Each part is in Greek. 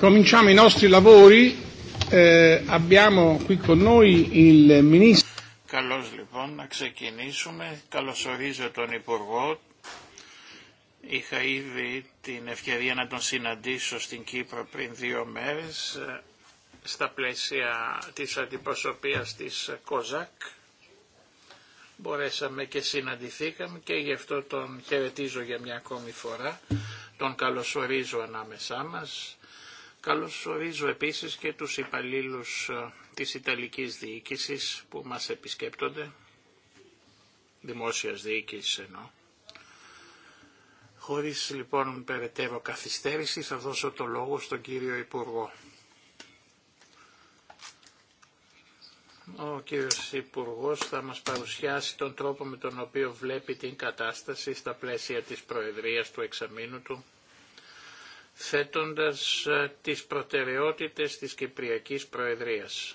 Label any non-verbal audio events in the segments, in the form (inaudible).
Cominciamo i nostri lavori. Eh, abbiamo qui con λοιπόν να ξεκινήσουμε. Καλωσορίζω τον Υπουργό. Είχα ήδη την ευκαιρία να τον συναντήσω στην Κύπρο πριν δύο μέρες ε, στα πλαίσια της αντιπροσωπείας της ΚΟΖΑΚ. Μπορέσαμε και συναντηθήκαμε και γι' αυτό τον χαιρετίζω για μια ακόμη φορά. Τον καλωσορίζω ανάμεσά μας Καλωσορίζω επίσης και τους υπαλλήλους ε, της Ιταλικής Διοίκησης που μας επισκέπτονται, δημόσιας διοίκησης ενώ. Χωρίς λοιπόν περαιτέρω καθυστέρηση θα δώσω το λόγο στον κύριο Υπουργό. Ο κύριος Υπουργός θα μας παρουσιάσει τον τρόπο με τον οποίο βλέπει την κατάσταση στα πλαίσια της Προεδρίας του εξαμήνου του θέτοντας ε, τις προτεραιότητες της Κυπριακής Προεδρίας.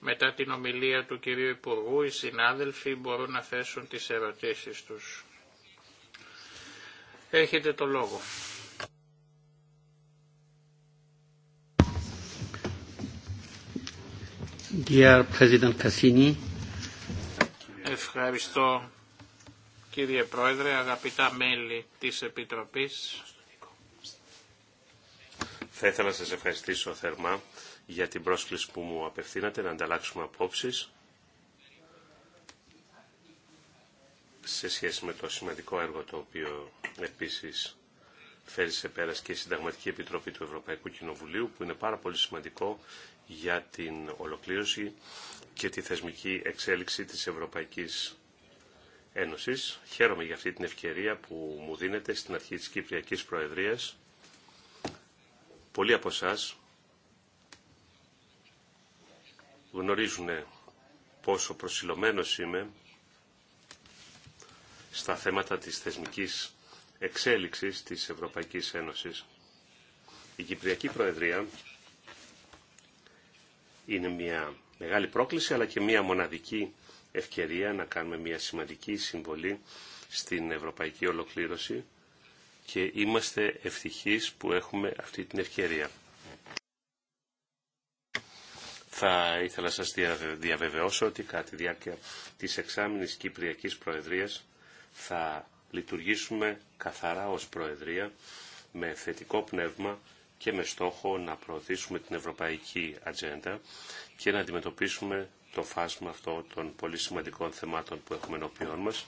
Μετά την ομιλία του κυρίου Υπουργού, οι συνάδελφοι μπορούν να θέσουν τις ερωτήσεις τους. Έχετε το λόγο. Dear Ευχαριστώ Κύριε Πρόεδρε, αγαπητά μέλη της Επιτροπής, θα ήθελα να σας ευχαριστήσω θερμά για την πρόσκληση που μου απευθύνατε να ανταλλάξουμε απόψεις σε σχέση με το σημαντικό έργο το οποίο επίσης φέρει σε πέρας και η Συνταγματική Επιτροπή του Ευρωπαϊκού Κοινοβουλίου που είναι πάρα πολύ σημαντικό για την ολοκλήρωση και τη θεσμική εξέλιξη της Ευρωπαϊκής Ένωσης. Χαίρομαι για αυτή την ευκαιρία που μου δίνεται στην αρχή της Κυπριακής Προεδρίας. Πολλοί από εσά γνωρίζουν πόσο προσιλωμένος είμαι στα θέματα της θεσμικής εξέλιξης της Ευρωπαϊκής Ένωσης. Η Κυπριακή Προεδρία είναι μια μεγάλη πρόκληση αλλά και μια μοναδική ευκαιρία να κάνουμε μια σημαντική συμβολή στην ευρωπαϊκή ολοκλήρωση και είμαστε ευτυχείς που έχουμε αυτή την ευκαιρία. Θα ήθελα να σας διαβεβαιώσω ότι κατά τη διάρκεια της εξάμηνης Κυπριακής Προεδρίας θα λειτουργήσουμε καθαρά ως Προεδρία με θετικό πνεύμα και με στόχο να προωθήσουμε την ευρωπαϊκή ατζέντα και να αντιμετωπίσουμε το φάσμα αυτό των πολύ σημαντικών θεμάτων που έχουμε ενώπιόν μας,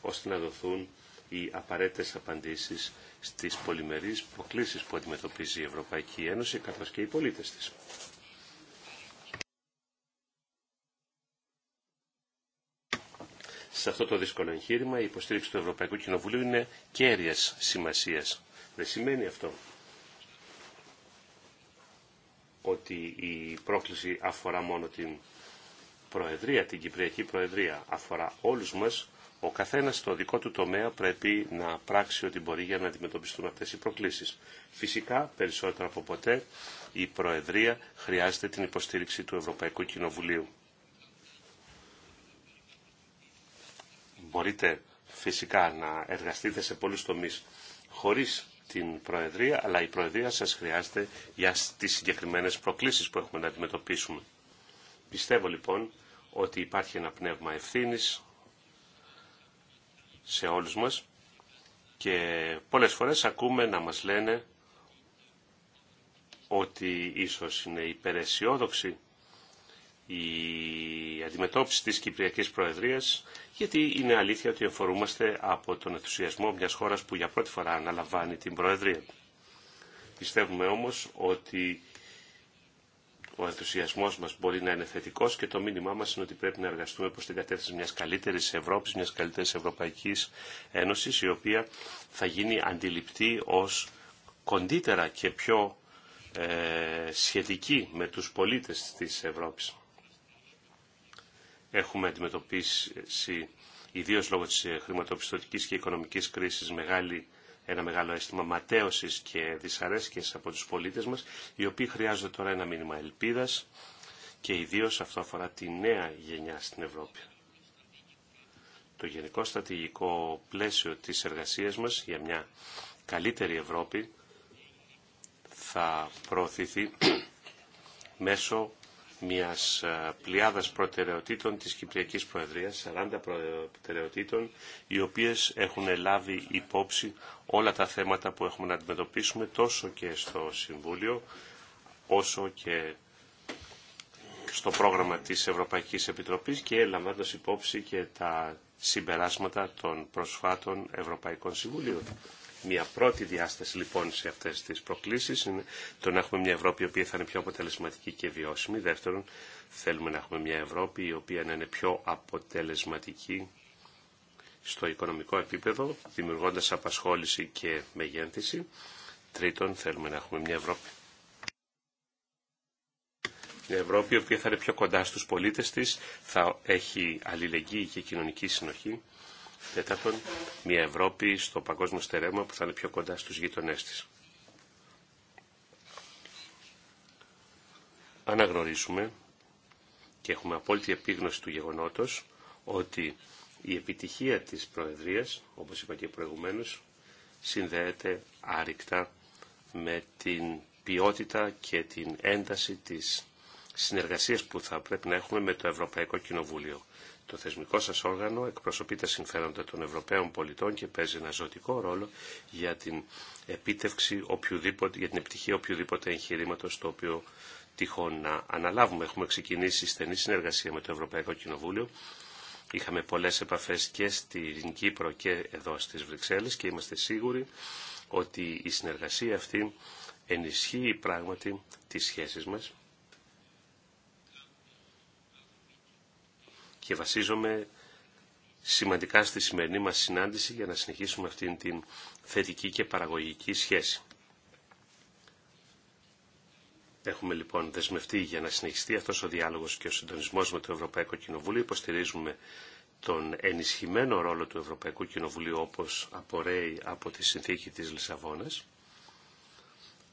ώστε να δοθούν οι απαραίτητες απαντήσεις στις πολυμερείς προκλήσεις που αντιμετωπίζει η Ευρωπαϊκή Ένωση, καθώς και οι πολίτες της. Σε αυτό το δύσκολο εγχείρημα η υποστήριξη του Ευρωπαϊκού Κοινοβουλίου είναι κέρυας σημασίας. Δεν σημαίνει αυτό ότι η πρόκληση αφορά μόνο την Προεδρία, την Κυπριακή Προεδρία, αφορά όλους μας, ο καθένας στο δικό του τομέα πρέπει να πράξει ό,τι μπορεί για να αντιμετωπιστούν αυτές οι προκλήσεις. Φυσικά, περισσότερο από ποτέ, η Προεδρία χρειάζεται την υποστήριξη του Ευρωπαϊκού Κοινοβουλίου. Μπορείτε φυσικά να εργαστείτε σε πολλούς τομείς χωρίς την Προεδρία, αλλά η Προεδρία σας χρειάζεται για τις συγκεκριμένες προκλήσεις που έχουμε να αντιμετωπίσουμε. Πιστεύω λοιπόν ότι υπάρχει ένα πνεύμα ευθύνης σε όλους μας και πολλές φορές ακούμε να μας λένε ότι ίσως είναι υπεραισιόδοξη η αντιμετώπιση της Κυπριακής Προεδρίας, γιατί είναι αλήθεια ότι εφορούμαστε από τον ενθουσιασμό μιας χώρας που για πρώτη φορά αναλαμβάνει την Προεδρία. Πιστεύουμε όμως ότι ο ενθουσιασμός μας μπορεί να είναι θετικό και το μήνυμά μα είναι ότι πρέπει να εργαστούμε προ την κατεύθυνση μιας καλύτερης Ευρώπη, μιας καλύτερη Ευρωπαϊκής Ένωσης, η οποία θα γίνει αντιληπτή ως κοντύτερα και πιο ε, σχετική με τους πολίτες της Ευρώπης. Έχουμε αντιμετωπίσει, ιδίως λόγω της χρηματοπιστωτική και οικονομική κρίση μεγάλη ένα μεγάλο αίσθημα ματέωσης και δυσαρέσκειας από τους πολίτες μας, οι οποίοι χρειάζονται τώρα ένα μήνυμα ελπίδας και ιδίως αυτό αφορά τη νέα γενιά στην Ευρώπη. Το γενικό στρατηγικό πλαίσιο της εργασίας μας για μια καλύτερη Ευρώπη θα προωθηθεί μέσω μιας πλειάδας προτεραιοτήτων της Κυπριακής Προεδρίας, 40 προτεραιοτήτων, οι οποίες έχουν λάβει υπόψη όλα τα θέματα που έχουμε να αντιμετωπίσουμε τόσο και στο Συμβούλιο, όσο και στο πρόγραμμα της Ευρωπαϊκής Επιτροπής και λαμβάνοντας υπόψη και τα συμπεράσματα των προσφάτων Ευρωπαϊκών Συμβουλίων. Μια πρώτη διάσταση λοιπόν σε αυτές τις προκλήσεις είναι το να έχουμε μια Ευρώπη η οποία θα είναι πιο αποτελεσματική και βιώσιμη. Δεύτερον, θέλουμε να έχουμε μια Ευρώπη η οποία να είναι πιο αποτελεσματική στο οικονομικό επίπεδο, δημιουργώντας απασχόληση και μεγένθηση. Τρίτον, θέλουμε να έχουμε μια Ευρώπη. Μια Ευρώπη η οποία θα είναι πιο κοντά στους πολίτες της, θα έχει αλληλεγγύη και κοινωνική συνοχή. Τέταρτον, μια Ευρώπη στο παγκόσμιο στερέμα που θα είναι πιο κοντά στους γείτονές της. Αναγνωρίζουμε και έχουμε απόλυτη επίγνωση του γεγονότος ότι η επιτυχία της Προεδρίας, όπως είπα και προηγουμένως, συνδέεται άρρηκτα με την ποιότητα και την ένταση της συνεργασίας που θα πρέπει να έχουμε με το Ευρωπαϊκό Κοινοβούλιο. Το θεσμικό σας όργανο εκπροσωπεί τα συμφέροντα των Ευρωπαίων πολιτών και παίζει ένα ζωτικό ρόλο για την επίτευξη οποιοδήποτε, για την επιτυχία οποιοδήποτε εγχειρήματο το οποίο τυχόν να αναλάβουμε. Έχουμε ξεκινήσει στενή συνεργασία με το Ευρωπαϊκό Κοινοβούλιο. Είχαμε πολλές επαφές και στην Κύπρο και εδώ στις Βρυξέλλες και είμαστε σίγουροι ότι η συνεργασία αυτή ενισχύει πράγματι τις σχέσεις μας και βασίζομαι σημαντικά στη σημερινή μας συνάντηση για να συνεχίσουμε αυτήν την θετική και παραγωγική σχέση. Έχουμε λοιπόν δεσμευτεί για να συνεχιστεί αυτός ο διάλογος και ο συντονισμός με το Ευρωπαϊκό Κοινοβούλιο. Υποστηρίζουμε τον ενισχυμένο ρόλο του Ευρωπαϊκού Κοινοβουλίου όπως απορρέει από τη συνθήκη της Λισαβόνας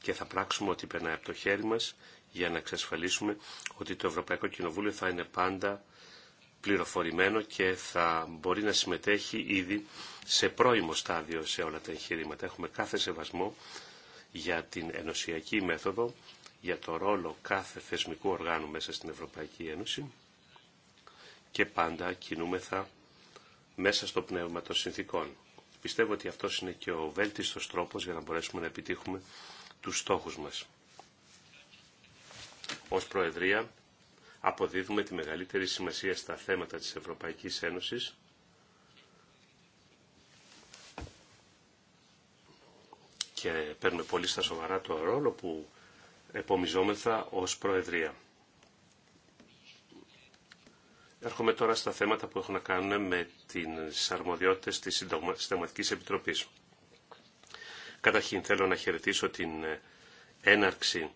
και θα πράξουμε ό,τι περνάει από το χέρι μας για να εξασφαλίσουμε ότι το Ευρωπαϊκό Κοινοβούλιο θα είναι πάντα πληροφορημένο και θα μπορεί να συμμετέχει ήδη σε πρώιμο στάδιο σε όλα τα εγχειρήματα. Έχουμε κάθε σεβασμό για την ενωσιακή μέθοδο, για το ρόλο κάθε θεσμικού οργάνου μέσα στην Ευρωπαϊκή Ένωση και πάντα κινούμεθα μέσα στο πνεύμα των συνθήκων. Πιστεύω ότι αυτός είναι και ο βέλτιστος τρόπος για να μπορέσουμε να επιτύχουμε τους στόχους μας. Ως Προεδρία αποδίδουμε τη μεγαλύτερη σημασία στα θέματα της Ευρωπαϊκής Ένωσης. Και παίρνουμε πολύ στα σοβαρά το ρόλο που επομιζόμεθα ως Προεδρία. Έρχομαι τώρα στα θέματα που έχουν να κάνουν με τις αρμοδιότητες της Συνταγματικής Επιτροπής. Καταρχήν θέλω να χαιρετήσω την έναρξη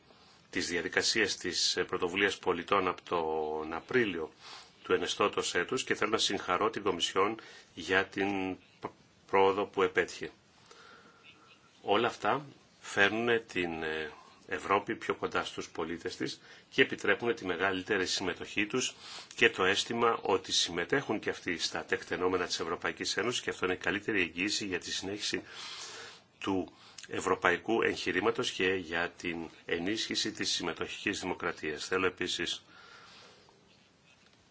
της διαδικασίας της ε, πρωτοβουλίας πολιτών από τον Απρίλιο του ενεστώτος έτους και θέλω να συγχαρώ την Κομισιόν για την πρόοδο που επέτυχε. Όλα αυτά φέρνουν την ε, Ευρώπη πιο κοντά στους πολίτες της και επιτρέπουν τη μεγαλύτερη συμμετοχή τους και το αίσθημα ότι συμμετέχουν και αυτοί στα τεκτενόμενα της Ευρωπαϊκής Ένωσης και αυτό είναι η καλύτερη εγγύηση για τη συνέχιση του ευρωπαϊκού εγχειρήματος και για την ενίσχυση της συμμετοχικής δημοκρατίας. Θέλω επίσης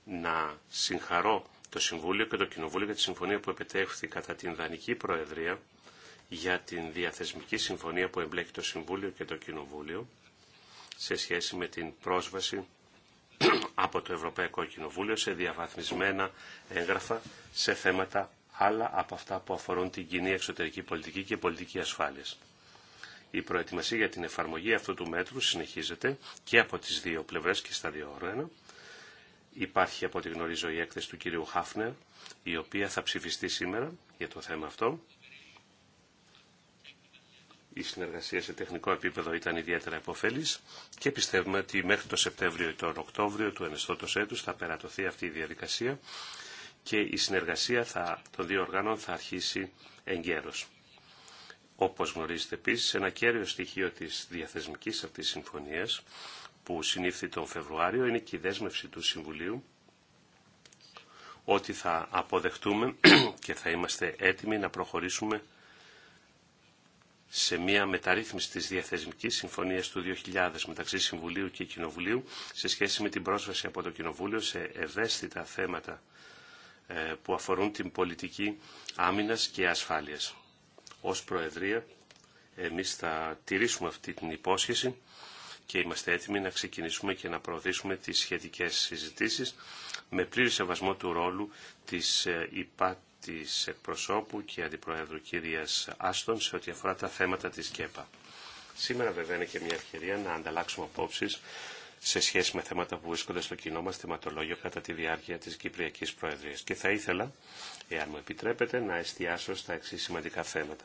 να συγχαρώ το Συμβούλιο και το Κοινοβούλιο για τη συμφωνία που επιτεύχθη κατά την Δανική Προεδρία για την διαθεσμική συμφωνία που εμπλέκει το Συμβούλιο και το Κοινοβούλιο σε σχέση με την πρόσβαση (clears throat) από το Ευρωπαϊκό Κοινοβούλιο σε διαβαθμισμένα έγγραφα σε θέματα άλλα από αυτά που αφορούν την κοινή εξωτερική πολιτική και πολιτική ασφάλειας. Η προετοιμασία για την εφαρμογή αυτού του μέτρου συνεχίζεται και από τις δύο πλευρές και στα δύο όργανα. Υπάρχει από ό,τι γνωρίζω η έκθεση του κυρίου Χάφνερ, η οποία θα ψηφιστεί σήμερα για το θέμα αυτό. Η συνεργασία σε τεχνικό επίπεδο ήταν ιδιαίτερα υποφέλης και πιστεύουμε ότι μέχρι το Σεπτέμβριο ή τον Οκτώβριο του ενεστώτος έτους θα περατωθεί αυτή η διαδικασία και η συνεργασία των δύο οργάνων θα αρχίσει εγκαίρως. Όπως γνωρίζετε επίσης, ένα κέριο στοιχείο της διαθεσμικής αυτής συμφωνίας που συνήφθη τον Φεβρουάριο είναι και η δέσμευση του Συμβουλίου ότι θα αποδεχτούμε (clears throat) και θα είμαστε έτοιμοι να προχωρήσουμε σε μια μεταρρύθμιση της διαθεσμικής συμφωνίας του 2000 μεταξύ Συμβουλίου και Κοινοβουλίου σε σχέση με την πρόσβαση από το Κοινοβούλιο σε ευαίσθητα θέματα ε, που αφορούν την πολιτική άμυνας και ασφάλειας ως Προεδρία εμείς θα τηρήσουμε αυτή την υπόσχεση και είμαστε έτοιμοι να ξεκινήσουμε και να προωθήσουμε τις σχετικές συζητήσεις με πλήρη σεβασμό του ρόλου της ΙΠΑ ε, της εκπροσώπου και αντιπροέδρου κυρίας Άστον σε ό,τι αφορά τα θέματα της ΚΕΠΑ. Σήμερα βέβαια είναι και μια ευκαιρία να ανταλλάξουμε απόψεις σε σχέση με θέματα που βρίσκονται στο κοινό μας θεματολόγιο κατά τη διάρκεια της Κυπριακής Προεδρίας. Και θα ήθελα, εάν μου επιτρέπετε, να εστιάσω στα εξή σημαντικά θέματα.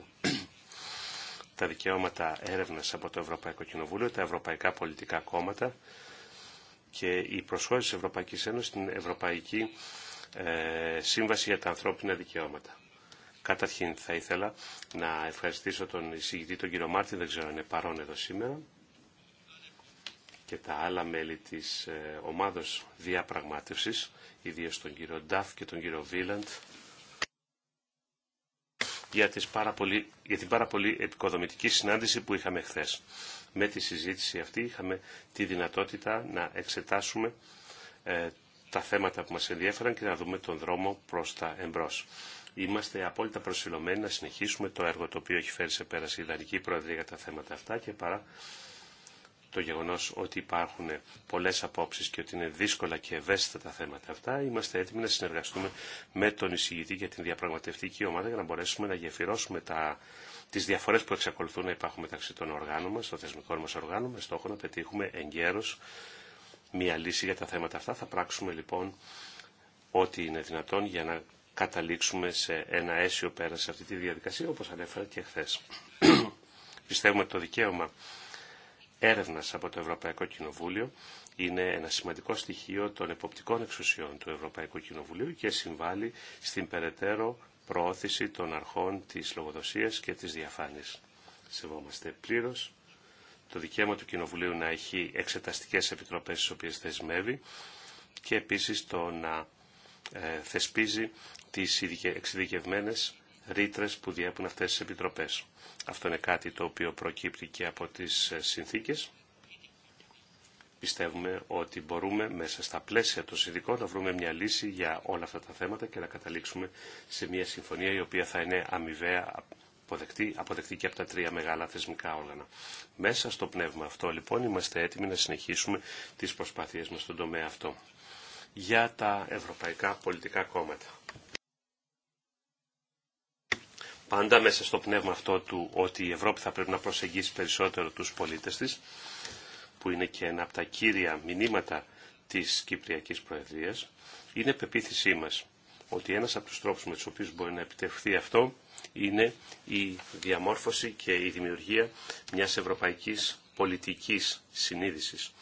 (clears throat) τα δικαιώματα έρευνας από το Ευρωπαϊκό Κοινοβούλιο, τα ευρωπαϊκά πολιτικά κόμματα και η προσχώρηση της Ευρωπαϊκή Ένωση στην Ευρωπαϊκή ε, Σύμβαση για τα Ανθρώπινα Δικαιώματα. Καταρχήν θα ήθελα να ευχαριστήσω τον εισηγητή τον κύριο Μάρτιν, δεν ξέρω αν είναι παρόν εδώ σήμερα, και τα άλλα μέλη της ε, ομάδος διαπραγμάτευσης, ιδίως τον κύριο Νταφ και τον κύριο Βίλαντ, για, τις πάρα πολύ, για την πάρα πολύ επικοδομητική συνάντηση που είχαμε χθε. Με τη συζήτηση αυτή είχαμε τη δυνατότητα να εξετάσουμε ε, τα θέματα που μας ενδιέφεραν και να δούμε τον δρόμο προς τα εμπρός. Είμαστε απόλυτα προσφυλωμένοι να συνεχίσουμε το έργο το οποίο έχει φέρει σε πέραση η Ιδανική Προεδρία για τα θέματα αυτά και παρά το γεγονός ότι υπάρχουν πολλές απόψεις και ότι είναι δύσκολα και ευαίσθητα τα θέματα αυτά. Είμαστε έτοιμοι να συνεργαστούμε με τον εισηγητή και την διαπραγματευτική ομάδα για να μπορέσουμε να γεφυρώσουμε τα, τις διαφορές που εξακολουθούν να υπάρχουν μεταξύ των οργάνων μας, των θεσμικών μας οργάνων, με στόχο να πετύχουμε εγκαίρως μια λύση για τα θέματα αυτά. Θα πράξουμε λοιπόν ό,τι είναι δυνατόν για να καταλήξουμε σε ένα αίσιο πέρα σε αυτή τη διαδικασία, όπως ανέφερα και χθε. (clears throat) Πιστεύουμε το δικαίωμα έρευνας από το Ευρωπαϊκό Κοινοβούλιο είναι ένα σημαντικό στοιχείο των εποπτικών εξουσιών του Ευρωπαϊκού Κοινοβουλίου και συμβάλλει στην περαιτέρω προώθηση των αρχών της λογοδοσίας και της διαφάνειας. Σεβόμαστε πλήρως το δικαίωμα του Κοινοβουλίου να έχει εξεταστικές επιτροπές στις οποίες θεσμεύει και επίσης το να ε, θεσπίζει τις εξειδικευμένες ρήτρε που διέπουν αυτές τις επιτροπές. Αυτό είναι κάτι το οποίο προκύπτει και από τις ε, συνθήκες. Πιστεύουμε ότι μπορούμε μέσα στα πλαίσια των συνδικών να βρούμε μια λύση για όλα αυτά τα θέματα και να καταλήξουμε σε μια συμφωνία η οποία θα είναι αμοιβαία αποδεκτή, αποδεκτή και από τα τρία μεγάλα θεσμικά όργανα. Μέσα στο πνεύμα αυτό λοιπόν είμαστε έτοιμοι να συνεχίσουμε τις προσπάθειές μας στον τομέα αυτό για τα ευρωπαϊκά πολιτικά κόμματα πάντα μέσα στο πνεύμα αυτό του ότι η Ευρώπη θα πρέπει να προσεγγίσει περισσότερο τους πολίτες της, που είναι και ένα από τα κύρια μηνύματα της Κυπριακής Προεδρίας, είναι πεποίθησή μας ότι ένας από τους τρόπους με τους οποίους μπορεί να επιτευχθεί αυτό είναι η διαμόρφωση και η δημιουργία μιας ευρωπαϊκής πολιτικής συνείδησης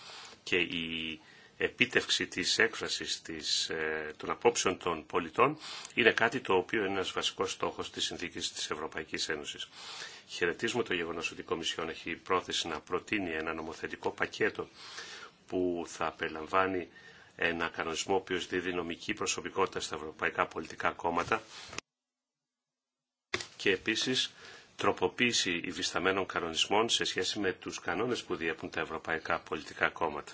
και η επίτευξη της έκφρασης της, ε, των απόψεων των πολιτών είναι κάτι το οποίο είναι ένας βασικός στόχος της συνθήκης της Ευρωπαϊκής Ένωσης. Χαιρετίζουμε το γεγονός ότι η Κομισιόν έχει πρόθεση να προτείνει ένα νομοθετικό πακέτο που θα περιλαμβάνει ένα κανονισμό ο οποίο δίδει νομική προσωπικότητα στα ευρωπαϊκά πολιτικά κόμματα και επίσης τροποποίηση υφισταμένων κανονισμών σε σχέση με τους κανόνες που διέπουν τα ευρωπαϊκά πολιτικά κόμματα.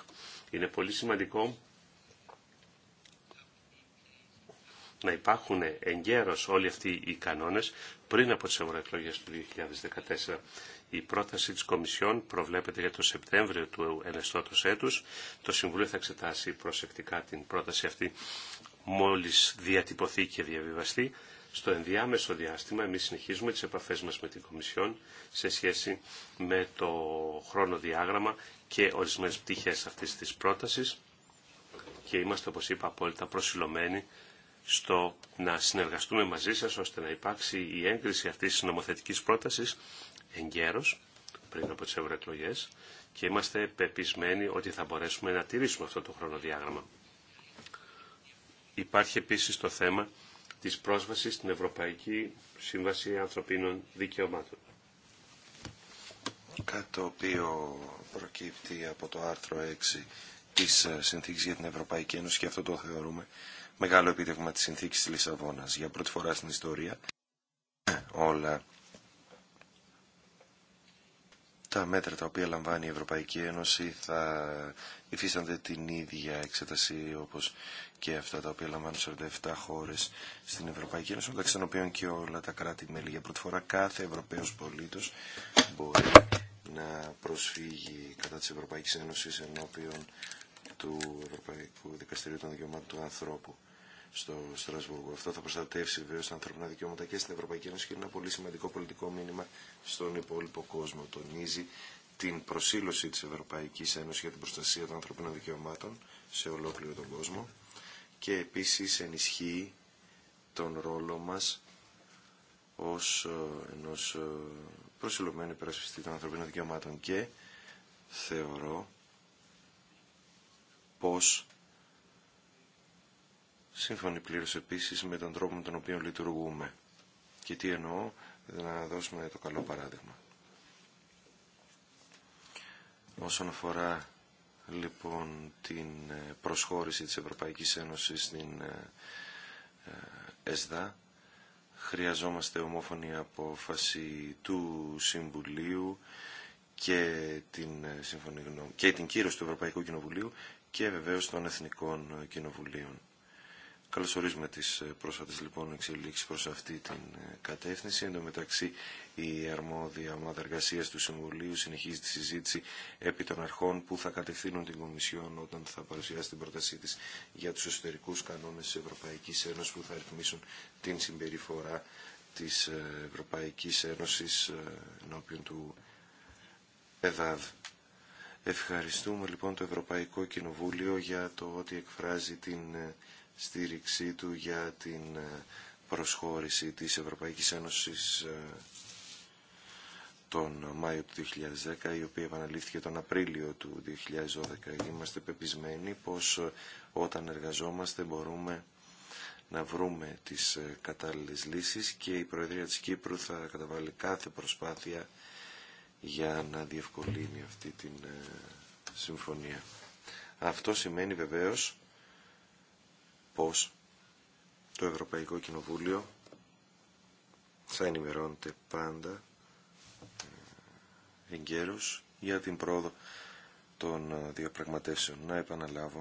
Είναι πολύ σημαντικό να υπάρχουν εγκαίρως όλοι αυτοί οι κανόνες πριν από τις ευρωεκλογέ του 2014. Η πρόταση της Κομισιόν προβλέπεται για το Σεπτέμβριο του ενεστώτος έτους. Το Συμβουλίο θα εξετάσει προσεκτικά την πρόταση αυτή μόλις διατυπωθεί και διαβιβαστεί στο ενδιάμεσο διάστημα εμείς συνεχίζουμε τις επαφές μας με την Κομισιόν σε σχέση με το χρόνο-διάγραμμα και ορισμένες πτυχές αυτής της πρότασης και είμαστε όπως είπα απόλυτα προσιλωμένοι στο να συνεργαστούμε μαζί σας ώστε να υπάρξει η έγκριση αυτής της νομοθετικής πρότασης εγκαίρως πριν από τις ευρωεκλογέ και είμαστε πεπισμένοι ότι θα μπορέσουμε να τηρήσουμε αυτό το χρονοδιάγραμμα. Υπάρχει επίσης το θέμα της πρόσβασης στην Ευρωπαϊκή Σύμβαση Ανθρωπίνων Δικαιωμάτων. Κάτι το οποίο προκύπτει από το άρθρο 6 της ε, Συνθήκης για την Ευρωπαϊκή Ένωση και αυτό το θεωρούμε μεγάλο επίτευγμα της Συνθήκης της Λισαβόνας. Για πρώτη φορά στην ιστορία όλα τα μέτρα τα οποία λαμβάνει η Ευρωπαϊκή Ένωση θα υφίστανται την ίδια εξέταση όπως και αυτά τα οποία λαμβάνουν 47 χώρες στην Ευρωπαϊκή Ένωση, μεταξύ των οποίων και όλα τα κράτη-μέλη. Για πρώτη φορά κάθε Ευρωπαίος πολίτος μπορεί να προσφύγει κατά της Ευρωπαϊκής Ένωσης ενώπιον του Ευρωπαϊκού Δικαστηρίου των Δικαιωμάτων του Ανθρώπου στο Στρασβούργο. Αυτό θα προστατεύσει βέβαια τα ανθρώπινα δικαιώματα και στην Ευρωπαϊκή Ένωση και είναι ένα πολύ σημαντικό πολιτικό μήνυμα στον υπόλοιπο κόσμο. Τονίζει την προσήλωση της Ευρωπαϊκής Ένωση για την προστασία των ανθρωπίνων δικαιωμάτων σε ολόκληρο τον κόσμο και επίσης ενισχύει τον ρόλο μα ως ε, ενός ε, προσιλωμένου υπερασπιστή των ανθρωπίνων δικαιωμάτων και θεωρώ πως σύμφωνοι πλήρως επίσης με τον τρόπο με τον οποίο λειτουργούμε. Και τι εννοώ, να δώσουμε το καλό παράδειγμα. Όσον αφορά λοιπόν την ε, προσχώρηση της Ευρωπαϊκής Ένωσης στην ε, ε, ΕΣΔΑ, χρειαζόμαστε ομόφωνη απόφαση του Συμβουλίου και την, συμφωνή, και την κύρωση του Ευρωπαϊκού Κοινοβουλίου και βεβαίως των Εθνικών Κοινοβουλίων. Καλωσορίζουμε τις ε, πρόσφατες λοιπόν εξελίξεις προς αυτή την ε, κατεύθυνση. Εν τω μεταξύ η αρμόδια ομάδα εργασία του Συμβουλίου συνεχίζει τη συζήτηση επί των αρχών που θα κατευθύνουν την Κομισιόν όταν θα παρουσιάσει την πρότασή της για τους εσωτερικούς κανόνες της Ευρωπαϊκής Ένωσης που θα ρυθμίσουν την συμπεριφορά της ε, Ευρωπαϊκής Ένωσης ενώπιον του ΕΔΑΔ. Ευχαριστούμε λοιπόν το Ευρωπαϊκό Κοινοβούλιο για το ότι εκφράζει την στήριξή του για την ε, προσχώρηση της Ευρωπαϊκής Ένωσης ε, τον Μάιο του 2010, η οποία επαναλήφθηκε τον Απρίλιο του 2012. Είμαστε πεπισμένοι πως ε, όταν εργαζόμαστε μπορούμε να βρούμε τις κατάλληλες λύσεις και η Προεδρία της Κύπρου θα καταβάλει κάθε προσπάθεια για να διευκολύνει αυτή την συμφωνία. Αυτό σημαίνει βεβαίως πώς το Ευρωπαϊκό Κοινοβούλιο θα ενημερώνεται πάντα ε, εγκαίρως για την πρόοδο των ε, διαπραγματεύσεων. Να επαναλάβω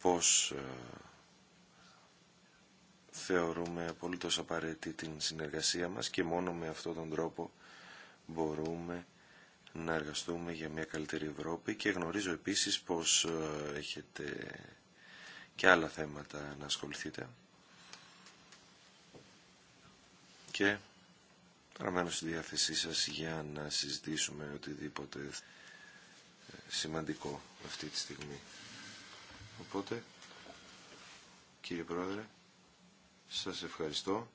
πως ε, θεωρούμε απολύτως απαραίτητη την συνεργασία μας και μόνο με αυτόν τον τρόπο μπορούμε να εργαστούμε για μια καλύτερη Ευρώπη και γνωρίζω επίσης πως έχετε και άλλα θέματα να ασχοληθείτε. Και παραμένω στη διάθεσή σας για να συζητήσουμε οτιδήποτε ε, σημαντικό αυτή τη στιγμή. Οπότε, κύριε Πρόεδρε, σας ευχαριστώ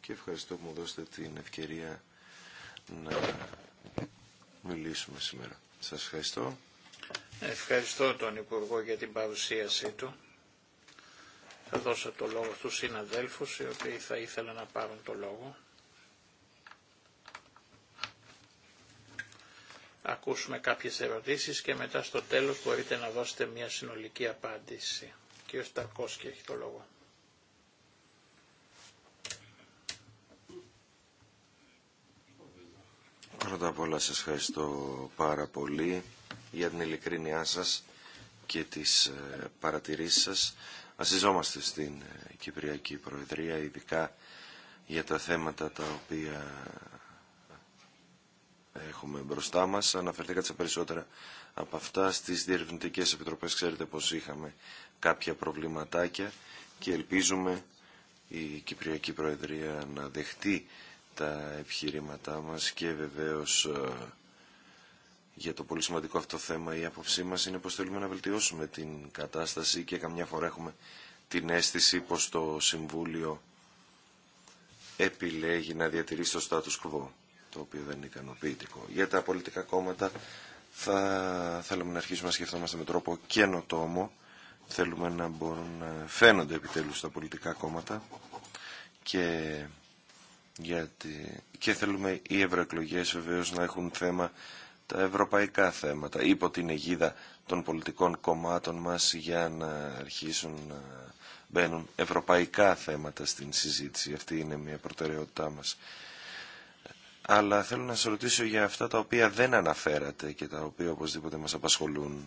και ευχαριστώ που μου δώσετε την ευκαιρία να μιλήσουμε σήμερα. Σας ευχαριστώ. Ευχαριστώ τον Υπουργό για την παρουσίασή του. Θα δώσω το λόγο στους συναδέλφους οι οποίοι θα ήθελαν να πάρουν το λόγο. Ακούσουμε κάποιες ερωτήσεις και μετά στο τέλος μπορείτε να δώσετε μια συνολική απάντηση. Κύριο Σταρκόσκη έχει το λόγο. Πρώτα απ' όλα σας ευχαριστώ πάρα πολύ για την ειλικρίνειά σας και τις ε, παρατηρήσεις σας βασιζόμαστε στην ε, Κυπριακή Προεδρία, ειδικά για τα θέματα τα οποία έχουμε μπροστά μας. Αναφερθήκατε σε περισσότερα από αυτά στις διερευνητικές επιτροπές. Ξέρετε πως είχαμε κάποια προβληματάκια και ελπίζουμε η Κυπριακή Προεδρία να δεχτεί τα επιχειρήματά μας και βεβαίως ε, για το πολύ σημαντικό αυτό θέμα. Η άποψή μας είναι πως θέλουμε να βελτιώσουμε την κατάσταση και καμιά φορά έχουμε την αίσθηση πως το Συμβούλιο επιλέγει να διατηρήσει το status quo, το οποίο δεν είναι ικανοποιητικό. Για τα πολιτικά κόμματα θα θέλουμε να αρχίσουμε να σκεφτόμαστε με τρόπο καινοτόμο. Θέλουμε να μπορούν να φαίνονται επιτέλους τα πολιτικά κόμματα και, γιατί... και θέλουμε οι ευρωεκλογέ βεβαίω να έχουν θέμα τα ευρωπαϊκά θέματα υπό την αιγίδα των πολιτικών κομμάτων μας για να αρχίσουν να μπαίνουν ευρωπαϊκά θέματα στην συζήτηση. Αυτή είναι μια προτεραιότητά μας. Αλλά θέλω να σας ρωτήσω για αυτά τα οποία δεν αναφέρατε και τα οποία οπωσδήποτε μας απασχολούν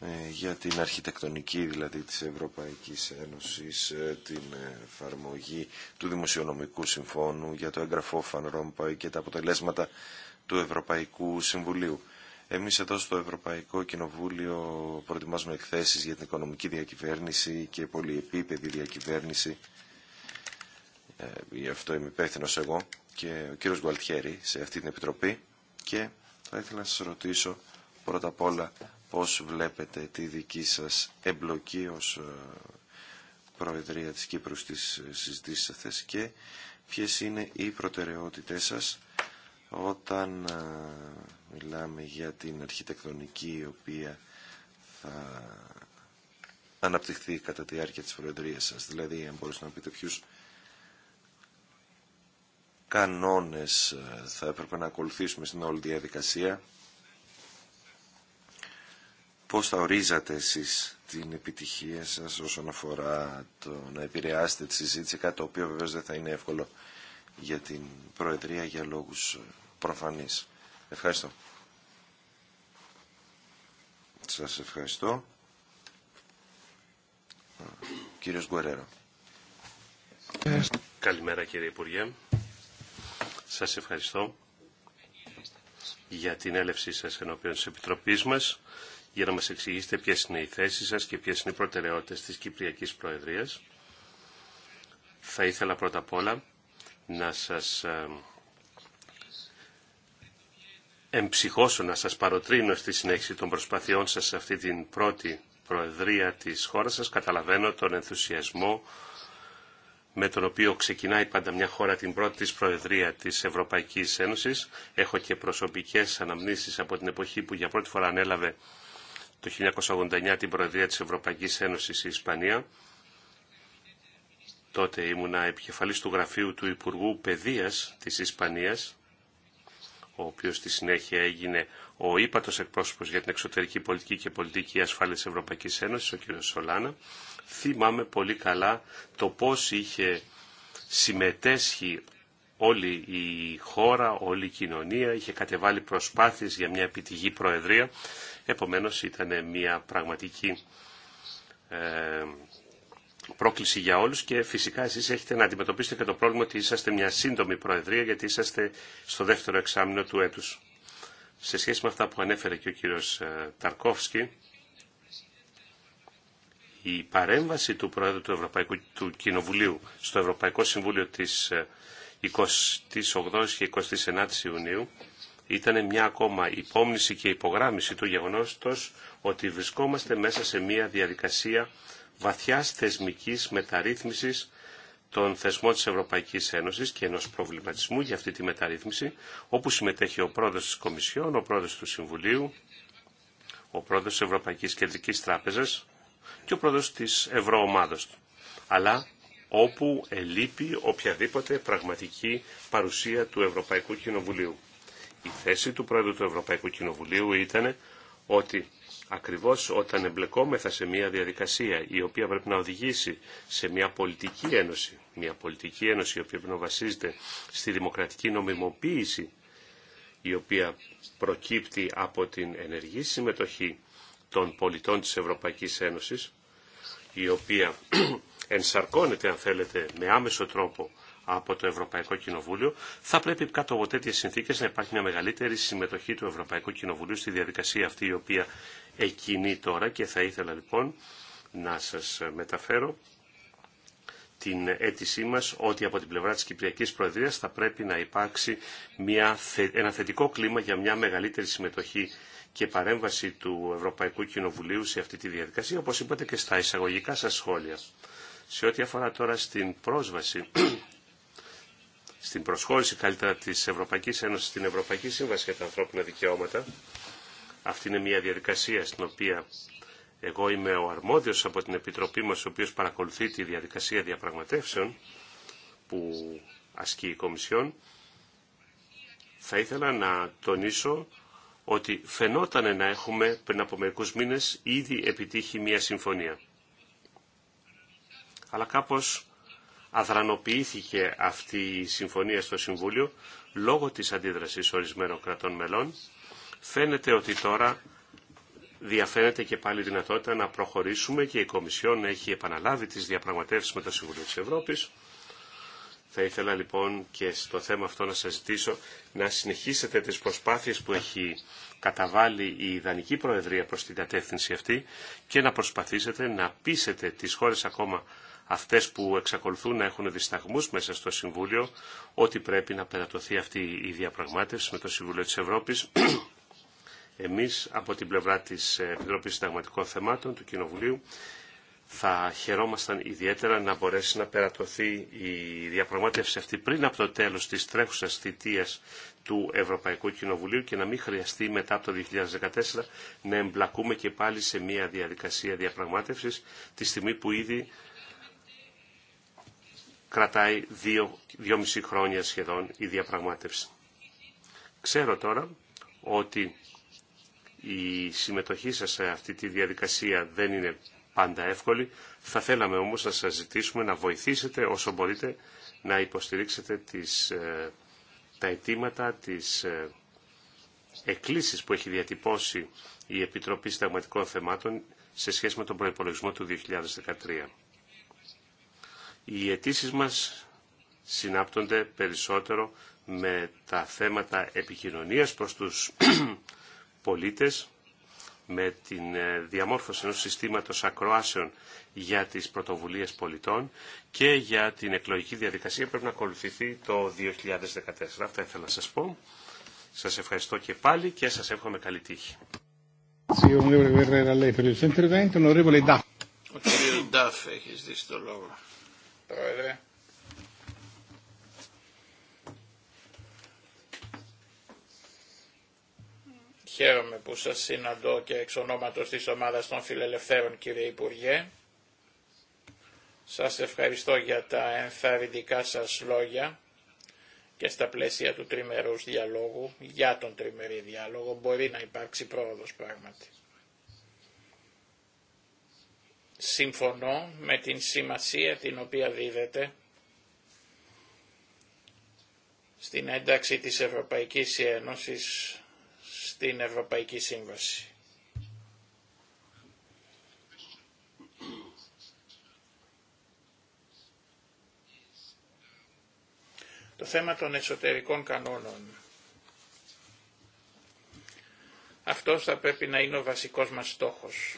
ε, για την αρχιτεκτονική δηλαδή της Ευρωπαϊκής Ένωσης, ε, την εφαρμογή του Δημοσιονομικού Συμφώνου, για το έγγραφο Φαν και τα αποτελέσματα του Ευρωπαϊκού Συμβουλίου. Εμείς εδώ στο Ευρωπαϊκό Κοινοβούλιο προετοιμάζουμε εκθέσεις για την οικονομική διακυβέρνηση και πολυεπίπεδη διακυβέρνηση. Ε, γι' αυτό είμαι υπεύθυνο εγώ και ο κύριος Γκουαλτιέρη σε αυτή την επιτροπή και θα ήθελα να σας ρωτήσω πρώτα απ' όλα πώς βλέπετε τη δική σας εμπλοκή ως ε, Προεδρία της Κύπρου στις συζητήσεις αυτές και ποιες είναι οι προτεραιότητε σας όταν ε, μιλάμε για την αρχιτεκτονική η οποία θα αναπτυχθεί κατά τη διάρκεια της προεδρίας σας, δηλαδή αν μπορούσατε να πείτε ποιους κανόνες ε, θα έπρεπε να ακολουθήσουμε στην όλη διαδικασία, πώς θα ορίζατε εσείς την επιτυχία σας όσον αφορά το να επηρεάσετε τη συζήτηση, κάτι το οποίο βεβαίως δεν θα είναι εύκολο για την Προεδρία για λόγους ε, προφανείς. Ευχαριστώ. Σας ευχαριστώ. Ε, κύριος Γκουερέρα. Καλημέρα κύριε Υπουργέ. Σας ευχαριστώ για την έλευσή σας ενώπιον της Επιτροπής μας για να μας εξηγήσετε ποιες είναι οι θέσεις σας και ποιες είναι οι προτεραιότητες της Κυπριακής Προεδρίας. Θα ήθελα πρώτα απ' όλα να σας ε, εμψυχώσω, να σας παροτρύνω στη συνέχιση των προσπαθειών σας σε αυτή την πρώτη προεδρία της χώρας σας. Καταλαβαίνω τον ενθουσιασμό με τον οποίο ξεκινάει πάντα μια χώρα την πρώτη της Προεδρία της Ευρωπαϊκής Ένωσης. Έχω και προσωπικές αναμνήσεις από την εποχή που για πρώτη φορά ανέλαβε το 1989 την Προεδρία της Ευρωπαϊκής Ένωσης η Ισπανία τότε ήμουνα επικεφαλής του γραφείου του Υπουργού Παιδείας της Ισπανίας, ο οποίος στη συνέχεια έγινε ο ύπατος εκπρόσωπος για την εξωτερική πολιτική και πολιτική ασφάλεια της Ευρωπαϊκής Ένωσης, ο κ. Σολάνα. Θυμάμαι πολύ καλά το πώς είχε συμμετέσχει όλη η χώρα, όλη η κοινωνία, είχε κατεβάλει προσπάθειες για μια επιτυχή προεδρία. Επομένως ήταν μια πραγματική ε, πρόκληση για όλους και φυσικά εσείς έχετε να αντιμετωπίσετε και το πρόβλημα ότι είσαστε μια σύντομη προεδρία γιατί είσαστε στο δεύτερο εξάμεινο του έτους. Σε σχέση με αυτά που ανέφερε και ο κύριος ε, Ταρκόφσκι, η παρέμβαση του Προέδρου του, Ευρωπαϊκού, του Κοινοβουλίου στο Ευρωπαϊκό Συμβούλιο της 28 ε, και 29 Ιουνίου ήταν μια ακόμα υπόμνηση και υπογράμμιση του γεγονότος ότι βρισκόμαστε μέσα σε μια διαδικασία βαθιάς θεσμικής μεταρρύθμισης των θεσμών της Ευρωπαϊκής Ένωσης και ενός προβληματισμού για αυτή τη μεταρρύθμιση, όπου συμμετέχει ο πρόεδρος της Κομισιόν, ο πρόεδρος του Συμβουλίου, ο πρόεδρος της Ευρωπαϊκής Κεντρικής Τράπεζας και ο πρόεδρος της Ευρωομάδος του. Αλλά όπου ελείπει οποιαδήποτε πραγματική παρουσία του Ευρωπαϊκού Κοινοβουλίου. Η θέση του Πρόεδρου του Ευρωπαϊκού Κοινοβουλίου ήταν ότι Ακριβώς όταν εμπλεκόμεθα σε μια διαδικασία η οποία πρέπει να οδηγήσει σε μια πολιτική ένωση, μια πολιτική ένωση η οποία πρέπει να βασίζεται στη δημοκρατική νομιμοποίηση η οποία προκύπτει από την ενεργή συμμετοχή των πολιτών της Ευρωπαϊκής Ένωσης, η οποία (clears throat) ενσαρκώνεται, αν θέλετε, με άμεσο τρόπο από το Ευρωπαϊκό Κοινοβούλιο, θα πρέπει κάτω από τετοιες συνθήκε να υπάρχει μια μεγαλύτερη συμμετοχή του Ευρωπαϊκού Κοινοβουλίου στη διαδικασία αυτή η οποία εκείνη τώρα και θα ήθελα λοιπόν να σας μεταφέρω την αίτησή μας ότι από την πλευρά της Κυπριακής Προεδρίας θα πρέπει να υπάρξει μια, ένα θετικό κλίμα για μια μεγαλύτερη συμμετοχή και παρέμβαση του Ευρωπαϊκού Κοινοβουλίου σε αυτή τη διαδικασία, όπως είπατε και στα εισαγωγικά σας σχόλια. Σε ό,τι αφορά τώρα στην πρόσβαση, στην προσχώρηση καλύτερα της Ευρωπαϊκής Ένωσης στην Ευρωπαϊκή Σύμβαση για τα Ανθρώπινα Δικαιώματα, αυτή είναι μια διαδικασία στην οποία εγώ είμαι ο αρμόδιος από την Επιτροπή μας, ο οποίος παρακολουθεί τη διαδικασία διαπραγματεύσεων που ασκεί η Κομισιόν. Θα ήθελα να τονίσω ότι φαινόταν να έχουμε πριν από μερικούς μήνες ήδη επιτύχει μια συμφωνία. Αλλά κάπως αδρανοποιήθηκε αυτή η συμφωνία στο Συμβούλιο λόγω της αντίδρασης ορισμένων κρατών μελών Φαίνεται ότι τώρα διαφαίνεται και πάλι η δυνατότητα να προχωρήσουμε και η Κομισιόν έχει επαναλάβει τις διαπραγματεύσεις με το Συμβουλίο της Ευρώπης. Θα ήθελα λοιπόν και στο θέμα αυτό να σας ζητήσω να συνεχίσετε τις προσπάθειες που έχει καταβάλει η Ιδανική Προεδρία προς την κατεύθυνση αυτή και να προσπαθήσετε να πείσετε τις χώρες ακόμα αυτές που εξακολουθούν να έχουν δισταγμούς μέσα στο Συμβούλιο ότι πρέπει να περατωθεί αυτή η διαπραγμάτευση με το Συμβούλιο της Ευρώπης εμείς από την πλευρά της ε, Επιτροπής Συνταγματικών Θεμάτων του Κοινοβουλίου θα χαιρόμασταν ιδιαίτερα να μπορέσει να περατωθεί η διαπραγμάτευση αυτή πριν από το τέλος της τρέχουσας θητείας του Ευρωπαϊκού Κοινοβουλίου και να μην χρειαστεί μετά από το 2014 να εμπλακούμε και πάλι σε μια διαδικασία διαπραγμάτευσης τη στιγμή που ήδη κρατάει δύο, μισή χρόνια σχεδόν η διαπραγμάτευση. Ξέρω τώρα ότι η συμμετοχή σας σε αυτή τη διαδικασία δεν είναι πάντα εύκολη. Θα θέλαμε όμως να σας ζητήσουμε να βοηθήσετε όσο μπορείτε να υποστηρίξετε τις, ε, τα αιτήματα, τις ε, εκκλήσεις που έχει διατυπώσει η Επιτροπή Συνταγματικών Θεμάτων σε σχέση με τον προϋπολογισμό του 2013. Οι αιτήσει μας συνάπτονται περισσότερο με τα θέματα επικοινωνίας προς τους πολίτες με την ε, διαμόρφωση ενός συστήματος ακροάσεων για τις πρωτοβουλίες πολιτών και για την εκλογική διαδικασία πρέπει να ακολουθηθεί το 2014. Αυτά ήθελα να σας πω. Σας ευχαριστώ και πάλι και σας εύχομαι καλή τύχη. Χαίρομαι που σας συναντώ και εξ ονόματος της ομάδας των φιλελευθέρων κύριε Υπουργέ. Σας ευχαριστώ για τα ενθαρρυντικά σας λόγια και στα πλαίσια του τριμερούς διαλόγου, για τον τριμερή διάλογο, μπορεί να υπάρξει πρόοδος πράγματι. Συμφωνώ με την σημασία την οποία δίδεται στην ένταξη της Ευρωπαϊκής Ένωσης στην Ευρωπαϊκή Σύμβαση. Το θέμα των εσωτερικών κανόνων. Αυτό θα πρέπει να είναι ο βασικός μας στόχος.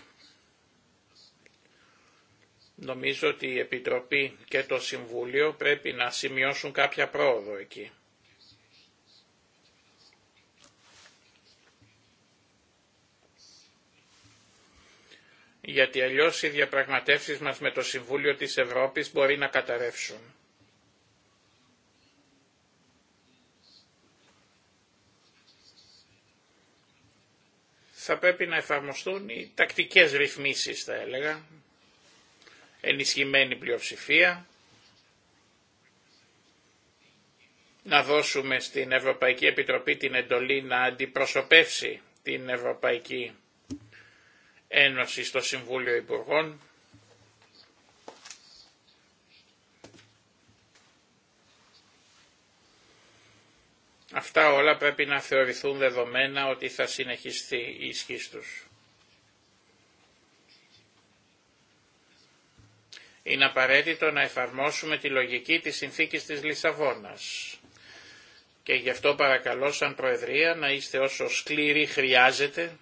Νομίζω ότι η Επιτροπή και το Συμβούλιο πρέπει να σημειώσουν κάποια πρόοδο εκεί. γιατί αλλιώς οι διαπραγματεύσεις μας με το Συμβούλιο της Ευρώπης μπορεί να καταρρεύσουν. Θα πρέπει να εφαρμοστούν οι τακτικές ρυθμίσεις, θα έλεγα, ενισχυμένη πλειοψηφία, να δώσουμε στην Ευρωπαϊκή Επιτροπή την εντολή να αντιπροσωπεύσει την Ευρωπαϊκή Ένωση στο Συμβούλιο Υπουργών Αυτά όλα πρέπει να θεωρηθούν δεδομένα ότι θα συνεχιστεί η ισχύ τους. Είναι απαραίτητο να εφαρμόσουμε τη λογική της συνθήκης της Λισαβόνας. Και γι' αυτό παρακαλώ σαν Προεδρία να είστε όσο σκληροί χρειάζεται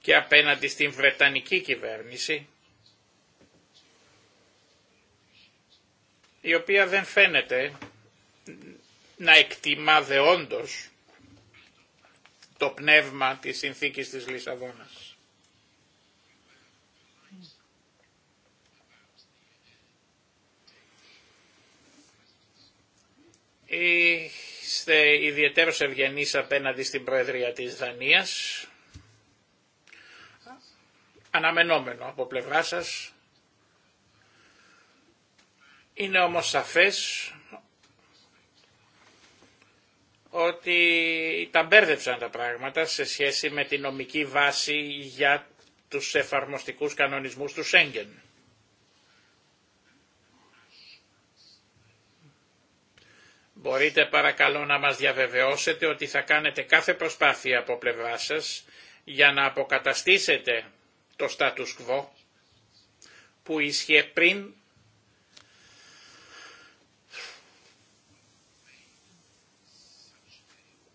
και απέναντι στην Βρετανική κυβέρνηση, η οποία δεν φαίνεται να εκτιμά δεόντως το πνεύμα της συνθήκης της Λισαβόνας. Είστε ιδιαίτερο ευγενείς απέναντι στην Προεδρία της Δανίας, αναμενόμενο από πλευρά σας. Είναι όμως σαφές ότι τα μπέρδεψαν τα πράγματα σε σχέση με τη νομική βάση για τους εφαρμοστικούς κανονισμούς του Σέγγεν. Μπορείτε παρακαλώ να μας διαβεβαιώσετε ότι θα κάνετε κάθε προσπάθεια από πλευρά σας για να αποκαταστήσετε το status quo που ίσχυε πριν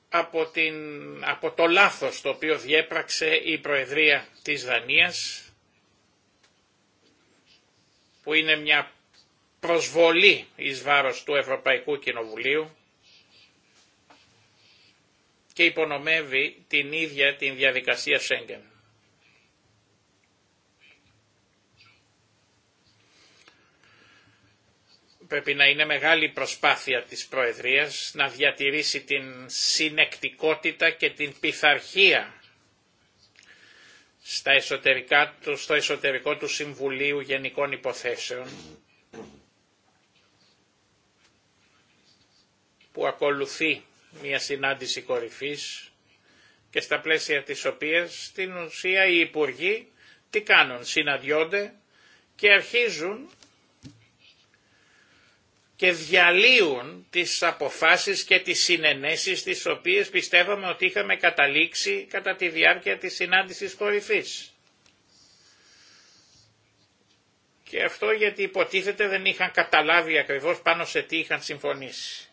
από, την, το λάθος το οποίο διέπραξε η Προεδρία της Δανίας που είναι μια προσβολή εις βάρος του Ευρωπαϊκού Κοινοβουλίου και υπονομεύει την ίδια την διαδικασία Σέγγεν. πρέπει να είναι μεγάλη προσπάθεια της Προεδρίας να διατηρήσει την συνεκτικότητα και την πειθαρχία στα εσωτερικά του, στο εσωτερικό του Συμβουλίου Γενικών Υποθέσεων που ακολουθεί μια συνάντηση κορυφής και στα πλαίσια της οποίας στην ουσία οι Υπουργοί τι κάνουν, συναντιόνται και αρχίζουν και διαλύουν τις αποφάσεις και τις συνενέσεις τις οποίες πιστεύαμε ότι είχαμε καταλήξει κατά τη διάρκεια της συνάντησης κορυφής. Και αυτό γιατί υποτίθεται δεν είχαν καταλάβει ακριβώς πάνω σε τι είχαν συμφωνήσει.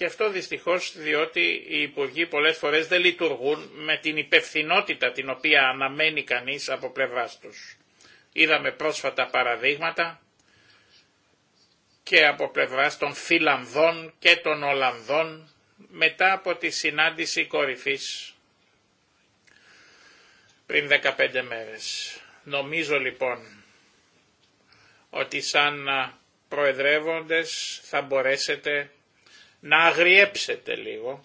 Και αυτό δυστυχώς διότι οι υπουργοί πολλές φορές δεν λειτουργούν με την υπευθυνότητα την οποία αναμένει κανείς από πλευράς τους. Είδαμε πρόσφατα παραδείγματα και από πλευράς των Φιλανδών και των Ολλανδών μετά από τη συνάντηση κορυφής πριν 15 μέρες. Νομίζω λοιπόν ότι σαν προεδρεύοντες θα μπορέσετε να αγριέψετε λίγο.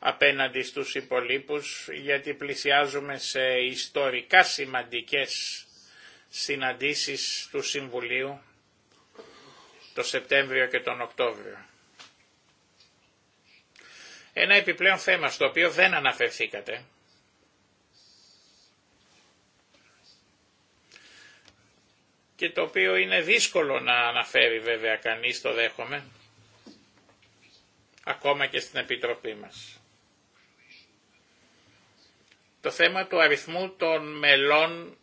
απέναντι στους υπολείπους γιατί πλησιάζουμε σε ιστορικά σημαντικές συναντήσεις του Συμβουλίου το Σεπτέμβριο και τον Οκτώβριο. Ένα επιπλέον θέμα στο οποίο δεν αναφερθήκατε και το οποίο είναι δύσκολο να αναφέρει βέβαια κανείς, το δέχομαι, ακόμα και στην Επιτροπή μας. Το θέμα του αριθμού των μελών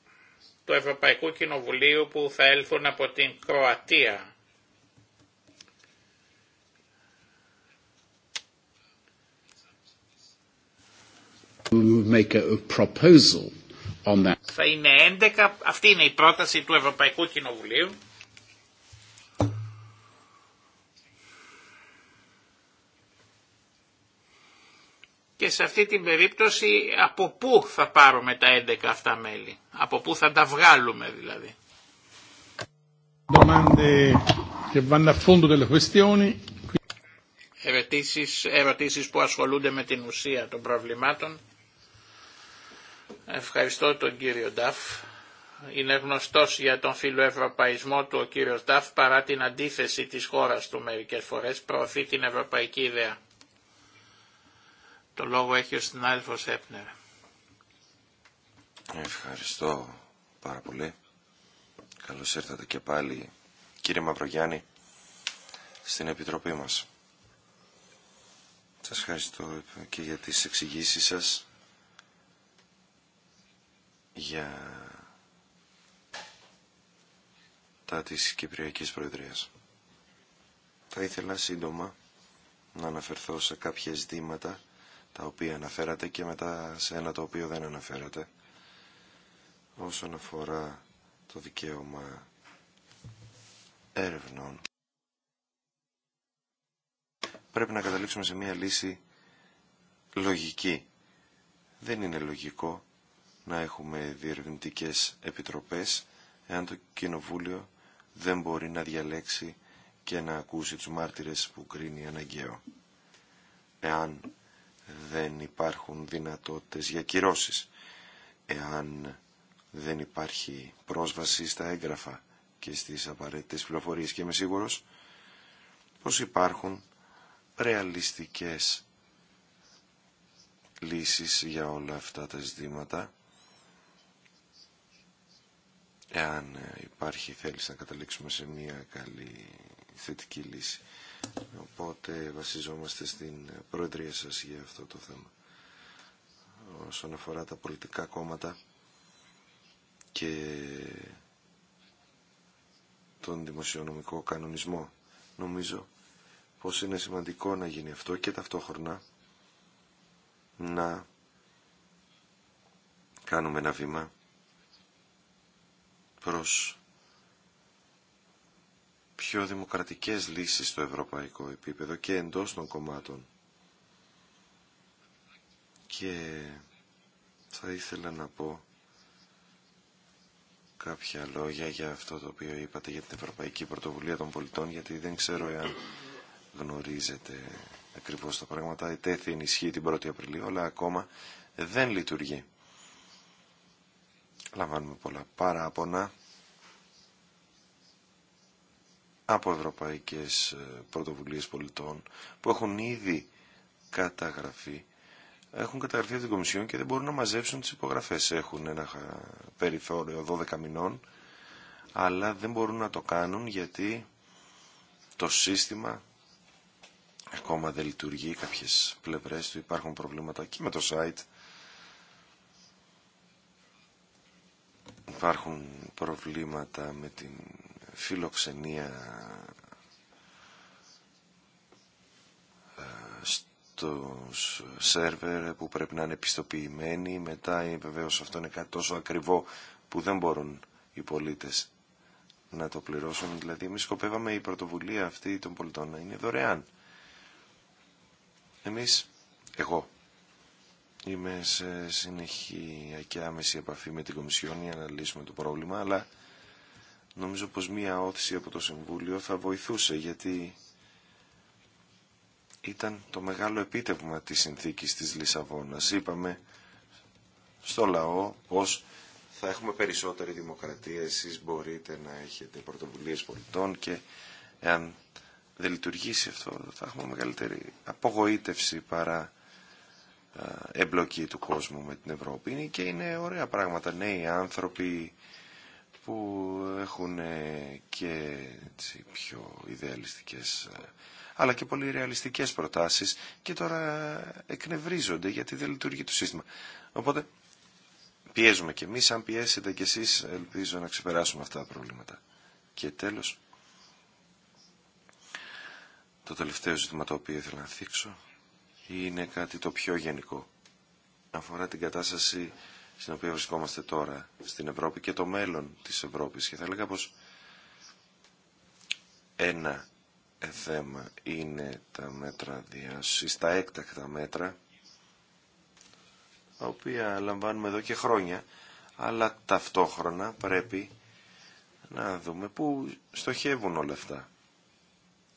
του Ευρωπαϊκού Κοινοβουλίου που θα έλθουν από την Κροατία. Θα είναι 11. Αυτή είναι η πρόταση του Ευρωπαϊκού Κοινοβουλίου. Και σε αυτή την περίπτωση από πού θα πάρουμε τα 11 αυτά μέλη. Από πού θα τα βγάλουμε δηλαδή. Ερωτήσεις, ερωτήσεις που ασχολούνται με την ουσία των προβλημάτων. Ευχαριστώ τον κύριο Νταφ. Είναι γνωστός για τον φιλοευρωπαϊσμό του ο κύριος Νταφ παρά την αντίθεση της χώρας του μερικέ φορές προωθεί την ευρωπαϊκή ιδέα. Το λόγο έχει ο συνάδελφος Έπνερ. Ευχαριστώ πάρα πολύ. Καλώς ήρθατε και πάλι κύριε Μαυρογιάννη στην Επιτροπή μας. Σας ευχαριστώ και για τις εξηγήσεις σας για τα της Κυπριακής Προεδρίας. Θα ήθελα σύντομα να αναφερθώ σε κάποια ζητήματα τα οποία αναφέρατε και μετά σε ένα το οποίο δεν αναφέρατε όσον αφορά το δικαίωμα έρευνων. Πρέπει να καταλήξουμε σε μια λύση λογική. Δεν είναι λογικό να έχουμε διερευνητικές επιτροπές εάν το Κοινοβούλιο δεν μπορεί να διαλέξει και να ακούσει τους μάρτυρες που κρίνει αναγκαίο. Εάν δεν υπάρχουν δυνατότητες για κυρώσεις, εάν δεν υπάρχει πρόσβαση στα έγγραφα και στις απαραίτητες πληροφορίες και είμαι σίγουρος πως υπάρχουν ρεαλιστικές λύσεις για όλα αυτά τα ζητήματα εάν ε, υπάρχει θέληση να καταλήξουμε σε μια καλή θετική λύση. Οπότε βασιζόμαστε στην ε, Προεδρία σας για αυτό το θέμα. Όσον αφορά τα πολιτικά κόμματα και τον δημοσιονομικό κανονισμό, νομίζω πως είναι σημαντικό να γίνει αυτό και ταυτόχρονα να κάνουμε ένα βήμα προς πιο δημοκρατικές λύσεις στο ευρωπαϊκό επίπεδο και εντός των κομμάτων. Και θα ήθελα να πω κάποια λόγια για αυτό το οποίο είπατε για την Ευρωπαϊκή Πρωτοβουλία των Πολιτών, γιατί δεν ξέρω εάν γνωρίζετε ακριβώς τα πράγματα. Η τέθη ενισχύει την 1η Απριλίου, αλλά ακόμα δεν λειτουργεί λαμβάνουμε πολλά παράπονα από ευρωπαϊκές ε, πρωτοβουλίες πολιτών που έχουν ήδη καταγραφεί έχουν καταγραφεί από την Κομισιόν και δεν μπορούν να μαζέψουν τις υπογραφές. Έχουν ένα περιθώριο 12 μηνών, αλλά δεν μπορούν να το κάνουν γιατί το σύστημα ακόμα δεν λειτουργεί. Κάποιες πλευρές του υπάρχουν προβλήματα και με το site υπάρχουν προβλήματα με την φιλοξενία ε, στους σερβερ που πρέπει να είναι επιστοποιημένοι. Μετά ε, βεβαίω αυτό είναι κάτι τόσο ακριβό που δεν μπορούν οι πολίτες να το πληρώσουν. Δηλαδή εμείς σκοπεύαμε η πρωτοβουλία αυτή των πολιτών να είναι δωρεάν. Εμείς, εγώ Είμαι σε συνεχή και άμεση επαφή με την Κομισιόν για να λύσουμε το πρόβλημα, αλλά νομίζω πως μία όθηση από το Συμβούλιο θα βοηθούσε, γιατί ήταν το μεγάλο επίτευγμα της συνθήκης της Λισαβόνας. Είπαμε στο λαό πως θα έχουμε περισσότερη δημοκρατία, εσείς μπορείτε να έχετε πρωτοβουλίες πολιτών και εάν δεν λειτουργήσει αυτό θα έχουμε μεγαλύτερη απογοήτευση παρά ε, εμπλοκή του κόσμου με την Ευρώπη και είναι ωραία πράγματα. Νέοι άνθρωποι που έχουν ε, και έτσι, πιο ιδεαλιστικές ε, αλλά και πολύ ρεαλιστικές προτάσεις και τώρα εκνευρίζονται γιατί δεν λειτουργεί το σύστημα. Οπότε πιέζουμε και εμείς, αν πιέσετε και εσείς ελπίζω να ξεπεράσουμε αυτά τα προβλήματα. Και τέλος, το τελευταίο ζήτημα το οποίο ήθελα να θίξω είναι κάτι το πιο γενικό. Αφορά την κατάσταση στην οποία βρισκόμαστε τώρα στην Ευρώπη και το μέλλον της Ευρώπης. Και θα έλεγα πως ένα θέμα είναι τα μέτρα διάσωσης, τα έκτακτα μέτρα, τα οποία λαμβάνουμε εδώ και χρόνια, αλλά ταυτόχρονα πρέπει να δούμε πού στοχεύουν όλα αυτά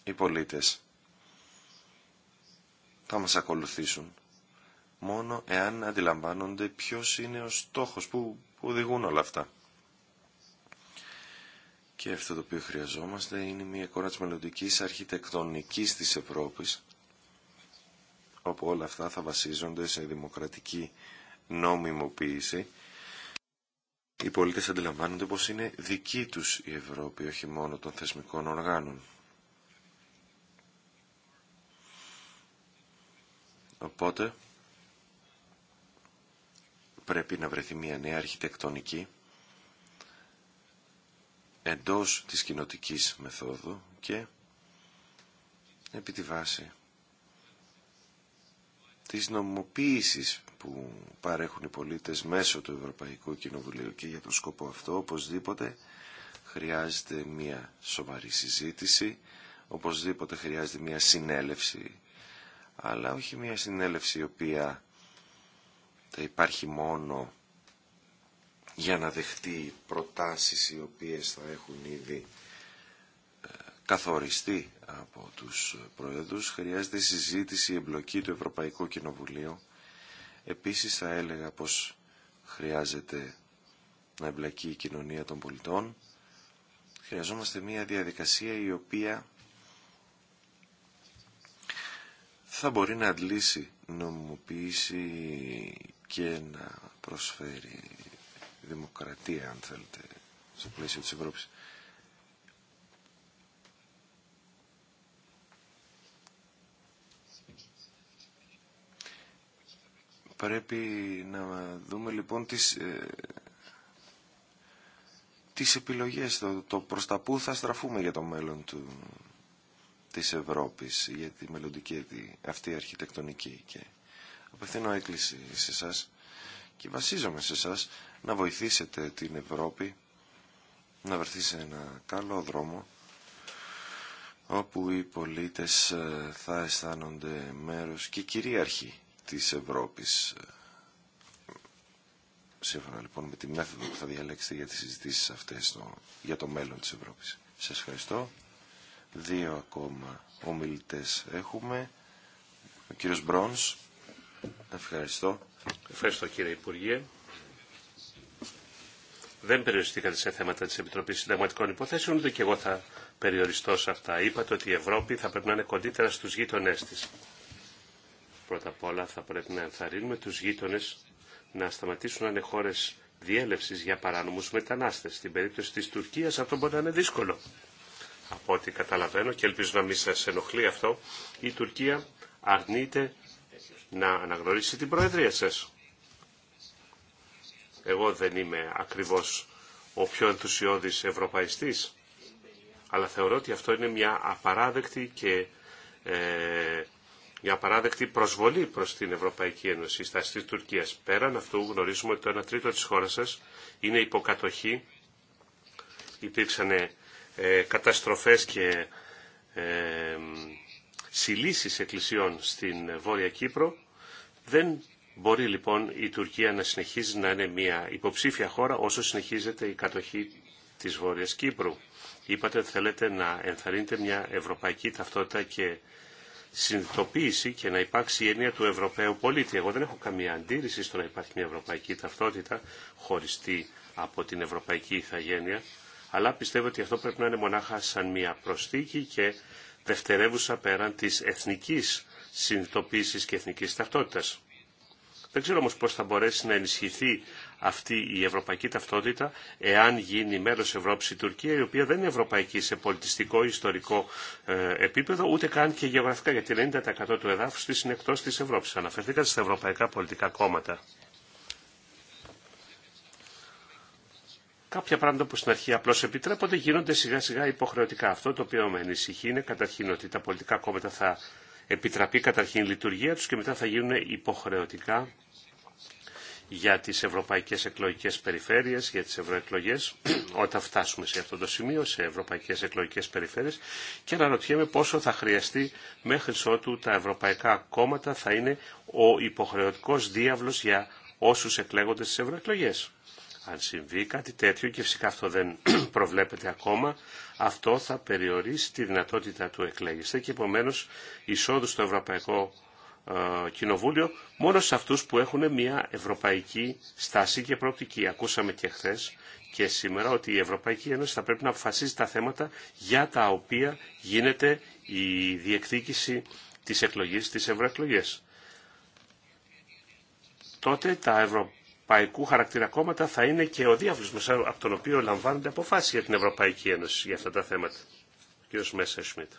οι πολίτες θα μας ακολουθήσουν μόνο εάν αντιλαμβάνονται ποιος είναι ο στόχος που οδηγούν όλα αυτά. Και αυτό το οποίο χρειαζόμαστε είναι μια εικόνα της μελλοντική αρχιτεκτονικής της Ευρώπης, όπου όλα αυτά θα βασίζονται σε δημοκρατική νόμιμοποίηση. Οι πολίτες αντιλαμβάνονται πως είναι δική τους η Ευρώπη, όχι μόνο των θεσμικών οργάνων. Οπότε πρέπει να βρεθεί μια νέα αρχιτεκτονική εντός της κοινοτικής μεθόδου και επί τη βάση της νομοποίησης που παρέχουν οι πολίτες μέσω του Ευρωπαϊκού Κοινοβουλίου και για τον σκοπό αυτό οπωσδήποτε χρειάζεται μια σοβαρή συζήτηση, οπωσδήποτε χρειάζεται μια συνέλευση αλλά όχι μια συνέλευση η οποία θα υπάρχει μόνο για να δεχτεί προτάσεις οι οποίες θα έχουν ήδη ε, καθοριστεί από τους Προέδρους. Χρειάζεται συζήτηση, εμπλοκή του Ευρωπαϊκού Κοινοβουλίου. Επίσης θα έλεγα πως χρειάζεται να εμπλακεί η κοινωνία των πολιτών. Χρειαζόμαστε μια διαδικασία η οποία θα μπορεί να αντλήσει νομιμοποίηση και να προσφέρει δημοκρατία, αν θέλετε, στο πλαίσιο της Ευρώπης. Πρέπει να δούμε λοιπόν τις, ε, τις επιλογές, το, το προς τα που θα στραφούμε για το μέλλον του της Ευρώπης για τη μελλοντική αυτή αρχιτεκτονική και απευθύνω έκκληση σε εσά και βασίζομαι σε εσά να βοηθήσετε την Ευρώπη να βρεθεί σε ένα καλό δρόμο όπου οι πολίτες ε, θα αισθάνονται μέρος και κυρίαρχοι της Ευρώπης. Σύμφωνα λοιπόν με τη μέθοδο που θα διαλέξετε για τις συζητήσεις αυτές για το μέλλον της Ευρώπης. Σας ευχαριστώ. Δύο ακόμα ομιλητές έχουμε. Ο κύριος Μπρόνς. Ευχαριστώ. Ευχαριστώ κύριε Υπουργέ. Δεν περιοριστήκατε σε θέματα της Επιτροπής Συνταγματικών Υποθέσεων, ούτε και εγώ θα περιοριστώ σε αυτά. Είπατε ότι η Ευρώπη θα πρέπει να είναι κοντύτερα στους γείτονές της. Πρώτα απ' όλα θα πρέπει να ενθαρρύνουμε τους γείτονες να σταματήσουν να είναι χώρες διέλευσης για παράνομους μετανάστες. Στην περίπτωση της Τουρκίας αυτό μπορεί να είναι δύσκολο από ό,τι καταλαβαίνω και ελπίζω να μην σας ενοχλεί αυτό, η Τουρκία αρνείται να αναγνωρίσει την Προεδρία σας. Εγώ δεν είμαι ακριβώς ο πιο ενθουσιώδης ευρωπαϊστής, αλλά θεωρώ ότι αυτό είναι μια απαράδεκτη και ε, μια απαράδεκτη προσβολή προς την Ευρωπαϊκή Ένωση, η στάση της Τουρκίας. Πέραν αυτού γνωρίζουμε ότι το 1 τρίτο της χώρας σας είναι υποκατοχή. Υπήρξαν ε, καταστροφές και ε, συλλήσεις εκκλησιών στην Βόρεια Κύπρο. Δεν μπορεί λοιπόν η Τουρκία να συνεχίζει να είναι μια υποψήφια χώρα όσο συνεχίζεται η κατοχή της Βόρειας Κύπρου. Είπατε ότι θέλετε να ενθαρρύνετε μια ευρωπαϊκή ταυτότητα και συνειδητοποίηση και να υπάρξει η έννοια του Ευρωπαίου πολίτη. Εγώ δεν έχω καμία αντίρρηση στο να υπάρχει μια ευρωπαϊκή ταυτότητα χωριστή από την ευρωπαϊκή ηθαγένεια αλλά πιστεύω ότι αυτό πρέπει να είναι μονάχα σαν μια προσθήκη και δευτερεύουσα πέραν της εθνικής συνειδητοποίησης και εθνικής ταυτότητας. Δεν ξέρω όμως πώς θα μπορέσει να ενισχυθεί αυτή η ευρωπαϊκή ταυτότητα εάν γίνει μέρος Ευρώπης η Τουρκία η οποία δεν είναι ευρωπαϊκή σε πολιτιστικό ή ιστορικό ε, επίπεδο ούτε καν και γεωγραφικά γιατί 90% του εδάφους της είναι εκτός της Ευρώπης. Αναφερθήκατε στα ευρωπαϊκά πολιτικά κόμματα. Κάποια πράγματα που στην αρχή απλώ επιτρέπονται γίνονται σιγά σιγά υποχρεωτικά. Αυτό το οποίο με ανησυχεί είναι καταρχήν ότι τα πολιτικά κόμματα θα επιτραπεί καταρχήν η λειτουργία του και μετά θα γίνουν υποχρεωτικά για τι ευρωπαϊκέ εκλογικέ περιφέρειες, για τι ευρωεκλογέ, όταν φτάσουμε σε αυτό το σημείο, σε ευρωπαϊκέ εκλογικέ περιφέρειες και αναρωτιέμαι πόσο θα χρειαστεί μέχρι ότου τα ευρωπαϊκά κόμματα θα είναι ο υποχρεωτικό διάβλο για όσου εκλέγονται στι ευρωεκλογέ. Αν συμβεί κάτι τέτοιο και φυσικά αυτό δεν (clears throat) προβλέπεται ακόμα, αυτό θα περιορίσει τη δυνατότητα του εκλέγεστε και επομένω εισόδου στο Ευρωπαϊκό ε, Κοινοβούλιο μόνο σε αυτούς που έχουν μια ευρωπαϊκή στάση και προοπτική. Ακούσαμε και χθε και σήμερα ότι η Ευρωπαϊκή Ένωση θα πρέπει να αποφασίζει τα θέματα για τα οποία γίνεται η διεκδίκηση της εκλογής της ευρωεκλογές. Τότε τα, ευρωπαϊκού χαρακτήρα κόμματα θα είναι και ο διάβλος μέσα από τον οποίο λαμβάνονται αποφάσεις για την Ευρωπαϊκή Ένωση για αυτά τα θέματα. Κύριος Μέσα Σμιτ.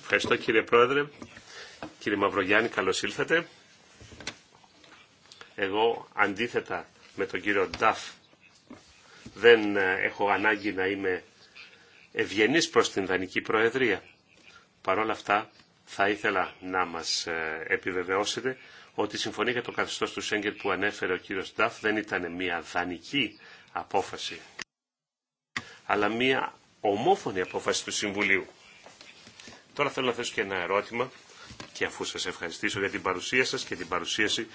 Ευχαριστώ κύριε Πρόεδρε. Κύριε Μαυρογιάννη, καλώς ήλθατε. Εγώ αντίθετα με τον κύριο Νταφ δεν ε, έχω ανάγκη να είμαι ευγενής προς την Δανική Προεδρία. Παρ' όλα αυτά θα ήθελα να μας ε, επιβεβαιώσετε ότι η συμφωνία για το καθεστώς του Σέγγερ που ανέφερε ο κύριος Νταφ δεν ήταν μια δανεική απόφαση, αλλά μια ομόφωνη απόφαση του Συμβουλίου. Τώρα θέλω να θέσω και ένα ερώτημα και αφού σας ευχαριστήσω για την παρουσία σας και την παρουσίαση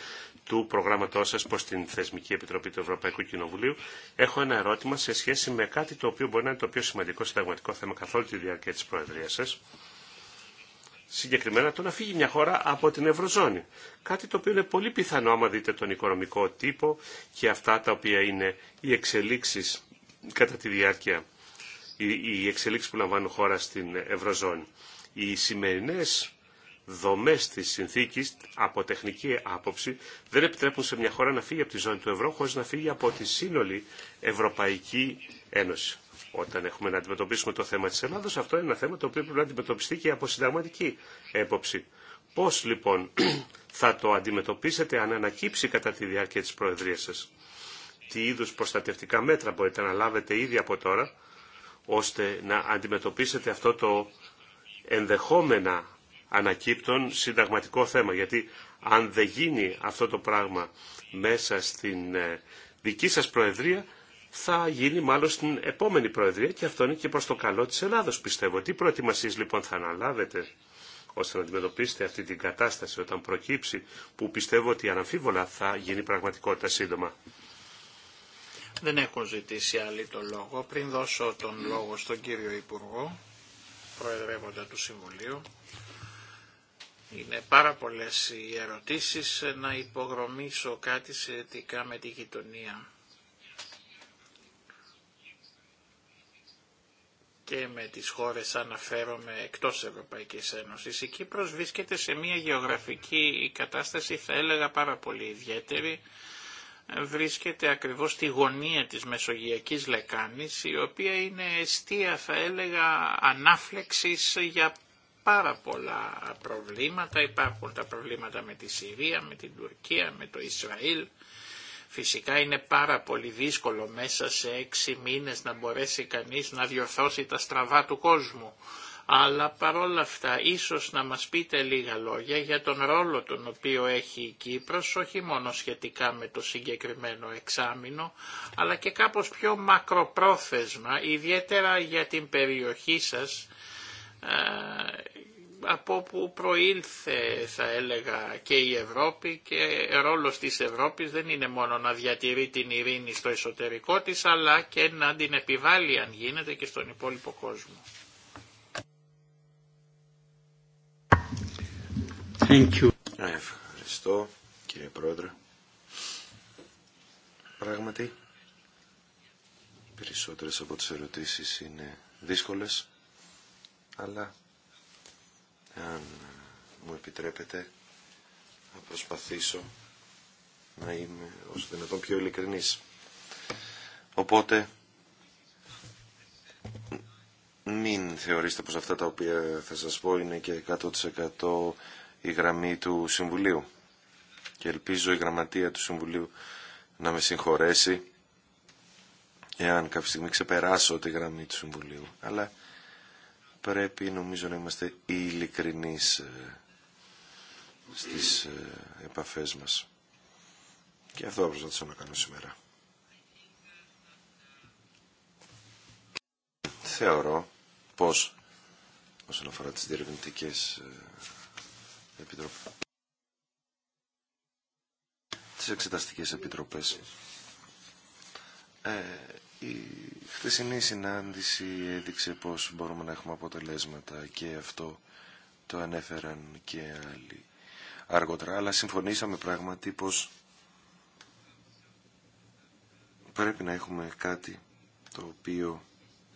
του προγράμματός σας προς την Θεσμική Επιτροπή του Ευρωπαϊκού Κοινοβουλίου, έχω ένα ερώτημα σε σχέση με κάτι το οποίο μπορεί να είναι το πιο σημαντικό συνταγματικό θέμα καθ' όλη τη διάρκεια τη Προεδρία σας συγκεκριμένα το να φύγει μια χώρα από την Ευρωζώνη. Κάτι το οποίο είναι πολύ πιθανό άμα δείτε τον οικονομικό τύπο και αυτά τα οποία είναι οι εξελίξεις κατά τη διάρκεια, οι εξελίξεις που λαμβάνουν χώρα στην Ευρωζώνη. Οι σημερινές δομές της συνθήκης από τεχνική άποψη δεν επιτρέπουν σε μια χώρα να φύγει από τη ζώνη του ευρώ χωρίς να φύγει από τη σύνολη Ευρωπαϊκή Ένωση όταν έχουμε να αντιμετωπίσουμε το θέμα της Ελλάδος, αυτό είναι ένα θέμα το οποίο πρέπει να αντιμετωπιστεί και από συνταγματική έποψη. Πώς λοιπόν (clears throat) θα το αντιμετωπίσετε αν ανακύψει κατά τη διάρκεια της Προεδρίας σας. Τι είδους προστατευτικά μέτρα μπορείτε να λάβετε ήδη από τώρα, ώστε να αντιμετωπίσετε αυτό το ενδεχόμενα ανακύπτων συνταγματικό θέμα. Γιατί αν δεν γίνει αυτό το πράγμα μέσα στην ε, δική σας Προεδρία, θα γίνει μάλλον στην επόμενη Προεδρία και αυτό είναι και προς το καλό της Ελλάδος πιστεύω. Τι προετοιμασίες λοιπόν θα αναλάβετε ώστε να αντιμετωπίσετε αυτή την κατάσταση όταν προκύψει που πιστεύω ότι αναμφίβολα θα γίνει πραγματικότητα σύντομα. Δεν έχω ζητήσει άλλη το λόγο. Πριν δώσω τον λόγο στον κύριο Υπουργό, Προεδρεύοντα του Συμβουλίου, είναι πάρα πολλές οι ερωτήσεις να υπογρομίσω κάτι σχετικά με τη γειτονία. και με τις χώρες αναφέρομαι εκτός Ευρωπαϊκής Ένωσης. Η Κύπρος βρίσκεται σε μια γεωγραφική κατάσταση θα έλεγα πάρα πολύ ιδιαίτερη. Βρίσκεται ακριβώς στη γωνία της Μεσογειακής Λεκάνης η οποία είναι αιστεία θα έλεγα ανάφλεξης για πάρα πολλά προβλήματα. Υπάρχουν τα προβλήματα με τη Συρία, με την Τουρκία, με το Ισραήλ Φυσικά είναι πάρα πολύ δύσκολο μέσα σε έξι μήνες να μπορέσει κανείς να διορθώσει τα στραβά του κόσμου. Αλλά παρόλα αυτά ίσως να μας πείτε λίγα λόγια για τον ρόλο τον οποίο έχει η Κύπρος, όχι μόνο σχετικά με το συγκεκριμένο εξάμεινο, αλλά και κάπως πιο μακροπρόθεσμα, ιδιαίτερα για την περιοχή σας, ε, από όπου προήλθε θα έλεγα και η Ευρώπη και ρόλος της Ευρώπης δεν είναι μόνο να διατηρεί την ειρήνη στο εσωτερικό της αλλά και να την επιβάλλει αν γίνεται και στον υπόλοιπο κόσμο. Thank you. Ευχαριστώ κύριε Πρόεδρε. Πράγματι, περισσότερες από τις ερωτήσεις είναι δύσκολες, αλλά αν μου επιτρέπετε, να προσπαθήσω να είμαι όσο δυνατόν πιο ειλικρινής. Οπότε, μην θεωρήσετε πως αυτά τα οποία θα σας πω είναι και 100% η γραμμή του Συμβουλίου. Και ελπίζω η γραμματεία του Συμβουλίου να με συγχωρέσει εάν κάποια στιγμή ξεπεράσω τη γραμμή του Συμβουλίου. Αλλά πρέπει νομίζω να είμαστε ειλικρινεί ε, στις ε, επαφές μας. Και αυτό προσπαθήσω να κάνω σήμερα. Θεωρώ πως όσον αφορά τις διερευνητικές ε, επιτροπές τις εξεταστικές επιτροπές ε, η χθεσινή συνάντηση έδειξε πως μπορούμε να έχουμε αποτελέσματα και αυτό το ανέφεραν και άλλοι αργότερα, αλλά συμφωνήσαμε πράγματι πως πρέπει να έχουμε κάτι το οποίο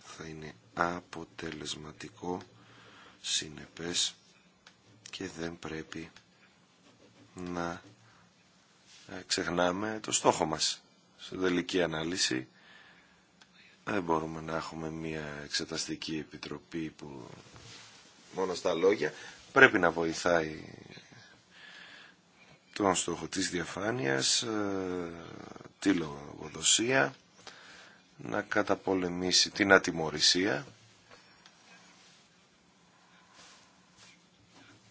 θα είναι αποτελεσματικό, συνεπές και δεν πρέπει να ξεχνάμε το στόχο μας. Στην τελική ανάλυση δεν μπορούμε να έχουμε μια εξεταστική επιτροπή που μόνο στα λόγια πρέπει να βοηθάει τον στόχο της διαφάνειας, ε, τη λογοδοσία, να καταπολεμήσει την ατιμορρησία.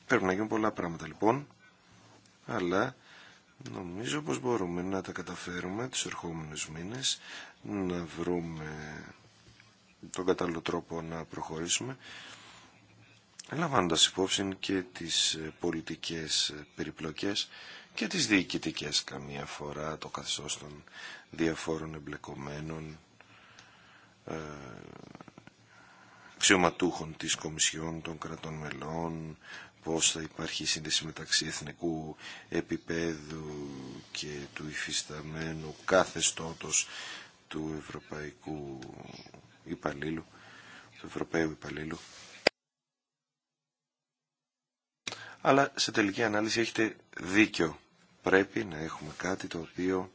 Πρέπει να γίνουν πολλά πράγματα λοιπόν, αλλά νομίζω πως μπορούμε να τα καταφέρουμε τους ερχόμενους μήνες να βρούμε τον κατάλληλο τρόπο να προχωρήσουμε λαμβάνοντας υπόψη και τις πολιτικές περιπλοκές και τις διοικητικές καμία φορά το καθεστώς των διαφόρων εμπλεκομένων ε, αξιωματούχων της Κομισιόν των κρατών μελών πώς θα υπάρχει σύνδεση μεταξύ εθνικού επίπεδου και του υφισταμένου καθεστώτος του Ευρωπαϊκού Υπαλλήλου, του Ευρωπαίου Υπαλλήλου. Αλλά σε τελική ανάλυση έχετε δίκιο. Πρέπει να έχουμε κάτι το οποίο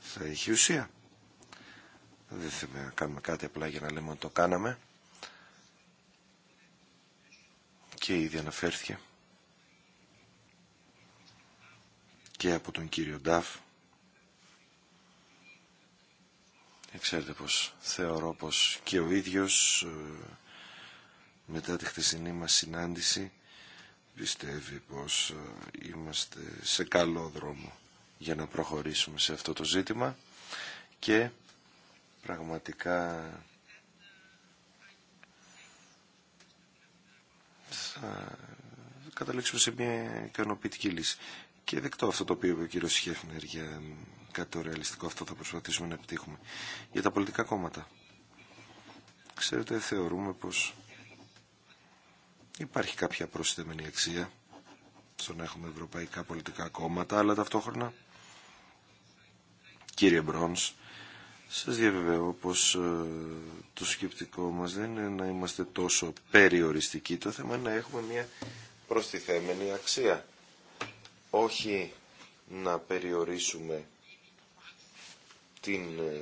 θα έχει ουσία. Δεν θέλουμε να κάνουμε κάτι απλά για να λέμε ότι το κάναμε. Και ήδη αναφέρθηκε και από τον κύριο Νταφ Ξέρετε πως θεωρώ πως και ο ίδιος ε, μετά τη χτεσινή μας συνάντηση πιστεύει πως ε, είμαστε σε καλό δρόμο για να προχωρήσουμε σε αυτό το ζήτημα και πραγματικά θα καταλήξουμε σε μια ικανοποιητική λύση. Και δεκτώ αυτό το οποίο είπε ο κύριος Σχέφνερ για κάτι το ρεαλιστικό αυτό θα προσπαθήσουμε να επιτύχουμε. Για τα πολιτικά κόμματα. Ξέρετε, θεωρούμε πως υπάρχει κάποια προσθεμένη αξία στο να έχουμε ευρωπαϊκά πολιτικά κόμματα, αλλά ταυτόχρονα, κύριε Μπρόνς, σας διαβεβαιώ πως ε, το σκεπτικό μας δεν είναι να είμαστε τόσο περιοριστικοί. Το θέμα είναι να έχουμε μια προστιθέμενη αξία. Όχι να περιορίσουμε την ε,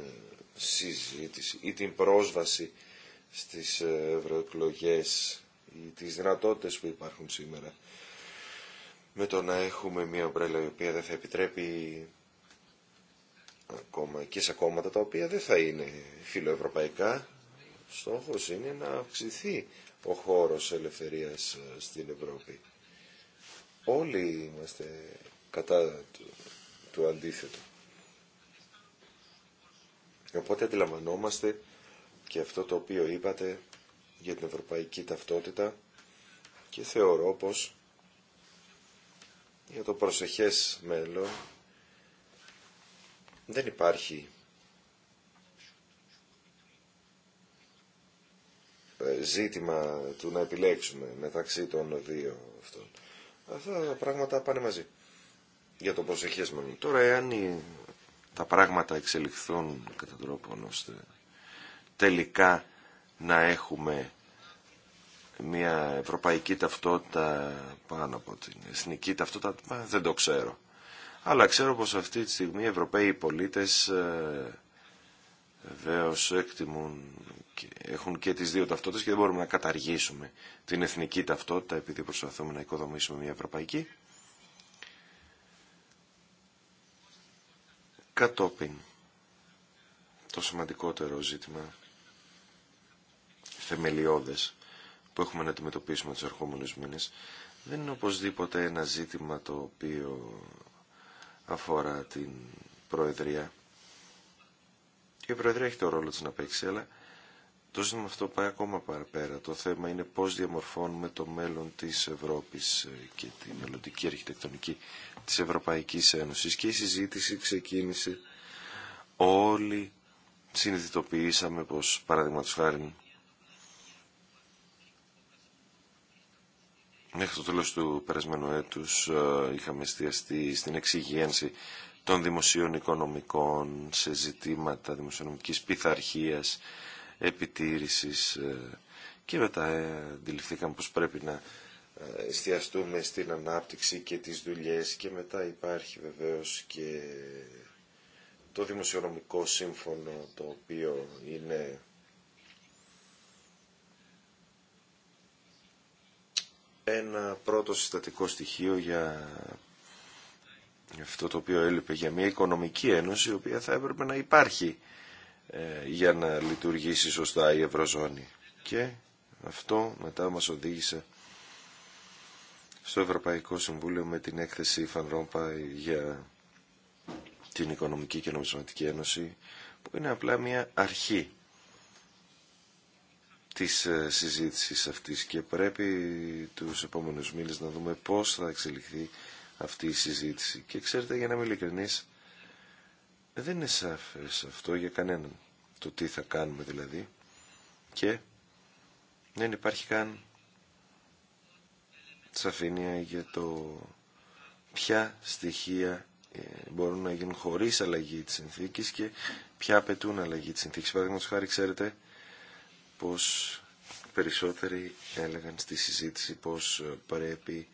συζήτηση ή την πρόσβαση στις ε, ευρωεκλογέ ή τις δυνατότητες που υπάρχουν σήμερα με το να έχουμε μια ομπρέλα η οποία δεν θα επιτρέπει ακόμα και σε κόμματα τα οποία δεν θα είναι φιλοευρωπαϊκά στόχος είναι να αυξηθεί ο χώρος ελευθερίας ε, στην Ευρώπη. Όλοι είμαστε κατά του, του αντίθετου. Οπότε αντιλαμβανόμαστε και αυτό το οποίο είπατε για την ευρωπαϊκή ταυτότητα και θεωρώ πως για το προσεχές μέλλον δεν υπάρχει ζήτημα του να επιλέξουμε μεταξύ των δύο αυτών. Αυτά τα πράγματα πάνε μαζί για το προσεχές μέλλον. Τώρα εάν η τα πράγματα εξελιχθούν κατά τρόπον ώστε τελικά να έχουμε μια ευρωπαϊκή ταυτότητα πάνω από την εθνική ταυτότητα, δεν το ξέρω. Αλλά ξέρω πως αυτή τη στιγμή οι Ευρωπαίοι πολίτες ε, βεβαίω εκτιμούν και έχουν και τις δύο ταυτότητες και δεν μπορούμε να καταργήσουμε την εθνική ταυτότητα επειδή προσπαθούμε να οικοδομήσουμε μια ευρωπαϊκή. Κατόπιν, το σημαντικότερο ζήτημα, θεμελιώδες, που έχουμε να αντιμετωπίσουμε τους ερχόμενους μήνες, δεν είναι οπωσδήποτε ένα ζήτημα το οποίο αφορά την Προεδρία. Η Προεδρία έχει το ρόλο της να παίξει, αλλά το ζήτημα αυτό πάει ακόμα παραπέρα. Το θέμα είναι πώς διαμορφώνουμε το μέλλον της Ευρώπης ε, και τη μελλοντική αρχιτεκτονική της Ευρωπαϊκής Ένωση. Και η συζήτηση ξεκίνησε όλοι συνειδητοποιήσαμε πως παραδείγματο χάρη μέχρι το τέλος του περασμένου έτους ε, είχαμε εστιαστεί στην εξυγένση των δημοσίων οικονομικών σε ζητήματα δημοσιονομικής πειθαρχίας επιτήρησης ε, και μετά ε, αντιληφθήκαμε πως πρέπει να ε, εστιαστούμε στην ανάπτυξη και τις δουλειές και μετά υπάρχει βεβαίως και το δημοσιονομικό σύμφωνο το οποίο είναι ένα πρώτο συστατικό στοιχείο για αυτό το οποίο έλειπε για μια οικονομική ένωση η οποία θα έπρεπε να υπάρχει ε, για να λειτουργήσει σωστά η Ευρωζώνη. Και αυτό μετά μας οδήγησε στο Ευρωπαϊκό Συμβούλιο με την έκθεση Φανρόμπα για την Οικονομική και Νομισματική Ένωση που είναι απλά μια αρχή της ε, συζήτησης αυτής και πρέπει τους επόμενους μήνες να δούμε πώς θα εξελιχθεί αυτή η συζήτηση. Και ξέρετε για να είμαι ειλικρινής δεν είναι σαφές αυτό για κανέναν το τι θα κάνουμε δηλαδή και δεν υπάρχει καν σαφήνεια για το ποια στοιχεία ε, μπορούν να γίνουν χωρίς αλλαγή της συνθήκης και ποια απαιτούν αλλαγή της συνθήκης. Παραδείγματος χάρη ξέρετε πως περισσότεροι έλεγαν στη συζήτηση πως πρέπει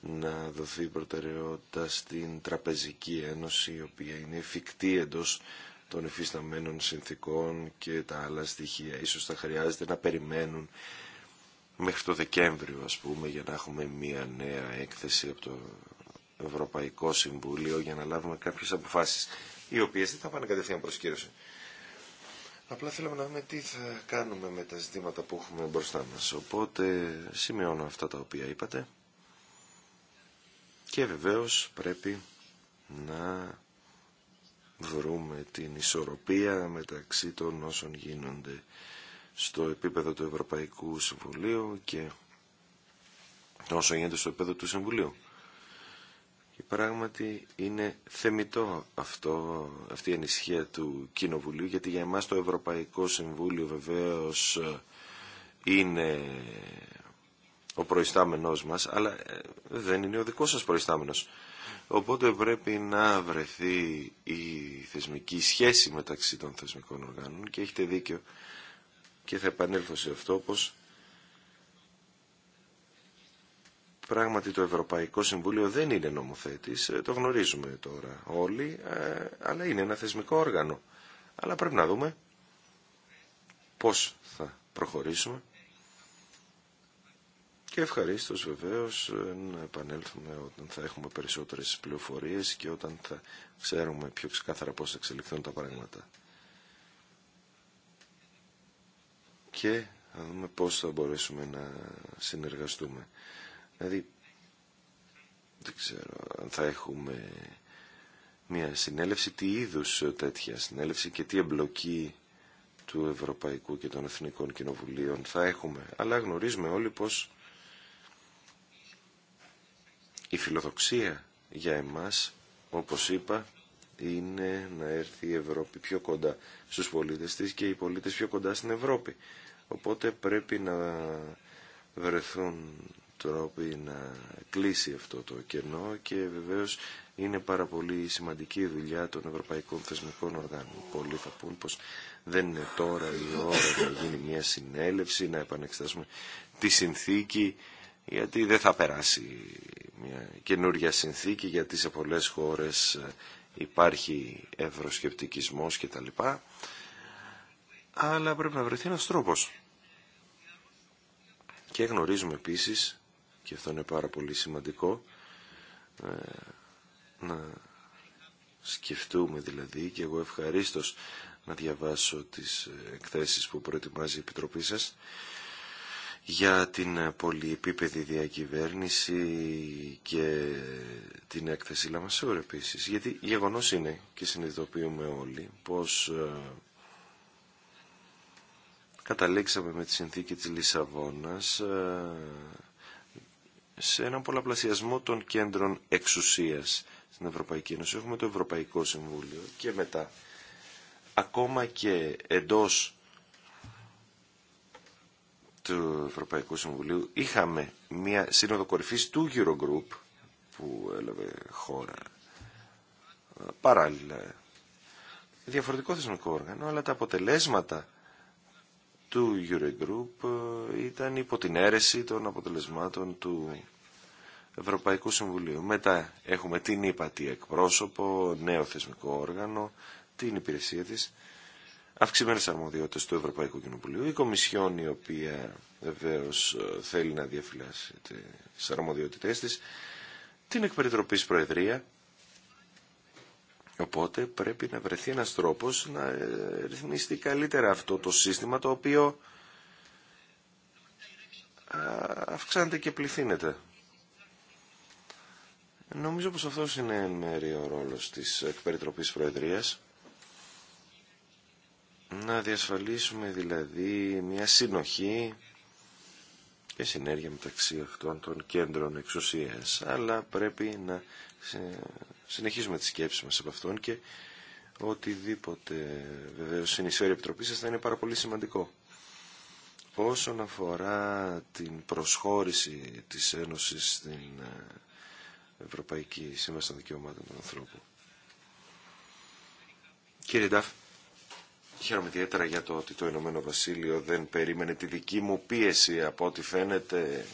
να δοθεί προτεραιότητα στην Τραπεζική Ένωση η οποία είναι εφικτή εντός των υφισταμένων συνθήκων και τα άλλα στοιχεία. Ίσως θα χρειάζεται να περιμένουν μέχρι το Δεκέμβριο, ας πούμε, για να έχουμε μία νέα έκθεση από το Ευρωπαϊκό Συμβούλιο για να λάβουμε κάποιες αποφάσεις, οι οποίες δεν θα πάνε κατευθείαν προς Απλά θέλαμε να δούμε τι θα κάνουμε με τα ζητήματα που έχουμε μπροστά μας. Οπότε σημειώνω αυτά τα οποία είπατε. Και βεβαίως πρέπει να βρούμε την ισορροπία μεταξύ των όσων γίνονται στο επίπεδο του Ευρωπαϊκού Συμβουλίου και όσο γίνεται στο επίπεδο του Συμβουλίου. Και πράγματι είναι θεμητό αυτό, αυτή η ενισχύα του Κοινοβουλίου, γιατί για εμάς το Ευρωπαϊκό Συμβούλιο βεβαίως ε, είναι ο προϊστάμενός μας, αλλά ε, δεν είναι ο δικός σας προϊστάμενος. Οπότε πρέπει να βρεθεί η θεσμική σχέση μεταξύ των θεσμικών οργάνων και έχετε δίκιο και θα επανέλθω σε αυτό πως πράγματι το Ευρωπαϊκό Συμβούλιο δεν είναι νομοθέτης, ε, το γνωρίζουμε τώρα όλοι, ε, αλλά είναι ένα θεσμικό όργανο. Αλλά πρέπει να δούμε πώς θα προχωρήσουμε και ευχαριστώ βεβαίω ε, να επανέλθουμε όταν θα έχουμε περισσότερες πληροφορίε και όταν θα ξέρουμε πιο ξεκάθαρα πώ θα εξελιχθούν τα πράγματα. Και θα δούμε πώς θα μπορέσουμε να συνεργαστούμε. Δηλαδή, δεν ξέρω αν θα έχουμε μια συνέλευση, τι είδου τέτοια συνέλευση και τι εμπλοκή του Ευρωπαϊκού και των Εθνικών Κοινοβουλίων θα έχουμε. Αλλά γνωρίζουμε όλοι πως η φιλοδοξία για εμάς, όπως είπα, είναι να έρθει η Ευρώπη πιο κοντά στους πολίτες της και οι πολίτες πιο κοντά στην Ευρώπη. Οπότε πρέπει να βρεθούν τρόποι να κλείσει αυτό το κενό και βεβαίως είναι πάρα πολύ σημαντική η δουλειά των Ευρωπαϊκών Θεσμικών Οργάνων. Πολλοί θα πούν πως δεν είναι τώρα η ώρα να γίνει μια συνέλευση, να επανεξετάσουμε τη συνθήκη, γιατί δεν θα περάσει μια καινούργια συνθήκη γιατί σε πολλές χώρες ε, υπάρχει τα λοιπά Αλλά πρέπει να βρεθεί ένας τρόπος. Και γνωρίζουμε επίσης, και αυτό είναι πάρα πολύ σημαντικό, ε, να σκεφτούμε δηλαδή και εγώ ευχαρίστως να διαβάσω τις ε, εκθέσεις που προετοιμάζει η Επιτροπή σας για την ε, πολυεπίπεδη διακυβέρνηση και την έκθεση Λαμασούρ επίσης. Γιατί γεγονός είναι και συνειδητοποιούμε όλοι πως ε, καταλήξαμε με τη συνθήκη της Λισαβόνας ε, σε έναν πολλαπλασιασμό των κέντρων εξουσίας στην Ευρωπαϊκή Ένωση. Έχουμε το Ευρωπαϊκό Συμβούλιο και μετά ακόμα και εντός του Ευρωπαϊκού Συμβουλίου είχαμε μια σύνοδο κορυφής του Eurogroup που έλαβε χώρα ε, παράλληλα διαφορετικό θεσμικό όργανο αλλά τα αποτελέσματα του Eurogroup ε, ήταν υπό την αίρεση των αποτελεσμάτων του Ευρωπαϊκού Συμβουλίου. Μετά έχουμε την ΥΠΑΤΗ εκπρόσωπο, νέο θεσμικό όργανο, την υπηρεσία της αυξημένες αρμοδιότητες του Ευρωπαϊκού Κοινοβουλίου. Η Κομισιόν η οποία βεβαίω ε, θέλει να διαφυλάσει τις αρμοδιότητές της, την εκπεριτροπής Προεδρία. Οπότε πρέπει να βρεθεί ένας τρόπος να ε, ρυθμιστεί καλύτερα αυτό το σύστημα το οποίο αυξάνεται και πληθύνεται. Νομίζω πως αυτός είναι μέρη ο ρόλος της εκπεριτροπής Προεδρίας να διασφαλίσουμε δηλαδή μια συνοχή και συνέργεια μεταξύ αυτών των κέντρων εξουσίας. Αλλά πρέπει να συνεχίσουμε τις σκέψεις μας από αυτόν και οτιδήποτε βεβαίω συνεισφέρει η Επιτροπή σας θα είναι πάρα πολύ σημαντικό. Όσον αφορά την προσχώρηση της Ένωσης στην ε, Ευρωπαϊκή Σύμβαση των Δικαιωμάτων των Ανθρώπων. Κύριε Ντάφ, Χαίρομαι ιδιαίτερα για το ότι το Ηνωμένο Βασίλειο δεν περίμενε τη δική μου πίεση. Από ό,τι φαίνεται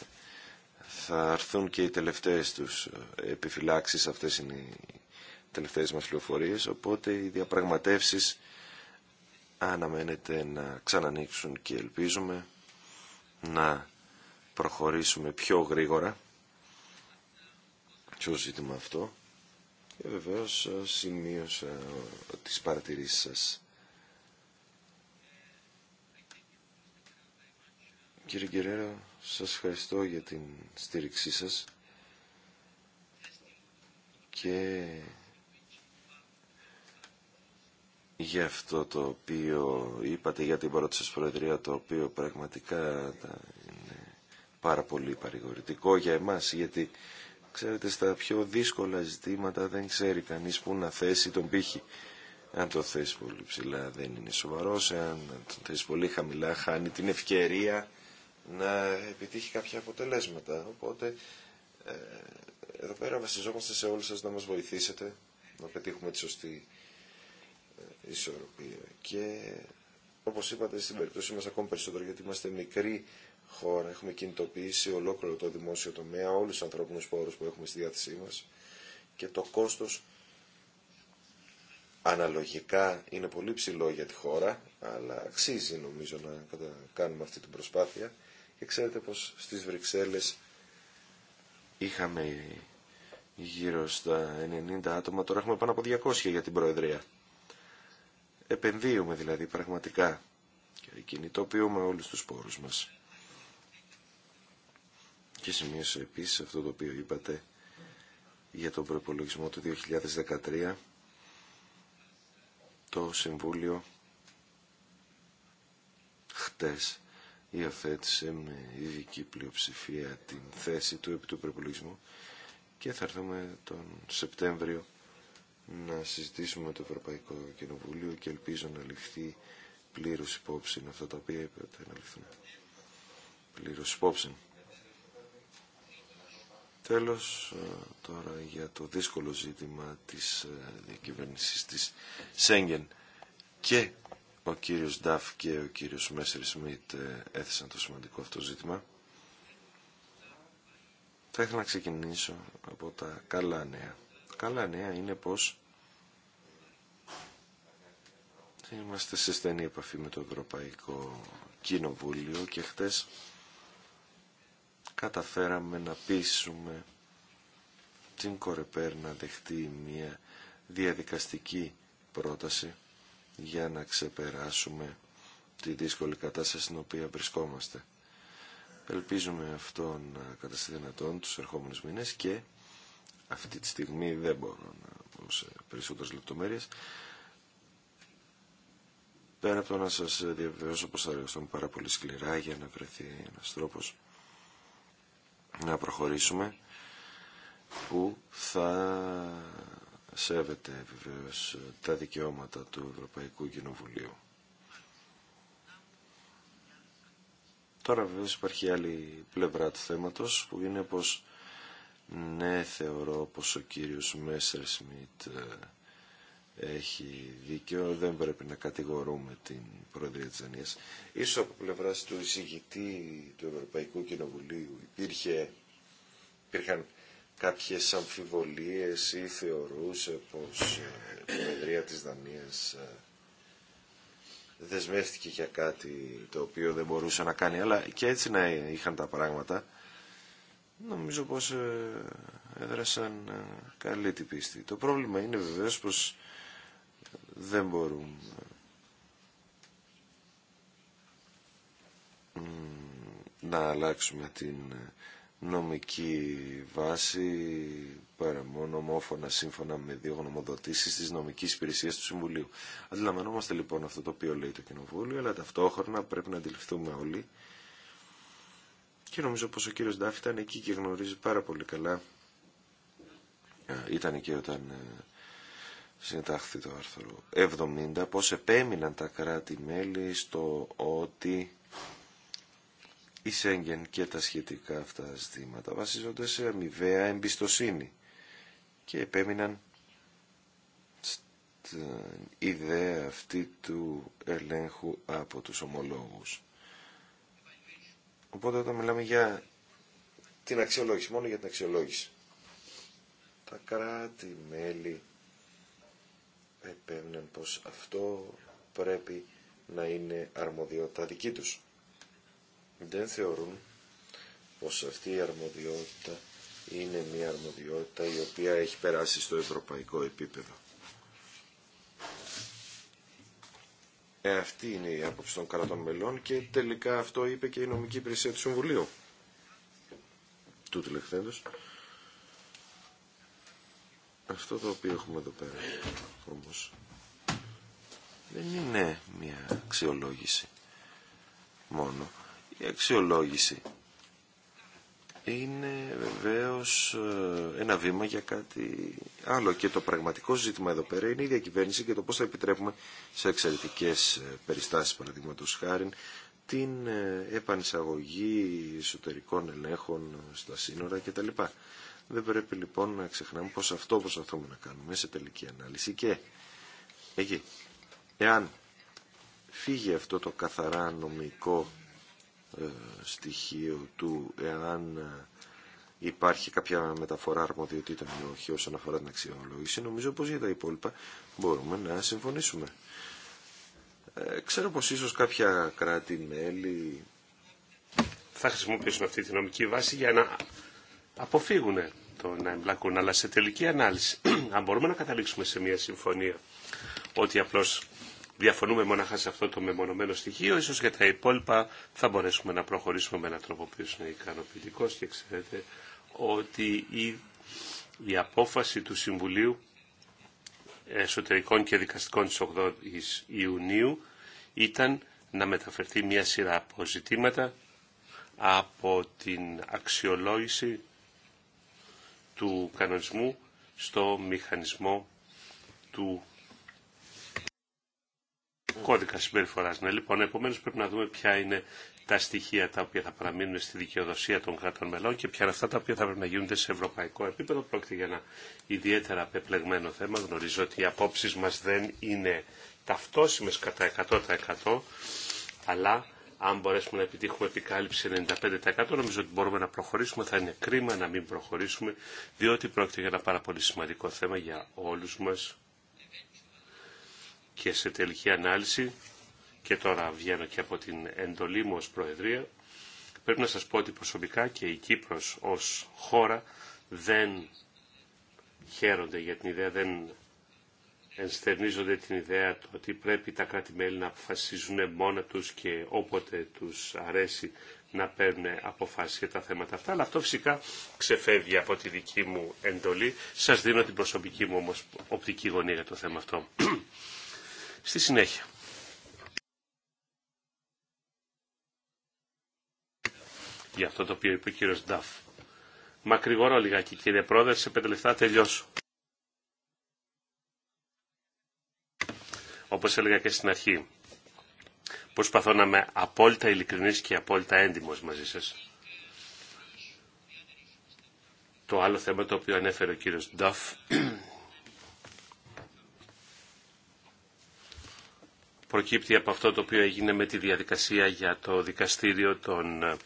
θα έρθουν και οι τελευταίες τους επιφυλάξεις. Αυτές είναι οι τελευταίες μας πληροφορίες. Οπότε οι διαπραγματεύσεις αναμένεται να ξανανοίξουν και ελπίζουμε να προχωρήσουμε πιο γρήγορα στο ζήτημα αυτό. Και βεβαίως σημείωσα τις παρατηρήσεις σας Κύριε Γκερέρα, σας ευχαριστώ για την στήριξή σας και για αυτό το οποίο είπατε για την πρώτη σας προεδρία, το οποίο πραγματικά είναι πάρα πολύ παρηγορητικό για εμάς, γιατί ξέρετε στα πιο δύσκολα ζητήματα δεν ξέρει κανείς που να θέσει τον πύχη. Αν το θέσει πολύ ψηλά δεν είναι σοβαρός, αν το θέσει πολύ χαμηλά χάνει την ευκαιρία να επιτύχει κάποια αποτελέσματα. Οπότε ε, εδώ πέρα βασιζόμαστε σε όλους σας να μας βοηθήσετε να πετύχουμε τη σωστή ε, ισορροπία. Και όπως είπατε στην περίπτωση μας ακόμη περισσότερο γιατί είμαστε μικρή χώρα, έχουμε κινητοποιήσει ολόκληρο το δημόσιο τομέα, όλους τους ανθρώπινους πόρους που έχουμε στη διάθεσή μας και το κόστος αναλογικά είναι πολύ ψηλό για τη χώρα, αλλά αξίζει νομίζω να κάνουμε αυτή την προσπάθεια και ξέρετε πως στις Βρυξέλλες είχαμε γύρω στα 90 άτομα, τώρα έχουμε πάνω από 200 για την Προεδρία. Επενδύουμε δηλαδή πραγματικά και κινητοποιούμε όλους τους πόρους μας. Και σημείωσα επίσης αυτό το οποίο είπατε για τον προπολογισμό του 2013 το Συμβούλιο χτες υιοθέτησε με ειδική πλειοψηφία την θέση του επί του προπολογισμού και θα έρθουμε τον Σεπτέμβριο να συζητήσουμε το Ευρωπαϊκό Κοινοβούλιο και ελπίζω να ληφθεί πλήρως υπόψη αυτά τα οποία έπρεπε να ληφθούν πλήρως υπόψη. Τέλος, ε, τώρα για το δύσκολο ζήτημα της ε, διακυβέρνησης της Σέγγεν και ο κύριος Νταφ και ο κύριος Μέσερ Σμιτ ε, έθεσαν το σημαντικό αυτό ζήτημα. Θα ήθελα να ξεκινήσω από τα καλά νέα. καλά νέα είναι πως είμαστε σε στενή επαφή με το Ευρωπαϊκό Κοινοβούλιο και χτες καταφέραμε να πείσουμε την Κορεπέρ να δεχτεί μια διαδικαστική πρόταση για να ξεπεράσουμε τη δύσκολη κατάσταση στην οποία βρισκόμαστε. Ελπίζουμε αυτό να καταστεί δυνατόν τους ερχόμενους μήνες και αυτή τη στιγμή δεν μπορώ να πω σε περισσότερες λεπτομέρειες. Πέρα από το να σας διαβεβαιώσω πως θα εργαστούμε πάρα πολύ σκληρά για να βρεθεί ένας τρόπος να προχωρήσουμε που θα σέβεται βεβαίως τα δικαιώματα του Ευρωπαϊκού Κοινοβουλίου. Τώρα βεβαίως υπάρχει άλλη πλευρά του θέματος που είναι πως ναι θεωρώ πως ο κύριος Μέσσερ Σμιτ έχει δίκιο, δεν πρέπει να κατηγορούμε την Προεδρία της Ίσως από πλευράς του εισηγητή του Ευρωπαϊκού Κοινοβουλίου υπήρχε, υπήρχαν κάποιες αμφιβολίες ή θεωρούσε πως ε, η Προεδρία της Δανίας ε, δεσμεύτηκε για κάτι το οποίο δεν μπορούσε να κάνει αλλά και έτσι να είχαν τα πράγματα νομίζω πως ε, έδρασαν καλή την πίστη. Το πρόβλημα είναι βεβαίως πως δεν μπορούν να αλλάξουμε την νομική βάση παρά μόνο ομόφωνα σύμφωνα με δύο γνωμοδοτήσει τη νομική υπηρεσία του Συμβουλίου. Αντιλαμβανόμαστε λοιπόν αυτό το οποίο λέει το Κοινοβούλιο, αλλά ταυτόχρονα πρέπει να αντιληφθούμε όλοι. Και νομίζω πω ο κύριο Ντάφ ήταν εκεί και γνωρίζει πάρα πολύ καλά. Ήταν εκεί όταν ε, συντάχθη το άρθρο 70, πως επέμειναν τα κράτη-μέλη στο ότι η Σέγγεν και τα σχετικά αυτά ζητήματα βασίζονται σε αμοιβαία εμπιστοσύνη και επέμειναν στην ιδέα αυτή του ελέγχου από τους ομολόγους. Οπότε όταν μιλάμε για την αξιολόγηση, μόνο για την αξιολόγηση. Τα κράτη-μέλη επέμειναν πως αυτό πρέπει να είναι αρμοδιότητα δική τους δεν θεωρούν πως αυτή η αρμοδιότητα είναι μια αρμοδιότητα η οποία έχει περάσει στο ευρωπαϊκό επίπεδο. Ε, αυτή είναι η άποψη των κρατών μελών και τελικά αυτό είπε και η νομική υπηρεσία του Συμβουλίου του τηλεχθέντος. Αυτό το οποίο έχουμε εδώ πέρα όμως δεν είναι μια αξιολόγηση μόνο η αξιολόγηση είναι βεβαίως ε, ένα βήμα για κάτι άλλο και το πραγματικό ζήτημα εδώ πέρα είναι η διακυβέρνηση και το πώς θα επιτρέπουμε σε εξαιρετικές ε, περιστάσεις παραδείγματος χάρη την ε, επανεισαγωγή εσωτερικών ελέγχων στα σύνορα κτλ. Δεν πρέπει λοιπόν να ξεχνάμε πως αυτό προσπαθούμε να κάνουμε σε τελική ανάλυση και εκεί. Εάν φύγει αυτό το καθαρά νομικό ε, στοιχείο του εάν ε, υπάρχει κάποια μεταφορά αρμοδιοτήτων ή όχι όσον αφορά την αξιολόγηση. Νομίζω πως για τα υπόλοιπα μπορούμε να συμφωνήσουμε. Ε, ξέρω πως ίσως κάποια κράτη-μέλη θα χρησιμοποιήσουν αυτή τη νομική βάση για να αποφύγουν το να εμπλακούν. Αλλά σε τελική ανάλυση, (clears throat) αν μπορούμε να καταλήξουμε σε μια συμφωνία ότι απλώς διαφωνούμε μοναχά σε αυτό το μεμονωμένο στοιχείο, ίσως για τα υπόλοιπα θα μπορέσουμε να προχωρήσουμε με έναν τρόπο που είναι ικανοποιητικός και ξέρετε ότι η, η απόφαση του Συμβουλίου Εσωτερικών και Δικαστικών της 8ης Ιουνίου ήταν να μεταφερθεί μια σειρά αποζητήματα από την αξιολόγηση του κανονισμού στο μηχανισμό του κώδικα συμπεριφορά. Ναι, λοιπόν, επομένω πρέπει να δούμε ποια είναι τα στοιχεία τα οποία θα παραμείνουν στη δικαιοδοσία των κρατών μελών και ποια είναι αυτά τα οποία θα πρέπει να γίνονται σε ευρωπαϊκό επίπεδο. Πρόκειται για ένα ιδιαίτερα απεπλεγμένο θέμα. Γνωρίζω ότι οι απόψει μα δεν είναι ταυτόσιμε κατά 100%, αλλά αν μπορέσουμε να επιτύχουμε επικάλυψη 95% νομίζω ότι μπορούμε να προχωρήσουμε. Θα είναι κρίμα να μην προχωρήσουμε, διότι πρόκειται για ένα πάρα πολύ σημαντικό θέμα για όλους μας και σε τελική ανάλυση και τώρα βγαίνω και από την εντολή μου ως Προεδρία πρέπει να σας πω ότι προσωπικά και η Κύπρος ως χώρα δεν χαίρονται για την ιδέα, δεν ενστερνίζονται την ιδέα του ότι πρέπει τα κράτη-μέλη να αποφασίζουν μόνα τους και όποτε τους αρέσει να παίρνουν αποφάσεις για τα θέματα αυτά. Αλλά αυτό φυσικά ξεφεύγει από τη δική μου εντολή. Σας δίνω την προσωπική μου όμως οπτική γωνία για το θέμα αυτό στη συνέχεια. Για αυτό το οποίο είπε ο κύριος Νταφ. Μακρηγορώ λιγάκι κύριε Πρόεδρε, σε πέντε λεφτά τελειώσω. Όπως έλεγα και στην αρχή, προσπαθώ να είμαι απόλυτα ειλικρινής και απόλυτα έντιμος μαζί σας. Το άλλο θέμα το οποίο ανέφερε ο κύριος Νταφ προκύπτει από αυτό το οποίο έγινε με τη διαδικασία για το δικαστήριο των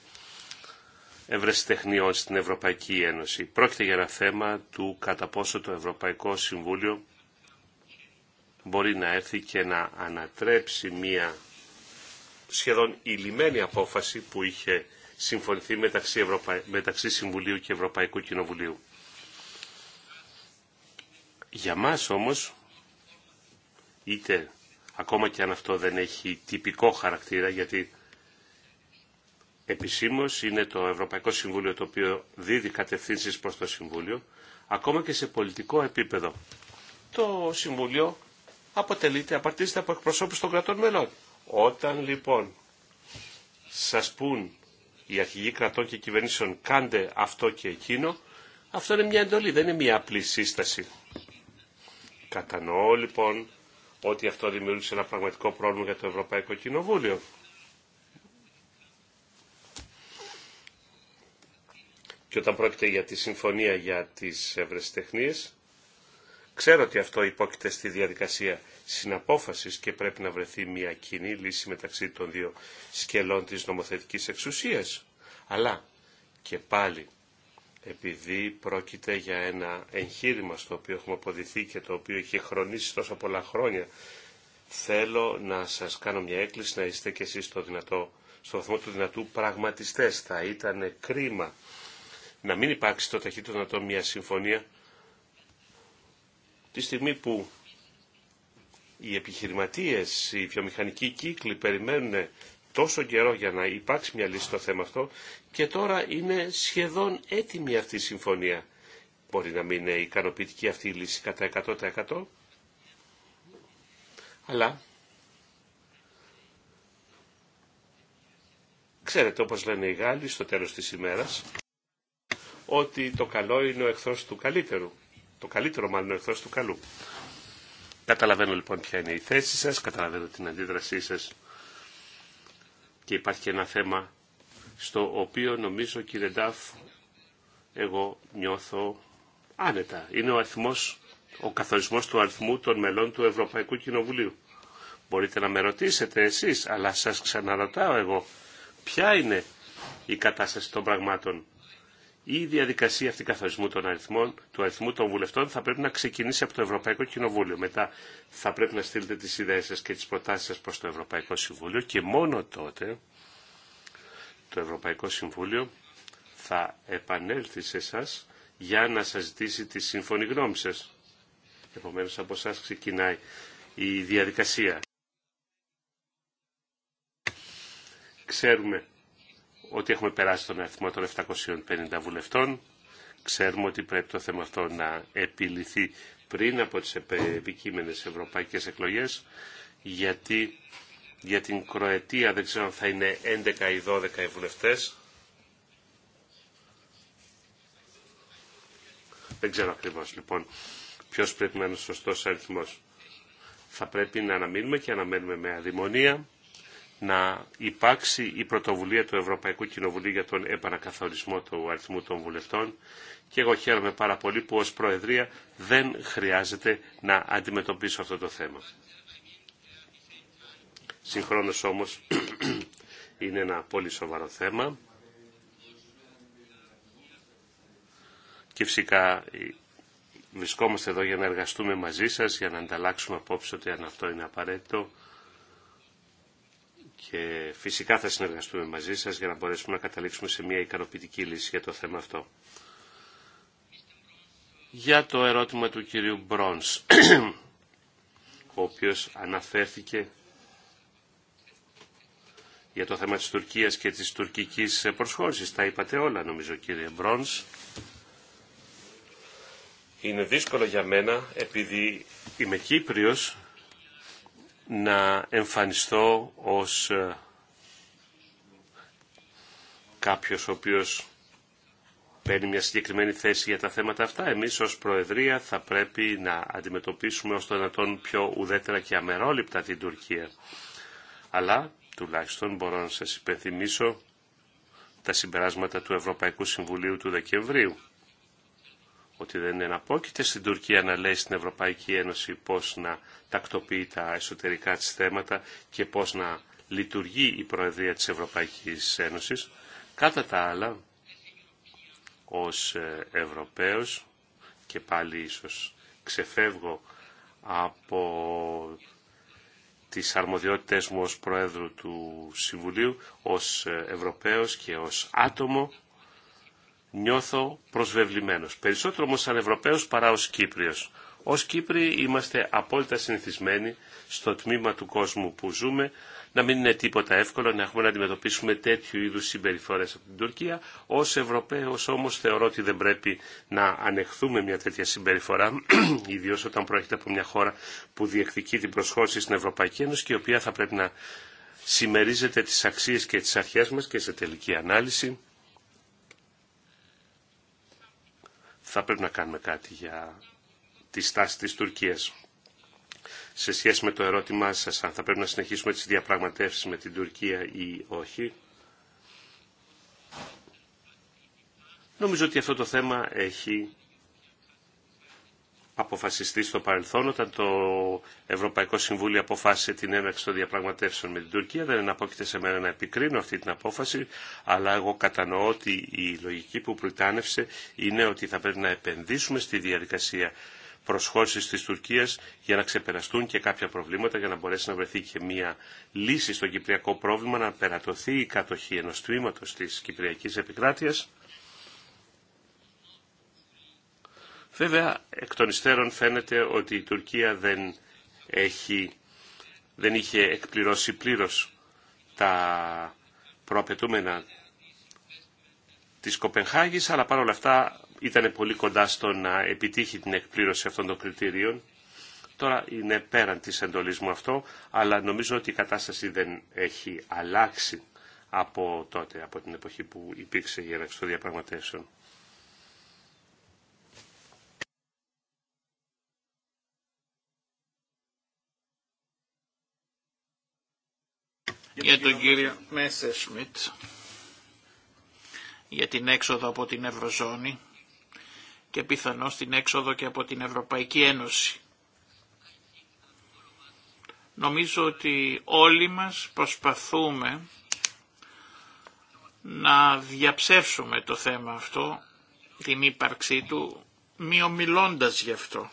ευρεσιτεχνιών στην Ευρωπαϊκή Ένωση. Πρόκειται για ένα θέμα του κατά πόσο το Ευρωπαϊκό Συμβούλιο μπορεί να έρθει και να ανατρέψει μία σχεδόν ηλυμένη απόφαση που είχε συμφωνηθεί μεταξύ, Συμβουλίου και Ευρωπαϊκού Κοινοβουλίου. Για μας όμως, είτε ακόμα και αν αυτό δεν έχει τυπικό χαρακτήρα, γιατί επισήμως είναι το Ευρωπαϊκό Συμβούλιο το οποίο δίδει κατευθύνσεις προς το Συμβούλιο, ακόμα και σε πολιτικό επίπεδο. Το Συμβούλιο αποτελείται, απαρτίζεται από εκπροσώπους των κρατών μελών. Όταν λοιπόν σας πούν οι αρχηγοί κρατών και κυβερνήσεων κάντε αυτό και εκείνο, αυτό είναι μια εντολή, δεν είναι μια απλή σύσταση. Κατανοώ λοιπόν ότι αυτό δημιούργησε ένα πραγματικό πρόβλημα για το Ευρωπαϊκό Κοινοβούλιο. Και όταν πρόκειται για τη συμφωνία για τις ευρεσιτεχνίες, ξέρω ότι αυτό υπόκειται στη διαδικασία συναπόφασης και πρέπει να βρεθεί μια κοινή λύση μεταξύ των δύο σκελών της νομοθετικής εξουσίας. Αλλά και πάλι επειδή πρόκειται για ένα εγχείρημα στο οποίο έχουμε αποδηθεί και το οποίο έχει χρονίσει τόσο πολλά χρόνια, θέλω να σας κάνω μια έκκληση να είστε και εσείς στο, δυνατό, στο βαθμό του δυνατού πραγματιστές. Θα ήταν κρίμα να μην υπάρξει το ταχύτερο δυνατό μια συμφωνία τη στιγμή που οι επιχειρηματίες, οι βιομηχανικοί κύκλοι περιμένουν τόσο καιρό για να υπάρξει μια λύση στο θέμα αυτό και τώρα είναι σχεδόν έτοιμη αυτή η συμφωνία. Μπορεί να μην είναι ικανοποιητική αυτή η λύση κατά 100% αλλά ξέρετε όπως λένε οι Γάλλοι στο τέλος της ημέρας ότι το καλό είναι ο εχθρός του καλύτερου. Το καλύτερο μάλλον ο εχθρός του καλού. Καταλαβαίνω λοιπόν ποια είναι η θέση σας, καταλαβαίνω την αντίδρασή σας και υπάρχει και ένα θέμα στο οποίο νομίζω κύριε Ντάφ εγώ νιώθω άνετα. Είναι ο αριθμός, ο καθορισμός του αριθμού των μελών του Ευρωπαϊκού Κοινοβουλίου. Μπορείτε να με ρωτήσετε εσείς, αλλά σας ξαναρωτάω εγώ, ποια είναι η κατάσταση των πραγμάτων. Η διαδικασία αυτή καθορισμού των αριθμών, του αριθμού των βουλευτών θα πρέπει να ξεκινήσει από το Ευρωπαϊκό Κοινοβούλιο. Μετά θα πρέπει να στείλετε τις ιδέες σας και τις προτάσεις σας προς το Ευρωπαϊκό Συμβούλιο και μόνο τότε το Ευρωπαϊκό Συμβούλιο θα επανέλθει σε εσά για να σας ζητήσει τη σύμφωνη γνώμη σας. Επομένως από εσά ξεκινάει η διαδικασία. Ξέρουμε ότι έχουμε περάσει τον αριθμό των 750 βουλευτών. Ξέρουμε ότι πρέπει το θέμα αυτό να επιληθεί πριν από τις επικείμενες ευρωπαϊκές εκλογές, γιατί για την Κροατία δεν ξέρω αν θα είναι 11 ή 12 οι βουλευτές. Δεν ξέρω ακριβώς λοιπόν ποιος πρέπει να είναι ο σωστός αριθμός. Θα πρέπει να αναμείνουμε και αναμένουμε με αδημονία να υπάρξει η πρωτοβουλία του Ευρωπαϊκού Κοινοβουλίου για τον επανακαθορισμό του αριθμού των βουλευτών και εγώ χαίρομαι πάρα πολύ που ως Προεδρία δεν χρειάζεται να αντιμετωπίσω αυτό το θέμα. Συγχρόνως όμως (clears throat) είναι ένα πολύ σοβαρό θέμα και φυσικά ε, βρισκόμαστε εδώ για να εργαστούμε μαζί σας, για να ανταλλάξουμε απόψε ότι αν αυτό είναι απαραίτητο και φυσικά θα συνεργαστούμε μαζί σας για να μπορέσουμε να καταλήξουμε σε μια ικανοποιητική λύση για το θέμα αυτό. Για το ερώτημα του κυρίου Μπρόνς, (clears throat) ο οποίος αναφέρθηκε για το θέμα της Τουρκίας και της τουρκικής προσχώρησης. Τα είπατε όλα νομίζω κύριε Μπρόνς. Είναι δύσκολο για μένα επειδή είμαι Κύπριος να εμφανιστώ ως ε, κάποιος ο οποίος παίρνει μια συγκεκριμένη θέση για τα θέματα αυτά. Εμείς ως Προεδρία θα πρέπει να αντιμετωπίσουμε ως το δυνατόν πιο ουδέτερα και αμερόληπτα την Τουρκία. Αλλά τουλάχιστον μπορώ να σας υπενθυμίσω τα συμπεράσματα του Ευρωπαϊκού Συμβουλίου του Δεκεμβρίου ότι δεν εναπόκειται στην Τουρκία να λέει στην Ευρωπαϊκή Ένωση πώς να τακτοποιεί τα εσωτερικά της θέματα και πώς να λειτουργεί η Προεδρία της Ευρωπαϊκής Ένωσης. Κατά τα άλλα, ως ε, Ευρωπαίος και πάλι ίσως ξεφεύγω από τις αρμοδιότητες μου ως Προέδρου του Συμβουλίου, ως ε, Ευρωπαίος και ως άτομο νιώθω προσβεβλημένος. Περισσότερο όμως σαν Ευρωπαίος παρά ως Κύπριος. Ως Κύπροι είμαστε απόλυτα συνηθισμένοι στο τμήμα του κόσμου που ζούμε να μην είναι τίποτα εύκολο να έχουμε να αντιμετωπίσουμε τέτοιου είδους συμπεριφορές από την Τουρκία. Ως Ευρωπαίος όμως θεωρώ ότι δεν πρέπει να ανεχθούμε μια τέτοια συμπεριφορά, (clears throat) ιδίως όταν προέρχεται από μια χώρα που διεκδικεί την προσχώρηση στην Ευρωπαϊκή Ένωση και η οποία θα πρέπει να συμμερίζεται τις αξίες και τις αρχές μας και σε τελική ανάλυση θα πρέπει να κάνουμε κάτι για τη στάση της Τουρκίας. Σε σχέση με το ερώτημά σας, αν θα πρέπει να συνεχίσουμε τις διαπραγματεύσεις με την Τουρκία ή όχι, νομίζω ότι αυτό το θέμα έχει αποφασιστεί στο παρελθόν όταν το Ευρωπαϊκό Συμβούλιο αποφάσισε την έναρξη των διαπραγματεύσεων με την Τουρκία. Δεν εναπόκειται σε μένα να επικρίνω αυτή την απόφαση, αλλά εγώ κατανοώ ότι η λογική που προητάνευσε είναι ότι θα πρέπει να επενδύσουμε στη διαδικασία προσχώρησης της Τουρκίας για να ξεπεραστούν και κάποια προβλήματα, για να μπορέσει να βρεθεί και μια λύση στο κυπριακό πρόβλημα, να περατωθεί η κατοχή ενός τμήματος της κυπριακής επικράτειας Βέβαια, εκ των υστέρων φαίνεται ότι η Τουρκία δεν, έχει, δεν είχε εκπληρώσει πλήρως τα προαπαιτούμενα της Κοπενχάγης, αλλά παρόλα αυτά ήταν πολύ κοντά στο να επιτύχει την εκπλήρωση αυτών των κριτηρίων. Τώρα είναι πέραν της εντολής μου αυτό, αλλά νομίζω ότι η κατάσταση δεν έχει αλλάξει από τότε, από την εποχή που υπήρξε η έναξη των διαπραγματεύσεων. για τον κύριο Μέσσερ Σμιτ για την έξοδο από την Ευρωζώνη και πιθανώς την έξοδο και από την Ευρωπαϊκή Ένωση. Νομίζω ότι όλοι μας προσπαθούμε να διαψεύσουμε το θέμα αυτό, την ύπαρξή του, μη γι' αυτό.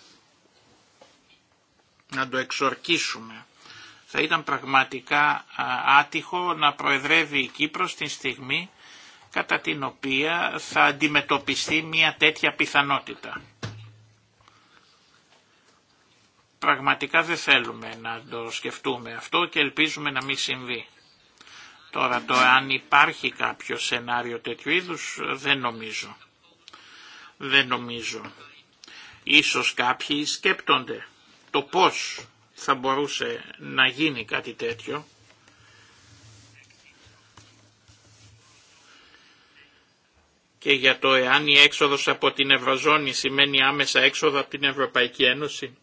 Να το εξορκίσουμε. Θα ήταν πραγματικά άτυχο να προεδρεύει η Κύπρος την στιγμή κατά την οποία θα αντιμετωπιστεί μια τέτοια πιθανότητα. Πραγματικά δεν θέλουμε να το σκεφτούμε αυτό και ελπίζουμε να μην συμβεί. Τώρα το αν υπάρχει κάποιο σενάριο τέτοιου είδους δεν νομίζω. Δεν νομίζω. Ίσως κάποιοι σκέπτονται το πώς θα μπορούσε να γίνει κάτι τέτοιο. Και για το εάν η έξοδος από την Ευρωζώνη σημαίνει άμεσα έξοδο από την Ευρωπαϊκή Ένωση,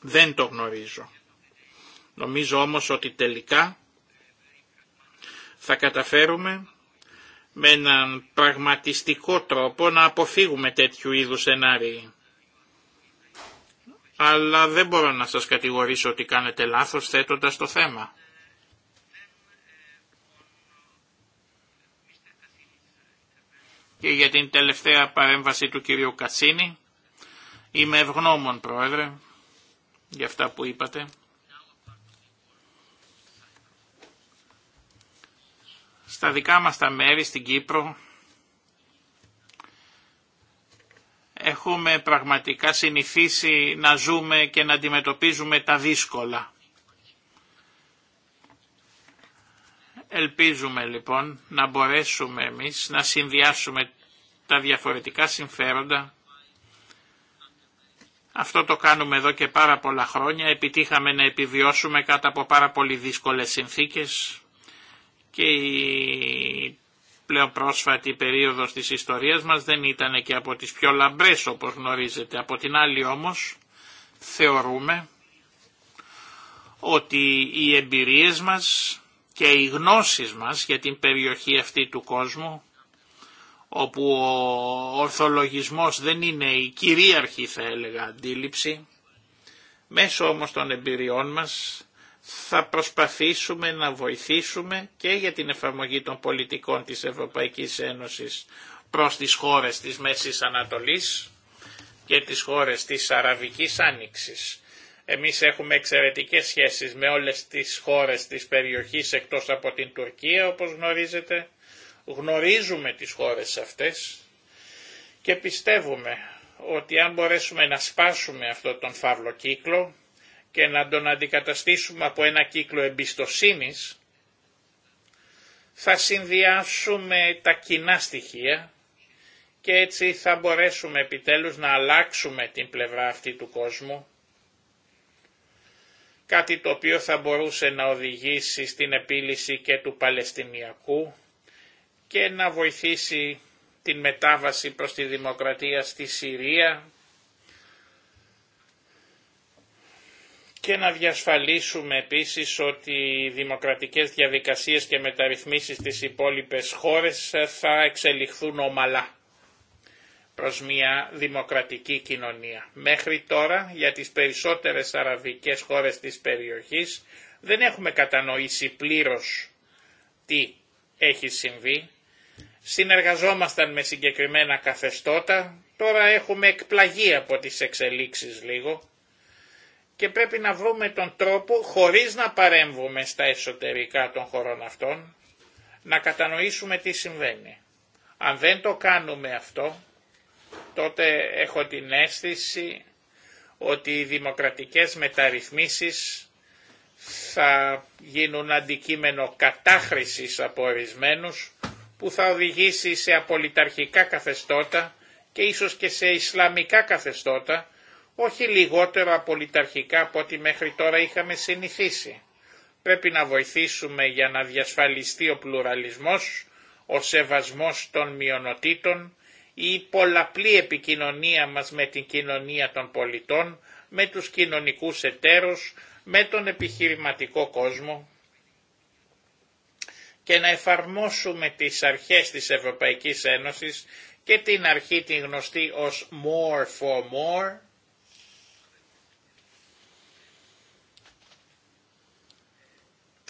δεν το γνωρίζω. Νομίζω όμως ότι τελικά θα καταφέρουμε με έναν πραγματιστικό τρόπο να αποφύγουμε τέτοιου είδους σενάριοι αλλά δεν μπορώ να σας κατηγορήσω ότι κάνετε λάθος θέτοντας το θέμα. Και για την τελευταία παρέμβαση του κυρίου Κατσίνη, είμαι ευγνώμων πρόεδρε για αυτά που είπατε. Στα δικά μας τα μέρη στην Κύπρο έχουμε πραγματικά συνηθίσει να ζούμε και να αντιμετωπίζουμε τα δύσκολα. Ελπίζουμε λοιπόν να μπορέσουμε εμείς να συνδυάσουμε τα διαφορετικά συμφέροντα. Αυτό το κάνουμε εδώ και πάρα πολλά χρόνια. Επιτύχαμε να επιβιώσουμε κάτω από πάρα πολύ δύσκολες συνθήκες και πλέον πρόσφατη περίοδος της ιστορίας μας δεν ήταν και από τις πιο λαμπρές όπως γνωρίζετε. Από την άλλη όμως θεωρούμε ότι οι εμπειρίες μας και οι γνώσεις μας για την περιοχή αυτή του κόσμου όπου ο ορθολογισμός δεν είναι η κυρίαρχη θα έλεγα αντίληψη μέσω όμως των εμπειριών μας θα προσπαθήσουμε να βοηθήσουμε και για την εφαρμογή των πολιτικών της Ευρωπαϊκής Ένωσης προς τις χώρες της Μέσης Ανατολής και τις χώρες της Αραβικής Άνοιξης. Εμείς έχουμε εξαιρετικές σχέσεις με όλες τις χώρες της περιοχής εκτός από την Τουρκία όπως γνωρίζετε. Γνωρίζουμε τις χώρες αυτές και πιστεύουμε ότι αν μπορέσουμε να σπάσουμε αυτό τον φαύλο κύκλο και να τον αντικαταστήσουμε από ένα κύκλο εμπιστοσύνης, θα συνδυάσουμε τα κοινά στοιχεία και έτσι θα μπορέσουμε επιτέλους να αλλάξουμε την πλευρά αυτή του κόσμου, κάτι το οποίο θα μπορούσε να οδηγήσει στην επίλυση και του Παλαιστινιακού και να βοηθήσει την μετάβαση προς τη δημοκρατία στη Συρία και να διασφαλίσουμε επίσης ότι οι δημοκρατικές διαδικασίες και μεταρρυθμίσεις στις υπόλοιπες χώρες θα εξελιχθούν ομαλά προς μια δημοκρατική κοινωνία. Μέχρι τώρα για τις περισσότερες αραβικές χώρες της περιοχής δεν έχουμε κατανοήσει πλήρως τι έχει συμβεί. Συνεργαζόμασταν με συγκεκριμένα καθεστώτα, τώρα έχουμε εκπλαγεί από τις εξελίξεις λίγο και πρέπει να βρούμε τον τρόπο χωρίς να παρέμβουμε στα εσωτερικά των χωρών αυτών να κατανοήσουμε τι συμβαίνει. Αν δεν το κάνουμε αυτό τότε έχω την αίσθηση ότι οι δημοκρατικές μεταρρυθμίσεις θα γίνουν αντικείμενο κατάχρησης από ορισμένου που θα οδηγήσει σε απολυταρχικά καθεστώτα και ίσως και σε ισλαμικά καθεστώτα όχι λιγότερο απολυταρχικά από ό,τι μέχρι τώρα είχαμε συνηθίσει. Πρέπει να βοηθήσουμε για να διασφαλιστεί ο πλουραλισμός, ο σεβασμός των μειονοτήτων, η πολλαπλή επικοινωνία μας με την κοινωνία των πολιτών, με τους κοινωνικούς εταίρους, με τον επιχειρηματικό κόσμο και να εφαρμόσουμε τις αρχές της Ευρωπαϊκής Ένωσης και την αρχή την γνωστή ως more for more,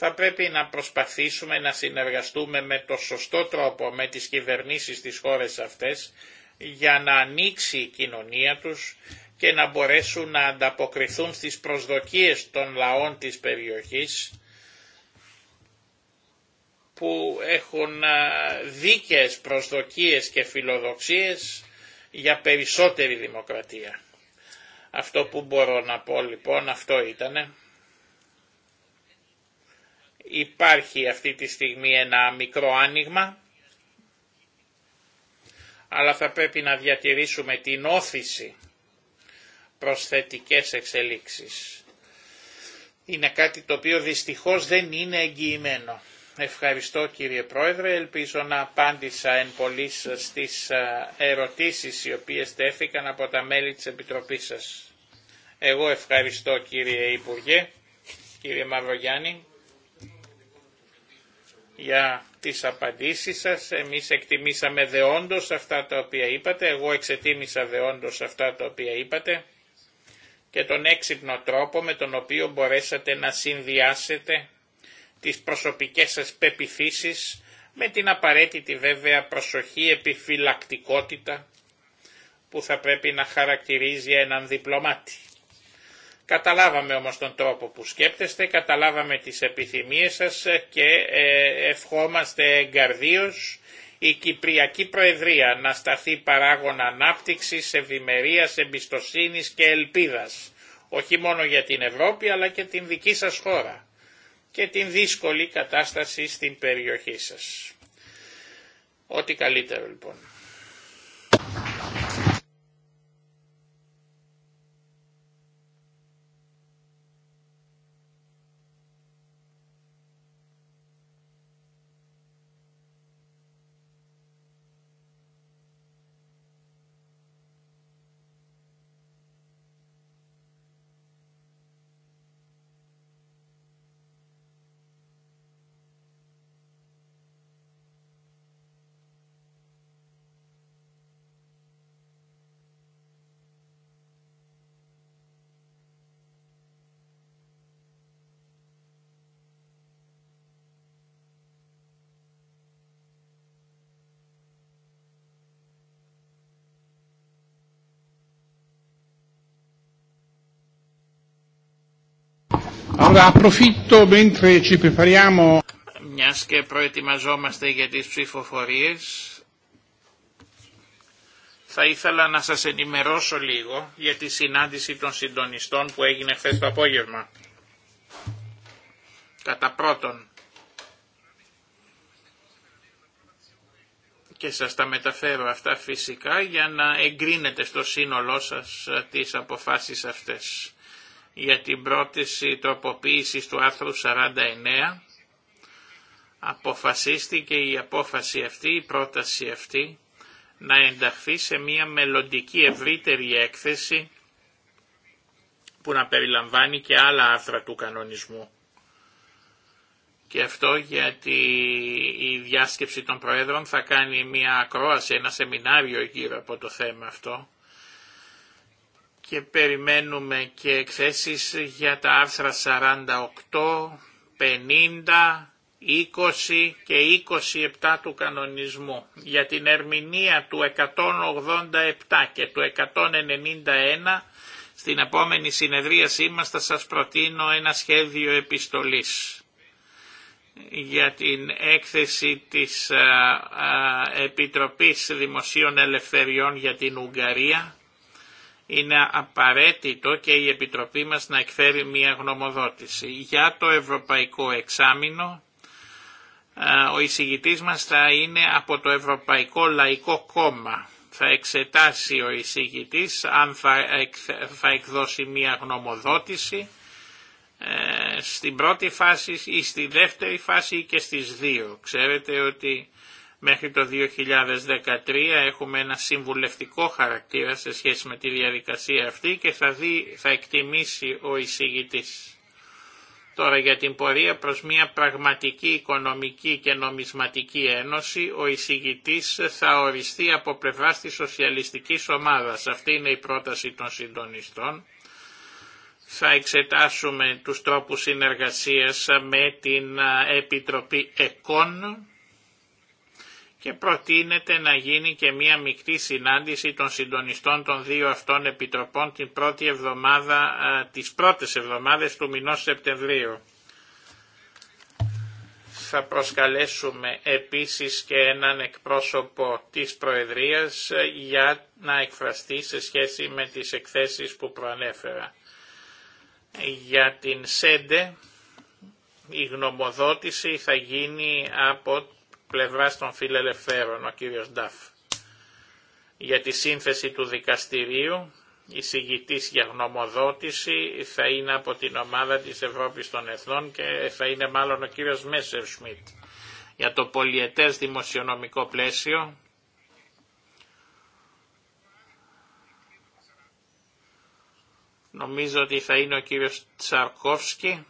θα πρέπει να προσπαθήσουμε να συνεργαστούμε με το σωστό τρόπο με τις κυβερνήσεις της χώρες αυτές για να ανοίξει η κοινωνία τους και να μπορέσουν να ανταποκριθούν στις προσδοκίες των λαών της περιοχής που έχουν δίκαιες προσδοκίες και φιλοδοξίες για περισσότερη δημοκρατία. Αυτό που μπορώ να πω λοιπόν αυτό ήτανε Υπάρχει αυτή τη στιγμή ένα μικρό άνοιγμα, αλλά θα πρέπει να διατηρήσουμε την όθηση προς θετικές εξελίξεις. Είναι κάτι το οποίο δυστυχώς δεν είναι εγγυημένο. Ευχαριστώ κύριε Πρόεδρε, ελπίζω να απάντησα εν πολλής στις ε, ερωτήσεις οι οποίες τέθηκαν από τα μέλη της Επιτροπής σας. Εγώ ευχαριστώ κύριε Υπουργέ, κύριε Μαυρογιάννη για τις απαντήσεις σας. Εμείς εκτιμήσαμε δεόντως αυτά τα οποία είπατε, εγώ εξετίμησα δεόντως αυτά τα οποία είπατε και τον έξυπνο τρόπο με τον οποίο μπορέσατε να συνδυάσετε τις προσωπικές σας πεπιθήσεις με την απαραίτητη βέβαια προσοχή επιφυλακτικότητα που θα πρέπει να χαρακτηρίζει έναν διπλωμάτη. Καταλάβαμε όμως τον τρόπο που σκέπτεστε, καταλάβαμε τις επιθυμίες σας και ε, ευχόμαστε εγκαρδίως η Κυπριακή Προεδρία να σταθεί παράγωνα ανάπτυξης, ευημερίας, εμπιστοσύνης και ελπίδας. Όχι μόνο για την Ευρώπη αλλά και την δική σας χώρα και την δύσκολη κατάσταση στην περιοχή σας. Ό,τι καλύτερο λοιπόν. Μια Μιας και προετοιμαζόμαστε για τις ψηφοφορίες, θα ήθελα να σας ενημερώσω λίγο για τη συνάντηση των συντονιστών που έγινε χθε το απόγευμα. Κατά πρώτον, και σας τα μεταφέρω αυτά φυσικά για να εγκρίνετε στο σύνολό σας ε, τις αποφάσεις αυτές για την πρόταση τροποποίησης του άρθρου 49 αποφασίστηκε η απόφαση αυτή, η πρόταση αυτή να ενταχθεί σε μια μελλοντική ευρύτερη έκθεση που να περιλαμβάνει και άλλα άρθρα του κανονισμού. Και αυτό γιατί η διάσκεψη των Προέδρων θα κάνει μια ακρόαση, ένα σεμινάριο γύρω από το θέμα αυτό και περιμένουμε και εκθέσεις για τα άρθρα 48, 50, 20 και 27 του κανονισμού για την ερμηνεία του 187 και του 191 στην επόμενη συνεδρίασή μας θα σας προτείνω ένα σχέδιο επιστολής για την έκθεση της ε, ε, Επιτροπής Δημοσίων Ελευθεριών για την Ουγγαρία είναι απαραίτητο και η Επιτροπή μας να εκφέρει μια γνωμοδότηση. Για το Ευρωπαϊκό Εξάμεινο, ε, ο εισηγητής μας θα είναι από το Ευρωπαϊκό Λαϊκό Κόμμα. Θα εξετάσει ο εισηγητής αν θα εκδώσει μια γνωμοδότηση ε, στην πρώτη φάση ή στη δεύτερη φάση ή και στις δύο. Ξέρετε ότι Μέχρι το 2013 έχουμε ένα συμβουλευτικό χαρακτήρα σε σχέση με τη διαδικασία αυτή και θα, δει, θα εκτιμήσει ο εισηγητής. Τώρα για την πορεία προς μια πραγματική οικονομική και νομισματική ένωση, ο εισηγητής θα οριστεί από πλευρά της σοσιαλιστική ομάδα. Αυτή είναι η πρόταση των συντονιστών. Θα εξετάσουμε τους τρόπους συνεργασίας με την Επιτροπή ΕΚΟΝ και προτείνεται να γίνει και μία μικρή συνάντηση των συντονιστών των δύο αυτών επιτροπών την πρώτη εβδομάδα, τις πρώτες εβδομάδες του μηνός Σεπτεμβρίου. Θα προσκαλέσουμε επίσης και έναν εκπρόσωπο της Προεδρίας για να εκφραστεί σε σχέση με τις εκθέσεις που προανέφερα. Για την ΣΕΝΤΕ η γνωμοδότηση θα γίνει από Πλευρά των φιλελευθέρων, ο κύριος Νταφ. Για τη σύνθεση του δικαστηρίου, η συγητής για γνωμοδότηση θα είναι από την ομάδα της Ευρώπης των Εθνών και θα είναι μάλλον ο κύριος Μέσερ Σμιτ. Για το πολιετές δημοσιονομικό πλαίσιο, νομίζω ότι θα είναι ο κύριος Τσαρκόφσκι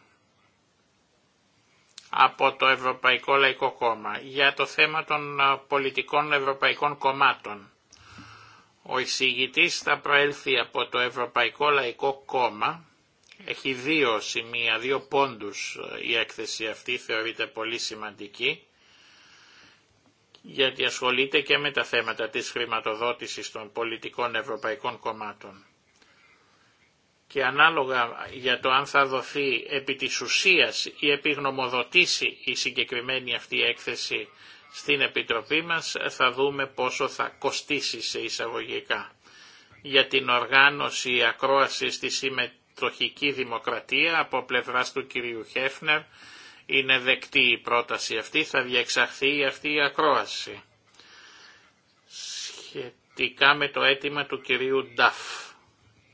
από το Ευρωπαϊκό Λαϊκό Κόμμα για το θέμα των πολιτικών ευρωπαϊκών κομμάτων. Ο εισηγητής θα προέλθει από το Ευρωπαϊκό Λαϊκό Κόμμα. Έχει δύο σημεία, δύο πόντους η έκθεση αυτή, θεωρείται πολύ σημαντική, γιατί ασχολείται και με τα θέματα της χρηματοδότησης των πολιτικών ευρωπαϊκών κομμάτων και ανάλογα για το αν θα δοθεί επί της ουσίας ή επιγνωμοδοτήσει η συγκεκριμένη αυτή έκθεση στην Επιτροπή μας θα δούμε πόσο θα κοστίσει σε εισαγωγικά. Για την οργάνωση ακρόαση στη συμμετοχική δημοκρατία από πλευράς του κυρίου Χέφνερ είναι δεκτή η πρόταση αυτή, θα διεξαχθεί αυτή η ακρόαση. Σχετικά με το αίτημα του κυρίου Νταφ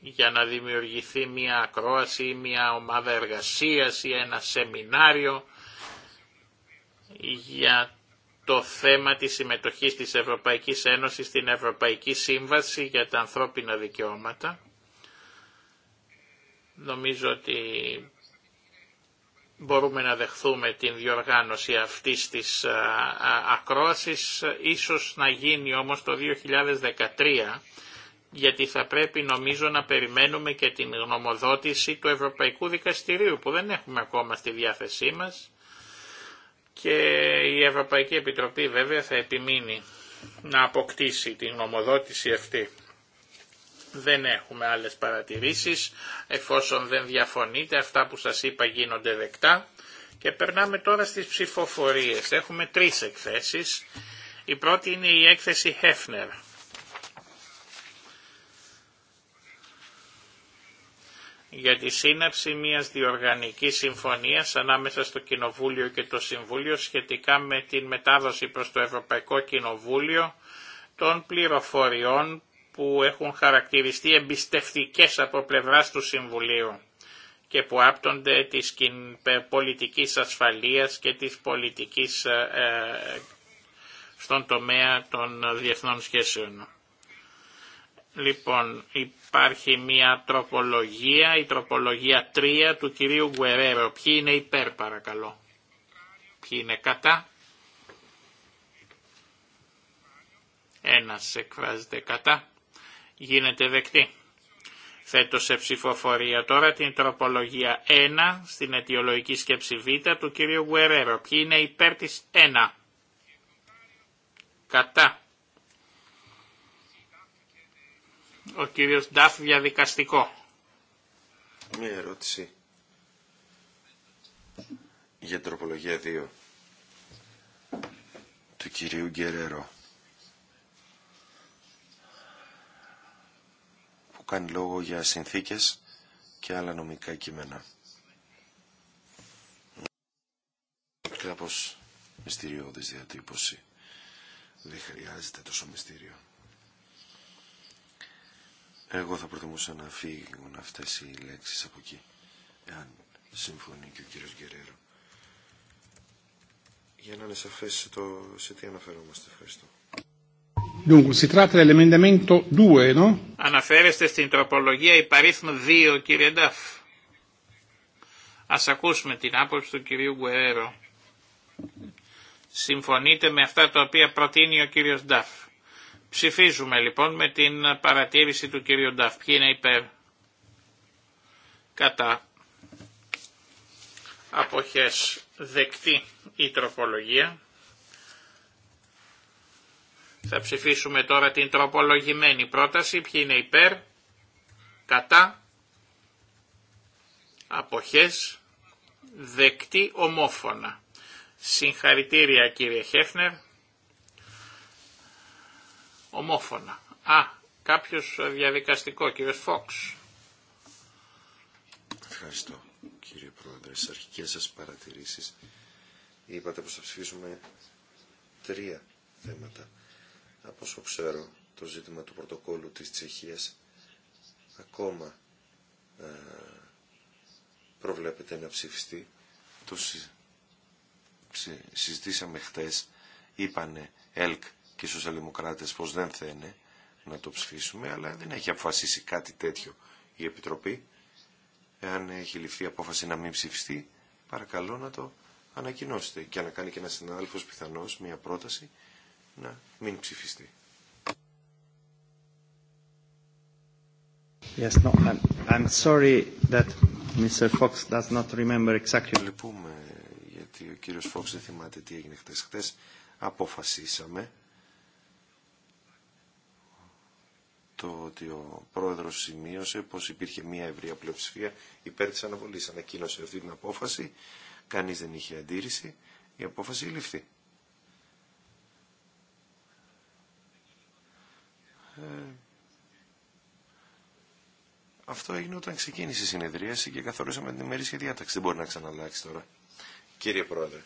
για να δημιουργηθεί μια ακρόαση ή μια ομάδα εργασίας ή ένα σεμινάριο για το θέμα της συμμετοχής της Ευρωπαϊκής Ένωσης στην Ευρωπαϊκή Σύμβαση για τα ανθρώπινα δικαιώματα. Νομίζω ότι μπορούμε να δεχθούμε την διοργάνωση αυτής της ακρόασης, ίσως να γίνει όμως το 2013 γιατί θα πρέπει νομίζω να περιμένουμε και την γνωμοδότηση του Ευρωπαϊκού Δικαστηρίου που δεν έχουμε ακόμα στη διάθεσή μας και η Ευρωπαϊκή Επιτροπή βέβαια θα επιμείνει να αποκτήσει την γνωμοδότηση αυτή. Δεν έχουμε άλλες παρατηρήσεις, εφόσον δεν διαφωνείτε, αυτά που σας είπα γίνονται δεκτά. Και περνάμε τώρα στις ψηφοφορίες. Έχουμε τρεις εκθέσεις. Η πρώτη είναι η έκθεση Hefner για τη σύναψη μιας διοργανικής συμφωνίας ανάμεσα στο Κοινοβούλιο και το Συμβούλιο σχετικά με την μετάδοση προς το Ευρωπαϊκό Κοινοβούλιο των πληροφοριών που έχουν χαρακτηριστεί εμπιστευτικές από πλευράς του Συμβουλίου και που άπτονται της πολιτικής ασφαλείας και της πολιτικής ε, ε, στον τομέα των διεθνών σχέσεων. Λοιπόν, υπάρχει μια τροπολογία, η τροπολογία 3 του κυρίου Γκουερέρο. Ποιοι είναι υπέρ παρακαλώ. Ποιοι είναι κατά. Ένας εκφράζεται κατά. Γίνεται δεκτή. Θέτω σε ψηφοφορία τώρα την τροπολογία 1 στην αιτιολογική σκέψη Β του κυρίου Γκουερέρο. Ποιοι είναι υπέρ της 1. Κατά. Ο κύριος Νταφ διαδικαστικό. Μια ερώτηση για τροπολογία 2 του κυρίου Γκερέρο που κάνει λόγο για συνθήκες και άλλα νομικά κείμενα. Κάπως μυστηριώδης διατύπωση. Δεν χρειάζεται τόσο μυστήριο. Εγώ θα προτιμούσα να φύγουν αυτές οι λέξεις από εκεί, εάν συμφωνεί και ο κύριος Γκερέρο. Για να είναι σαφές το σε τι αναφερόμαστε. Ευχαριστώ. Αναφέρεστε στην τροπολογία υπαρίθμου 2, κύριε Νταφ. Ας ακούσουμε την άποψη του κυρίου Γκουερέρο. Συμφωνείτε με αυτά τα οποία προτείνει ο κύριος Νταφ. Ψηφίζουμε λοιπόν με την παρατήρηση του κυρίου Νταφ. είναι υπέρ. Κατά. Αποχές δεκτή η τροπολογία. Θα ψηφίσουμε τώρα την τροπολογημένη πρόταση. Ποιοι είναι υπέρ. Κατά. Αποχές δεκτή ομόφωνα. Συγχαρητήρια κύριε Χέφνερ ομόφωνα. Α, κάποιος ε, διαδικαστικό, κύριος Φόξ. Ευχαριστώ κύριε Πρόεδρε. Στις αρχικές σας παρατηρήσεις είπατε πως θα ψηφίσουμε τρία θέματα. Από όσο ξέρω το ζήτημα του πρωτοκόλλου της Τσεχίας ακόμα ε, προβλέπεται να ψηφιστεί. Το συζητήσαμε χτες, είπανε ΕΛΚ και οι σοσιαλδημοκράτες πως δεν θένε να το ψηφίσουμε, αλλά δεν έχει αποφασίσει κάτι τέτοιο η Επιτροπή. Εάν έχει ληφθεί απόφαση να μην ψηφιστεί, παρακαλώ να το ανακοινώσετε και να κάνει και ένα συνάδελφος πιθανώς μια πρόταση να μην ψηφιστεί. Yes, no, I'm, sorry that Mr. Fox does not remember exactly. Λυπούμε γιατί ο κύριος Φόξ δεν θυμάται τι έγινε χτες. Χτες αποφασίσαμε το ότι ο πρόεδρος σημείωσε πως υπήρχε μια ευρεία πλειοψηφία υπέρ της αναβολής. Ανακοίνωσε αυτή την απόφαση, κανείς δεν είχε αντίρρηση, η απόφαση ληφθεί. αυτό έγινε όταν ξεκίνησε η συνεδρίαση και καθορίσαμε την ημερήσια διάταξη. Δεν μπορεί να ξαναλλάξει τώρα. Κύριε Πρόεδρε,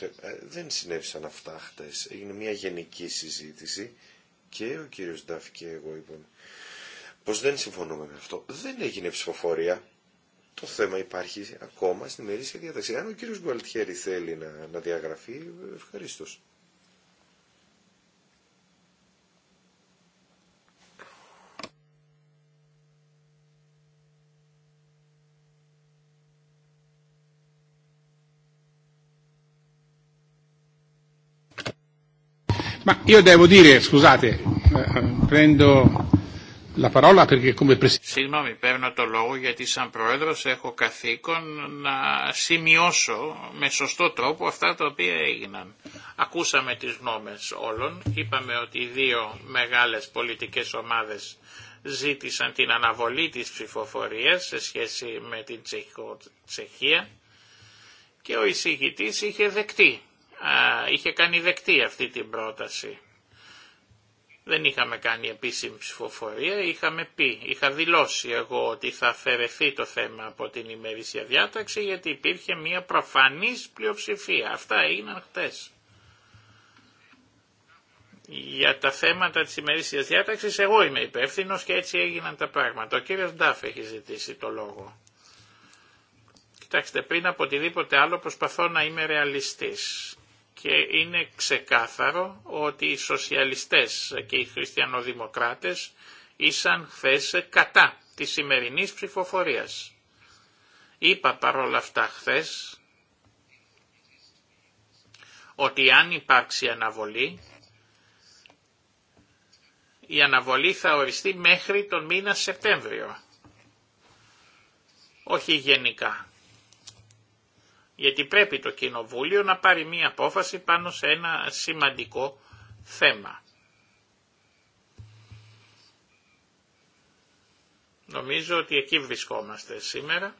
ε, δεν συνέβησαν αυτά χτες. Έγινε μια γενική συζήτηση και ο κύριος Νταφ και εγώ είπαμε πως δεν συμφωνούμε με αυτό. Δεν έγινε ψηφοφορία. Το θέμα υπάρχει ακόμα στη μερίσια διαταξία. Αν ο κύριος Γκουαλτιέρη θέλει να, να διαγραφεί, ευχαριστώ. Ma Συγγνώμη, παίρνω το λόγο γιατί σαν πρόεδρος έχω καθήκον να σημειώσω με σωστό τρόπο αυτά τα οποία έγιναν. Ακούσαμε τις γνώμες όλων, είπαμε ότι οι δύο μεγάλες πολιτικές ομάδες ζήτησαν την αναβολή της ψηφοφορίας σε σχέση με την Τσεχία και ο εισηγητής είχε δεκτεί είχε κάνει δεκτή αυτή την πρόταση. Δεν είχαμε κάνει επίσημη ψηφοφορία, είχαμε πει, είχα δηλώσει εγώ ότι θα αφαιρεθεί το θέμα από την ημερήσια διάταξη γιατί υπήρχε μια προφανής πλειοψηφία. Αυτά έγιναν χτες. Για τα θέματα της ημερήσια διάταξης εγώ είμαι υπεύθυνο και έτσι έγιναν τα πράγματα. Ο κύριος Ντάφ έχει ζητήσει το λόγο. Κοιτάξτε, πριν από οτιδήποτε άλλο προσπαθώ να είμαι ρεαλιστής και είναι ξεκάθαρο ότι οι σοσιαλιστές και οι χριστιανοδημοκράτες ήσαν χθε κατά της σημερινής ψηφοφορίας. Είπα παρόλα αυτά χθε ότι αν υπάρξει αναβολή, η αναβολή θα οριστεί μέχρι τον μήνα Σεπτέμβριο. Όχι γενικά γιατί πρέπει το Κοινοβούλιο να πάρει μία απόφαση πάνω σε ένα σημαντικό θέμα. Νομίζω ότι εκεί βρισκόμαστε σήμερα.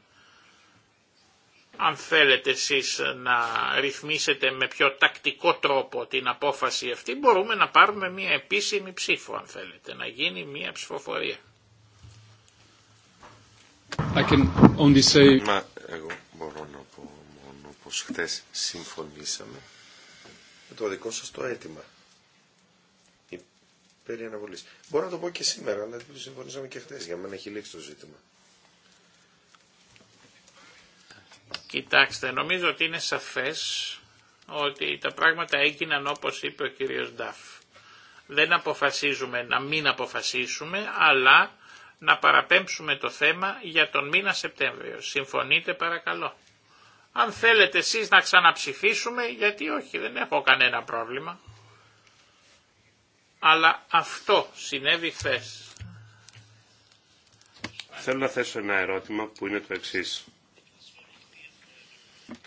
Αν θέλετε εσείς να ρυθμίσετε με πιο τακτικό τρόπο την απόφαση αυτή, μπορούμε να πάρουμε μία επίσημη ψήφο, αν θέλετε, να γίνει μία ψηφοφορία. I can only say όπως χθες συμφωνήσαμε με το δικό σας το αίτημα περί αναβολής. Μπορώ να το πω και σήμερα, αλλά το συμφωνήσαμε και χθες. Για μένα έχει λήξει το ζήτημα. Κοιτάξτε, νομίζω ότι είναι σαφές ότι τα πράγματα έγιναν όπως είπε ο κύριος Νταφ. Δεν αποφασίζουμε να μην αποφασίσουμε, αλλά να παραπέμψουμε το θέμα για τον μήνα Σεπτέμβριο. Συμφωνείτε παρακαλώ. Αν θέλετε εσείς να ξαναψηφίσουμε, γιατί όχι, δεν έχω κανένα πρόβλημα. Αλλά αυτό συνέβη χθε. Θέλω να θέσω ένα ερώτημα που είναι το εξής.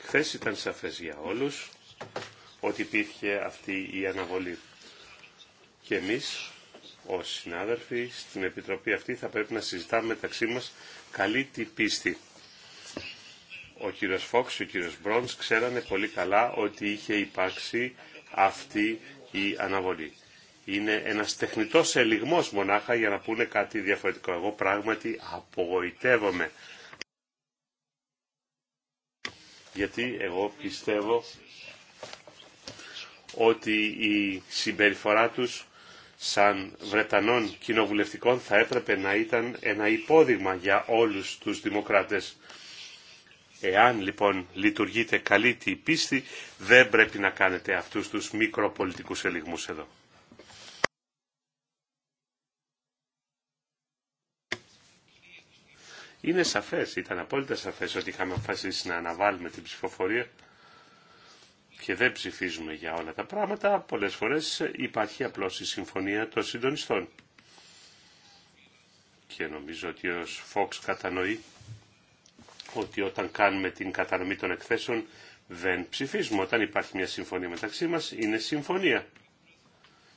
Χθε ήταν σαφές για όλους ότι υπήρχε αυτή η αναβολή. Και εμείς ως συνάδελφοι στην Επιτροπή αυτή θα πρέπει να συζητάμε μεταξύ μας καλή την πίστη ο κύριος Φόξ και ο κύριος Μπρόντς ξέρανε πολύ καλά ότι είχε υπάρξει αυτή η αναβολή. Είναι ένας τεχνητός ελιγμός μονάχα για να πούνε κάτι διαφορετικό. Εγώ πράγματι απογοητεύομαι. Γιατί εγώ πιστεύω ότι η συμπεριφορά τους σαν Βρετανών κοινοβουλευτικών θα έπρεπε να ήταν ένα υπόδειγμα για όλους τους δημοκράτες. Εάν λοιπόν λειτουργείτε καλή τη πίστη, δεν πρέπει να κάνετε αυτούς τους μικροπολιτικούς ελιγμούς εδώ. Είναι σαφές, ήταν απόλυτα σαφές ότι είχαμε αποφασίσει να αναβάλουμε την ψηφοφορία και δεν ψηφίζουμε για όλα τα πράγματα. Πολλές φορές υπάρχει απλώς η συμφωνία των συντονιστών. Και νομίζω ότι ο Φόξ κατανοεί ότι όταν κάνουμε την κατανομή των εκθέσεων δεν ψηφίζουμε. Όταν υπάρχει μια συμφωνία μεταξύ μας είναι συμφωνία.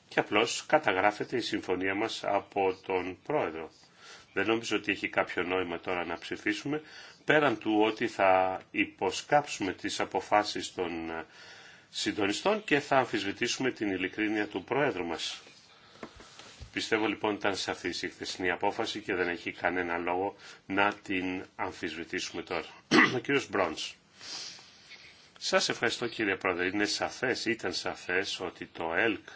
Και απλώς καταγράφεται η συμφωνία μας από τον πρόεδρο. Δεν νομίζω ότι έχει κάποιο νόημα τώρα να ψηφίσουμε, πέραν του ότι θα υποσκάψουμε τις αποφάσεις των συντονιστών και θα αμφισβητήσουμε την ειλικρίνεια του πρόεδρου μας. Πιστεύω λοιπόν ήταν σαφής η χθεσινή απόφαση και δεν έχει κανένα λόγο να την αμφισβητήσουμε τώρα. (clears throat) Ο κύριος Μπρόντς. Σας ευχαριστώ κύριε Πρόεδρε. Είναι σαφές, ήταν σαφές ότι το ΕΛΚ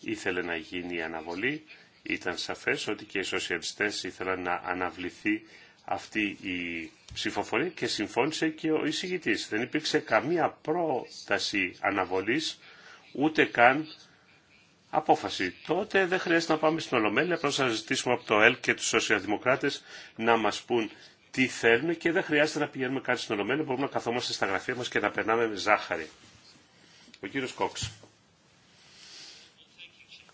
ήθελε να γίνει η αναβολή. Ήταν σαφές ότι και οι σοσιαλιστές ήθελαν να αναβληθεί αυτή η ψηφοφορία και συμφώνησε και ο εισηγητής. Δεν υπήρξε καμία πρόταση αναβολής, ούτε καν απόφαση. Τότε δεν χρειάζεται να πάμε στην Ολομέλεια, απλώς να ζητήσουμε από το ΕΛ και τους σοσιαλδημοκράτες να μας πούν τι θέλουν και δεν χρειάζεται να πηγαίνουμε κάτι στην Ολομέλεια, μπορούμε να καθόμαστε στα γραφεία μας και να περνάμε με ζάχαρη. Ο κύριος Κόξ.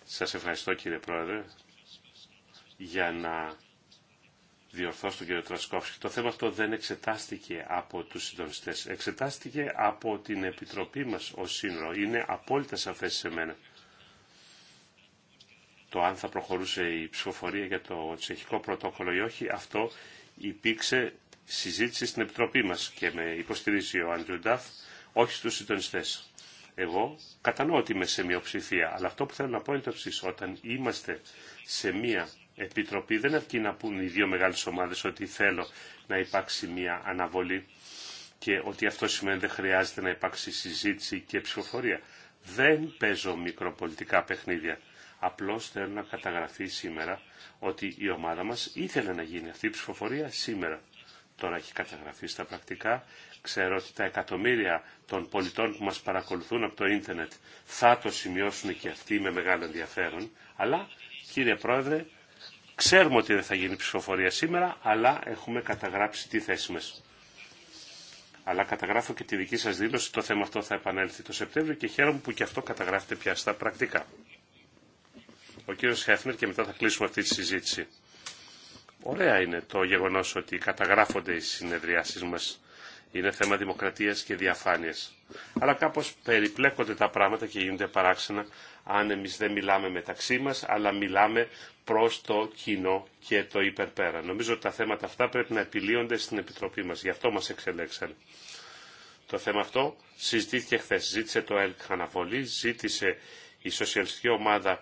Σας ευχαριστώ κύριε Πρόεδρε για να διορθώσω τον κύριο Τρασκόφσκι. Το θέμα αυτό δεν εξετάστηκε από τους συντονιστές. Εξετάστηκε από την Επιτροπή μας ως σύνορο. Είναι απόλυτα σαφές σε μένα το αν θα προχωρούσε η ψηφοφορία για το τσεχικό πρωτόκολλο ή όχι, αυτό υπήρξε συζήτηση στην Επιτροπή μας και με υποστηρίζει ο Άντριου Νταφ, όχι στους συντονιστές. Εγώ κατανοώ ότι είμαι σε μειοψηφία, αλλά αυτό που θέλω να πω είναι το εξή. Όταν είμαστε σε μία επιτροπή, δεν αρκεί να πούν οι δύο μεγάλες ομάδες ότι θέλω να υπάρξει μία αναβολή και ότι αυτό σημαίνει δεν χρειάζεται να υπάρξει συζήτηση και ψηφοφορία. Δεν παίζω μικροπολιτικά παιχνίδια. Απλώς θέλω να καταγραφεί σήμερα ότι η ομάδα μας ήθελε να γίνει αυτή η ψηφοφορία σήμερα. Τώρα έχει καταγραφεί στα πρακτικά. Ξέρω ότι τα εκατομμύρια των πολιτών που μας παρακολουθούν από το ίντερνετ θα το σημειώσουν και αυτοί με μεγάλο ενδιαφέρον. Αλλά, κύριε Πρόεδρε, ξέρουμε ότι δεν θα γίνει ψηφοφορία σήμερα, αλλά έχουμε καταγράψει τη θέση μας. Αλλά καταγράφω και τη δική σας δήλωση, το θέμα αυτό θα επανέλθει το Σεπτέμβριο και χαίρομαι που και αυτό καταγράφεται πια στα πρακτικά ο κύριο Χέφνερ και μετά θα κλείσουμε αυτή τη συζήτηση. Ωραία είναι το γεγονό ότι καταγράφονται οι συνεδριάσεις μα. Είναι θέμα δημοκρατία και διαφάνεια. Αλλά κάπω περιπλέκονται τα πράγματα και γίνονται παράξενα αν εμεί δεν μιλάμε μεταξύ μα, αλλά μιλάμε προ το κοινό και το υπερπέρα. Νομίζω ότι τα θέματα αυτά πρέπει να επιλύονται στην Επιτροπή μα. Γι' αυτό μα εξελέξαν. Το θέμα αυτό συζητήθηκε χθε. Ζήτησε το ΕΛΚ αναβολή, ζήτησε η σοσιαλιστική ομάδα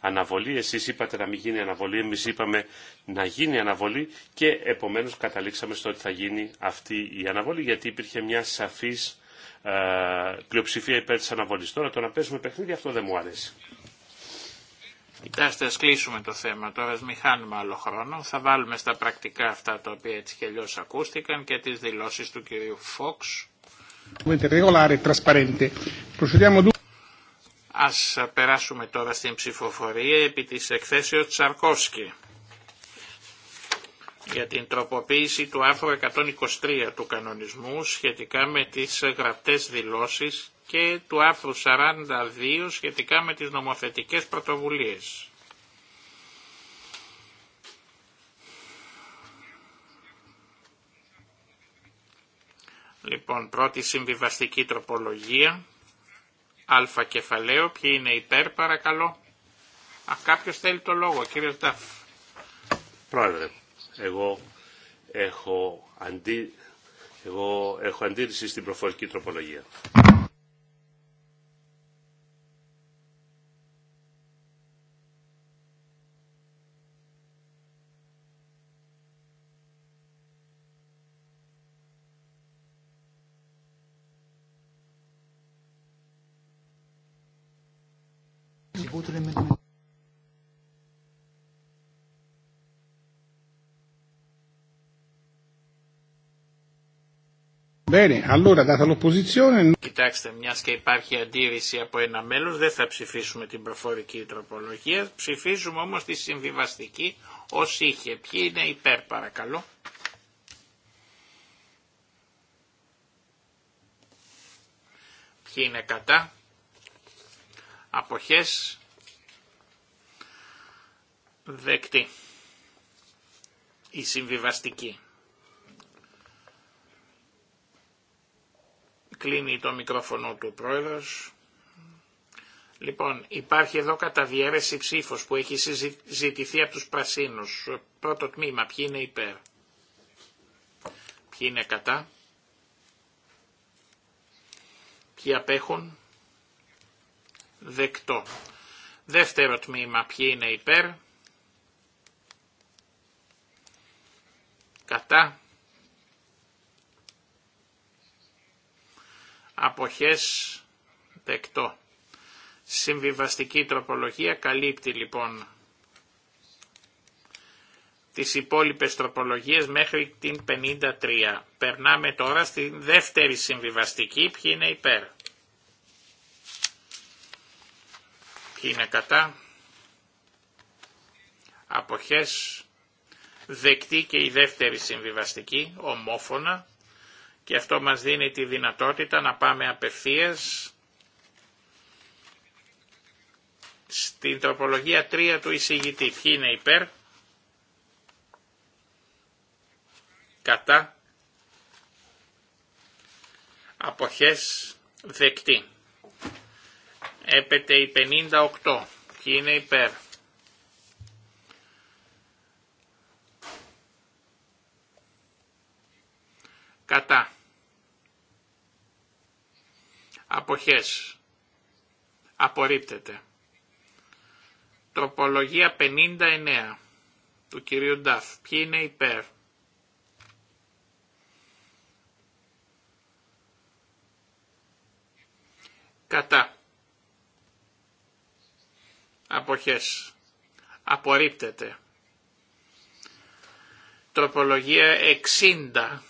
αναβολή. Εσείς είπατε να μην γίνει αναβολή, εμείς είπαμε να γίνει αναβολή και επομένως καταλήξαμε στο ότι θα γίνει αυτή η αναβολή γιατί υπήρχε μια σαφής ε, πλειοψηφία υπέρ της αναβολής. Τώρα το να παίζουμε παιχνίδι αυτό δεν μου αρέσει. Κοιτάξτε, ας κλείσουμε το θέμα τώρα, ας μην χάνουμε άλλο χρόνο. Θα βάλουμε στα πρακτικά αυτά τα οποία έτσι και αλλιώς ακούστηκαν και τις δηλώσεις του κυρίου Φόξ. Ας περάσουμε τώρα στην ψηφοφορία επί της εκθέσεως Τσαρκόσκη για την τροποποίηση του άρθρου 123 του κανονισμού σχετικά με τις γραπτές δηλώσεις και του άρθρου 42 σχετικά με τις νομοθετικές πρωτοβουλίες. Λοιπόν, πρώτη συμβιβαστική τροπολογία Αλφα κεφαλαίο, ποιοι είναι υπέρ παρακαλώ. Α, κάποιος θέλει το λόγο, κύριος Νταφ. Πρόεδρε, εγώ έχω, αντί... εγώ έχω αντίρρηση στην προφορική τροπολογία. Bene, allora, data l'opposizione... Κοιτάξτε, μια και υπάρχει αντίρρηση από ένα μέλο, δεν θα ψηφίσουμε την προφορική τροπολογία. Ψηφίζουμε όμω τη συμβιβαστική ω είχε. Ποιοι είναι υπέρ, παρακαλώ. Ποιοι είναι κατά. αποχέ. Δεκτή. Η συμβιβαστική. Κλείνει το μικρόφωνο του πρόεδρος. Λοιπόν, υπάρχει εδώ κατά διέρεση ψήφος που έχει συζητηθεί από τους πρασίνους. Πρώτο τμήμα, ποιοι είναι υπέρ. Ποιοι είναι κατά. Ποιοι απέχουν. Δεκτό. Δεύτερο τμήμα, ποιοι είναι υπέρ. Κατά. αποχές δεκτό. Συμβιβαστική τροπολογία καλύπτει λοιπόν τις υπόλοιπες τροπολογίες μέχρι την 53. Περνάμε τώρα στη δεύτερη συμβιβαστική, ποιοι είναι υπέρ. Ποιοι είναι κατά. Αποχές. Δεκτή και η δεύτερη συμβιβαστική, ομόφωνα και αυτό μας δίνει τη δυνατότητα να πάμε απευθείας στην τροπολογία 3 του εισηγητή. Ποιοι είναι υπέρ, κατά, αποχές, δεκτή. Έπεται η 58. Ποιοι είναι υπέρ. Κατά. Αποχές. Απορρίπτεται. Τροπολογία 59 του κυρίου Νταφ. Ποιοι είναι υπέρ. Κατά. Αποχές. Απορρίπτεται. Τροπολογία 60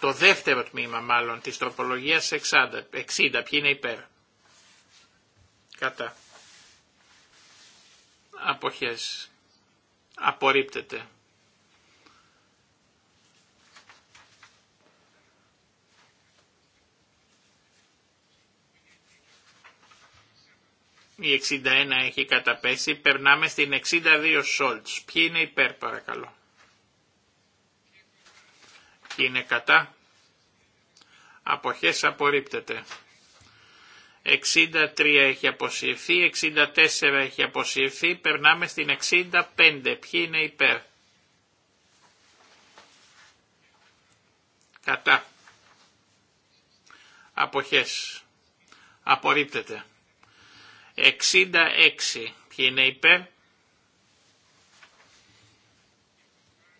το δεύτερο τμήμα μάλλον της τροπολογίας 60, 60 ποιοι είναι υπέρ. Κατά. Αποχές. Απορρίπτεται. Η 61 έχει καταπέσει. Περνάμε στην 62 Σόλτς. Ποιοι είναι υπέρ παρακαλώ. Ποιοι είναι κατά. Αποχές απορρίπτεται. 63 έχει αποσυρθεί, 64 έχει αποσυρθεί, περνάμε στην 65. Ποιοι είναι υπέρ. Κατά. Αποχές. Απορρίπτεται. 66. Ποιοι είναι υπέρ.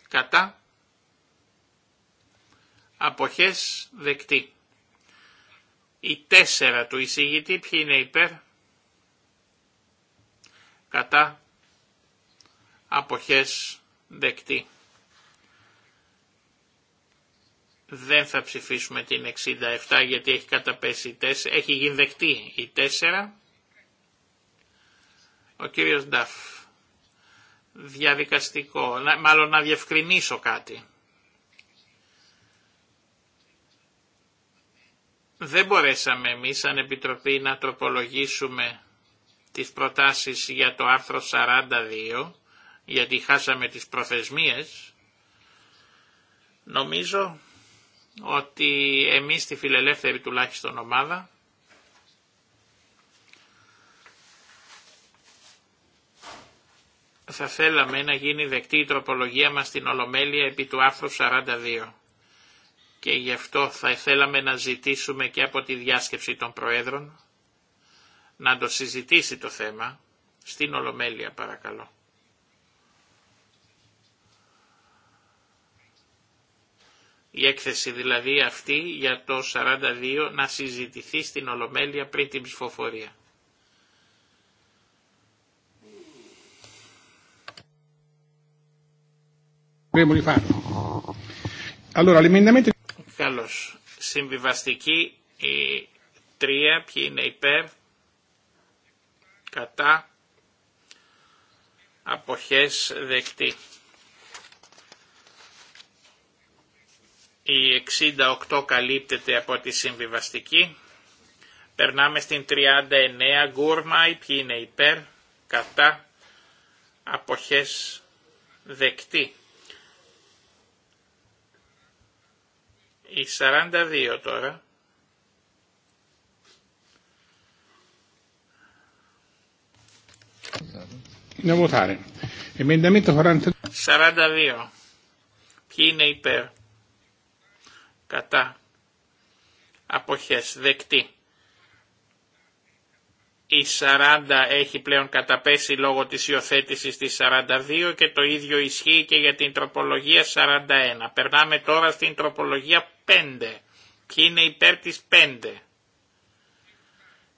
Κατά αποχές δεκτή. Η 4 του εισηγητή ποιοι είναι υπέρ, κατά, αποχές δεκτή. Δεν θα ψηφίσουμε την 67 γιατί έχει καταπέσει 4, έχει γίνει δεκτή η 4. Ο κύριος Νταφ, διαδικαστικό, μάλλον να διευκρινίσω κάτι. δεν μπορέσαμε εμείς σαν Επιτροπή να τροπολογήσουμε τις προτάσεις για το άρθρο 42, γιατί χάσαμε τις προθεσμίες, νομίζω ότι εμείς στη φιλελεύθερη τουλάχιστον ομάδα θα θέλαμε να γίνει δεκτή η τροπολογία μας στην Ολομέλεια επί του άρθρου 42 και γι' αυτό θα θέλαμε να ζητήσουμε και από τη διάσκεψη των Προέδρων να το συζητήσει το θέμα στην Ολομέλεια παρακαλώ. Η έκθεση δηλαδή αυτή για το 42 να συζητηθεί στην Ολομέλεια πριν την ψηφοφορία. Καλώς. Συμβιβαστική η 3, ποιοι είναι υπέρ, κατά, αποχές δεκτή. Η 68 καλύπτεται από τη συμβιβαστική. Περνάμε στην 39 γκούρμα, ποιοι είναι υπέρ, κατά, αποχές δεκτή. Η 42 τώρα. 42. Ποιοι είναι υπέρ. Κατά. Αποχές. Δεκτή. Η 40 έχει πλέον καταπέσει λόγω της υιοθέτησης της 42 και το ίδιο ισχύει και για την τροπολογία 41. Περνάμε τώρα στην τροπολογία 5. Ποιοι είναι υπέρ της 5.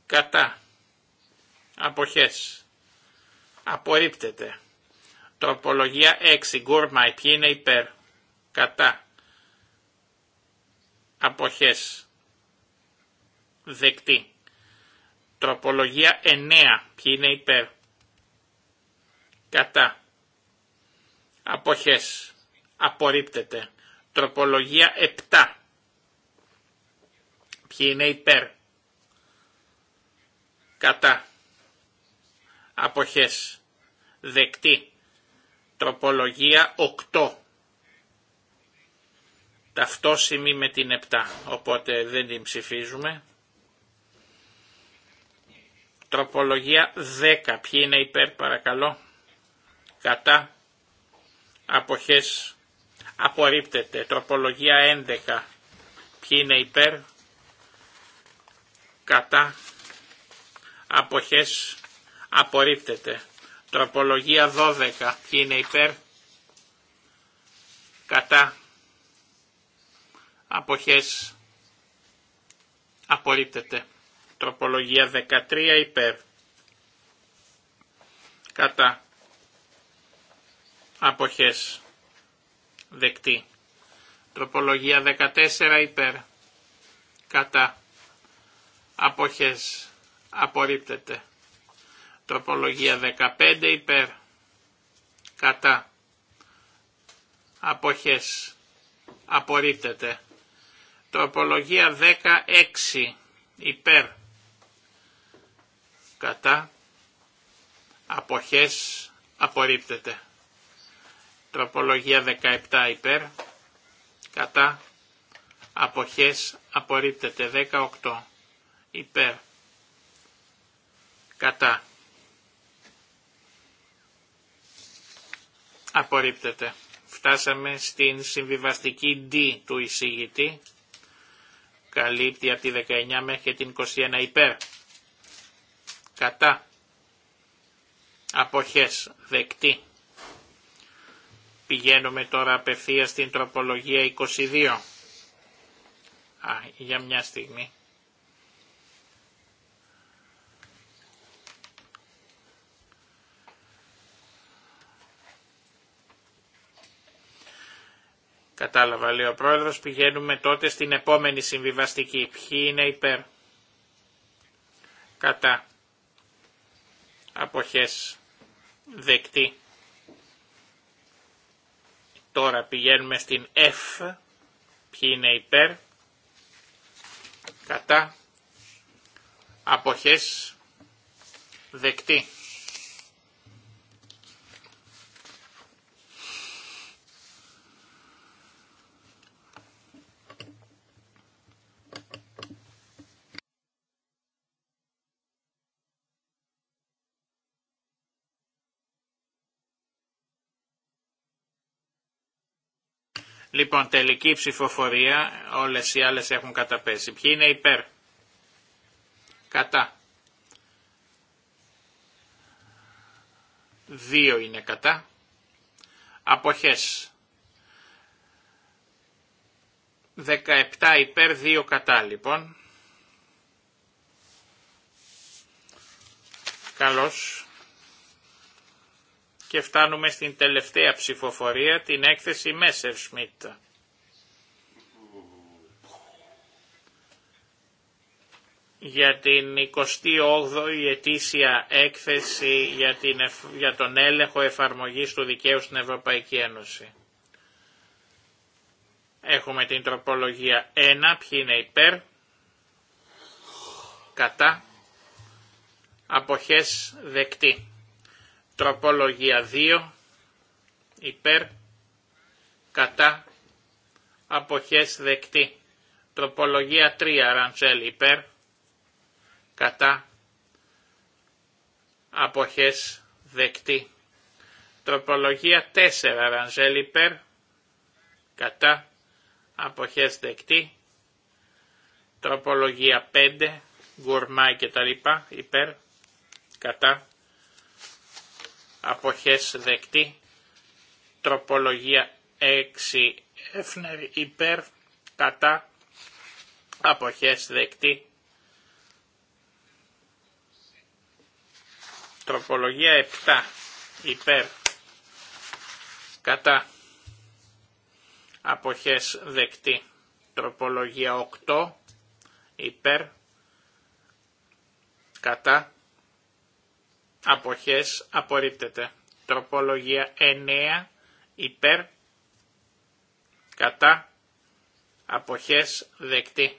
Κατά. Αποχές. Απορρίπτεται. Τροπολογία 6. Γκουρμαϊ. Ποιοι είναι υπέρ. Κατά. Αποχές. Δεκτή. Τροπολογία 9. Ποιοι είναι υπέρ. Κατά. Αποχές. Απορρίπτεται. Τροπολογία 7. Ποιοι είναι υπέρ. Κατά. Αποχές. Δεκτή. Τροπολογία 8. Ταυτόσημη με την 7. Οπότε δεν την ψηφίζουμε. Τροπολογία 10. Ποιοι είναι υπέρ παρακαλώ. Κατά. Αποχές. Απορρίπτεται. Τροπολογία 11. Ποιοι είναι υπέρ κατά αποχές απορρίπτεται. Τροπολογία 12 είναι υπέρ κατά αποχές απορρίπτεται. Τροπολογία 13 υπέρ κατά αποχές δεκτή. Τροπολογία 14 υπέρ κατά αποχές απορρίπτεται. Τροπολογία 15 υπέρ κατά αποχές απορρίπτεται. Τροπολογία 16 υπέρ κατά αποχές απορρίπτεται. Τροπολογία 17 υπέρ κατά αποχές απορρίπτεται. 18 υπέρ κατά απορρίπτεται. Φτάσαμε στην συμβιβαστική D του εισηγητή, καλύπτει από τη 19 μέχρι την 21 υπέρ, κατά, αποχές, δεκτή. Πηγαίνουμε τώρα απευθεία στην τροπολογία 22. Α, για μια στιγμή. Κατάλαβα, λέει ο πρόεδρος, πηγαίνουμε τότε στην επόμενη συμβιβαστική. Ποιοι είναι υπέρ. Κατά. Αποχές. Δεκτή. Τώρα πηγαίνουμε στην F. Ποιοι είναι υπέρ. Κατά. Αποχές. Δεκτή. Λοιπόν, τελική ψηφοφορία, όλες οι άλλες έχουν καταπέσει. Ποιοι είναι υπέρ. Κατά. Δύο είναι κατά. Αποχές. 17 υπέρ, 2 κατά λοιπόν. Καλώς. Και φτάνουμε στην τελευταία ψηφοφορία, την έκθεση Μέσερ για την 28η ετήσια έκθεση για, την, για τον έλεγχο εφαρμογής του δικαίου στην Ευρωπαϊκή Ένωση. Έχουμε την τροπολογία 1, ποιοι είναι υπέρ, κατά, αποχές δεκτή. Τροπολογία 2 υπέρ κατά αποχές δεκτή. Τροπολογία 3 Ραντζέλ υπέρ κατά αποχές δεκτή. Τροπολογία 4 Ραντζέλ υπέρ κατά αποχές δεκτή. Τροπολογία 5 γκουρμάι και τα λοιπά υπέρ κατά αποχές δεκτή, τροπολογία 6 έφνερ υπέρ κατά αποχές δεκτή, τροπολογία 7 υπέρ κατά αποχές δεκτή, τροπολογία 8 υπέρ κατά αποχές απορρίπτεται. Τροπολογία 9 υπέρ κατά αποχές δεκτή.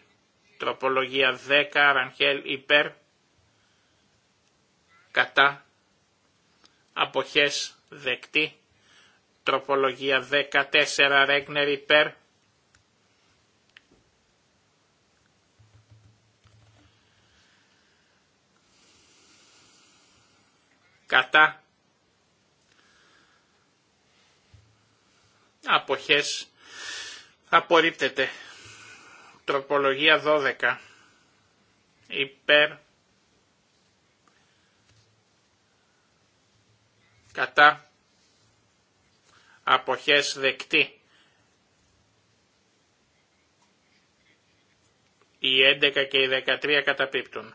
Τροπολογία 10 αρανχέλ υπέρ κατά αποχές δεκτή. Τροπολογία 14 Ρέγνερ υπέρ κατά αποχές απορρίπτεται τροπολογία 12 υπέρ κατά αποχές δεκτή. Οι 11 και οι 13 καταπίπτουν.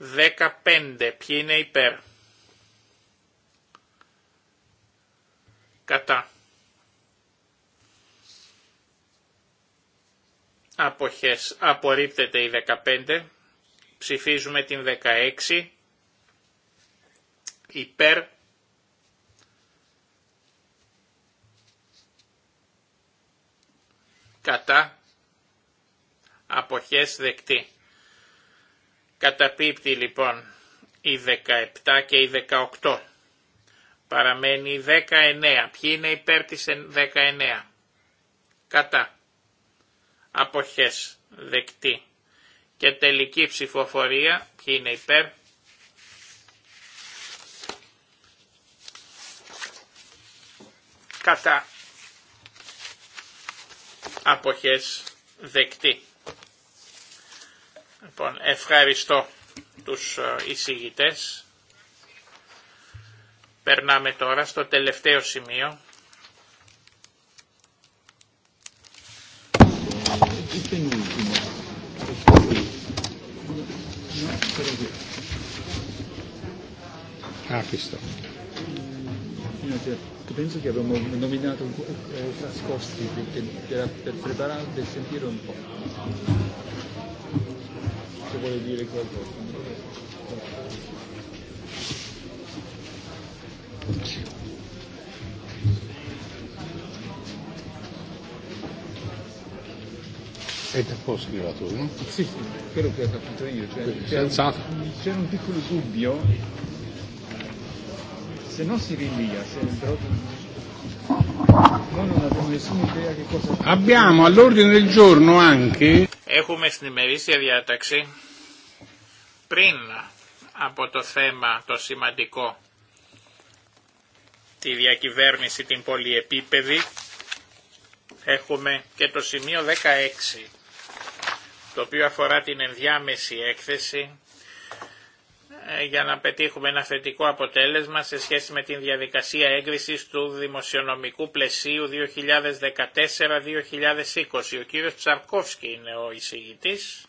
15. Ποιοι είναι υπέρ. Κατά. Αποχές. Απορρίπτεται η 15. Ψηφίζουμε την 16. Υπέρ. Κατά. Αποχές δεκτή. Καταπίπτει λοιπόν η 17 και η 18. Παραμένει η 19. Ποιοι είναι υπέρ της 19. Κατά. Αποχές. Δεκτή. Και τελική ψηφοφορία. Ποιοι είναι υπέρ. Κατά. Αποχές. Δεκτή. Λοιπόν, ευχαριστώ τους ε, εισηγητές. Περνάμε τώρα στο τελευταίο σημείο. Ευχαριστώ che vuole dire qualcosa. È da poco arrivato, no? Sì, sì, quello che ho capito io. Cioè, c'era, un, un piccolo dubbio, se non si rinvia, se Noi non abbiamo nessuna idea che cosa... Abbiamo all'ordine del giorno anche... Έχουμε στην ημερήσια διάταξη πριν από το θέμα το σημαντικό τη διακυβέρνηση την πολυεπίπεδη έχουμε και το σημείο 16 το οποίο αφορά την ενδιάμεση έκθεση ε, για να πετύχουμε ένα θετικό αποτέλεσμα σε σχέση με την διαδικασία έγκρισης του δημοσιονομικού πλαισίου 2014-2020. Ο κύριος Τσαρκόφσκι είναι ο εισηγητής.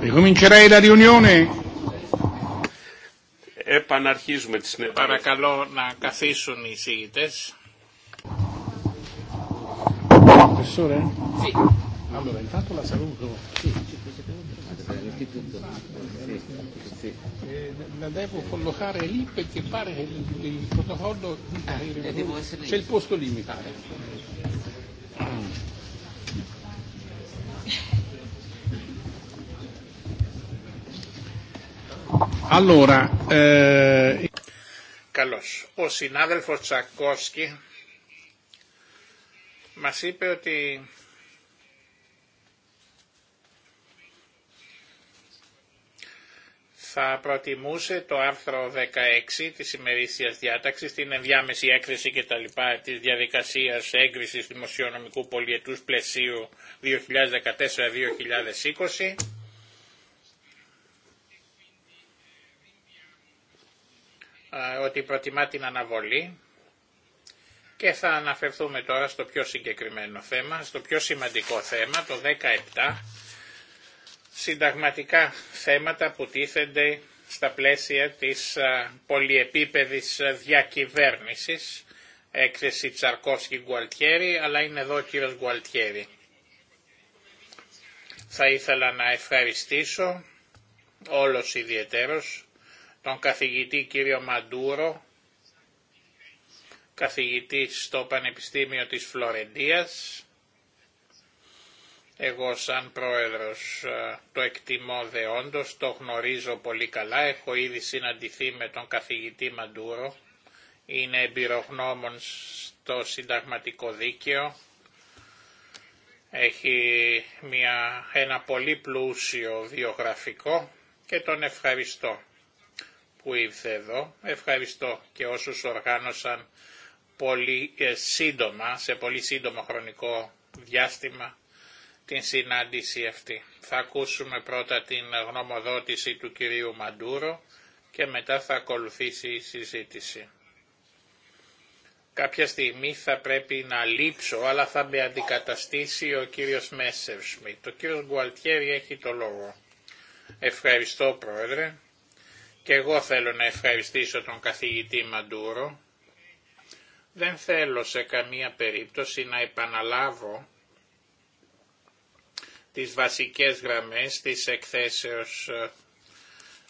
Ricomincerei la riunione. Επαναρχίζουμε τη συνέντευξη. Παρακαλώ να καθίσουν οι συγητέ. Professore? Sì. Allora, intanto la saluto. La devo collocare lì perché pare che il protocollo... C'è il posto lì, mi pare. Allora, eh, Καλώς. Ο συνάδελφος Τσακόσκι μας είπε ότι θα προτιμούσε το άρθρο 16 της ημερήσιας διάταξης, την ενδιάμεση έκθεση και τα λοιπά της διαδικασίας έγκρισης δημοσιονομικού πολιετούς πλαισίου 2014-2020, ότι προτιμά την αναβολή και θα αναφερθούμε τώρα στο πιο συγκεκριμένο θέμα, στο πιο σημαντικό θέμα, το 17, συνταγματικά θέματα που τίθενται στα πλαίσια της πολυεπίπεδης διακυβέρνησης, έκθεση Τσαρκόφσκι Τσαρκώσκι-Γουαλτιέρη αλλά είναι εδώ ο κύριος Γουαλτιέρη Θα ήθελα να ευχαριστήσω όλος ιδιαιτέρως τον καθηγητή κύριο Μαντούρο, καθηγητή στο Πανεπιστήμιο της Φλωρεντίας. Εγώ σαν πρόεδρος ε, το εκτιμώ δεόντως, το γνωρίζω πολύ καλά, έχω ήδη συναντηθεί με τον καθηγητή Μαντούρο, είναι εμπειρογνώμων στο συνταγματικό δίκαιο, έχει μια, ένα πολύ πλούσιο βιογραφικό και τον ευχαριστώ που ήρθε εδώ. Ευχαριστώ και όσους οργάνωσαν πολύ ε, σύντομα, σε πολύ σύντομο χρονικό διάστημα την συνάντηση αυτή. Θα ακούσουμε πρώτα την γνωμοδότηση του κυρίου Μαντούρο και μετά θα ακολουθήσει η συζήτηση. Κάποια στιγμή θα πρέπει να λείψω, αλλά θα με αντικαταστήσει ο κύριος Μέσερ Το Ο κύριος Γκουαλτιέρη έχει το λόγο. Ευχαριστώ, Πρόεδρε. Και εγώ θέλω να ευχαριστήσω τον καθηγητή Μαντούρο. Δεν θέλω σε καμία περίπτωση να επαναλάβω τις βασικές γραμμές της εκθέσεως ε,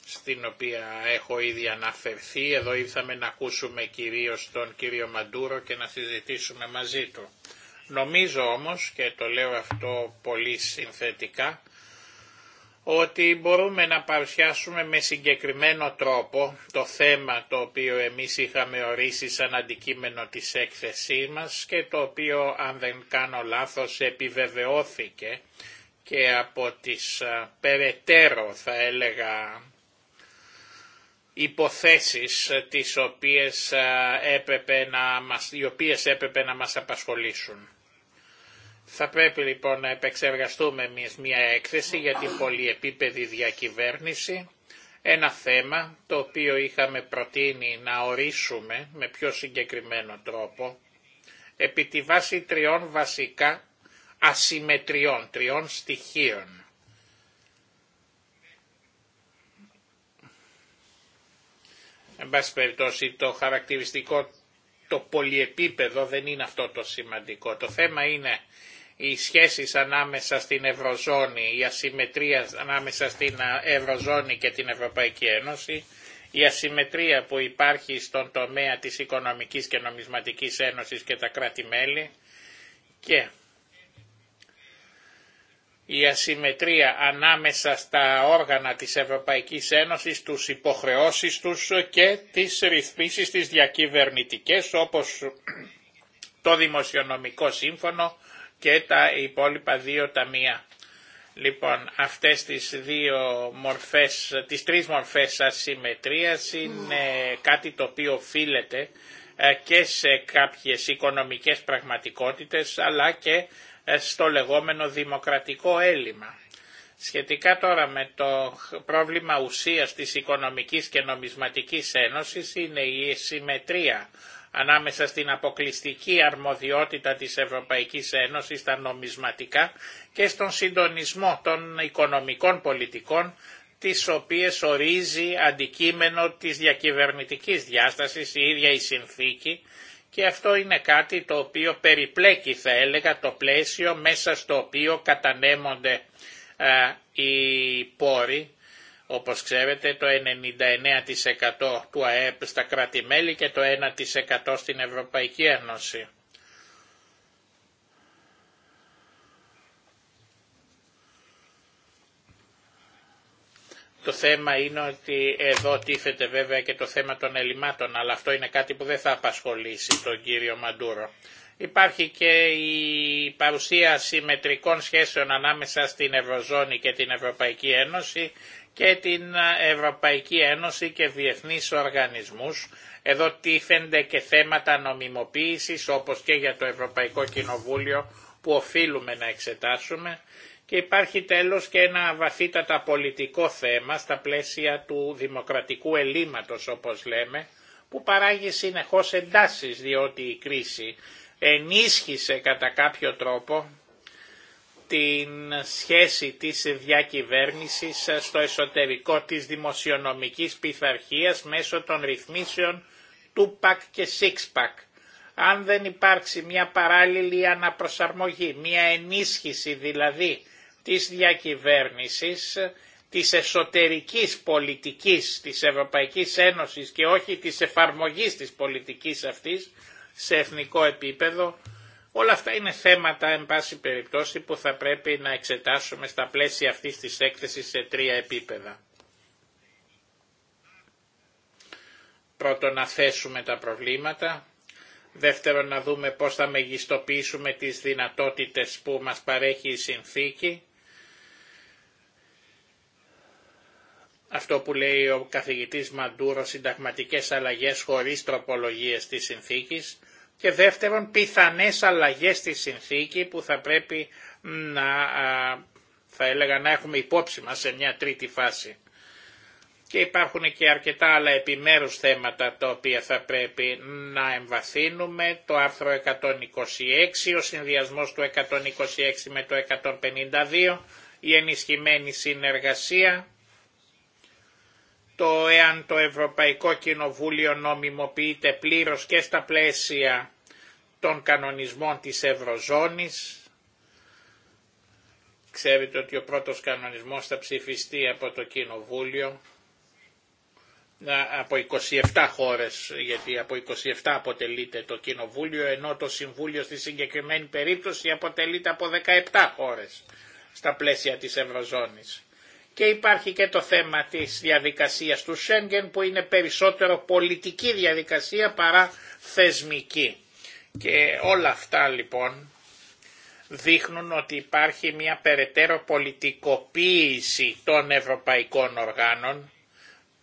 στην οποία έχω ήδη αναφερθεί. Εδώ ήρθαμε να ακούσουμε κυρίως τον κύριο Μαντούρο και να συζητήσουμε μαζί του. Νομίζω όμως, και το λέω αυτό πολύ συνθετικά, ότι μπορούμε να παρουσιάσουμε με συγκεκριμένο τρόπο το θέμα το οποίο εμείς είχαμε ορίσει σαν αντικείμενο της έκθεσής μας και το οποίο αν δεν κάνω λάθος επιβεβαιώθηκε και από τις περαιτέρω θα έλεγα υποθέσεις τις οποίες έπρεπε να μας, οι οποίες έπρεπε να μας απασχολήσουν. Θα πρέπει λοιπόν να επεξεργαστούμε εμείς μια έκθεση για την πολυεπίπεδη διακυβέρνηση, ένα θέμα το οποίο είχαμε προτείνει να ορίσουμε με πιο συγκεκριμένο τρόπο, επί τη βάση τριών βασικά ασυμμετριών, τριών στοιχείων. Εν πάση περιπτώσει το χαρακτηριστικό το πολυεπίπεδο δεν είναι αυτό το σημαντικό. Το θέμα είναι οι σχέσεις ανάμεσα στην Ευρωζώνη, η ασυμμετρία ανάμεσα στην Ευρωζώνη και την Ευρωπαϊκή Ένωση, η ασυμμετρία που υπάρχει στον τομέα της Οικονομικής και Νομισματικής Ένωσης και τα κράτη-μέλη και η ασυμμετρία ανάμεσα στα όργανα της Ευρωπαϊκής Ένωσης, τους υποχρεώσεις τους και τις ρυθμίσεις τις διακυβερνητικές όπως το Δημοσιονομικό Σύμφωνο και τα υπόλοιπα δύο ταμεία. Λοιπόν, αυτές τις δύο μορφές, τις τρεις μορφές ασυμμετρίας είναι κάτι το οποίο οφείλεται ε, και σε κάποιες οικονομικές πραγματικότητες αλλά και ε, στο λεγόμενο δημοκρατικό έλλειμμα. Σχετικά τώρα με το πρόβλημα ουσίας της Οικονομικής και Νομισματικής Ένωσης είναι η συμμετρία ανάμεσα στην αποκλειστική αρμοδιότητα της Ευρωπαϊκής Ένωσης τα νομισματικά και στον συντονισμό των οικονομικών πολιτικών τις οποίες ορίζει αντικείμενο της διακυβερνητικής διάστασης η ίδια η συνθήκη και αυτό είναι κάτι το οποίο περιπλέκει θα έλεγα το πλαίσιο μέσα στο οποίο κατανέμονται ε, οι πόροι όπως ξέρετε το 99% του ΑΕΠ στα κράτη-μέλη και το 1% στην Ευρωπαϊκή Ένωση. Το θέμα είναι ότι εδώ τίθεται βέβαια και το θέμα των ελλημάτων, αλλά αυτό είναι κάτι που δεν θα απασχολήσει τον κύριο Μαντούρο. Υπάρχει και η παρουσία συμμετρικών σχέσεων ανάμεσα στην Ευρωζώνη και την Ευρωπαϊκή Ένωση και την Ευρωπαϊκή Ένωση και διεθνείς οργανισμούς. Εδώ τίθενται και θέματα νομιμοποίησης όπως και για το Ευρωπαϊκό Κοινοβούλιο που οφείλουμε να εξετάσουμε και υπάρχει τέλος και ένα βαθύτατα πολιτικό θέμα στα πλαίσια του δημοκρατικού ελλείμματος όπως λέμε που παράγει συνεχώς εντάσεις διότι η κρίση ενίσχυσε κατά κάποιο τρόπο την σχέση της διακυβέρνησης στο εσωτερικό της δημοσιονομικής πειθαρχίας μέσω των ρυθμίσεων του ΠΑΚ και pack. Αν δεν υπάρξει μια παράλληλη αναπροσαρμογή, μια ενίσχυση δηλαδή της διακυβέρνησης, της εσωτερικής πολιτικής της Ευρωπαϊκής Ένωσης και όχι της εφαρμογής της πολιτικής αυτής σε εθνικό επίπεδο, Όλα αυτά είναι θέματα, εν πάση περιπτώσει, που θα πρέπει να εξετάσουμε στα πλαίσια αυτής της έκθεσης σε τρία επίπεδα. Πρώτον, να θέσουμε τα προβλήματα. Δεύτερον, να δούμε πώς θα μεγιστοποιήσουμε τις δυνατότητες που μας παρέχει η συνθήκη. Αυτό που λέει ο καθηγητής Μαντούρο, συνταγματικές αλλαγές χωρίς τροπολογίες της συνθήκης και δεύτερον πιθανές αλλαγές στη συνθήκη που θα πρέπει να, θα έλεγα, να έχουμε υπόψη μας σε μια τρίτη φάση. Και υπάρχουν και αρκετά άλλα επιμέρους θέματα τα οποία θα πρέπει να εμβαθύνουμε. Το άρθρο 126, ο συνδυασμός του 126 με το 152, η ενισχυμένη συνεργασία, το εάν το Ευρωπαϊκό Κοινοβούλιο νομιμοποιείται πλήρως και στα πλαίσια των κανονισμών της Ευρωζώνης. Ξέρετε ότι ο πρώτος κανονισμός θα ψηφιστεί από το Κοινοβούλιο από 27 χώρες, γιατί από 27 αποτελείται το Κοινοβούλιο, ενώ το Συμβούλιο στη συγκεκριμένη περίπτωση αποτελείται από 17 χώρες στα πλαίσια της Ευρωζώνης. Και υπάρχει και το θέμα της διαδικασίας του Σέγγεν που είναι περισσότερο πολιτική διαδικασία παρά θεσμική. Και όλα αυτά λοιπόν δείχνουν ότι υπάρχει μια περαιτέρω πολιτικοποίηση των ευρωπαϊκών οργάνων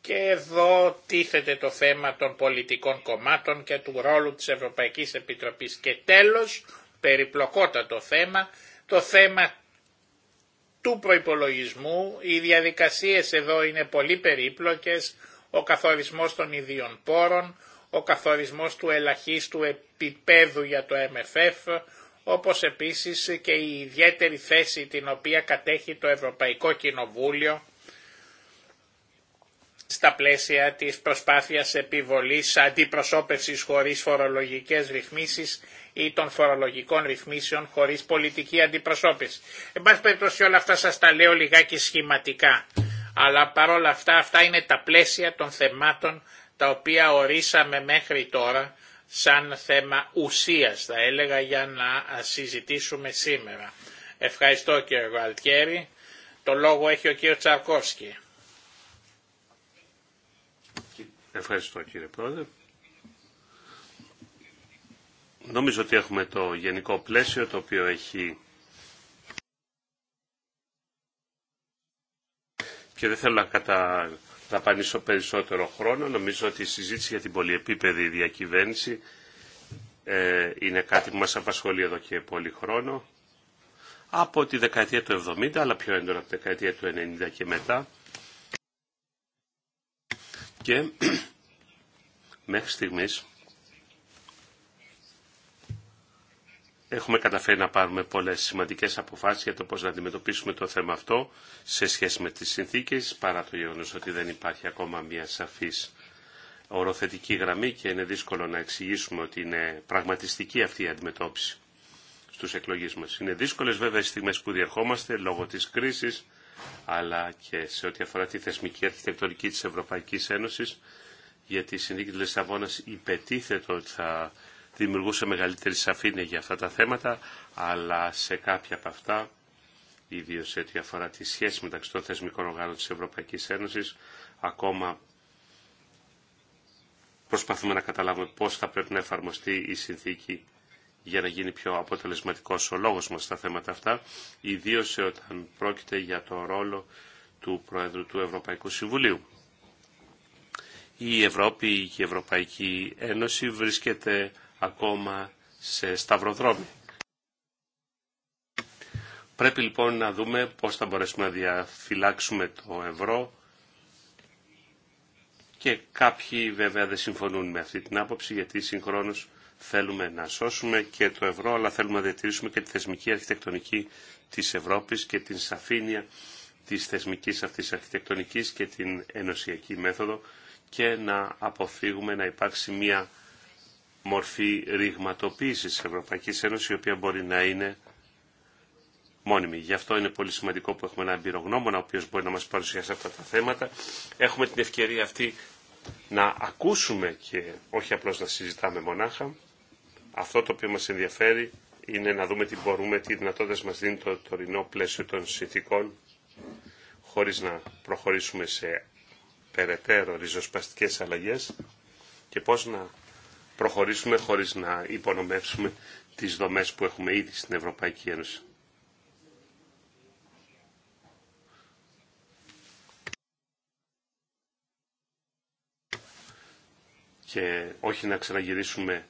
και εδώ τίθεται το θέμα των πολιτικών κομμάτων και του ρόλου της Ευρωπαϊκής Επιτροπής. Και τέλος, περιπλοκότατο θέμα, το θέμα του προϋπολογισμού, οι διαδικασίες εδώ είναι πολύ περίπλοκες, ο καθορισμός των ιδίων πόρων, ο καθορισμός του ελαχίστου επίπεδου για το MFF, όπως επίσης και η ιδιαίτερη θέση την οποία κατέχει το Ευρωπαϊκό Κοινοβούλιο στα πλαίσια της προσπάθειας επιβολής αντιπροσώπευσης χωρίς φορολογικές ρυθμίσεις ή των φορολογικών ρυθμίσεων χωρίς πολιτική αντιπροσώπηση. Εν πάση περιπτώσει όλα αυτά σας τα λέω λιγάκι σχηματικά, αλλά παρόλα αυτά αυτά είναι τα πλαίσια των θεμάτων τα οποία ορίσαμε μέχρι τώρα σαν θέμα ουσίας θα έλεγα για να συζητήσουμε σήμερα. Ευχαριστώ κύριε Γουαλτιέρη. Το λόγο έχει ο κύριος Τσαρκόφσκι. Ευχαριστώ κύριε Πρόεδρε. Νομίζω ότι έχουμε το γενικό πλαίσιο το οποίο έχει και δεν θέλω να καταπανίσω περισσότερο χρόνο. Νομίζω ότι η συζήτηση για την πολυεπίπεδη διακυβέρνηση ε, είναι κάτι που μας απασχολεί εδώ και πολύ χρόνο. Από τη δεκαετία του 70, αλλά πιο έντονα από τη δεκαετία του 90 και μετά, και (clears throat) μέχρι στιγμής έχουμε καταφέρει να πάρουμε πολλές σημαντικές αποφάσεις για το πώς να αντιμετωπίσουμε το θέμα αυτό σε σχέση με τις συνθήκες, παρά το γεγονό ότι δεν υπάρχει ακόμα μια σαφής οροθετική γραμμή και είναι δύσκολο να εξηγήσουμε ότι είναι πραγματιστική αυτή η αντιμετώπιση στους εκλογείς μας. Είναι δύσκολες βέβαια οι στιγμές που διερχόμαστε λόγω της κρίσης, αλλά και σε ό,τι αφορά τη θεσμική αρχιτεκτονική της Ευρωπαϊκής Ένωσης, γιατί η συνθήκη του Λισαβόνας υπετίθεται ότι θα δημιουργούσε μεγαλύτερη σαφήνεια για αυτά τα θέματα, αλλά σε κάποια από αυτά, ιδίω σε ό,τι αφορά τη σχέση μεταξύ των θεσμικών οργάνων της Ευρωπαϊκής Ένωσης, ακόμα προσπαθούμε να καταλάβουμε πώς θα πρέπει να εφαρμοστεί η συνθήκη για να γίνει πιο αποτελεσματικός ο λόγος μας στα θέματα αυτά, ιδίω όταν πρόκειται για το ρόλο του Προέδρου του Ευρωπαϊκού Συμβουλίου. Η Ευρώπη και η Ευρωπαϊκή Ένωση βρίσκεται ακόμα σε σταυροδρόμι. Πρέπει λοιπόν να δούμε πώς θα μπορέσουμε να διαφυλάξουμε το ευρώ και κάποιοι βέβαια δεν συμφωνούν με αυτή την άποψη γιατί συγχρόνως Θέλουμε να σώσουμε και το ευρώ, αλλά θέλουμε να διατηρήσουμε και τη θεσμική αρχιτεκτονική της Ευρώπης και την σαφήνεια της θεσμικής αυτής αρχιτεκτονικής και την ενωσιακή μέθοδο και να αποφύγουμε να υπάρξει μια μορφή ρηγματοποίησης τη Ευρωπαϊκής Ένωσης η οποία μπορεί να είναι μόνιμη. Γι' αυτό είναι πολύ σημαντικό που έχουμε ένα εμπειρογνώμονα ο οποίος μπορεί να μας παρουσιάσει αυτά τα θέματα. Έχουμε την ευκαιρία αυτή να ακούσουμε και όχι απλώς να συζητάμε μονάχα. Αυτό το οποίο μας ενδιαφέρει είναι να δούμε τι μπορούμε, τι δυνατότητες μας δίνει το τωρινό πλαίσιο των συνθήκων, χωρίς να προχωρήσουμε σε περαιτέρω ριζοσπαστικές αλλαγές και πώς να προχωρήσουμε χωρίς να υπονομεύσουμε τις δομές που έχουμε ήδη στην Ευρωπαϊκή Ένωση. Και όχι να ξαναγυρίσουμε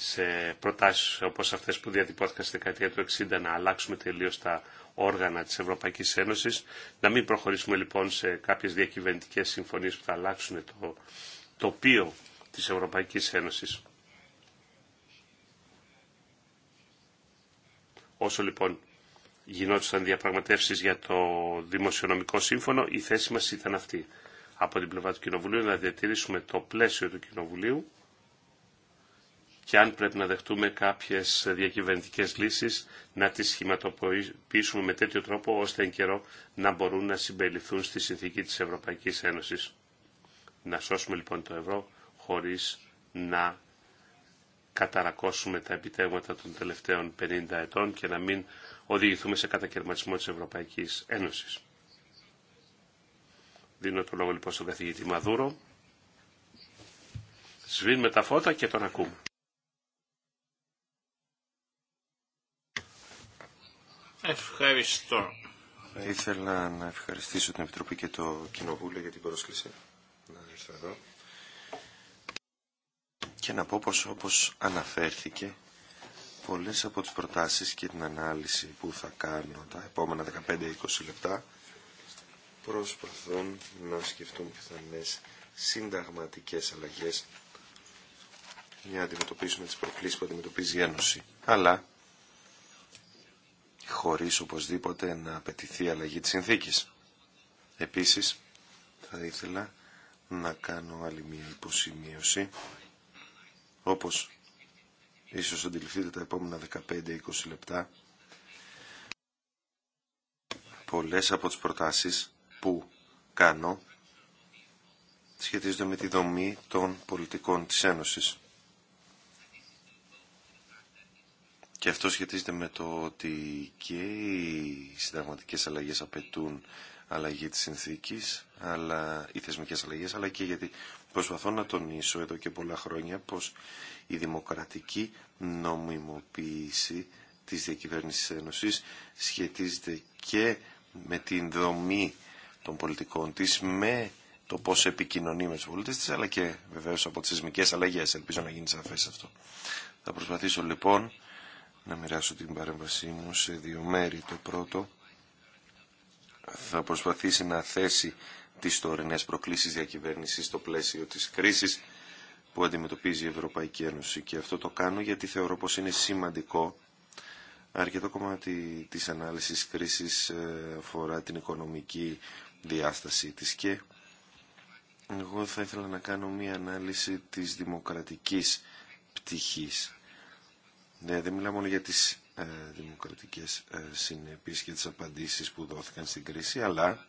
σε προτάσεις όπως αυτές που διατυπώθηκαν στη δεκαετία του 60 να αλλάξουμε τελείως τα όργανα της Ευρωπαϊκής Ένωσης. Να μην προχωρήσουμε λοιπόν σε κάποιες διακυβερνητικές συμφωνίες που θα αλλάξουν το τοπίο της Ευρωπαϊκής Ένωσης. Όσο λοιπόν γινόντουσαν διαπραγματεύσεις για το Δημοσιονομικό Σύμφωνο, η θέση μας ήταν αυτή. Από την πλευρά του Κοινοβουλίου να διατηρήσουμε το πλαίσιο του Κοινοβουλίου και αν πρέπει να δεχτούμε κάποιες διακυβερνητικές λύσεις να τις σχηματοποιήσουμε με τέτοιο τρόπο ώστε εν καιρό να μπορούν να συμπεριληφθούν στη συνθήκη της Ευρωπαϊκής Ένωσης. Να σώσουμε λοιπόν το ευρώ χωρίς να καταρακώσουμε τα επιτεύγματα των τελευταίων 50 ετών και να μην οδηγηθούμε σε κατακαιρματισμό της Ευρωπαϊκής Ένωσης. Δίνω το λόγο λοιπόν στον καθηγητή Μαδούρο. Σβήνουμε τα φώτα και τον ακούμε. Ευχαριστώ. Θα ήθελα να ευχαριστήσω την Επιτροπή και το Κοινοβούλιο για την πρόσκληση να έρθω εδώ. Και να πω πως όπως αναφέρθηκε, πολλές από τις προτάσεις και την ανάλυση που θα κάνω τα επόμενα 15-20 λεπτά προσπαθούν να σκεφτούν πιθανέ συνταγματικές αλλαγές για να αντιμετωπίσουμε τις προκλήσεις που αντιμετωπίζει η Ένωση. Αλλά χωρίς οπωσδήποτε να απαιτηθεί αλλαγή της συνθήκης. Επίσης, θα ήθελα να κάνω άλλη μία υποσημείωση, όπως ίσως αντιληφθείτε τα επόμενα 15-20 λεπτά, πολλές από τις προτάσεις που κάνω σχετίζονται με τη δομή των πολιτικών της Ένωσης. Και αυτό σχετίζεται με το ότι και οι συνταγματικές αλλαγές απαιτούν αλλαγή της συνθήκης, αλλά, οι θεσμικές αλλαγές, αλλά και γιατί προσπαθώ να τονίσω εδώ και πολλά χρόνια πως η δημοκρατική νομιμοποίηση της διακυβέρνησης Ένωσης σχετίζεται και με την δομή των πολιτικών της, με το πώς επικοινωνεί με τους πολίτες της, αλλά και βεβαίως από τις θεσμικές αλλαγές. Ελπίζω να γίνει σαφές αυτό. Θα προσπαθήσω λοιπόν να μοιράσω την παρέμβασή μου σε δύο μέρη. Το πρώτο θα προσπαθήσει να θέσει τις τωρινές προκλήσεις διακυβέρνησης στο πλαίσιο της κρίσης που αντιμετωπίζει η Ευρωπαϊκή Ένωση. Και αυτό το κάνω γιατί θεωρώ πως είναι σημαντικό. Αρκετό κομμάτι της ανάλυσης κρίσης ε, αφορά την οικονομική διάσταση της και εγώ θα ήθελα να κάνω μία ανάλυση της δημοκρατικής πτυχής ναι, δεν μιλάμε μόνο για τις ε, δημοκρατικές ε, και τις απαντήσεις που δόθηκαν στην κρίση, αλλά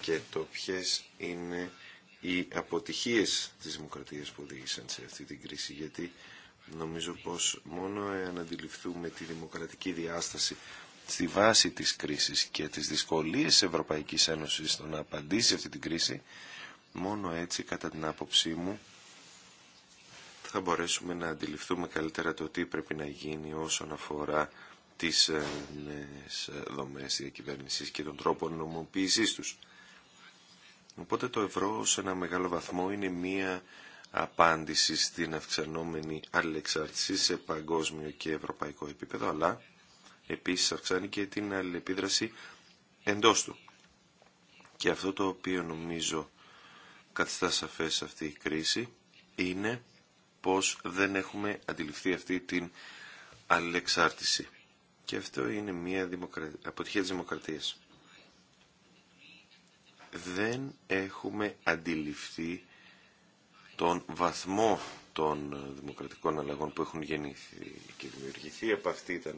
και το ποιε είναι οι αποτυχίες της δημοκρατίας που οδήγησαν σε αυτή την κρίση, γιατί νομίζω πως μόνο εάν αντιληφθούμε τη δημοκρατική διάσταση στη βάση της κρίσης και τις δυσκολίες της Ευρωπαϊκής Ένωσης στο να απαντήσει αυτή την κρίση, μόνο έτσι, κατά την άποψή μου, θα μπορέσουμε να αντιληφθούμε καλύτερα το τι πρέπει να γίνει όσον αφορά τις ε, νέες ε, δομές διακυβέρνησης και τον τρόπο νομοποίησής τους. Οπότε το ευρώ σε ένα μεγάλο βαθμό είναι μία απάντηση στην αυξανόμενη αλληλεξάρτηση σε παγκόσμιο και ευρωπαϊκό επίπεδο, αλλά επίσης αυξάνει και την αλληλεπίδραση εντός του. Και αυτό το οποίο νομίζω καθιστά σαφές αυτή η κρίση είναι πως δεν έχουμε αντιληφθεί αυτή την αλληλεξάρτηση. Και αυτό είναι μια αποτυχία της δημοκρατίας. Δεν έχουμε αντιληφθεί τον βαθμό των δημοκρατικών αλλαγών που έχουν γεννήθει και δημιουργηθεί από αυτή ήταν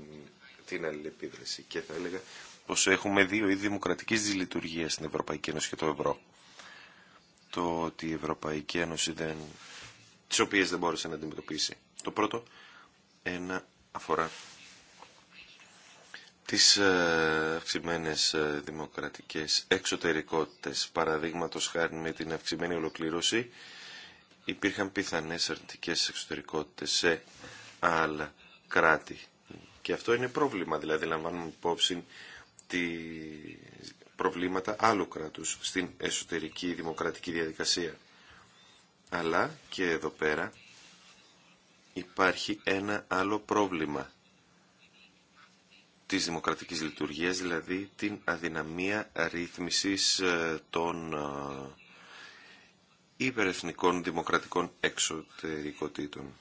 την αλληλεπίδραση. Και θα έλεγα πως έχουμε δύο είδη δημοκρατικής λειτουργία στην Ευρωπαϊκή Ένωση και το ευρώ. Το ότι η Ευρωπαϊκή Ένωση δεν τις οποίες δεν μπόρεσε να αντιμετωπίσει. Το πρώτο, ένα αφορά τις ε, αυξημένε ε, δημοκρατικές εξωτερικότητες. Παραδείγματος χάρη με την αυξημένη ολοκλήρωση υπήρχαν πιθανές αρνητικές εξωτερικότητες σε άλλα κράτη. Και αυτό είναι πρόβλημα, δηλαδή λαμβάνουμε υπόψη τη προβλήματα άλλου κράτους στην εσωτερική δημοκρατική διαδικασία. Αλλά και εδώ πέρα υπάρχει ένα άλλο πρόβλημα της δημοκρατικής λειτουργίας, δηλαδή την αδυναμία ρύθμισης ε, των ε, υπερεθνικών δημοκρατικών εξωτερικοτήτων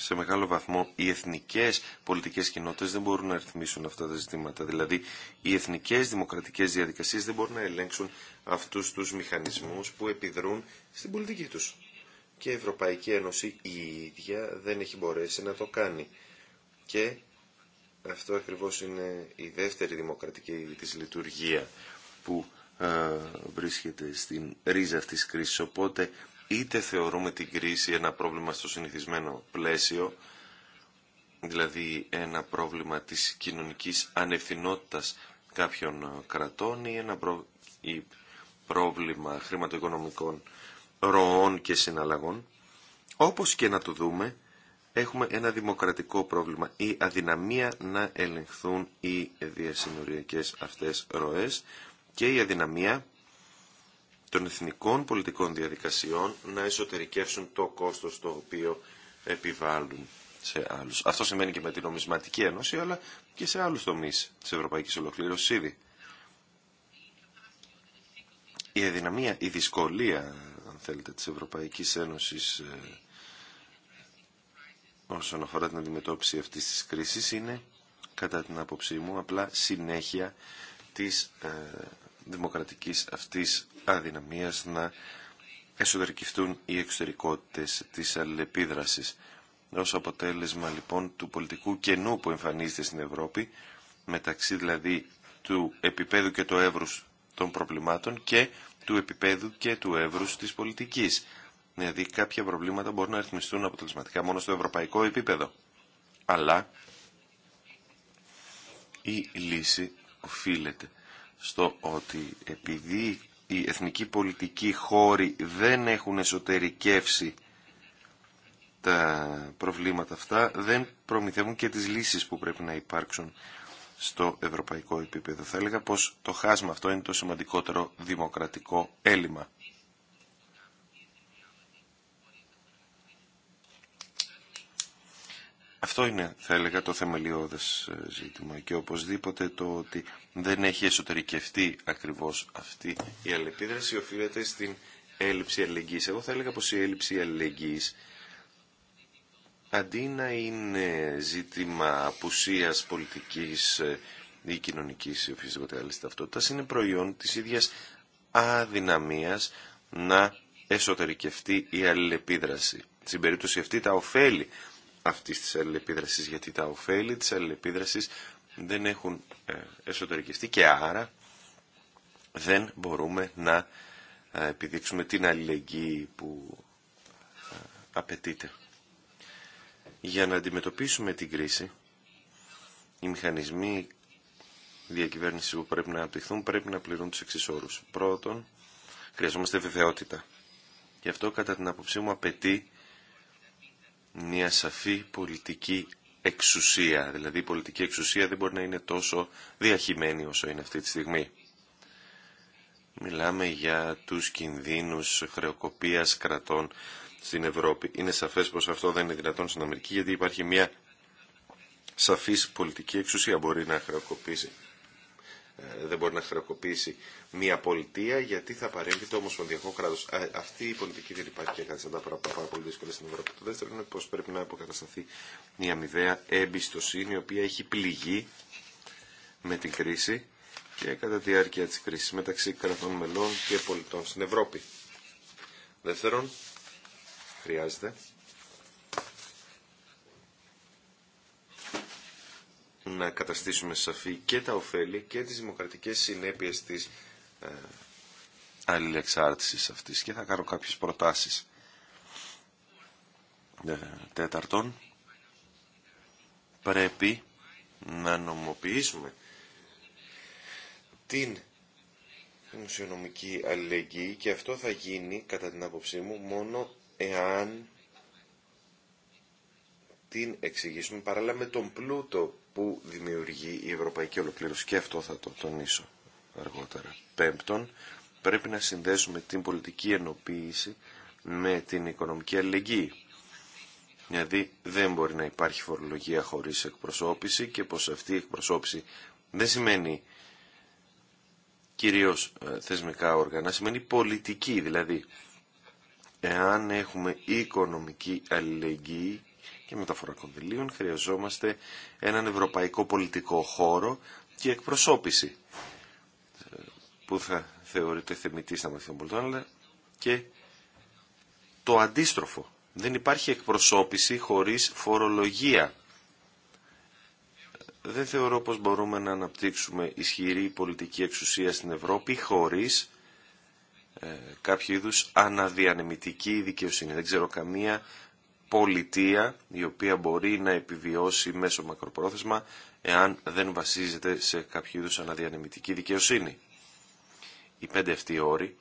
σε μεγάλο βαθμό οι εθνικές πολιτικές κοινότητες δεν μπορούν να ρυθμίσουν αυτά τα ζητήματα. Δηλαδή οι εθνικές δημοκρατικές διαδικασίες δεν μπορούν να ελέγξουν αυτούς τους μηχανισμούς που επιδρούν στην πολιτική τους. Και η Ευρωπαϊκή Ένωση η ίδια δεν έχει μπορέσει να το κάνει. Και αυτό ακριβώς είναι η δεύτερη δημοκρατική της λειτουργία που ε, βρίσκεται στην ρίζα αυτής της κρίσης. Οπότε είτε θεωρούμε την κρίση ένα πρόβλημα στο συνηθισμένο πλαίσιο, δηλαδή ένα πρόβλημα της κοινωνικής ανευθυνότητας κάποιων κρατών ή ένα πρόβλημα χρηματοοικονομικών ροών και συναλλαγών, όπως και να το δούμε, έχουμε ένα δημοκρατικό πρόβλημα ή αδυναμία να ελεγχθούν οι διασυνοριακές αυτές ροές και η αδυναμία των εθνικών πολιτικών διαδικασιών να εσωτερικεύσουν το κόστος το οποίο επιβάλλουν σε άλλους. Αυτό σημαίνει και με την νομισματική ένωση, αλλά και σε άλλους τομείς της ευρωπαϊκής ολοκλήρωσης ήδη. Η αδυναμία, η δυσκολία, αν θέλετε, της Ευρωπαϊκής Ένωσης ε, όσον αφορά την αντιμετώπιση αυτής της κρίσης είναι, κατά την άποψή μου, απλά συνέχεια της ε, δημοκρατικής αυτής αδυναμίας να εσωτερικευτούν οι εξωτερικότητες της αλληλεπίδρασης. Ως αποτέλεσμα λοιπόν του πολιτικού κενού που εμφανίζεται στην Ευρώπη, μεταξύ δηλαδή του επίπεδου και του εύρους των προβλημάτων και του επίπεδου και του εύρους της πολιτικής. Δηλαδή κάποια προβλήματα μπορούν να ρυθμιστούν αποτελεσματικά μόνο στο ευρωπαϊκό επίπεδο. Αλλά η λύση οφείλεται στο ότι επειδή οι εθνικοί πολιτικοί χώροι δεν έχουν εσωτερικεύσει τα προβλήματα αυτά, δεν προμηθεύουν και τις λύσεις που πρέπει να υπάρξουν στο ευρωπαϊκό επίπεδο. Θα έλεγα πως το χάσμα αυτό είναι το σημαντικότερο δημοκρατικό έλλειμμα. Αυτό είναι, θα έλεγα, το θεμελιώδες ε, ζήτημα και οπωσδήποτε το ότι δεν έχει εσωτερικευτεί ακριβώς αυτή η αλληλεπίδραση οφείλεται στην έλλειψη αλληλεγγύης. Εγώ θα έλεγα πως η έλλειψη αλληλεγγύης αντί να είναι ζήτημα απουσίας πολιτικής ε, ή κοινωνικής ή οποιασδήποτε άλλης ταυτότητας είναι προϊόν της ίδιας αδυναμίας να εσωτερικευτεί η αλληλεπίδραση. Στην περίπτωση αυτή τα ωφέλη αυτής της αλληλεπίδρασης γιατί τα ωφέλη της αλληλεπίδρασης δεν έχουν ε, εσωτερικιστεί και άρα δεν μπορούμε να ε, επιδείξουμε την αλληλεγγύη που ε, απαιτείται. Για να αντιμετωπίσουμε την κρίση, οι μηχανισμοί διακυβέρνησης που πρέπει να αναπτυχθούν πρέπει να πληρούν τους εξής όρους. Πρώτον, χρειαζόμαστε βεβαιότητα. Γι' αυτό κατά την άποψή μου απαιτεί μια σαφή πολιτική εξουσία. Δηλαδή η πολιτική εξουσία δεν μπορεί να είναι τόσο διαχειμένη όσο είναι αυτή τη στιγμή. Μιλάμε για τους κινδύνους χρεοκοπίας κρατών στην Ευρώπη. Είναι σαφές πως αυτό δεν είναι δυνατόν στην Αμερική γιατί υπάρχει μια σαφής πολιτική εξουσία μπορεί να χρεοκοπήσει ε, δεν μπορεί να χρεοκοπήσει μια πολιτεία γιατί θα παρέμβει το ομοσπονδιακό κράτο. Αυτή η πολιτική δεν υπάρχει και κάτι σαν τα πράγματα πάρα πολύ δύσκολα στην Ευρώπη. Το δεύτερο είναι πω πρέπει να αποκατασταθεί μια αμοιβαία εμπιστοσύνη η οποία έχει πληγεί με την κρίση και κατά τη διάρκεια τη κρίση μεταξύ κρατών μελών και πολιτών στην Ευρώπη. Δεύτερον, χρειάζεται να καταστήσουμε σαφή και τα ωφέλη και τις δημοκρατικές συνέπειες της ε, αλληλεξάρτησης αυτής και θα κάνω κάποιες προτάσεις. Ε, τέταρτον, πρέπει να νομοποιήσουμε την δημοσιονομική αλληλεγγύη και αυτό θα γίνει, κατά την άποψή μου, μόνο εάν την εξηγήσουμε παράλληλα με τον πλούτο που δημιουργεί η ευρωπαϊκή ολοκλήρωση και αυτό θα το τονίσω αργότερα. Πέμπτον, πρέπει να συνδέσουμε την πολιτική ενοποίηση με την οικονομική αλληλεγγύη. Δηλαδή δεν μπορεί να υπάρχει φορολογία χωρίς εκπροσώπηση και πως αυτή η εκπροσώπηση δεν σημαίνει κυρίως ε, θεσμικά όργανα, σημαίνει πολιτική. Δηλαδή, εάν έχουμε οικονομική αλληλεγγύη και μεταφορά κονδυλίων χρειαζόμαστε έναν ευρωπαϊκό πολιτικό χώρο και εκπροσώπηση ε, που θα θεωρείται θεμητή στα μαθήματα πολιτών, αλλά και το αντίστροφο. Δεν υπάρχει εκπροσώπηση χωρίς φορολογία. Δεν θεωρώ πως μπορούμε να αναπτύξουμε ισχυρή πολιτική εξουσία στην Ευρώπη χωρίς ε, κάποιο είδους αναδιανεμητική δικαιοσύνη. Δεν ξέρω καμία πολιτεία η οποία μπορεί να επιβιώσει μέσω μακροπρόθεσμα εάν δεν βασίζεται σε κάποιο είδους αναδιανεμητική δικαιοσύνη. Οι πέντε αυτοί όροι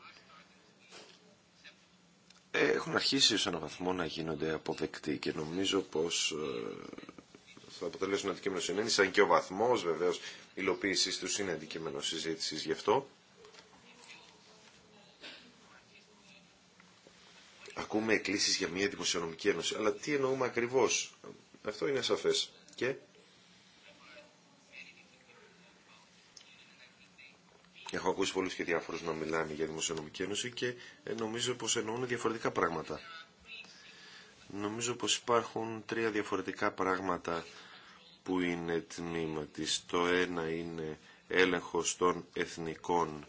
έχουν αρχίσει σε έναν βαθμό να γίνονται αποδεκτοί και νομίζω πως ε, θα αποτελέσουν αντικείμενο συνέντηση, αν και ο βαθμός βεβαίως υλοποίησης τους είναι αντικείμενο συζήτηση γι' αυτό. ακούμε εκκλήσεις για μια δημοσιονομική ένωση. Αλλά τι εννοούμε ακριβώς. Αυτό είναι σαφές. Και Έχω ακούσει πολλούς και διάφορους να μιλάνε για δημοσιονομική ένωση και ε, νομίζω πως εννοούν διαφορετικά πράγματα. Νομίζω πως υπάρχουν τρία διαφορετικά πράγματα που είναι τμήμα της. Το ένα είναι έλεγχος των εθνικών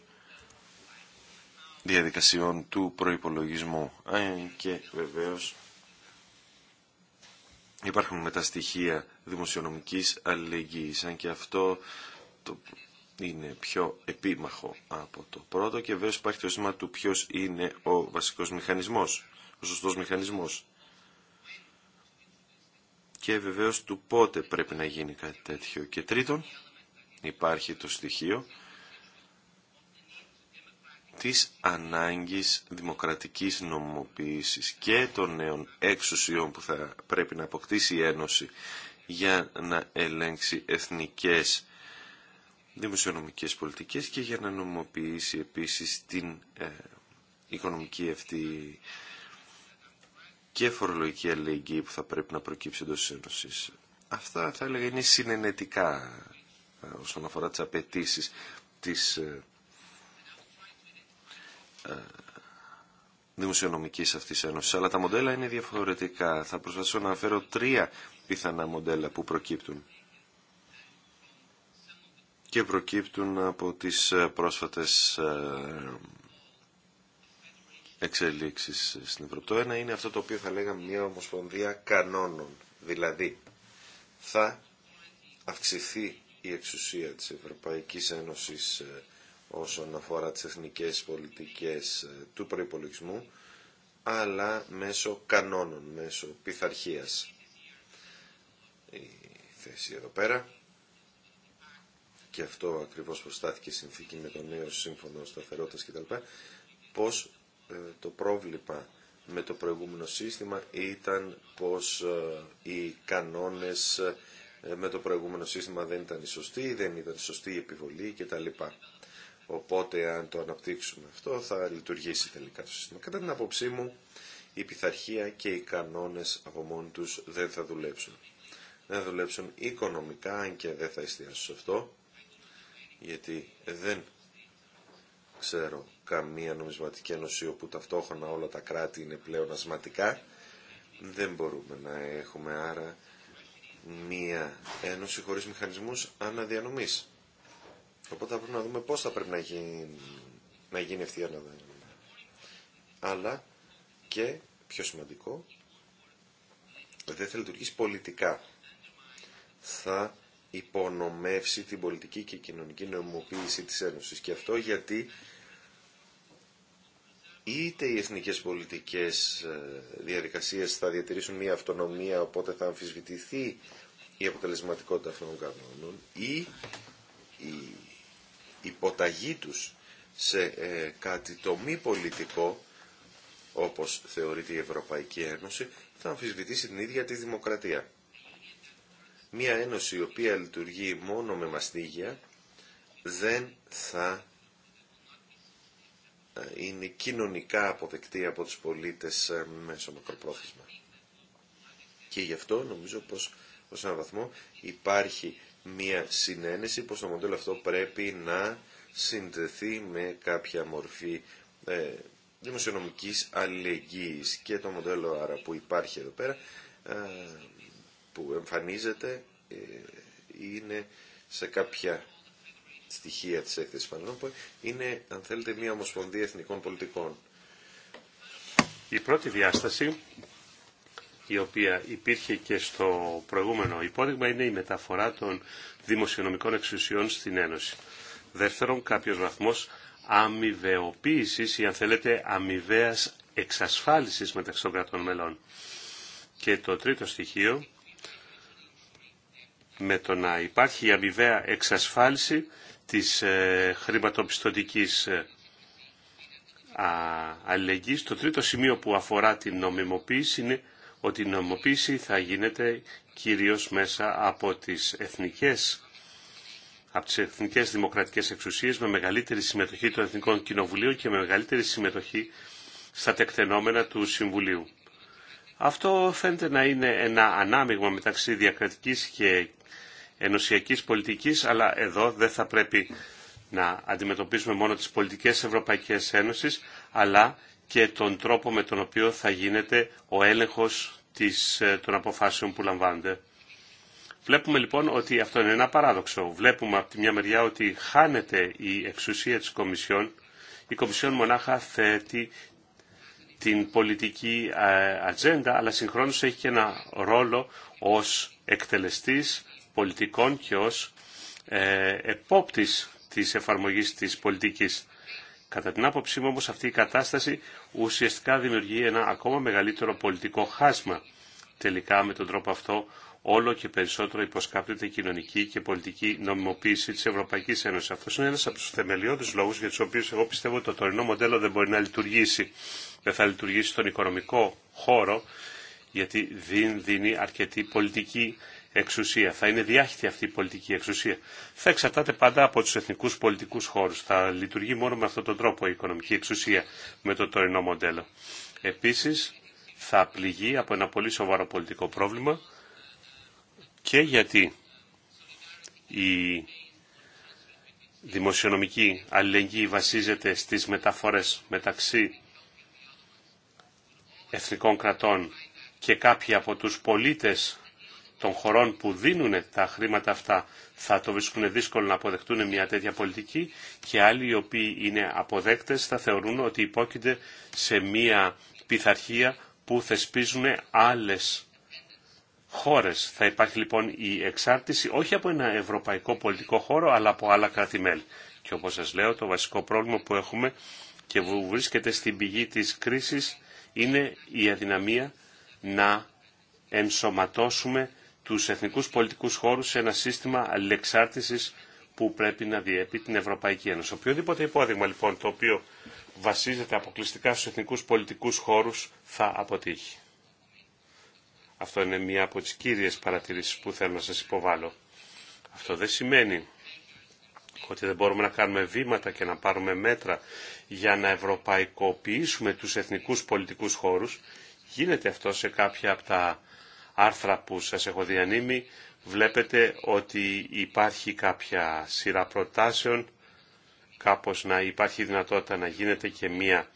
διαδικασιών του προϋπολογισμού. Και βεβαίως υπάρχουν μετά στοιχεία δημοσιονομικής αλληλεγγύης, αν και αυτό το είναι πιο επίμαχο από το πρώτο και βέβαια υπάρχει το ζήτημα του ποιος είναι ο βασικός μηχανισμός, ο σωστός μηχανισμός. Και βεβαίως του πότε πρέπει να γίνει κάτι τέτοιο. Και τρίτον, υπάρχει το στοιχείο της ανάγκης δημοκρατικής νομοποίησης και των νέων εξουσιών που θα πρέπει να αποκτήσει η Ένωση για να ελέγξει εθνικές δημοσιονομικές πολιτικές και για να νομοποιήσει επίσης την ε, οικονομική αυτή και φορολογική αλληλεγγύη που θα πρέπει να προκύψει εντός της Ένωσης. Αυτά θα έλεγα είναι συνενετικά ε, όσον αφορά τις απαιτήσει της ε, ε, δημοσιονομικής αυτής Ένωση, αλλά τα μοντέλα είναι διαφορετικά. Θα προσπαθήσω να αναφέρω τρία πιθανά μοντέλα που προκύπτουν και προκύπτουν από τις ε, πρόσφατες ε, εξελίξεις στην Ευρώπη. Το ένα είναι αυτό το οποίο θα λέγαμε μια ομοσπονδία κανόνων. Δηλαδή, θα αυξηθεί η εξουσία της Ευρωπαϊκής Ένωσης όσον αφορά τις εθνικές πολιτικές ε, του προϋπολογισμού, αλλά μέσω κανόνων, μέσω πειθαρχία. Η θέση εδώ πέρα, και αυτό ακριβώς προστάθηκε η συνθήκη με το νέο σύμφωνο σταθερότητας κτλ, πως ε, το πρόβλημα με το προηγούμενο σύστημα ήταν πως ε, οι κανόνες με το προηγούμενο σύστημα δεν ήταν οι σωστοί, δεν ήταν σωστή η επιβολή κτλ. Οπότε αν το αναπτύξουμε αυτό θα λειτουργήσει τελικά το σύστημα. Κατά την άποψή μου η πειθαρχία και οι κανόνες από μόνοι τους δεν θα δουλέψουν. Δεν θα δουλέψουν οικονομικά αν και δεν θα εστιάσω σε αυτό γιατί δεν ξέρω καμία νομισματική ένωση όπου ταυτόχρονα όλα τα κράτη είναι πλέον ασματικά. Δεν μπορούμε να έχουμε άρα μία ένωση χωρίς μηχανισμούς αναδιανομής. Οπότε θα πρέπει να δούμε πώς θα πρέπει να γίνει, να γίνει αυτή η αναδρομή. Αλλά και πιο σημαντικό, δεν θα λειτουργήσει πολιτικά. Θα υπονομεύσει την πολιτική και κοινωνική νομοποίηση της Ένωσης. Και αυτό γιατί είτε οι εθνικές πολιτικές ε, διαδικασίες θα διατηρήσουν μια αυτονομία οπότε θα αμφισβητηθεί η αποτελεσματικότητα αυτών των κανόνων ή η υποταγή τους σε ε, κάτι το μη πολιτικό, όπως θεωρείται η Ευρωπαϊκή Ένωση, θα αμφισβητήσει την ίδια τη δημοκρατία. Μία ένωση η οποία λειτουργεί μόνο με μαστίγια δεν θα ε, είναι κοινωνικά αποδεκτή από τους πολίτες ε, μέσω μακροπρόθεσμα. Και γι' αυτό νομίζω πως ως έναν βαθμό υπάρχει μία συνένεση πως το μοντέλο αυτό πρέπει να συνδεθεί με κάποια μορφή ε, δημοσιονομικής αλληλεγγύης και το μοντέλο άρα που υπάρχει εδώ πέρα ε, που εμφανίζεται ε, είναι σε κάποια στοιχεία της έκθεσης που είναι αν θέλετε μία ομοσπονδία εθνικών πολιτικών. Η πρώτη διάσταση η οποία υπήρχε και στο προηγούμενο υπόδειγμα είναι η μεταφορά των δημοσιονομικών εξουσιών στην Ένωση. Δεύτερον, κάποιος βαθμός αμοιβεοποίησης ή αν θέλετε αμοιβαία εξασφάλισης μεταξύ των κρατών μελών. Και το τρίτο στοιχείο, με το να υπάρχει η αμοιβαία εξασφάλιση της ε, χρηματοπιστωτικής ε, αλληλεγγύης. Το τρίτο σημείο που αφορά την νομιμοποίηση είναι ότι η νομοποίηση θα γίνεται κυρίως μέσα από τις εθνικές από τις εθνικές δημοκρατικές εξουσίες με μεγαλύτερη συμμετοχή των Εθνικών Κοινοβουλίων και με μεγαλύτερη συμμετοχή στα τεκτενόμενα του Συμβουλίου. Αυτό φαίνεται να είναι ένα ανάμειγμα μεταξύ διακρατικής και ενωσιακής πολιτικής, αλλά εδώ δεν θα πρέπει να αντιμετωπίσουμε μόνο τις πολιτικές Ευρωπαϊκές Ένωσης, αλλά και τον τρόπο με τον οποίο θα γίνεται ο έλεγχος της, ε, των αποφάσεων που λαμβάνονται. Βλέπουμε λοιπόν ότι αυτό είναι ένα παράδοξο. Βλέπουμε από τη μια μεριά ότι χάνεται η εξουσία της Κομισιόν. Η Κομισιόν μονάχα θέτει την πολιτική ε, ατζέντα, αλλά συγχρόνως έχει και ένα ρόλο ως εκτελεστής πολιτικών και ως ε, επόπτης της εφαρμογής της πολιτικής. Κατά την άποψή μου όμως αυτή η κατάσταση ουσιαστικά δημιουργεί ένα ακόμα μεγαλύτερο πολιτικό χάσμα. Τελικά με τον τρόπο αυτό όλο και περισσότερο υποσκάπτεται η κοινωνική και πολιτική νομιμοποίηση της Ευρωπαϊκής Ένωσης. Αυτός είναι ένας από τους θεμελιώδεις λόγους για τους οποίους εγώ πιστεύω ότι το τωρινό μοντέλο δεν μπορεί να λειτουργήσει. Δεν θα λειτουργήσει στον οικονομικό χώρο γιατί δίνει αρκετή πολιτική εξουσία. Θα είναι διάχυτη αυτή η πολιτική εξουσία. Θα εξαρτάται πάντα από τους εθνικούς πολιτικούς χώρους. Θα λειτουργεί μόνο με αυτόν τον τρόπο η οικονομική εξουσία με το τωρινό μοντέλο. Επίσης, θα πληγεί από ένα πολύ σοβαρό πολιτικό πρόβλημα και γιατί η δημοσιονομική αλληλεγγύη βασίζεται στις μεταφορές μεταξύ εθνικών κρατών και κάποιοι από τους πολίτες των χωρών που δίνουν τα χρήματα αυτά θα το βρίσκουν δύσκολο να αποδεχτούν μια τέτοια πολιτική και άλλοι οι οποίοι είναι αποδέκτες θα θεωρούν ότι υπόκειται σε μια πειθαρχία που θεσπίζουν άλλες χώρες. Θα υπάρχει λοιπόν η εξάρτηση όχι από ένα ευρωπαϊκό πολιτικό χώρο αλλά από άλλα κράτη-μέλη. Και όπως σας λέω το βασικό πρόβλημα που έχουμε και που βρίσκεται στην πηγή της κρίσης είναι η αδυναμία να ενσωματώσουμε τους εθνικούς πολιτικούς χώρους σε ένα σύστημα αλληλεξάρτησης που πρέπει να διέπει την Ευρωπαϊκή Ένωση. Οποιοδήποτε υπόδειγμα λοιπόν το οποίο βασίζεται αποκλειστικά στους εθνικούς πολιτικούς χώρους θα αποτύχει. Αυτό είναι μία από τις κύριες παρατηρήσεις που θέλω να σας υποβάλω. Αυτό δεν σημαίνει ότι δεν μπορούμε να κάνουμε βήματα και να πάρουμε μέτρα για να ευρωπαϊκοποιήσουμε τους εθνικούς πολιτικούς χώρους. Γίνεται αυτό σε κάποια από τα άρθρα που σας έχω διανύμει βλέπετε ότι υπάρχει κάποια σειρά προτάσεων κάπως να υπάρχει δυνατότητα να γίνεται και μία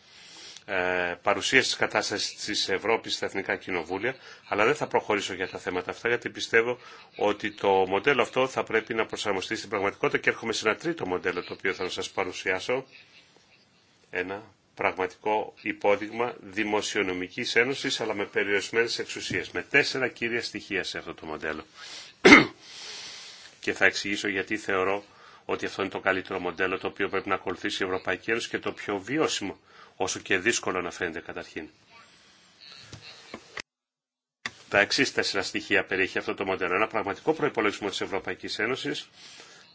ε, παρουσίαση της κατάστασης της Ευρώπης στα Εθνικά Κοινοβούλια, αλλά δεν θα προχωρήσω για τα θέματα αυτά, γιατί πιστεύω ότι το μοντέλο αυτό θα πρέπει να προσαρμοστεί στην πραγματικότητα και έρχομαι σε ένα τρίτο μοντέλο το οποίο θα σας παρουσιάσω. Ένα πραγματικό υπόδειγμα δημοσιονομικής ένωσης αλλά με περιορισμένες εξουσίες, με τέσσερα κύρια στοιχεία σε αυτό το μοντέλο. και θα εξηγήσω γιατί θεωρώ ότι αυτό είναι το καλύτερο μοντέλο το οποίο πρέπει να ακολουθήσει η Ευρωπαϊκή Ένωση και το πιο βιώσιμο, όσο και δύσκολο να φαίνεται καταρχήν. Τα εξή τέσσερα στοιχεία περιέχει αυτό το μοντέλο. Ένα πραγματικό προπολογισμό τη Ευρωπαϊκή Ένωση,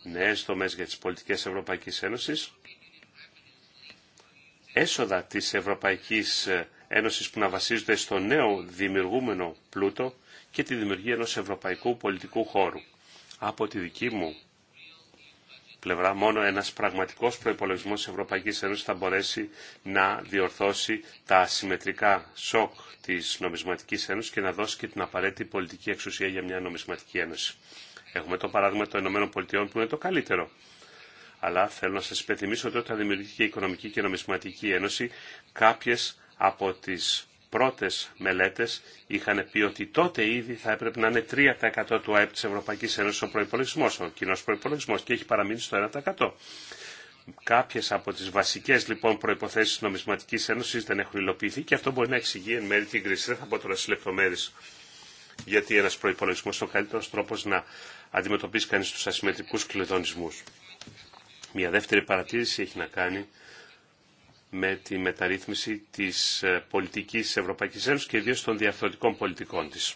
νέε δομέ για τι πολιτικέ Ευρωπαϊκή Ένωση, έσοδα της Ευρωπαϊκής Ένωσης που να βασίζονται στο νέο δημιουργούμενο πλούτο και τη δημιουργία ενός ευρωπαϊκού πολιτικού χώρου. Από τη δική μου πλευρά μόνο ένας πραγματικός προϋπολογισμός της Ευρωπαϊκής Ένωσης θα μπορέσει να διορθώσει τα συμμετρικά σοκ της νομισματικής ένωσης και να δώσει και την απαραίτητη πολιτική εξουσία για μια νομισματική ένωση. Έχουμε το παράδειγμα των ΗΠΑ που είναι το καλύτερο αλλά θέλω να σας υπενθυμίσω ότι όταν δημιουργήθηκε η Οικονομική και Νομισματική Ένωση, κάποιες από τις πρώτες μελέτες είχαν πει ότι τότε ήδη θα έπρεπε να είναι 3% του ΑΕΠ της Ευρωπαϊκής Ένωσης ο προϋπολογισμός, ο κοινό προϋπολογισμός και έχει παραμείνει στο 1%. Κάποιες από τις βασικές λοιπόν προϋποθέσεις της Νομισματικής Ένωσης δεν έχουν υλοποιηθεί και αυτό μπορεί να εξηγεί εν μέρει την κρίση. Δεν θα πω τώρα στις λεπτομέρειες γιατί ένας προπολογισμό, είναι ο καλύτερος τρόπος να αντιμετωπίσει κανείς τους ασυμμετρικούς κλειδονισμούς. Μια δεύτερη παρατήρηση έχει να κάνει με τη μεταρρύθμιση της ε, πολιτικής της Ευρωπαϊκής Ένωσης και ιδίως των διαφθορτικών πολιτικών της.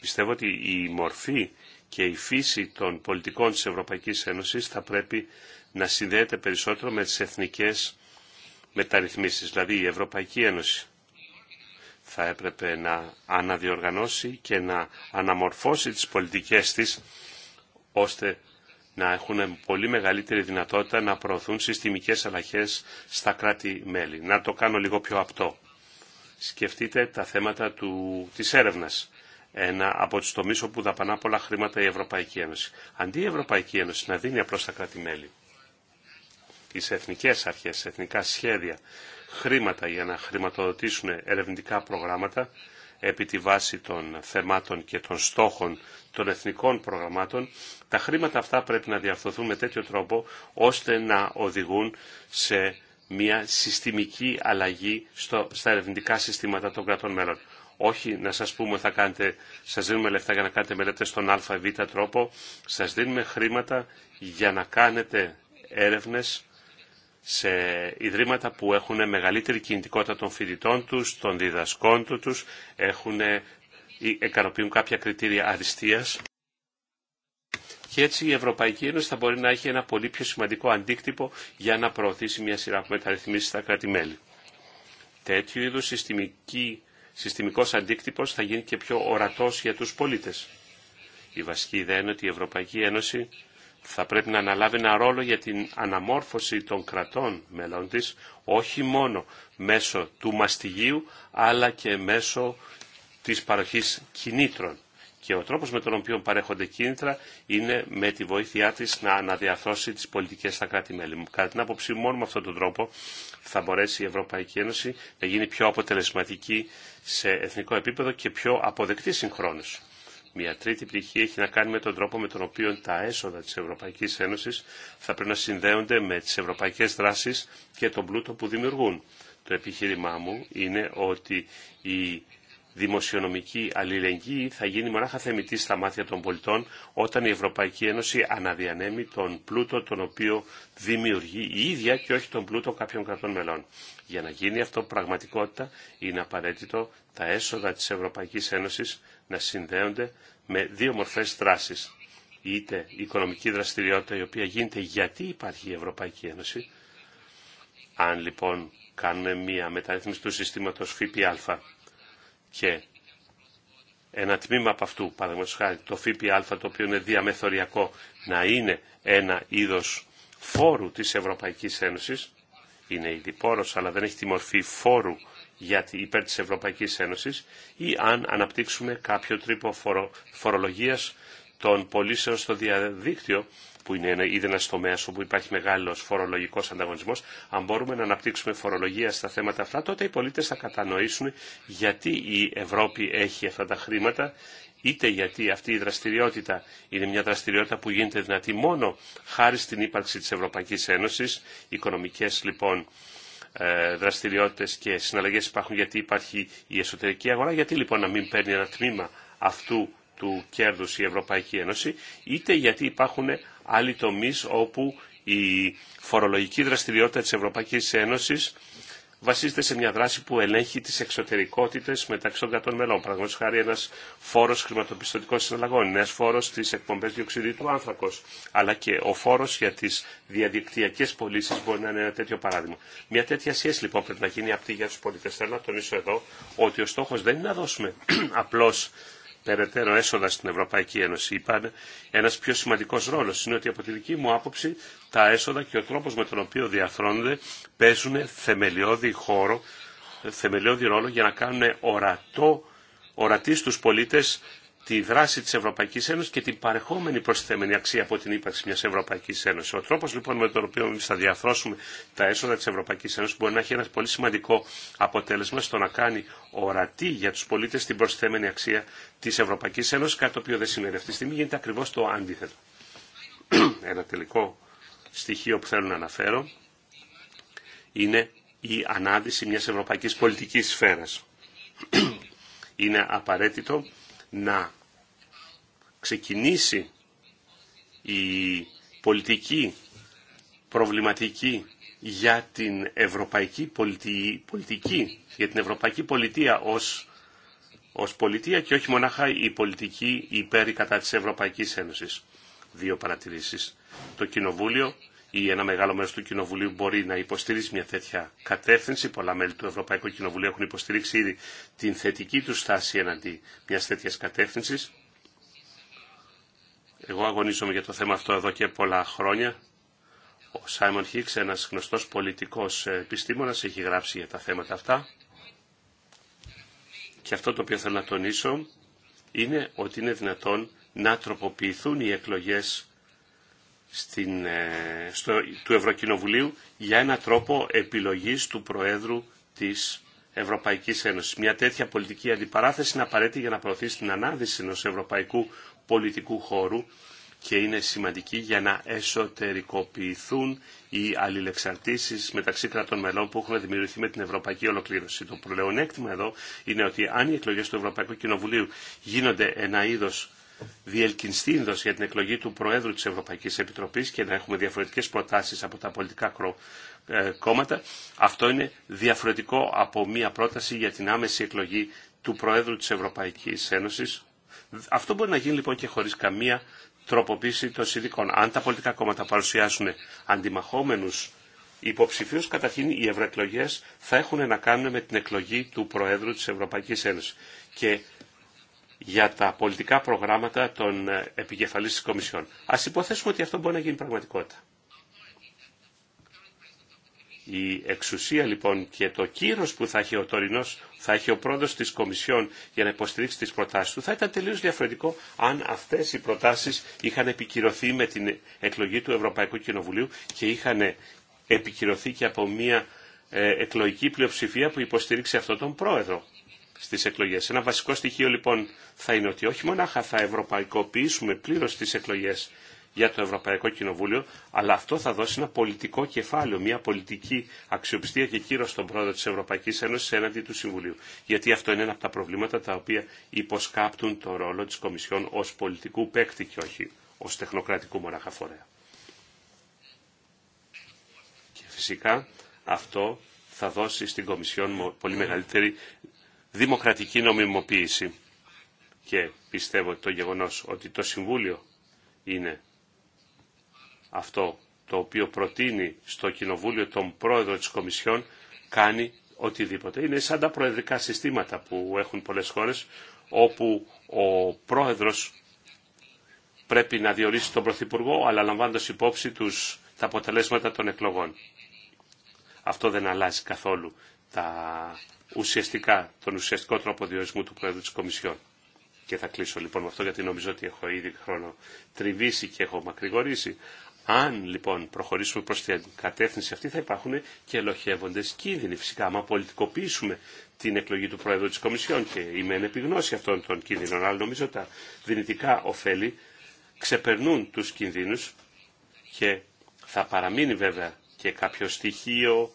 Πιστεύω ότι η μορφή και η φύση των πολιτικών της Ευρωπαϊκής Ένωσης θα πρέπει να συνδέεται περισσότερο με τις εθνικές μεταρρυθμίσεις. Δηλαδή η Ευρωπαϊκή Ένωση θα έπρεπε να αναδιοργανώσει και να αναμορφώσει τις πολιτικές της ώστε να έχουν πολύ μεγαλύτερη δυνατότητα να προωθούν συστημικές αλλαγές στα κράτη-μέλη. Να το κάνω λίγο πιο απτό. Σκεφτείτε τα θέματα του, της έρευνας. Ένα από του τομείς όπου δαπανά πολλά χρήματα η Ευρωπαϊκή Ένωση. Αντί η Ευρωπαϊκή Ένωση να δίνει απλώς στα κράτη-μέλη, τις εθνικές αρχές, εθνικά σχέδια, χρήματα για να χρηματοδοτήσουν ερευνητικά προγράμματα, επί τη βάση των θεμάτων και των στόχων των εθνικών προγραμμάτων, τα χρήματα αυτά πρέπει να διαρθωθούν με τέτοιο τρόπο ώστε να οδηγούν σε μια συστημική αλλαγή στα ερευνητικά συστήματα των κρατών μέλων. Όχι να σας πούμε θα κάνετε, σας δίνουμε λεφτά για να κάνετε μελέτες στον α, β τρόπο, σας δίνουμε χρήματα για να κάνετε έρευνες σε ιδρύματα που έχουν μεγαλύτερη κινητικότητα των φοιτητών τους, των διδασκών τους, έχουν, ικανοποιούν κάποια κριτήρια αριστείας. Και έτσι η Ευρωπαϊκή Ένωση θα μπορεί να έχει ένα πολύ πιο σημαντικό αντίκτυπο για να προωθήσει μια σειρά από μεταρρυθμίσεις στα κράτη-μέλη. Τέτοιου είδους συστημική, συστημικός αντίκτυπος θα γίνει και πιο ορατός για τους πολίτες. Η βασική ιδέα είναι ότι η Ευρωπαϊκή Ένωση θα πρέπει να αναλάβει ένα ρόλο για την αναμόρφωση των κρατών μελών της, όχι μόνο μέσω του μαστιγίου, αλλά και μέσω της παροχής κινήτρων. Και ο τρόπος με τον οποίο παρέχονται κίνητρα είναι με τη βοήθειά της να αναδιαθώσει τις πολιτικές στα κράτη-μέλη. Κατά την άποψή μου, μόνο με αυτόν τον τρόπο θα μπορέσει η Ευρωπαϊκή Ένωση να γίνει πιο αποτελεσματική σε εθνικό επίπεδο και πιο αποδεκτή συγχρόνως. Μια τρίτη πτυχή έχει να κάνει με τον τρόπο με τον οποίο τα έσοδα της Ευρωπαϊκής Ένωσης θα πρέπει να συνδέονται με τις ευρωπαϊκές δράσεις και τον πλούτο που δημιουργούν. Το επιχείρημά μου είναι ότι η δημοσιονομική αλληλεγγύη θα γίνει μονάχα θεμητή στα μάτια των πολιτών όταν η Ευρωπαϊκή Ένωση αναδιανέμει τον πλούτο τον οποίο δημιουργεί η ίδια και όχι τον πλούτο κάποιων κρατών μελών. Για να γίνει αυτό πραγματικότητα είναι απαραίτητο τα έσοδα της Ευρωπαϊκής Ένωσης να συνδέονται με δύο μορφές δράσης. Είτε η οικονομική δραστηριότητα η οποία γίνεται γιατί υπάρχει η Ευρωπαϊκή Ένωση. Αν λοιπόν κάνουμε μία μεταρρύθμιση του συστήματος ΦΠΑ και ένα τμήμα από αυτού, παραδείγματος χάρη το ΦΠΑ το οποίο είναι διαμεθοριακό να είναι ένα είδος φόρου της Ευρωπαϊκής Ένωσης, είναι πόρος, αλλά δεν έχει τη μορφή φόρου για υπέρ της Ευρωπαϊκής Ένωσης ή αν αναπτύξουμε κάποιο τρίπο φορολογίας των πωλήσεων στο διαδίκτυο που είναι ένα, ήδη ένα τομέα όπου υπάρχει μεγάλο φορολογικό ανταγωνισμό, αν μπορούμε να αναπτύξουμε φορολογία στα θέματα αυτά, τότε οι πολίτε θα κατανοήσουν γιατί η Ευρώπη έχει αυτά τα χρήματα, είτε γιατί αυτή η δραστηριότητα είναι μια δραστηριότητα που γίνεται δυνατή μόνο χάρη στην ύπαρξη τη Ευρωπαϊκή Ένωση, οικονομικέ λοιπόν ε, δραστηριότητες και συναλλαγές υπάρχουν γιατί υπάρχει η εσωτερική αγορά, γιατί λοιπόν να μην παίρνει ένα τμήμα αυτού του κέρδους η Ευρωπαϊκή Ένωση, είτε γιατί υπάρχουν άλλοι τομείς όπου η φορολογική δραστηριότητα της Ευρωπαϊκής Ένωσης βασίζεται σε μια δράση που ελέγχει τις εξωτερικότητες μεταξύ των κρατών μελών. Παραδείγματο χάρη ένας φόρος χρηματοπιστωτικών συναλλαγών, ένα φόρος στις εκπομπές διοξιδίου του άνθρακος, αλλά και ο φόρος για τις διαδικτυακές πωλήσει μπορεί να είναι ένα τέτοιο παράδειγμα. Μια τέτοια σχέση λοιπόν πρέπει να γίνει αυτή για του πολιτέ. Θέλω να τονίσω εδώ ότι ο στόχος δεν είναι να δώσουμε (clears throat) απλώς περαιτέρω έσοδα στην Ευρωπαϊκή Ένωση. Είπαν ένας πιο σημαντικός ρόλος είναι ότι από τη δική μου άποψη τα έσοδα και ο τρόπος με τον οποίο διαθρώνονται παίζουν θεμελιώδη χώρο, θεμελιώδη ρόλο για να κάνουν ορατό, ορατή στους πολίτες τη δράση της Ευρωπαϊκής Ένωσης και την παρεχόμενη προσθέμενη αξία από την ύπαρξη μιας Ευρωπαϊκής Ένωσης. Ο τρόπος λοιπόν με τον οποίο θα διαθρώσουμε τα έσοδα της Ευρωπαϊκής Ένωσης μπορεί να έχει ένα πολύ σημαντικό αποτέλεσμα στο να κάνει ορατή για τους πολίτες την προσθέμενη αξία της Ευρωπαϊκής Ένωσης, κάτι το οποίο δεν σημαίνει αυτή τη στιγμή, γίνεται ακριβώς το αντίθετο. (clears throat) ένα τελικό στοιχείο που θέλω να αναφέρω είναι η ανάδυση μιας ευρωπαϊκής πολιτικής σφαίρας. (clears throat) είναι απαραίτητο να ξεκινήσει η πολιτική προβληματική για την ευρωπαϊκή πολιτική, για την ευρωπαϊκή πολιτεία ως, ως πολιτεία και όχι μονάχα η πολιτική υπέρ κατά της Ευρωπαϊκής Ένωσης. Δύο παρατηρήσεις. Το Κοινοβούλιο ή ένα μεγάλο μέρος του Κοινοβουλίου μπορεί να υποστηρίξει μια τέτοια κατεύθυνση. Πολλά μέλη του Ευρωπαϊκού Κοινοβουλίου έχουν υποστηρίξει ήδη την θετική του στάση εναντί μιας τέτοιας κατεύθυνσης. Εγώ αγωνίζομαι για το θέμα αυτό εδώ και πολλά χρόνια. Ο Σάιμον Χίξ, ένας γνωστός πολιτικός επιστήμονας, έχει γράψει για τα θέματα αυτά. Και αυτό το οποίο θέλω να τονίσω είναι ότι είναι δυνατόν να τροποποιηθούν οι εκλογές στην, ε, στο, του Ευρωκοινοβουλίου για ένα τρόπο επιλογής του Προέδρου της Ευρωπαϊκής Ένωσης. Μια τέτοια πολιτική αντιπαράθεση είναι απαραίτητη για να προωθήσει την ανάδυση ενός ευρωπαϊκού πολιτικού χώρου και είναι σημαντική για να εσωτερικοποιηθούν οι αλληλεξαρτήσεις μεταξύ κρατών μελών που έχουν δημιουργηθεί με την ευρωπαϊκή ολοκλήρωση. Το πλεονέκτημα εδώ είναι ότι αν οι εκλογές του Ευρωπαϊκού Κοινοβουλίου γίνονται ένα είδος διελκυνστήνδος για την εκλογή του Προέδρου της Ευρωπαϊκής Επιτροπής και να έχουμε διαφορετικές προτάσεις από τα πολιτικά ε, κόμματα, αυτό είναι διαφορετικό από μία πρόταση για την άμεση εκλογή του Προέδρου της Ευρωπαϊκής Ένωσης, αυτό μπορεί να γίνει λοιπόν και χωρίς καμία τροποποίηση των συνδικών. Αν τα πολιτικά κόμματα παρουσιάσουν αντιμαχόμενους υποψηφίους, καταρχήν οι ευρωεκλογέ θα έχουν να κάνουν με την εκλογή του Προέδρου της Ευρωπαϊκής Ένωσης. Και για τα πολιτικά προγράμματα των επικεφαλής της Κομισιόν. Ας υποθέσουμε ότι αυτό μπορεί να γίνει πραγματικότητα. Η εξουσία λοιπόν και το κύρος που θα έχει ο τωρινός, θα έχει ο πρόεδρος της Κομισιόν για να υποστηρίξει τις προτάσεις του θα ήταν τελείως διαφορετικό αν αυτές οι προτάσεις είχαν επικυρωθεί με την εκλογή του Ευρωπαϊκού Κοινοβουλίου και είχαν επικυρωθεί και από μια ε, εκλογική πλειοψηφία που υποστήριξε αυτόν τον πρόεδρο στις εκλογές. Ένα βασικό στοιχείο λοιπόν θα είναι ότι όχι μονάχα θα ευρωπαϊκοποιήσουμε πλήρως τις εκλογές για το Ευρωπαϊκό Κοινοβούλιο, αλλά αυτό θα δώσει ένα πολιτικό κεφάλαιο, μια πολιτική αξιοπιστία και κύρο στον πρόεδρο τη Ευρωπαϊκή Ένωση έναντι του Συμβουλίου. Γιατί αυτό είναι ένα από τα προβλήματα τα οποία υποσκάπτουν το ρόλο τη Κομισιόν ω πολιτικού παίκτη και όχι ω τεχνοκρατικού μονάχα Και φυσικά αυτό θα δώσει στην Κομισιόν πολύ μεγαλύτερη δημοκρατική νομιμοποίηση. Και πιστεύω ότι το γεγονός ότι το Συμβούλιο είναι αυτό το οποίο προτείνει στο Κοινοβούλιο τον πρόεδρο της Κομισιόν κάνει οτιδήποτε. Είναι σαν τα προεδρικά συστήματα που έχουν πολλές χώρες όπου ο πρόεδρος πρέπει να διορίσει τον Πρωθυπουργό αλλά λαμβάνοντας υπόψη τους τα αποτελέσματα των εκλογών. Αυτό δεν αλλάζει καθόλου τα ουσιαστικά, τον ουσιαστικό τρόπο διορισμού του Πρόεδρου της Κομισιόν. Και θα κλείσω λοιπόν με αυτό γιατί νομίζω ότι έχω ήδη χρόνο τριβήσει και έχω μακρηγορήσει. Αν λοιπόν προχωρήσουμε προς την κατεύθυνση αυτή θα υπάρχουν και ελοχεύοντες κίνδυνοι. Φυσικά άμα πολιτικοποιήσουμε την εκλογή του Πρόεδρου της Κομισιόν και είμαι εν επιγνώση αυτών των κίνδυνων, αλλά νομίζω τα δυνητικά ωφέλη ξεπερνούν τους κινδύνους και θα παραμείνει βέβαια και κάποιο στοιχείο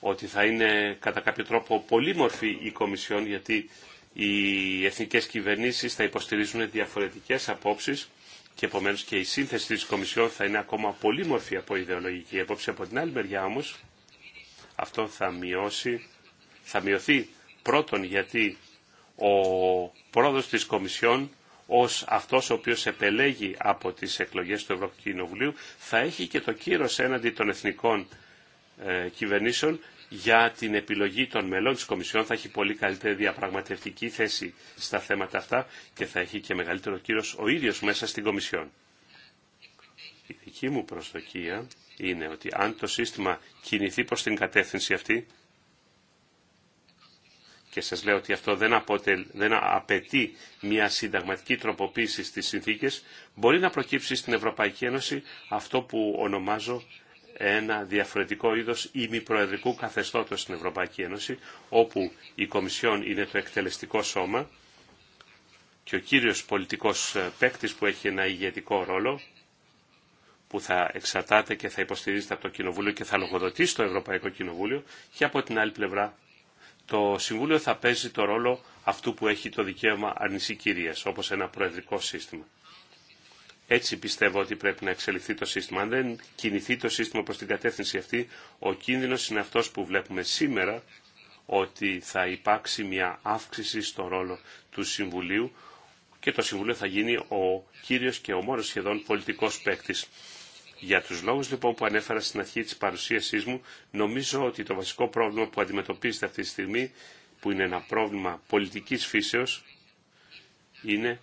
ότι θα είναι κατά κάποιο τρόπο πολύμορφη η Κομισιόν γιατί οι εθνικές κυβερνήσεις θα υποστηρίζουν διαφορετικές απόψεις και επομένω και η σύνθεση της Κομισιόν θα είναι ακόμα πολύ μορφή από ιδεολογική έποψη. Από την άλλη μεριά όμω. αυτό θα μειώσει, θα μειωθεί πρώτον γιατί ο πρόεδρος της Κομισιόν ως αυτός ο οποίος επελέγει από τις εκλογές του Ευρωκοινοβουλίου θα έχει και το κύρος έναντι των εθνικών ε, κυβερνήσεων για την επιλογή των μελών της Κομισιόν θα έχει πολύ καλύτερη διαπραγματευτική θέση στα θέματα αυτά και θα έχει και μεγαλύτερο κύρος ο ίδιος μέσα στην Κομισιόν. Η δική μου προσδοκία είναι ότι αν το σύστημα κινηθεί προς την κατεύθυνση αυτή και σας λέω ότι αυτό δεν, απαιτεί μια συνταγματική τροποποίηση στις συνθήκες, μπορεί να προκύψει στην Ευρωπαϊκή Ένωση αυτό που ονομάζω ένα διαφορετικό είδος ημιπροεδρικού καθεστώτος στην Ευρωπαϊκή Ένωση, όπου η Κομισιόν είναι το εκτελεστικό σώμα και ο κύριος πολιτικός ε, παίκτη που έχει ένα ηγετικό ρόλο, που θα εξαρτάται και θα υποστηρίζεται από το Κοινοβούλιο και θα λογοδοτεί στο Ευρωπαϊκό Κοινοβούλιο και από την άλλη πλευρά το Συμβούλιο θα παίζει το ρόλο αυτού που έχει το δικαίωμα αρνησή κυρίας, όπως ένα προεδρικό σύστημα. Έτσι πιστεύω ότι πρέπει να εξελιχθεί το σύστημα. Αν δεν κινηθεί το σύστημα προς την κατεύθυνση αυτή, ο κίνδυνος είναι αυτός που βλέπουμε σήμερα, ότι θα υπάρξει μια αύξηση στο ρόλο του Συμβουλίου και το Συμβουλίο θα γίνει ο κύριος και ο μόνος σχεδόν πολιτικός παίκτη. Για τους λόγους λοιπόν που ανέφερα στην αρχή της παρουσίασής μου, νομίζω ότι το βασικό πρόβλημα που αντιμετωπίζεται αυτή τη στιγμή, που είναι ένα πρόβλημα πολιτικής φύσεως, είναι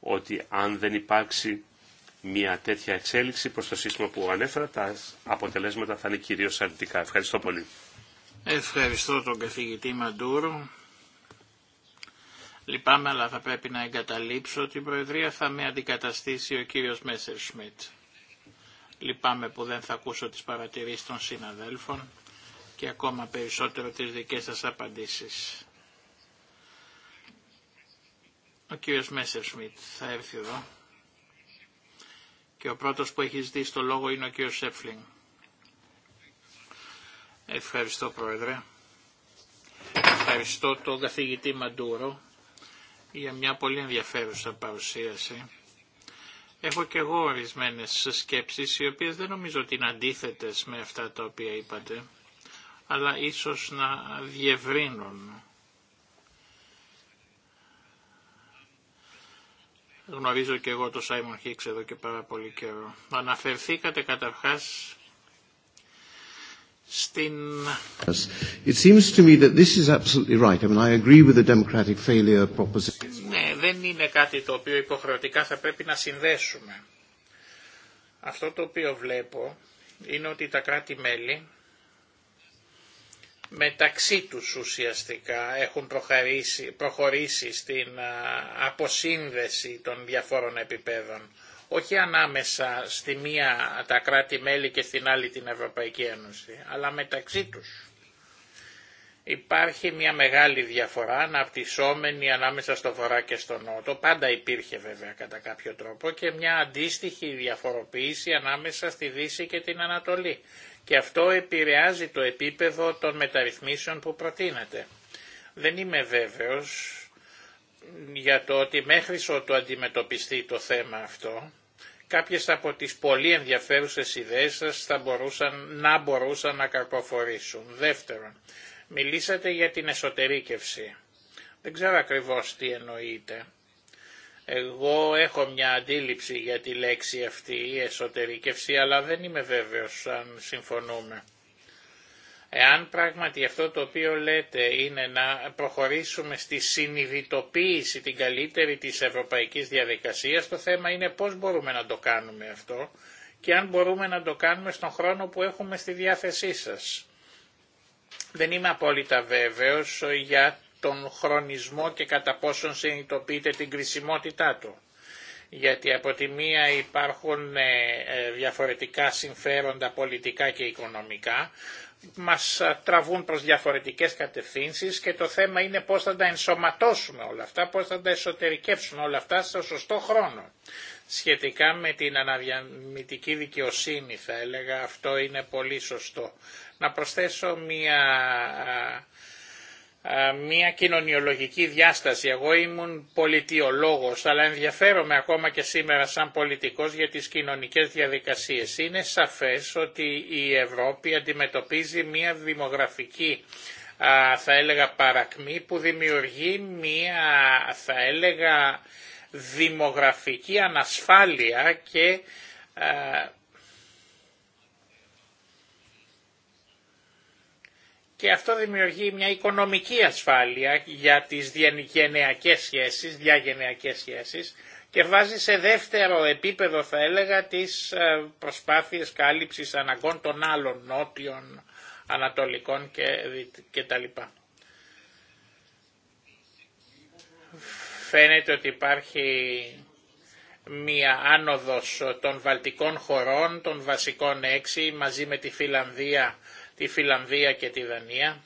ότι αν δεν υπάρξει μια τέτοια εξέλιξη προς το σύστημα που ανέφερα, τα αποτελέσματα θα είναι κυρίως αρνητικά. Ευχαριστώ πολύ. Ευχαριστώ τον καθηγητή Μαντούρο. Λυπάμαι, αλλά θα πρέπει να εγκαταλείψω την Προεδρία. Θα με αντικαταστήσει ο κύριος Μέσερ Σμιτ. Λυπάμαι που δεν θα ακούσω τις παρατηρήσεις των συναδέλφων και ακόμα περισσότερο τις δικές σας απαντήσεις. Ο κύριος Μέσερ Σμιτ θα έρθει εδώ. Και ο πρώτος που έχει ζητήσει το λόγο είναι ο κ. Σέφλινγκ. Ευχαριστώ Πρόεδρε. Ευχαριστώ τον καθηγητή Μαντούρο για μια πολύ ενδιαφέρουσα παρουσίαση. Έχω και εγώ ορισμένε σκέψεις οι οποίες δεν νομίζω ότι είναι αντίθετες με αυτά τα οποία είπατε αλλά ίσως να διευρύνουν Γνωρίζω και εγώ το Σάιμον Χίξ εδώ και πάρα πολύ καιρό. Αναφερθήκατε καταρχάς It seems to me that this is absolutely right. I mean, I agree with the democratic failure proposition. Ναι, δεν είναι κάτι το οποίο υποχρεωτικά θα πρέπει να συνδέσουμε. Αυτό το οποίο βλέπω είναι ότι τα κράτη-μέλη μεταξύ τους ουσιαστικά έχουν προχωρήσει, προχωρήσει στην αποσύνδεση των διαφόρων επιπέδων, όχι ανάμεσα στη μία τα κράτη-μέλη και στην άλλη την Ευρωπαϊκή Ένωση, αλλά μεταξύ τους. Υπάρχει μια μεγάλη διαφορά αναπτυσσόμενη ανάμεσα στο βορρά και στο νότο, πάντα υπήρχε βέβαια κατά κάποιο τρόπο και μια αντίστοιχη διαφοροποίηση ανάμεσα στη Δύση και την Ανατολή και αυτό επηρεάζει το επίπεδο των μεταρρυθμίσεων που προτείνεται. Δεν είμαι βέβαιος για το ότι μέχρι ότου αντιμετωπιστεί το θέμα αυτό, κάποιες από τις πολύ ενδιαφέρουσες ιδέες σας θα μπορούσαν, να μπορούσαν να καρποφορήσουν. Δεύτερον, μιλήσατε για την εσωτερήκευση. Δεν ξέρω ακριβώς τι εννοείτε. Εγώ έχω μια αντίληψη για τη λέξη αυτή η εσωτερικευσή, αλλά δεν είμαι βέβαιος αν συμφωνούμε. Εάν πράγματι αυτό το οποίο λέτε είναι να προχωρήσουμε στη συνειδητοποίηση την καλύτερη της ευρωπαϊκής διαδικασίας, το θέμα είναι πώς μπορούμε να το κάνουμε αυτό και αν μπορούμε να το κάνουμε στον χρόνο που έχουμε στη διάθεσή σας. Δεν είμαι απόλυτα βέβαιος για τον χρονισμό και κατά πόσον συνειδητοποιείται την κρισιμότητά του. Γιατί από τη μία υπάρχουν ε, ε, διαφορετικά συμφέροντα πολιτικά και οικονομικά, μας ε, τραβούν προς διαφορετικές κατευθύνσεις και το θέμα είναι πώς θα τα ενσωματώσουμε όλα αυτά, πώς θα τα εσωτερικεύσουμε όλα αυτά στο σωστό χρόνο. Σχετικά με την αναδιαμητική δικαιοσύνη θα έλεγα αυτό είναι πολύ σωστό. Να προσθέσω μια μια κοινωνιολογική διάσταση. Εγώ ήμουν πολιτιολόγος, αλλά ενδιαφέρομαι ακόμα και σήμερα σαν πολιτικός για τις κοινωνικές διαδικασίες. Είναι σαφές ότι η Ευρώπη αντιμετωπίζει μια δημογραφική θα έλεγα παρακμή που δημιουργεί μια θα έλεγα δημογραφική ανασφάλεια και και αυτό δημιουργεί μια οικονομική ασφάλεια για τις γενεακές σχέσεις, διαγενειακές σχέσεις και βάζει σε δεύτερο επίπεδο θα έλεγα τις ε, προσπάθειες κάλυψης αναγκών των άλλων νότιων, ανατολικών και, τα λοιπά. Φαίνεται ότι υπάρχει μία άνοδος των βαλτικών χωρών, των βασικών έξι, μαζί με τη Φιλανδία τη Φιλανδία και τη Δανία.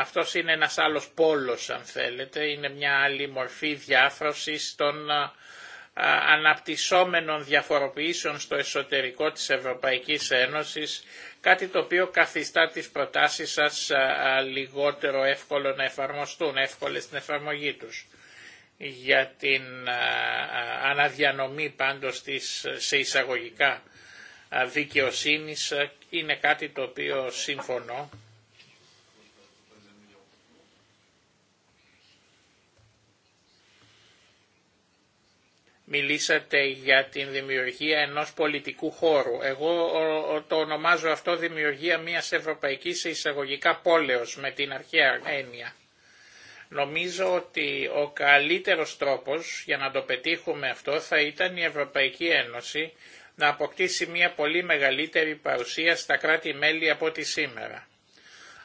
Αυτός είναι ένας άλλος πόλος αν θέλετε, είναι μια άλλη μορφή διάφρωσης των αναπτυσσόμενων διαφοροποιήσεων στο εσωτερικό της Ευρωπαϊκής Ένωσης, κάτι το οποίο καθιστά τις προτάσεις σας λιγότερο εύκολο να εφαρμοστούν, εύκολες στην εφαρμογή τους. Για την αναδιανομή πάντως της, σε εισαγωγικά δικαιοσύνης είναι κάτι το οποίο συμφωνώ. Μιλήσατε για την δημιουργία ενός πολιτικού χώρου. Εγώ το ονομάζω αυτό δημιουργία μιας ευρωπαϊκής εισαγωγικά πόλεως με την αρχαία έννοια. Νομίζω ότι ο καλύτερος τρόπος για να το πετύχουμε αυτό θα ήταν η Ευρωπαϊκή Ένωση να αποκτήσει μια πολύ μεγαλύτερη παρουσία στα κράτη-μέλη από τη σήμερα.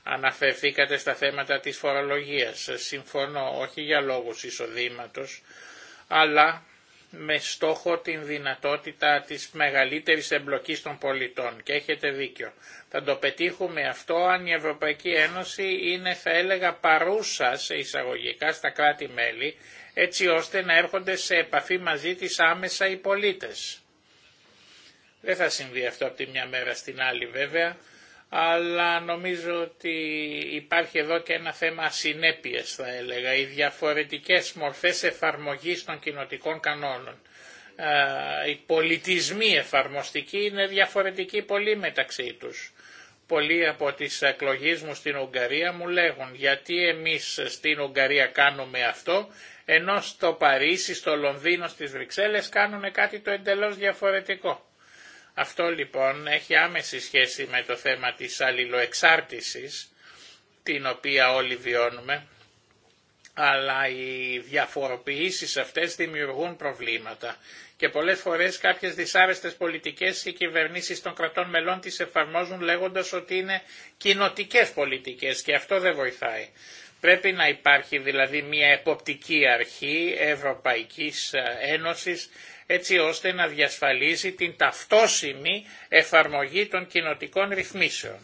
Αναφερθήκατε στα θέματα της φορολογίας. Συμφωνώ όχι για λόγους εισοδήματος, αλλά με στόχο την δυνατότητα της μεγαλύτερης εμπλοκής των πολιτών. Και έχετε δίκιο. Θα το πετύχουμε αυτό αν η Ευρωπαϊκή Ένωση είναι θα έλεγα παρούσα σε εισαγωγικά στα κράτη-μέλη, έτσι ώστε να έρχονται σε επαφή μαζί της άμεσα οι πολίτες. Δεν θα συμβεί αυτό από τη μια μέρα στην άλλη βέβαια, αλλά νομίζω ότι υπάρχει εδώ και ένα θέμα συνέπειες θα έλεγα, οι διαφορετικές μορφές εφαρμογής των κοινοτικών κανόνων. Ε, οι πολιτισμοί εφαρμοστικοί είναι διαφορετικοί πολύ μεταξύ τους. Πολλοί από τις εκλογέ μου στην Ουγγαρία μου λέγουν γιατί εμείς στην Ουγγαρία κάνουμε αυτό, ενώ στο Παρίσι, στο Λονδίνο, στις Βρυξέλλες κάνουν κάτι το εντελώς διαφορετικό. Αυτό λοιπόν έχει άμεση σχέση με το θέμα της αλληλοεξάρτησης, την οποία όλοι βιώνουμε, αλλά οι διαφοροποιήσεις αυτές δημιουργούν προβλήματα και πολλές φορές κάποιες δυσάρεστες πολιτικές οι κυβερνήσεις των κρατών μελών τις εφαρμόζουν λέγοντας ότι είναι κοινοτικές πολιτικές και αυτό δεν βοηθάει. Πρέπει να υπάρχει δηλαδή μια εποπτική αρχή Ευρωπαϊκής Ένωσης έτσι ώστε να διασφαλίζει την ταυτόσιμη εφαρμογή των κοινοτικών ρυθμίσεων.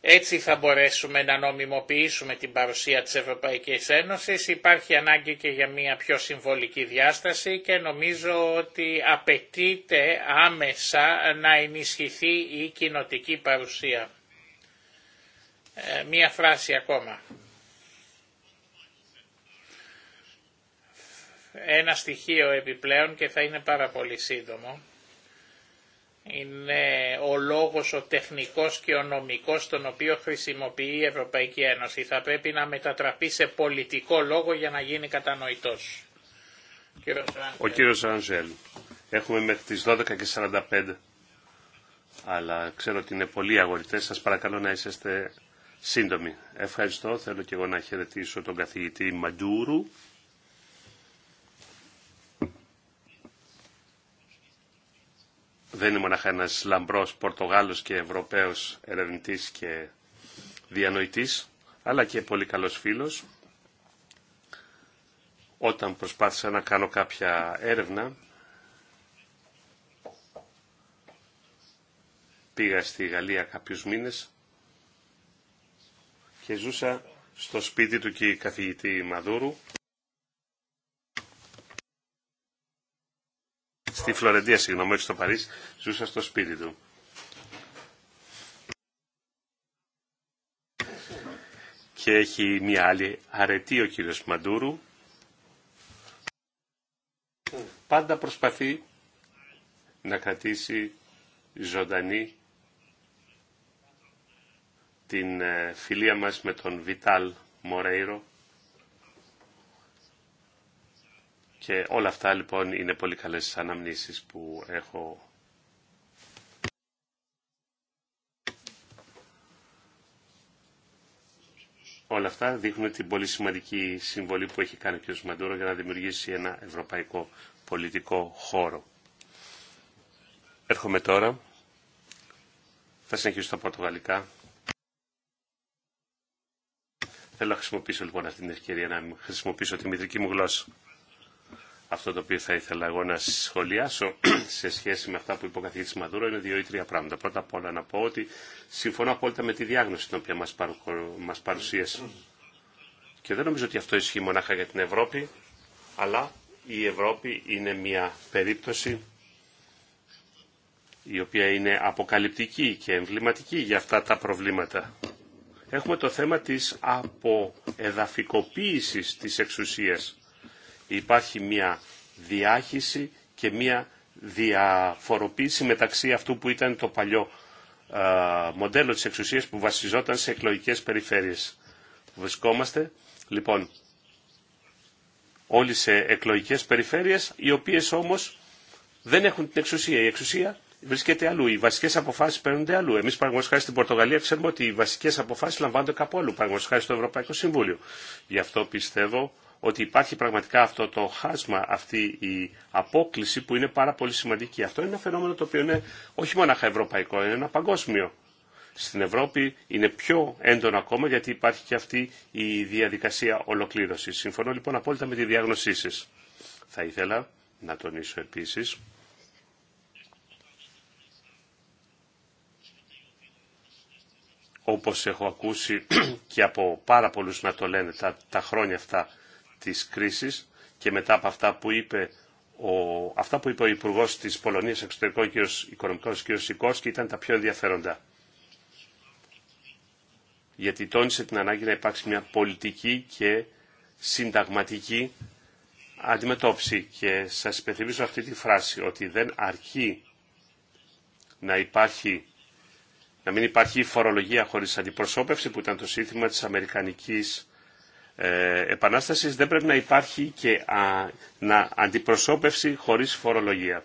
Έτσι θα μπορέσουμε να νομιμοποιήσουμε την παρουσία της Ευρωπαϊκής Ένωσης. Υπάρχει ανάγκη και για μια πιο συμβολική διάσταση και νομίζω ότι απαιτείται άμεσα να ενισχυθεί η κοινοτική παρουσία. Ε, μια φράση ακόμα. Ένα στοιχείο επιπλέον και θα είναι πάρα πολύ σύντομο. Είναι ο λόγος ο τεχνικός και ο νομικός τον οποίο χρησιμοποιεί η Ευρωπαϊκή Ένωση. Θα πρέπει να μετατραπεί σε πολιτικό λόγο για να γίνει κατανοητός. Ο κύριος Ραντζέλ. Έχουμε μέχρι τις 12.45. Αλλά ξέρω ότι είναι πολλοί αγορητές. Σας παρακαλώ να είσαστε σύντομοι. Ευχαριστώ. Θέλω και εγώ να χαιρετήσω τον καθηγητή Μαντούρου. δεν είναι μονάχα ένας λαμπρός Πορτογάλος και Ευρωπαίος ερευνητής και διανοητής, αλλά και πολύ καλός φίλος. Όταν προσπάθησα να κάνω κάποια έρευνα, πήγα στη Γαλλία κάποιους μήνες και ζούσα στο σπίτι του και καθηγητή Μαδούρου. στη Φλωρεντία, συγγνώμη, όχι στο Παρίσι, ζούσα στο σπίτι του. Και έχει μια άλλη αρετή ο κύριος Μαντούρου. Πάντα προσπαθεί να κρατήσει ζωντανή την ε, φιλία μας με τον Βιτάλ Μορέιρο Και όλα αυτά λοιπόν είναι πολύ καλές αναμνήσεις που έχω Όλα αυτά δείχνουν την πολύ σημαντική συμβολή που έχει κάνει ο κ. Μαντούρο για να δημιουργήσει ένα ευρωπαϊκό πολιτικό χώρο. Έρχομαι τώρα. Θα συνεχίσω στα πορτογαλικά. Θέλω να χρησιμοποιήσω λοιπόν αυτή την ευκαιρία να χρησιμοποιήσω τη μητρική μου γλώσσα. Αυτό το οποίο θα ήθελα εγώ να σχολιάσω (clears throat) σε σχέση με αυτά που είπε ο Μαδούρο είναι δύο ή τρία πράγματα. Πρώτα απ' όλα να πω ότι συμφωνώ απόλυτα με τη διάγνωση την οποία μας παρουσίασε. Και δεν νομίζω ότι αυτό ισχύει μονάχα για την Ευρώπη, αλλά η Ευρώπη είναι μια περίπτωση η οποία είναι αποκαλυπτική και εμβληματική για αυτά τα προβλήματα. Έχουμε το θέμα της αποεδαφικοποίησης της εξουσίας υπάρχει μια διάχυση και μια διαφοροποίηση μεταξύ αυτού που ήταν το παλιό ε, μοντέλο της εξουσίας που βασιζόταν σε εκλογικές περιφέρειες. Βρισκόμαστε λοιπόν όλοι σε εκλογικές περιφέρειες οι οποίες όμως δεν έχουν την εξουσία. Η εξουσία βρίσκεται αλλού. Οι βασικέ αποφάσει παίρνονται αλλού. Εμεί, παραδείγματο στην Πορτογαλία, ξέρουμε ότι οι βασικέ αποφάσει λαμβάνονται κάπου αλλού. Παραδείγματο στο Ευρωπαϊκό Συμβούλιο. Γι' αυτό πιστεύω ότι υπάρχει πραγματικά αυτό το χάσμα, αυτή η απόκληση που είναι πάρα πολύ σημαντική. Αυτό είναι ένα φαινόμενο το οποίο είναι όχι μόνο ευρωπαϊκό, είναι ένα παγκόσμιο. Στην Ευρώπη είναι πιο έντονο ακόμα γιατί υπάρχει και αυτή η διαδικασία ολοκλήρωσης. Συμφωνώ λοιπόν απόλυτα με τη διάγνωσή σας. Θα ήθελα να τονίσω επίσης όπως έχω ακούσει (clears throat) και από πάρα πολλούς να το λένε τα, τα χρόνια αυτά της κρίσης και μετά από αυτά που είπε ο, αυτά που είπε ο Υπουργό τη Πολωνία Εξωτερικών και Οικονομικών κ. Σικόρσκι ήταν τα πιο ενδιαφέροντα. Γιατί τόνισε την ανάγκη να υπάρξει μια πολιτική και συνταγματική αντιμετώπιση. Και σας υπενθυμίζω αυτή τη φράση, ότι δεν αρκεί να υπάρχει να μην υπάρχει φορολογία χωρίς αντιπροσώπευση που ήταν το σύνθημα της Αμερικανικής ε, επανάστασης δεν πρέπει να υπάρχει και α, να αντιπροσώπευση χωρίς φορολογία.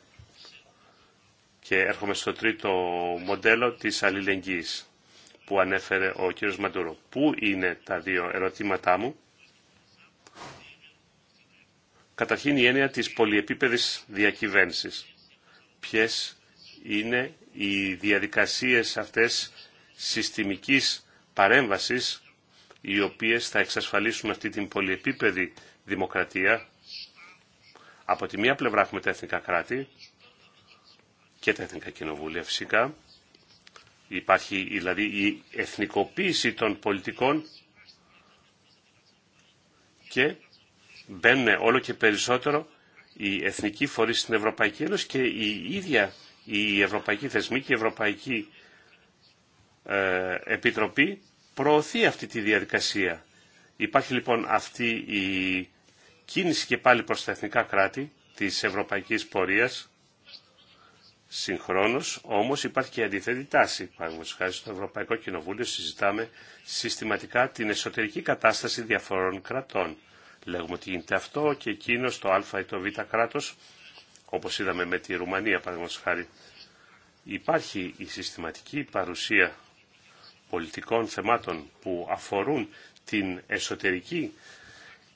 Και έρχομαι στο τρίτο μοντέλο της αλληλεγγύης που ανέφερε ο κ. Μαντούρο. Πού είναι τα δύο ερωτήματά μου. Καταρχήν η έννοια της πολυεπίπεδης διακυβέρνησης. Ποιες είναι οι διαδικασίες αυτές συστημικής παρέμβασης οι οποίες θα εξασφαλίσουν αυτή την πολυεπίπεδη δημοκρατία. Από τη μία πλευρά έχουμε τα εθνικά κράτη και τα εθνικά κοινοβούλια φυσικά. Υπάρχει δηλαδή η εθνικοποίηση των πολιτικών και μπαίνουν όλο και περισσότερο οι εθνικοί φορείς στην Ευρωπαϊκή Ένωση και η ίδια η Ευρωπαϊκή Θεσμή και η Ευρωπαϊκή ε, Επιτροπή προωθεί αυτή τη διαδικασία. Υπάρχει λοιπόν αυτή η κίνηση και πάλι προς τα εθνικά κράτη της ευρωπαϊκής πορείας. Συγχρόνως όμως υπάρχει και η αντιθέτη τάση. Παραδείγματος στο Ευρωπαϊκό Κοινοβούλιο συζητάμε συστηματικά την εσωτερική κατάσταση διαφορών κρατών. Λέγουμε ότι γίνεται αυτό και εκείνο το α ή το β κράτος, όπως είδαμε με τη Ρουμανία παραδείγματος χάρη. Υπάρχει η συστηματική παρουσία πολιτικών θεμάτων που αφορούν την εσωτερική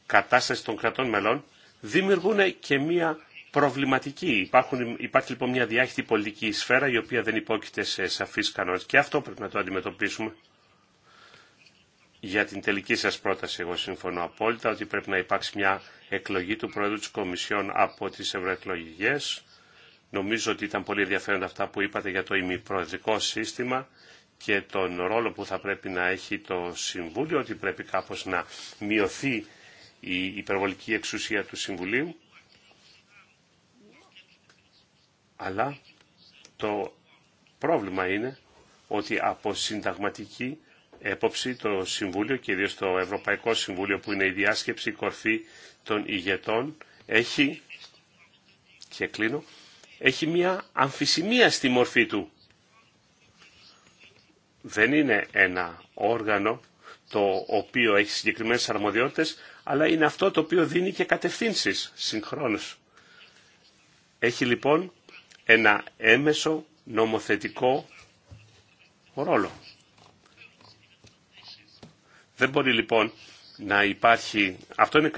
κατάσταση των κρατών μελών δημιουργούν και μία προβληματική. Υπάρχουν, υπάρχει λοιπόν μια διάχυτη πολιτική σφαίρα η οποία δεν υπόκειται σε σαφείς κανόνες και αυτό πρέπει να το αντιμετωπίσουμε. Για την τελική σας πρόταση εγώ συμφωνώ απόλυτα ότι πρέπει να υπάρξει μια εκλογή του Πρόεδρου της Κομισιόν από τις ευρωεκλογικές. Νομίζω ότι ήταν πολύ ενδιαφέροντα αυτά που είπατε για το ημιπροεδρικό σύστημα και τον ρόλο που θα πρέπει να έχει το Συμβούλιο, ότι πρέπει κάπως να μειωθεί η υπερβολική εξουσία του Συμβουλίου. Αλλά το πρόβλημα είναι ότι από συνταγματική έποψη το Συμβούλιο και ιδίως το Ευρωπαϊκό Συμβούλιο που είναι η διάσκεψη κορφή των ηγετών έχει και κλείνω, έχει μια αμφισημία στη μορφή του δεν είναι ένα όργανο το οποίο έχει συγκεκριμένες αρμοδιότητες, αλλά είναι αυτό το οποίο δίνει και κατευθύνσεις συγχρόνως. Έχει λοιπόν ένα έμεσο νομοθετικό ρόλο. Δεν μπορεί λοιπόν να υπάρχει... Αυτό είναι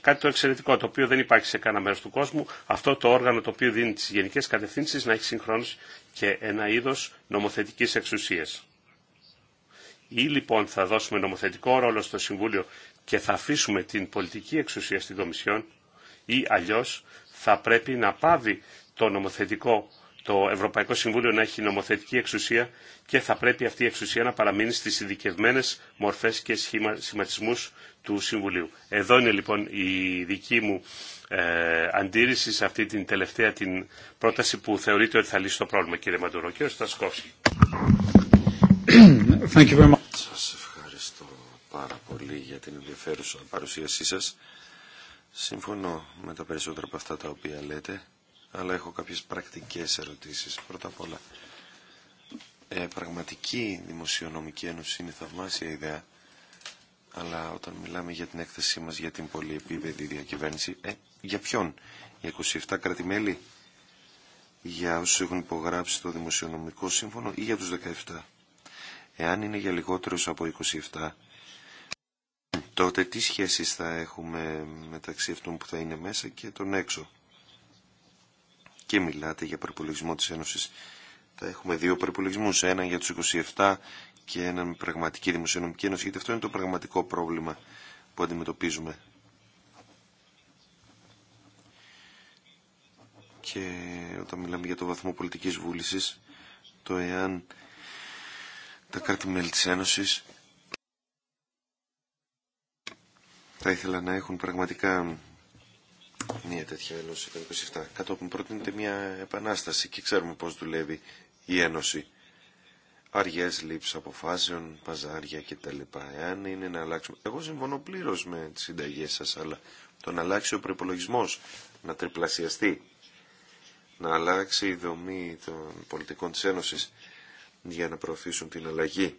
κάτι το εξαιρετικό, το οποίο δεν υπάρχει σε κανένα μέρος του κόσμου. Αυτό το όργανο το οποίο δίνει τις γενικές κατευθύνσεις να έχει συγχρόνως και ένα είδος νομοθετικής εξουσίας. Ή λοιπόν θα δώσουμε νομοθετικό ρόλο στο Συμβούλιο και θα αφήσουμε την πολιτική εξουσία στην Κομισιόν ή αλλιώς θα πρέπει να πάβει το νομοθετικό το Ευρωπαϊκό Συμβούλιο να έχει νομοθετική εξουσία και θα πρέπει αυτή η εξουσία να παραμείνει στις ειδικευμένε μορφές και σχηματισμούς του Συμβουλίου. Εδώ είναι λοιπόν η δική μου ε, αντίρρηση σε αυτή την τελευταία την πρόταση που θεωρείται ότι θα λύσει το πρόβλημα κύριε Μαντουρό. Κύριε Στασκόφσκι πολύ για την ενδιαφέρουσα παρουσίασή σας. Συμφωνώ με τα περισσότερα από αυτά τα οποία λέτε, αλλά έχω κάποιες πρακτικές ερωτήσεις. Πρώτα απ' όλα, ε, πραγματική δημοσιονομική ένωση είναι θαυμάσια ιδέα, αλλά όταν μιλάμε για την έκθεσή μας για την πολυεπίπεδη διακυβέρνηση, ε, για ποιον, για 27 κρατημέλη, για όσους έχουν υπογράψει το δημοσιονομικό σύμφωνο ή για τους 17. Εάν είναι για λιγότερους από 27, τότε τι σχέσεις θα έχουμε μεταξύ αυτών που θα είναι μέσα και των έξω. Και μιλάτε για προπολογισμό της Ένωσης. Θα έχουμε δύο προπολογισμού, έναν για τους 27 και έναν πραγματική δημοσιονομική ένωση, γιατί αυτό είναι το πραγματικό πρόβλημα που αντιμετωπίζουμε. Και όταν μιλάμε για το βαθμό πολιτικής βούλησης, το εάν τα κράτη-μέλη της Ένωσης θα ήθελα να έχουν πραγματικά μια τέτοια ένωση 27. Κατόπιν προτείνεται μια επανάσταση και ξέρουμε πώς δουλεύει η ένωση. Αργές λήψεις αποφάσεων, παζάρια κτλ. Εάν είναι να αλλάξουμε... Εγώ συμφωνώ πλήρω με τις συνταγές σας, αλλά το να αλλάξει ο προπολογισμό να τριπλασιαστεί, να αλλάξει η δομή των πολιτικών της Ένωσης για να προωθήσουν την αλλαγή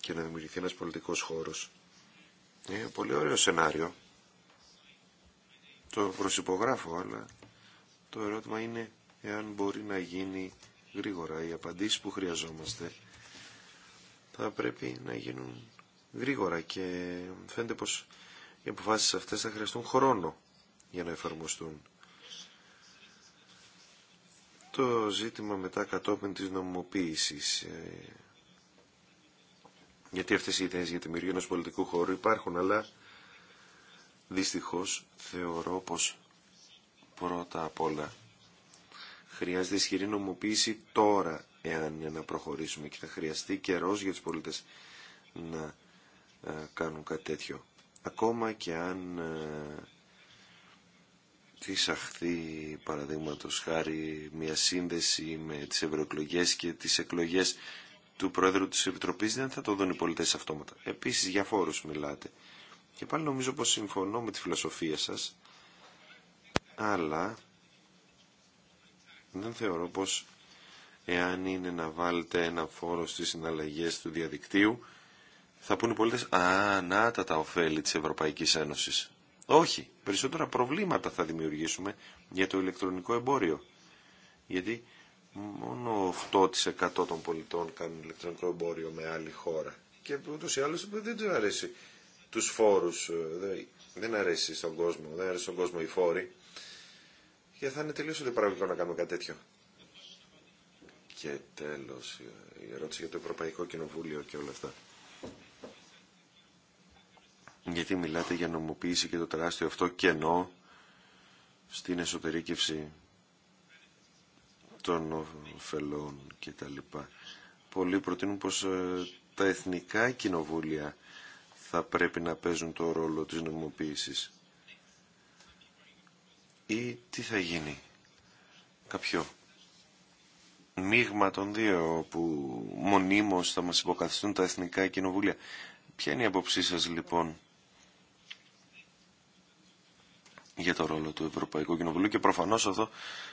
και να δημιουργηθεί ένας πολιτικός χώρος είναι πολύ ωραίο σενάριο. Το προσυπογράφω, αλλά το ερώτημα είναι εάν μπορεί να γίνει γρήγορα. Οι απαντήσεις που χρειαζόμαστε θα πρέπει να γίνουν γρήγορα και φαίνεται πως οι αποφάσεις αυτές θα χρειαστούν χρόνο για να εφαρμοστούν. Το ζήτημα μετά κατόπιν της νομοποίησης ε, γιατί αυτές οι ιδέες για τη δημιουργία ενός πολιτικού χώρου υπάρχουν, αλλά δυστυχώς θεωρώ πως πρώτα απ' όλα χρειάζεται ισχυρή νομοποίηση τώρα εάν για να προχωρήσουμε και θα χρειαστεί καιρός για τους πολίτες να ε, κάνουν κάτι τέτοιο. Ακόμα και αν ε, εισαχθεί παραδείγματο χάρη μια σύνδεση με τις ευρωεκλογέ και τις εκλογές του Πρόεδρου της Επιτροπής δεν θα το δουν οι πολίτες αυτόματα. Επίσης για φόρους μιλάτε. Και πάλι νομίζω πως συμφωνώ με τη φιλοσοφία σας, αλλά δεν θεωρώ πως εάν είναι να βάλετε ένα φόρο στις συναλλαγές του διαδικτύου, θα πούνε οι πολίτες «Α, να τα τα ωφέλη της Ευρωπαϊκής Ένωσης». Όχι, περισσότερα προβλήματα θα δημιουργήσουμε για το ηλεκτρονικό εμπόριο. Γιατί μόνο 8% των πολιτών κάνουν ηλεκτρονικό εμπόριο με άλλη χώρα. Και ούτω ή άλλω δεν του αρέσει τους φόρους, ε, δεν αρέσει στον κόσμο, δεν αρέσει στον κόσμο οι φόροι. Και θα είναι τελείω αντιπαραγωγικό να κάνουμε κάτι τέτοιο. Και τέλος, ε, η ερώτηση για το Ευρωπαϊκό Κοινοβούλιο και όλα αυτά. Γιατί μιλάτε για νομοποίηση και το τεράστιο αυτό κενό στην εσωτερήκευση των ωφελών κτλ. Πολλοί προτείνουν πως ε, τα εθνικά κοινοβούλια θα πρέπει να παίζουν το ρόλο της νομιμοποίησης. Ή τι θα γίνει. Κάποιο μείγμα των δύο που μονίμως θα μας υποκαθιστούν τα εθνικά κοινοβούλια. Ποια είναι η αποψή σας λοιπόν για το ρόλο του Ευρωπαϊκού Κοινοβουλίου και προφανώς αυτό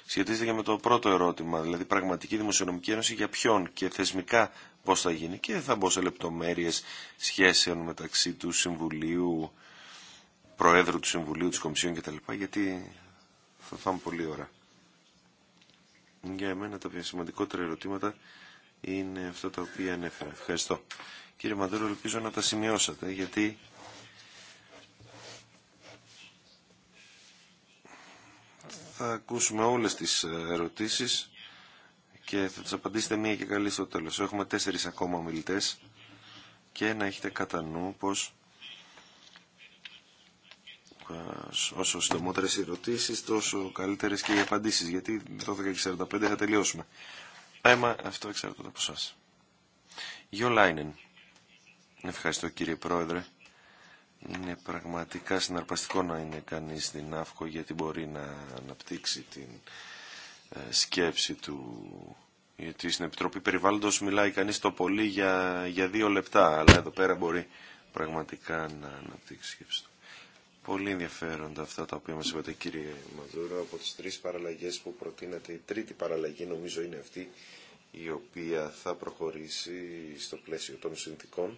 σχετίζεται και με το πρώτο ερώτημα, δηλαδή πραγματική δημοσιονομική ένωση για ποιον και θεσμικά πώς θα γίνει και θα μπω σε λεπτομέρειες σχέσεων μεταξύ του Συμβουλίου, Προέδρου του Συμβουλίου, της Κομισιόν κτλ. γιατί θα φάμε πολύ ώρα. Για εμένα τα σημαντικότερα ερωτήματα είναι αυτά τα οποία ανέφερα. Ευχαριστώ. Κύριε Μαντέρο, ελπίζω να τα σημειώσατε, γιατί Θα ακούσουμε όλες τις ε, ερωτήσεις και θα τις απαντήσετε μία και καλή στο τέλος. Έχουμε τέσσερις ακόμα ομιλητές και να έχετε κατά νου πως ε, όσο συντομότερε οι ερωτήσεις, τόσο καλύτερες και οι απαντήσει. Γιατί 12.45 θα τελειώσουμε. Έμα, αυτό εξαρτάται από εσά. Γιολάινεν. Ευχαριστώ κύριε Πρόεδρε. Είναι πραγματικά συναρπαστικό να είναι κανείς στην ΑΦΚΟ γιατί μπορεί να αναπτύξει την ε, σκέψη του. Γιατί στην Επιτροπή Περιβάλλοντος μιλάει κανείς το πολύ για, για δύο λεπτά, αλλά εδώ πέρα μπορεί πραγματικά να αναπτύξει σκέψη του. Πολύ ενδιαφέροντα αυτά τα οποία μας είπατε κύριε Μαδούρο. Από τις τρεις παραλλαγές που προτείνατε, η τρίτη παραλλαγή νομίζω είναι αυτή η οποία θα προχωρήσει στο πλαίσιο των συνθήκων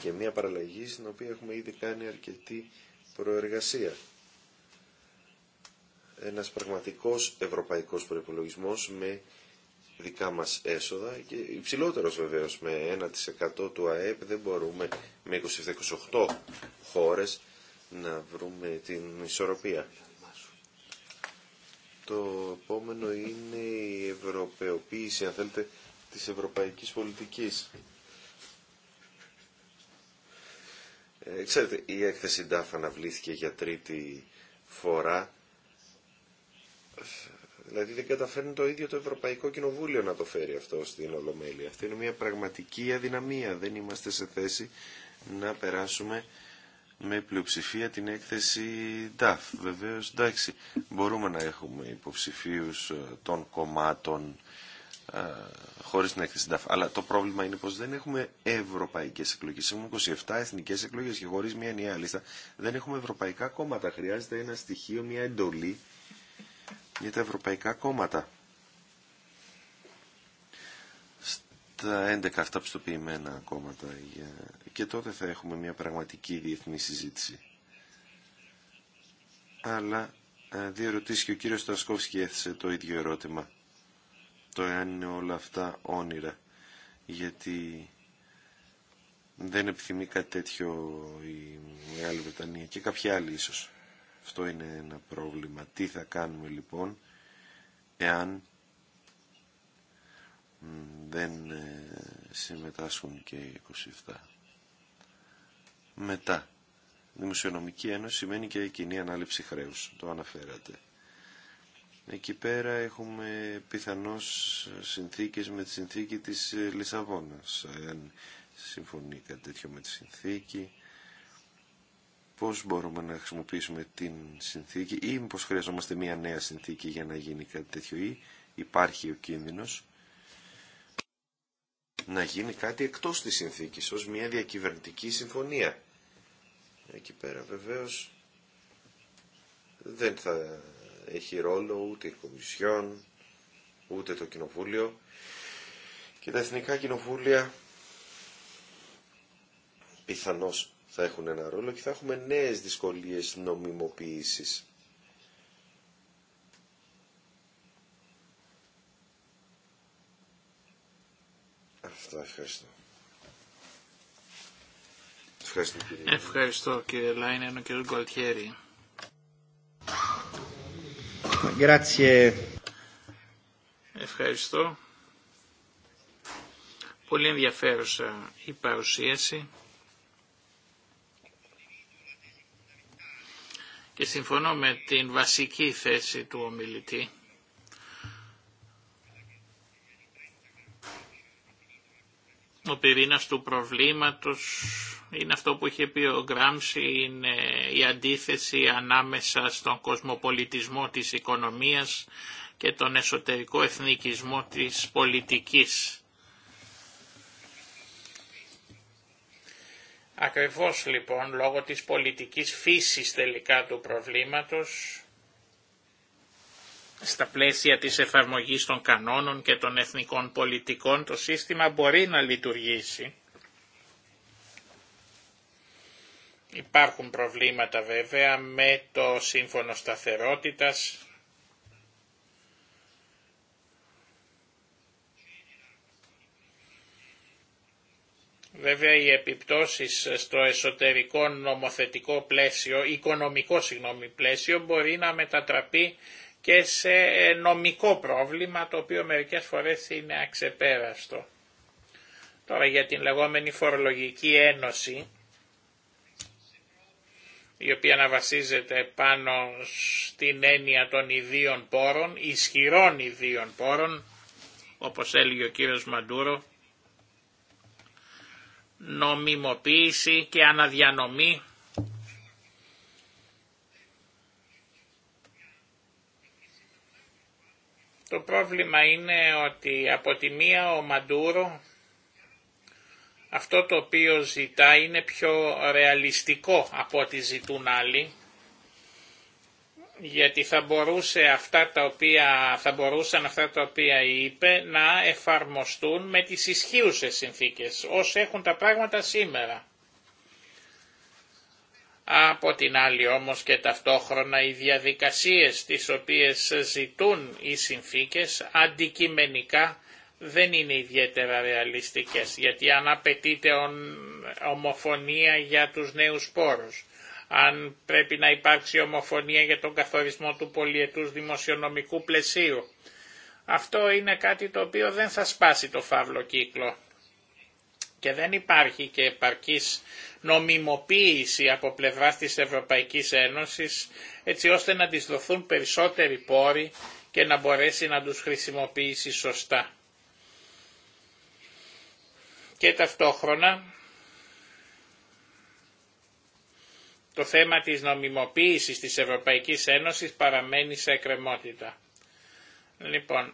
και μια παραλλαγή στην οποία έχουμε ήδη κάνει αρκετή προεργασία. Ένας πραγματικός ευρωπαϊκός προϋπολογισμός με δικά μας έσοδα και υψηλότερος βεβαίως με 1% του ΑΕΠ δεν μπορούμε με 27-28 χώρες να βρούμε την ισορροπία. Το επόμενο είναι η ευρωπαιοποίηση, αν θέλετε, της ευρωπαϊκής πολιτικής. Ε, ξέρετε, η έκθεση DAF αναβλήθηκε για τρίτη φορά. Δηλαδή δεν καταφέρνει το ίδιο το Ευρωπαϊκό Κοινοβούλιο να το φέρει αυτό στην Ολομέλεια. Αυτή είναι μια πραγματική αδυναμία. Δεν είμαστε σε θέση να περάσουμε με πλειοψηφία την έκθεση DAF. Βεβαίως, εντάξει, μπορούμε να έχουμε υποψηφίους ε, των κομμάτων χωρίς την έκθεση Αλλά το πρόβλημα είναι πως δεν έχουμε ευρωπαϊκές εκλογές. Έχουμε 27 εθνικές εκλογές και χωρίς μια ενιαία λίστα δεν έχουμε ευρωπαϊκά κόμματα. Χρειάζεται ένα στοιχείο, μια εντολή για τα ευρωπαϊκά κόμματα. Στα 11 αυτά πιστοποιημένα κόμματα και τότε θα έχουμε μια πραγματική διεθνή συζήτηση. Αλλά ε, δύο ερωτήσει και ο κύριος Στασκόφσκι έθεσε το ίδιο ερώτημα το εάν είναι όλα αυτά όνειρα. Γιατί δεν επιθυμεί κάτι τέτοιο η Μεγάλη Βρετανία και κάποιοι άλλοι ίσως. Αυτό είναι ένα πρόβλημα. Τι θα κάνουμε λοιπόν εάν δεν ε, συμμετάσχουν και οι 27. Μετά. Δημοσιονομική Ένωση σημαίνει και κοινή ανάληψη χρέους. Το αναφέρατε. Εκεί πέρα έχουμε πιθανώς συνθήκες με τη συνθήκη της Λισαβόνας. Αν συμφωνεί κάτι τέτοιο με τη συνθήκη, πώς μπορούμε να χρησιμοποιήσουμε την συνθήκη ή πώς χρειαζόμαστε μια νέα συνθήκη για να γίνει κάτι τέτοιο ή υπάρχει ο κίνδυνος να γίνει κάτι εκτός της συνθήκης, ως μια διακυβερνητική συμφωνία. Εκεί πέρα βεβαίως δεν θα έχει ρόλο ούτε η Κομισιόν, ούτε το Κοινοβούλιο. Και τα εθνικά κοινοβούλια πιθανώς θα έχουν ένα ρόλο και θα έχουμε νέες δυσκολίες νομιμοποίησης. Αυτά, ευχαριστώ. Ευχαριστώ κύριε, ευχαριστώ, κύριε και ο Γκολτιέρη. Ευχαριστώ. Πολύ ενδιαφέρουσα η παρουσίαση. Και συμφωνώ με την βασική θέση του ομιλητή Ο πυρήνας του προβλήματος είναι αυτό που είχε πει ο Γκράμψη, είναι η αντίθεση ανάμεσα στον κοσμοπολιτισμό της οικονομίας και τον εσωτερικό εθνικισμό της πολιτικής. Ακριβώς λοιπόν λόγω της πολιτικής φύσης τελικά του προβλήματος στα πλαίσια της εφαρμογής των κανόνων και των εθνικών πολιτικών το σύστημα μπορεί να λειτουργήσει. Υπάρχουν προβλήματα βέβαια με το σύμφωνο σταθερότητας, Βέβαια οι επιπτώσεις στο εσωτερικό νομοθετικό πλαίσιο, οικονομικό συγγνώμη πλαίσιο, μπορεί να μετατραπεί και σε νομικό πρόβλημα το οποίο μερικές φορές είναι αξεπέραστο. Τώρα για την λεγόμενη φορολογική ένωση η οποία να πάνω στην έννοια των ιδίων πόρων, ισχυρών ιδίων πόρων, όπως έλεγε ο κύριος Μαντούρο, νομιμοποίηση και αναδιανομή Το πρόβλημα είναι ότι από τη μία ο Μαντούρο αυτό το οποίο ζητά είναι πιο ρεαλιστικό από ό,τι ζητούν άλλοι γιατί θα, μπορούσε αυτά τα οποία, θα μπορούσαν αυτά τα οποία είπε να εφαρμοστούν με τις ισχύουσες συνθήκες, όσοι έχουν τα πράγματα σήμερα από την άλλη όμως και ταυτόχρονα οι διαδικασίες τις οποίες ζητούν οι συνθήκες αντικειμενικά δεν είναι ιδιαίτερα ρεαλιστικές, γιατί αν απαιτείται ομοφωνία για τους νέους πόρους, αν πρέπει να υπάρξει ομοφωνία για τον καθορισμό του πολιετούς δημοσιονομικού πλαισίου, αυτό είναι κάτι το οποίο δεν θα σπάσει το φαύλο κύκλο. Και δεν υπάρχει και επαρκής νομιμοποίηση από πλευρά της Ευρωπαϊκής Ένωσης έτσι ώστε να της δοθούν περισσότεροι πόροι και να μπορέσει να τους χρησιμοποιήσει σωστά. Και ταυτόχρονα το θέμα της νομιμοποίησης της Ευρωπαϊκής Ένωσης παραμένει σε εκκρεμότητα. Λοιπόν,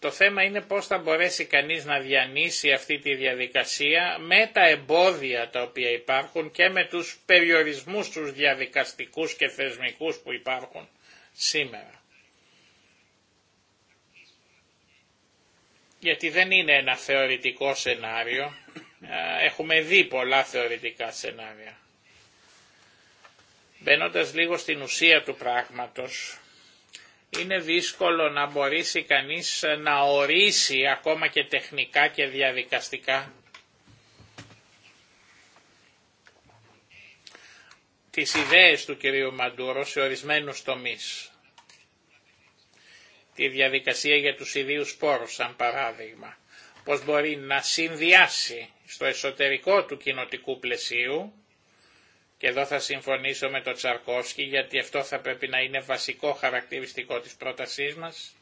το θέμα είναι πώς θα μπορέσει κανείς να διανύσει αυτή τη διαδικασία με τα εμπόδια τα οποία υπάρχουν και με τους περιορισμούς τους διαδικαστικούς και θεσμικούς που υπάρχουν σήμερα. Γιατί δεν είναι ένα θεωρητικό σενάριο, ε, έχουμε δει πολλά θεωρητικά σενάρια. Μπαίνοντα λίγο στην ουσία του πράγματος, είναι δύσκολο να μπορέσει κανείς να ορίσει ακόμα και τεχνικά και διαδικαστικά τις ιδέες του κυρίου Μαντούρο σε ορισμένους τομείς. Τη διαδικασία για τους ιδίους πόρους, σαν παράδειγμα. Πώς μπορεί να συνδυάσει στο εσωτερικό του κοινοτικού πλαισίου και εδώ θα συμφωνήσω με τον Τσαρκόφσκι γιατί αυτό θα πρέπει να είναι βασικό χαρακτηριστικό της πρότασής μας.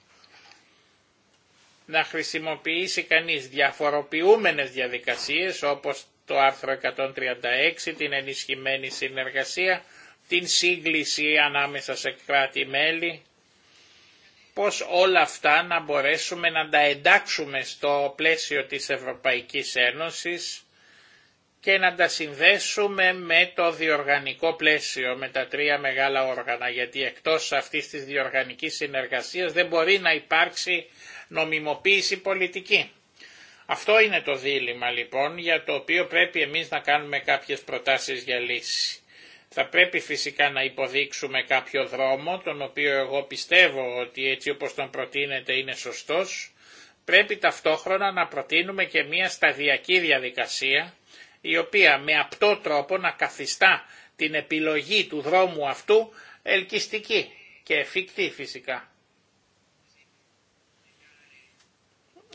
Να χρησιμοποιήσει κανείς διαφοροποιούμενες διαδικασίες όπως το άρθρο 136, την ενισχυμένη συνεργασία, την σύγκληση ανάμεσα σε κράτη-μέλη, πώς όλα αυτά να μπορέσουμε να τα εντάξουμε στο πλαίσιο της Ευρωπαϊκής Ένωσης και να τα συνδέσουμε με το διοργανικό πλαίσιο, με τα τρία μεγάλα όργανα, γιατί εκτός αυτής της διοργανικής συνεργασίας δεν μπορεί να υπάρξει νομιμοποίηση πολιτική. Αυτό είναι το δίλημα λοιπόν για το οποίο πρέπει εμείς να κάνουμε κάποιες προτάσεις για λύση. Θα πρέπει φυσικά να υποδείξουμε κάποιο δρόμο, τον οποίο εγώ πιστεύω ότι έτσι όπως τον προτείνεται είναι σωστός, πρέπει ταυτόχρονα να προτείνουμε και μια σταδιακή διαδικασία, η οποία με τον τρόπο να καθιστά την επιλογή του δρόμου αυτού ελκυστική και εφικτή φυσικά.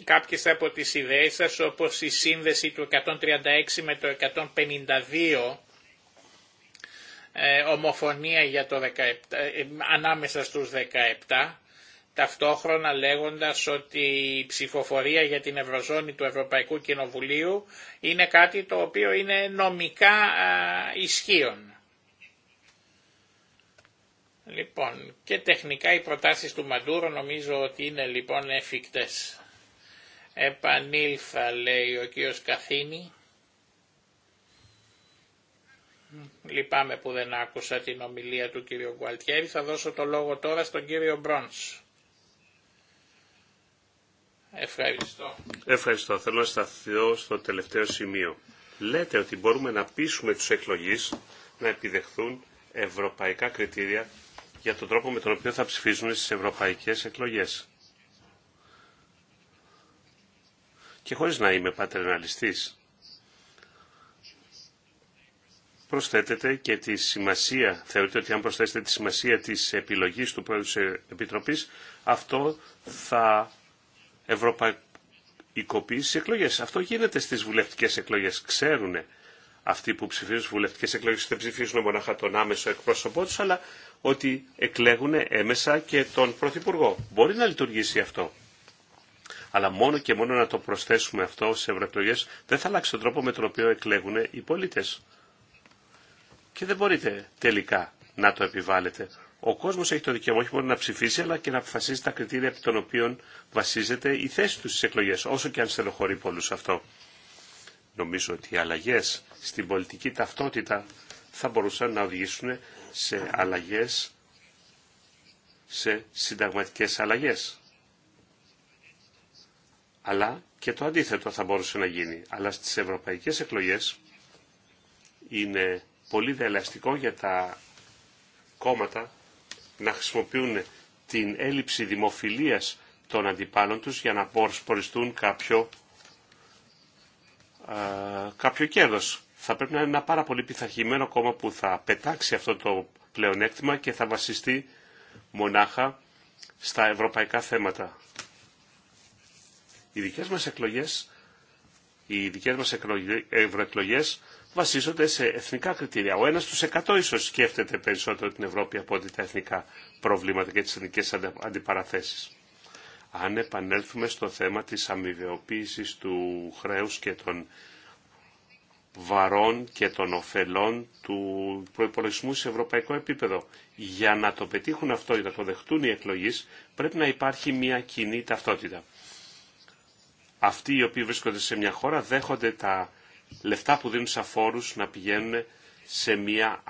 Κάποιες από τις ιδέες σας όπως η σύνδεση του 136 με το 152 ε, ομοφωνία για το 17, ε, ανάμεσα στους 17 ταυτόχρονα λέγοντας ότι η ψηφοφορία για την Ευρωζώνη του Ευρωπαϊκού Κοινοβουλίου είναι κάτι το οποίο είναι νομικά ισχύον. Λοιπόν, και τεχνικά οι προτάσεις του Μαντούρο νομίζω ότι είναι λοιπόν εφικτές. Επανήλθα, λέει ο κύριος Καθίνη. Λυπάμαι που δεν άκουσα την ομιλία του κύριου Γκουαλτιέρη. Θα δώσω το λόγο τώρα στον κύριο Μπρόνς. Ευχαριστώ. Ευχαριστώ. Θέλω να σταθώ στο τελευταίο σημείο. Λέτε ότι μπορούμε να πείσουμε τους εκλογείς να επιδεχθούν ευρωπαϊκά κριτήρια για τον τρόπο με τον οποίο θα ψηφίζουν στις ευρωπαϊκές εκλογές. Και χωρίς να είμαι πατερναλιστής, Προσθέτετε και τη σημασία, θεωρείτε ότι αν προσθέσετε τη σημασία της επιλογής του Πρόεδρου της Επιτροπής, αυτό θα ευρωπαϊκοποίηση εκλογέ. Αυτό γίνεται στι βουλευτικέ εκλογέ. Ξέρουν αυτοί που ψηφίζουν στι βουλευτικέ εκλογέ δεν ψηφίζουν μονάχα τον άμεσο εκπρόσωπό του, αλλά ότι εκλέγουν έμεσα και τον Πρωθυπουργό. Μπορεί να λειτουργήσει αυτό. Αλλά μόνο και μόνο να το προσθέσουμε αυτό σε ευρωεκλογέ δεν θα αλλάξει τον τρόπο με τον οποίο εκλέγουν οι πολίτε. Και δεν μπορείτε τελικά να το επιβάλλετε ο κόσμος έχει το δικαίωμα όχι μόνο να ψηφίσει αλλά και να αποφασίζει τα κριτήρια από των οποίων βασίζεται η θέση του στις εκλογέ, όσο και αν στενοχωρεί πολλού αυτό. Νομίζω ότι οι αλλαγές στην πολιτική ταυτότητα θα μπορούσαν να οδηγήσουν σε αλλαγές, σε συνταγματικέ αλλαγές. Αλλά και το αντίθετο θα μπορούσε να γίνει. Αλλά στις ευρωπαϊκές εκλογές είναι πολύ δελαστικό για τα κόμματα να χρησιμοποιούν την έλλειψη δημοφιλίας των αντιπάλων τους για να προσποριστούν κάποιο, α, κάποιο κέρδος. Θα πρέπει να είναι ένα πάρα πολύ πειθαρχημένο κόμμα που θα πετάξει αυτό το πλεονέκτημα και θα βασιστεί μονάχα στα ευρωπαϊκά θέματα. Οι δικές μας εκλογές, οι δικές μας ευρωεκλογές βασίζονται σε εθνικά κριτήρια. Ο ένας στους 100 ίσως σκέφτεται περισσότερο την Ευρώπη από ότι τα εθνικά προβλήματα και τις εθνικές αντιπαραθέσεις. Αν επανέλθουμε στο θέμα της αμοιβαιοποίησης του χρέους και των βαρών και των ωφελών του προπολογισμού σε ευρωπαϊκό επίπεδο. Για να το πετύχουν αυτό ή να το δεχτούν οι εκλογείς, πρέπει να υπάρχει μια κοινή ταυτότητα. Αυτοί οι οποίοι βρίσκονται σε μια χώρα δέχονται τα λεφτά που δίνουν σε να πηγαίνουν σε μια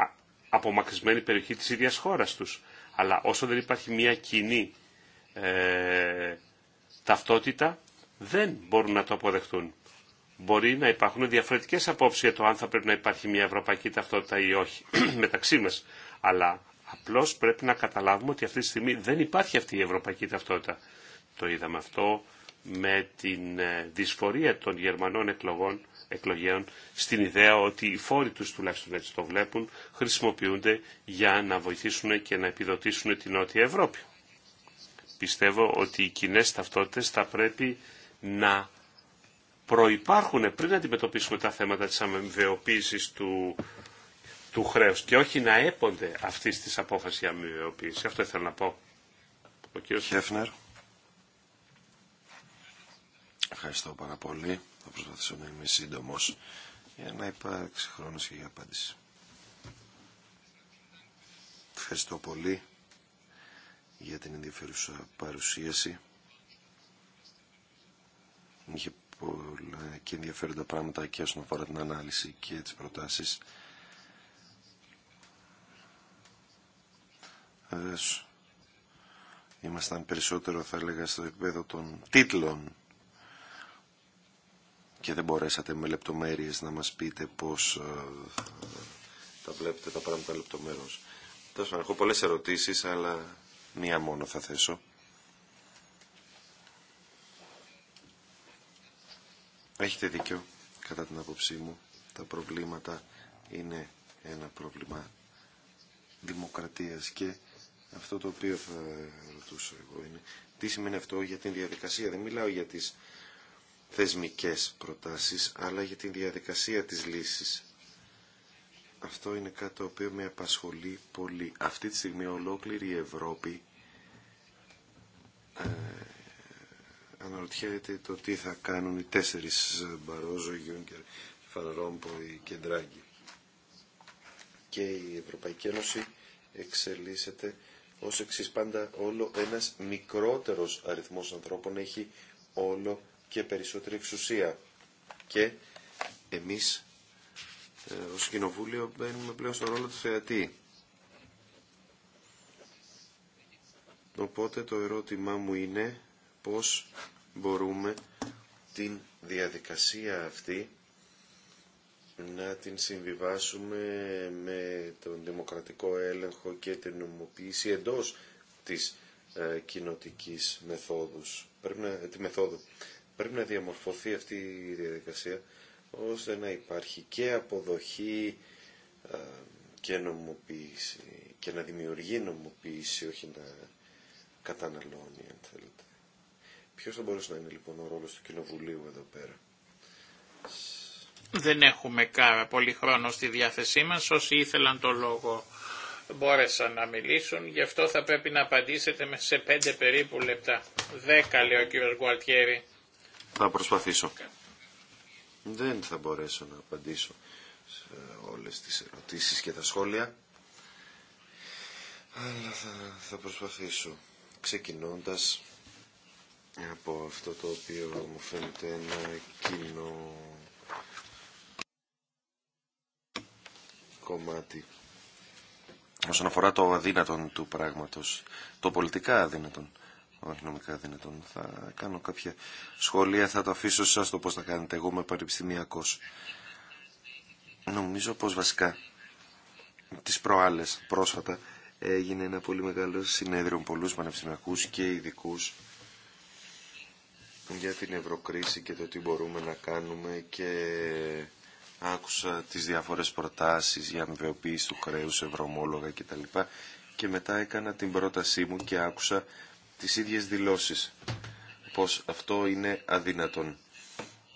απομακρυσμένη περιοχή της ίδιας χώρας τους. Αλλά όσο δεν υπάρχει μια κοινή ε, ταυτότητα, δεν μπορούν να το αποδεχτούν. Μπορεί να υπάρχουν διαφορετικές απόψεις για το αν θα πρέπει να υπάρχει μια ευρωπαϊκή ταυτότητα ή όχι (clears throat) μεταξύ μας. Αλλά απλώς πρέπει να καταλάβουμε ότι αυτή τη στιγμή δεν υπάρχει αυτή η ευρωπαϊκή ταυτότητα. Το είδαμε αυτό με την ε, δυσφορία των Γερμανών εκλογών εκλογέων στην ιδέα ότι οι φόροι τους, τουλάχιστον έτσι το βλέπουν, χρησιμοποιούνται για να βοηθήσουν και να επιδοτήσουν την Νότια Ευρώπη. Πιστεύω ότι οι κοινέ ταυτότητες θα πρέπει να προϋπάρχουν πριν αντιμετωπίσουμε τα θέματα της αμοιβαιοποίησης του, του χρέους και όχι να έπονται αυτή τη απόφαση για Αυτό ήθελα να πω. Ο κύριος Χέφνερ. Ευχαριστώ πάρα πολύ. Θα προσπαθήσω να είμαι σύντομο για να υπάρξει χρόνο και για απάντηση. Ευχαριστώ πολύ για την ενδιαφέρουσα παρουσίαση. Είχε πολλά και ενδιαφέροντα πράγματα και όσον αφορά την ανάλυση και τις προτάσεις. ήμασταν περισσότερο θα έλεγα στο επίπεδο των τίτλων και δεν μπορέσατε με λεπτομέρειες να μας πείτε πώς ε, τα βλέπετε τα πράγματα λεπτομέρως. Τόσο, έχω πολλές ερωτήσεις, αλλά μία μόνο θα θέσω. Έχετε δίκιο, κατά την άποψή μου. Τα προβλήματα είναι ένα πρόβλημα δημοκρατίας και αυτό το οποίο θα ρωτούσα εγώ είναι τι σημαίνει αυτό για την διαδικασία. Δεν μιλάω για τις θεσμικές προτάσεις, αλλά για την διαδικασία της λύσης. Αυτό είναι κάτι το οποίο με απασχολεί πολύ. Αυτή τη στιγμή ολόκληρη η Ευρώπη ε, αναρωτιέται το τι θα κάνουν οι τέσσερις ε, Μπαρόζο, Γιούνκερ, Φανρόμπο και Και η Ευρωπαϊκή Ένωση εξελίσσεται ως εξής πάντα όλο ένας μικρότερος αριθμός ανθρώπων έχει όλο και περισσότερη εξουσία. Και εμείς ε, ως κοινοβούλιο μπαίνουμε πλέον στον ρόλο του θεατή. Οπότε το ερώτημά μου είναι πώς μπορούμε την διαδικασία αυτή να την συμβιβάσουμε με τον δημοκρατικό έλεγχο και την νομοποίηση εντός της ε, μεθόδους. Πρέπει να, τη μεθόδου πρέπει να διαμορφωθεί αυτή η διαδικασία ώστε να υπάρχει και αποδοχή ε, και νομοποίηση και να δημιουργεί νομοποίηση όχι να καταναλώνει αν θέλετε. Ποιος θα μπορούσε να είναι λοιπόν ο ρόλος του Κοινοβουλίου εδώ πέρα. Δεν έχουμε κάρα πολύ χρόνο στη διάθεσή μας. Όσοι ήθελαν το λόγο μπόρεσαν να μιλήσουν. Γι' αυτό θα πρέπει να απαντήσετε σε πέντε περίπου λεπτά. Δέκα λέει ο κύριος Γουαλτιέρη. Θα προσπαθήσω. Δεν θα μπορέσω να απαντήσω σε όλες τις ερωτήσεις και τα σχόλια, αλλά θα, προσπαθήσω ξεκινώντας από αυτό το οποίο μου φαίνεται ένα κοινό κομμάτι όσον αφορά το αδύνατον του πράγματος, το πολιτικά αδύνατον όχι νομικά δυνατόν. Θα κάνω κάποια σχόλια, θα το αφήσω σας το πώς θα κάνετε. Εγώ είμαι πανεπιστημιακός. Νομίζω πως θα κανετε εγω ειμαι παρεπιστημιακος νομιζω πως βασικα τις προάλλες πρόσφατα έγινε ένα πολύ μεγάλο συνέδριο με πολλούς πανεπιστημιακούς και ειδικού για την ευρωκρίση και το τι μπορούμε να κάνουμε και άκουσα τις διάφορες προτάσεις για αμοιβαιοποίηση του χρέους, ευρωμόλογα κτλ. Και μετά έκανα την πρότασή μου και άκουσα τις ίδιες δηλώσεις πως αυτό είναι αδύνατον.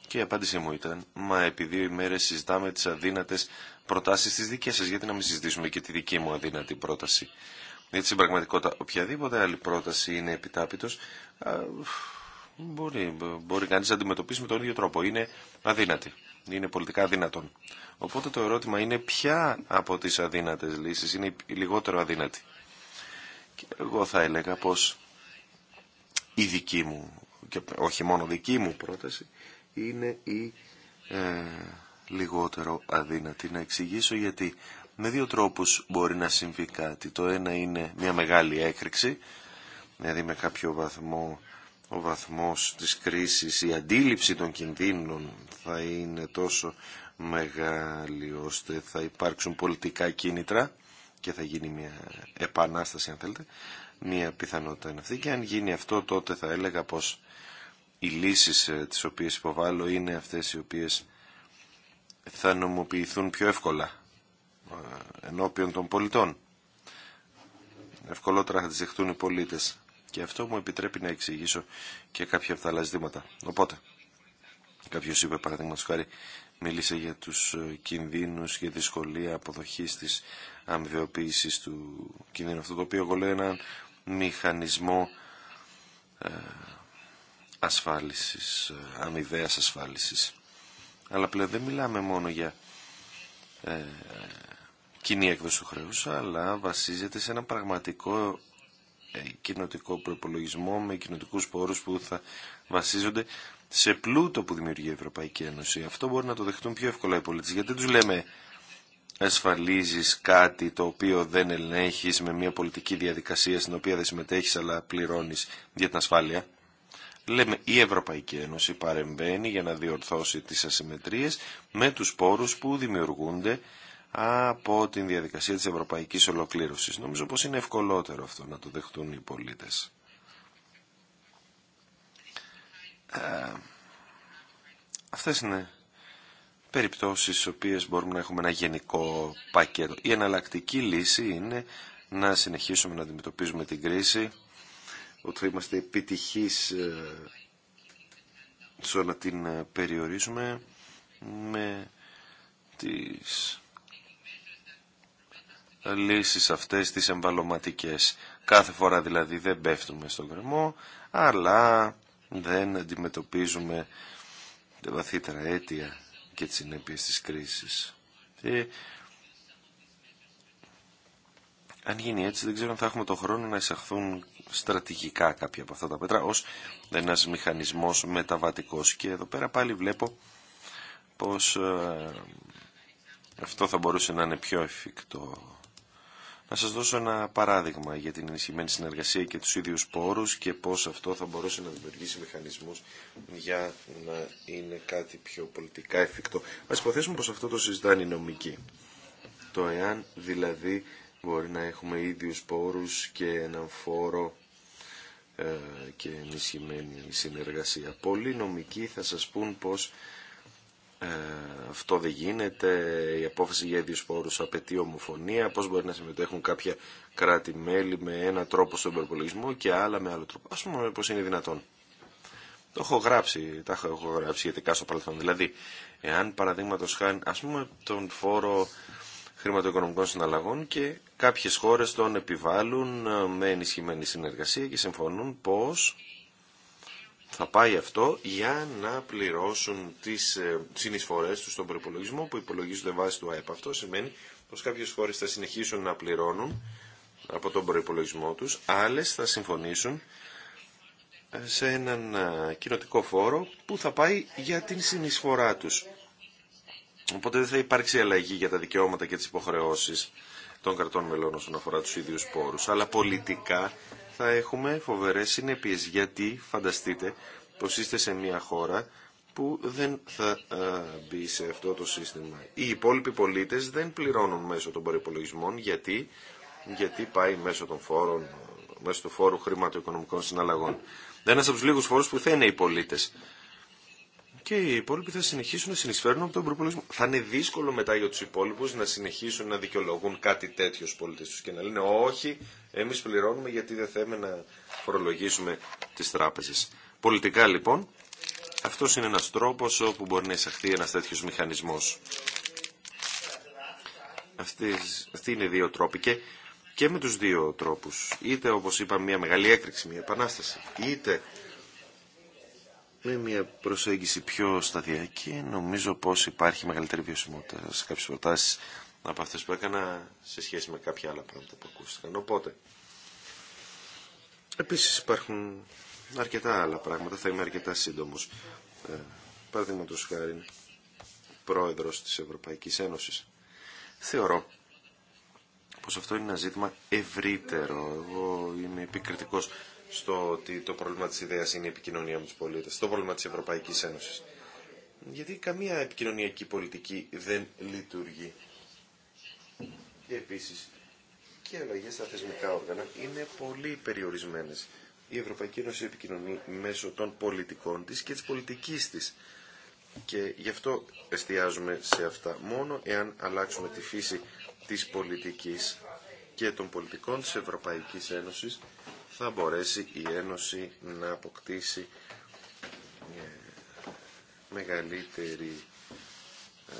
Και η απάντησή μου ήταν, μα επί δύο ημέρες συζητάμε τις αδύνατες προτάσεις της δικές σας, γιατί να μην συζητήσουμε και τη δική μου αδύνατη πρόταση. Γιατί στην πραγματικότητα οποιαδήποτε άλλη πρόταση είναι επιτάπητος, α, μπορεί, μπορεί κανείς να αντιμετωπίσει με τον ίδιο τρόπο. Είναι αδύνατη. Είναι πολιτικά αδύνατον. Οπότε το ερώτημα είναι ποια από τις αδύνατες λύσεις είναι η λιγότερο αδύνατη. Και εγώ θα έλεγα πως η δική μου και όχι μόνο δική μου πρόταση είναι η ε, λιγότερο αδύνατη να εξηγήσω γιατί με δύο τρόπους μπορεί να συμβεί κάτι. Το ένα είναι μια μεγάλη έκρηξη, δηλαδή με κάποιο βαθμό ο βαθμός της κρίσης, η αντίληψη των κινδύνων θα είναι τόσο μεγάλη ώστε θα υπάρξουν πολιτικά κίνητρα και θα γίνει μια επανάσταση αν θέλετε Μία πιθανότητα είναι αυτή και αν γίνει αυτό τότε θα έλεγα πως οι λύσεις ε, τις οποίες υποβάλλω είναι αυτές οι οποίες θα νομοποιηθούν πιο εύκολα ε, ενώπιον των πολιτών. Ευκολότερα θα τις δεχτούν οι πολίτες. Και αυτό μου επιτρέπει να εξηγήσω και κάποια από τα άλλα ζητήματα. Οπότε, κάποιος είπε παραδείγματο χάρη, μίλησε για τους ε, κινδύνους και δυσκολία αποδοχής της αμοιβαιοποίησης του κινδύνου. Αυτό το οποίο εγώ λέω μηχανισμό ε, ασφάλισης, ε, αμοιβαίας ασφάλισης. Αλλά πλέον δεν μιλάμε μόνο για ε, κοινή έκδοση του χρέους, αλλά βασίζεται σε ένα πραγματικό ε, κοινοτικό προπολογισμό με κοινοτικού πόρους που θα βασίζονται σε πλούτο που δημιουργεί η Ευρωπαϊκή Ένωση. Αυτό μπορεί να το δεχτούν πιο εύκολα οι πολίτες, γιατί τους λέμε ασφαλίζεις κάτι το οποίο δεν ελέγχεις με μια πολιτική διαδικασία στην οποία δεν συμμετέχεις αλλά πληρώνεις για την ασφάλεια. Λέμε η Ευρωπαϊκή Ένωση παρεμβαίνει για να διορθώσει τις ασυμμετρίες με τους πόρους που δημιουργούνται από την διαδικασία της ευρωπαϊκής ολοκλήρωσης. Νομίζω πως είναι ευκολότερο αυτό να το δεχτούν οι πολίτες. Ε, αυτές είναι περιπτώσεις στις οποίες μπορούμε να έχουμε ένα γενικό πακέτο. Η εναλλακτική λύση είναι να συνεχίσουμε να αντιμετωπίζουμε την κρίση, ότι θα είμαστε επιτυχείς ε, στο να την ε, περιορίζουμε με τις λύσεις αυτές τις εμβαλωματικές. Κάθε φορά δηλαδή δεν πέφτουμε στον κρεμό, αλλά δεν αντιμετωπίζουμε βαθύτερα αίτια και τις συνέπειες της κρίσης. αν γίνει έτσι δεν ξέρω αν θα έχουμε το χρόνο να εισαχθούν στρατηγικά κάποια από αυτά τα πέτρα ως ένας μηχανισμός μεταβατικός. Και εδώ πέρα πάλι βλέπω πως ε, αυτό θα μπορούσε να είναι πιο εφικτό να σας δώσω ένα παράδειγμα για την ενισχυμένη συνεργασία και τους ίδιους πόρους και πώς αυτό θα μπορούσε να δημιουργήσει μηχανισμούς για να είναι κάτι πιο πολιτικά εφικτό. Ας υποθέσουμε πως αυτό το συζητάνε οι νομικοί. Το εάν δηλαδή μπορεί να έχουμε ίδιους πόρους και έναν φόρο ε, και ενισχυμένη συνεργασία. Πολλοί νομικοί θα σας πούν πως ε, αυτό δεν γίνεται, η απόφαση για ίδιους πόρους απαιτεί ομοφωνία, πώς μπορεί να συμμετέχουν κάποια κράτη-μέλη με ένα τρόπο στον προπολογισμό και άλλα με άλλο τρόπο. Ας πούμε πώς είναι δυνατόν. Το έχω γράψει, τα έχω γράψει σχετικά στο παρελθόν. Δηλαδή, εάν παραδείγματο χάνει, ας πούμε, τον φόρο χρηματοοικονομικών συναλλαγών και κάποιες χώρες τον επιβάλλουν ε, με ενισχυμένη συνεργασία και συμφωνούν πως θα πάει αυτό για να πληρώσουν τις ε, συνεισφορές τους στον προπολογισμό που υπολογίζονται βάσει του ΑΕΠ. Αυτό σημαίνει πως κάποιες χώρες θα συνεχίσουν να πληρώνουν από τον προπολογισμό τους, άλλες θα συμφωνήσουν ε, σε έναν ε, κοινοτικό φόρο που θα πάει για την συνεισφορά τους. Οπότε δεν θα υπάρξει αλλαγή για τα δικαιώματα και τις υποχρεώσεις των κρατών μελών όσον αφορά τους ίδιους πόρου. αλλά πολιτικά θα έχουμε φοβερές συνέπειες. Γιατί φανταστείτε πως είστε σε μια χώρα που δεν θα ε, μπει σε αυτό το σύστημα. Οι υπόλοιποι πολίτες δεν πληρώνουν μέσω των προπολογισμών γιατί, γιατί πάει μέσω των φόρων, μέσω του φόρου χρηματοοικονομικών συναλλαγών. Ένα από του λίγου φόρου που θα είναι οι πολίτε και οι υπόλοιποι θα συνεχίσουν να συνεισφέρουν από τον προπολογισμό. Θα είναι δύσκολο μετά για του υπόλοιπου να συνεχίσουν να δικαιολογούν κάτι τέτοιο στου πολίτε του και να λένε Όχι, εμεί πληρώνουμε γιατί δεν θέλουμε να φορολογήσουμε τι τράπεζε. Πολιτικά λοιπόν, αυτό είναι ένα τρόπο όπου μπορεί να εισαχθεί ένα τέτοιο μηχανισμό. Αυτοί είναι δύο τρόποι και, με του δύο τρόπου, είτε όπω είπαμε μια μεγάλη έκρηξη, μια επανάσταση, είτε με μια προσέγγιση πιο σταδιακή νομίζω πως υπάρχει μεγαλύτερη βιωσιμότητα σε κάποιες προτάσεις από αυτές που έκανα σε σχέση με κάποια άλλα πράγματα που ακούστηκαν. Οπότε, επίσης υπάρχουν αρκετά άλλα πράγματα, θα είμαι αρκετά σύντομος. Ε, Παραδείγματος χάρη, πρόεδρος της Ευρωπαϊκής Ένωσης. Θεωρώ πως αυτό είναι ένα ζήτημα ευρύτερο. Εγώ είμαι επικριτικός στο ότι το πρόβλημα της ιδέας είναι η επικοινωνία με τους πολίτες, το πρόβλημα της Ευρωπαϊκής Ένωσης. Γιατί καμία επικοινωνιακή πολιτική δεν λειτουργεί. Και επίσης, και αλλαγέ στα θεσμικά όργανα είναι πολύ περιορισμένες. Η Ευρωπαϊκή Ένωση επικοινωνεί μέσω των πολιτικών της και της πολιτικής της. Και γι' αυτό εστιάζουμε σε αυτά. Μόνο εάν αλλάξουμε τη φύση της πολιτικής και των πολιτικών της Ευρωπαϊκής Ένωσης θα μπορέσει η Ένωση να αποκτήσει μεγαλύτερη ε,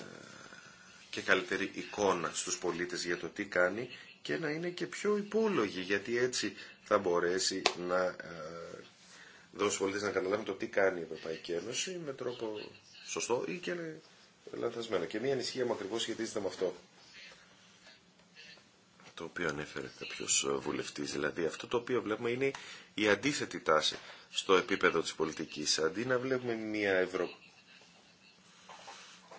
και καλύτερη εικόνα στους πολίτες για το τι κάνει και να είναι και πιο υπόλογη γιατί έτσι θα μπορέσει να ε, δώσει στους πολίτες να καταλάβουν το τι κάνει η Ευρωπαϊκή Ένωση με τρόπο σωστό ή και λανθασμένο. Και μία ανησυχία μου ακριβώς σχετίζεται με αυτό το οποίο ανέφερε κάποιο ε, βουλευτής. Δηλαδή αυτό το οποίο βλέπουμε είναι η αντίθετη τάση στο επίπεδο της πολιτικής. Αντί να βλέπουμε μια Ευρω...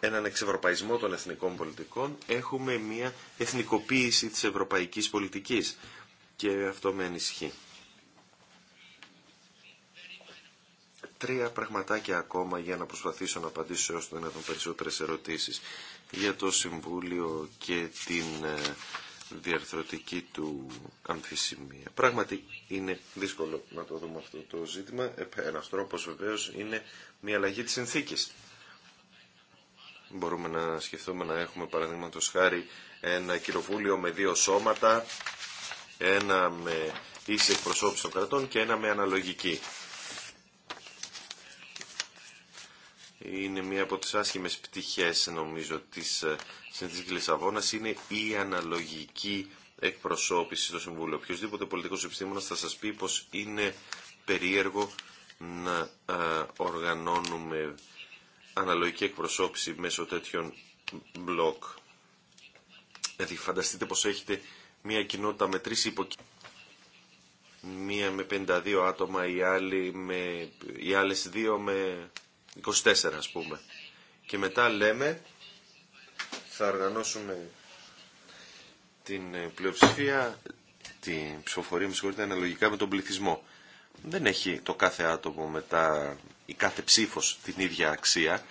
έναν εξευρωπαϊσμό των εθνικών πολιτικών, έχουμε μια εθνικοποίηση της ευρωπαϊκής πολιτικής. Και αυτό με ανησυχεί. Τρία πραγματάκια ακόμα για να προσπαθήσω να απαντήσω έως το δυνατόν περισσότερες ερωτήσεις για το Συμβούλιο και την ε, διαρθρωτική του αμφισημία. Πράγματι είναι δύσκολο να το δούμε αυτό το ζήτημα. Ε, ένα τρόπο βεβαίω είναι μια αλλαγή τη συνθήκης. Μπορούμε να σκεφτούμε να έχουμε παραδείγματο χάρη ένα κοινοβούλιο με δύο σώματα, ένα με ίση εκπροσώπηση των κρατών και ένα με αναλογική. είναι μία από τις άσχημες πτυχές νομίζω της ε, συνθήκης Λισαβόνας είναι η αναλογική εκπροσώπηση στο Συμβούλιο. Οποιοςδήποτε πολιτικός επιστήμονας θα σας πει πως είναι περίεργο να ε, οργανώνουμε αναλογική εκπροσώπηση μέσω τέτοιων μπλοκ. Δηλαδή φανταστείτε πως έχετε μία κοινότητα με τρεις υποκοινότητες μία με 52 άτομα, οι, άλλοι με, οι άλλες δύο με 24 ας πούμε. Και μετά λέμε θα οργανώσουμε την ε, πλειοψηφία, την ψηφοφορία, με συγχωρείτε, αναλογικά με τον πληθυσμό. Δεν έχει το κάθε άτομο μετά η κάθε ψήφος την ίδια αξία,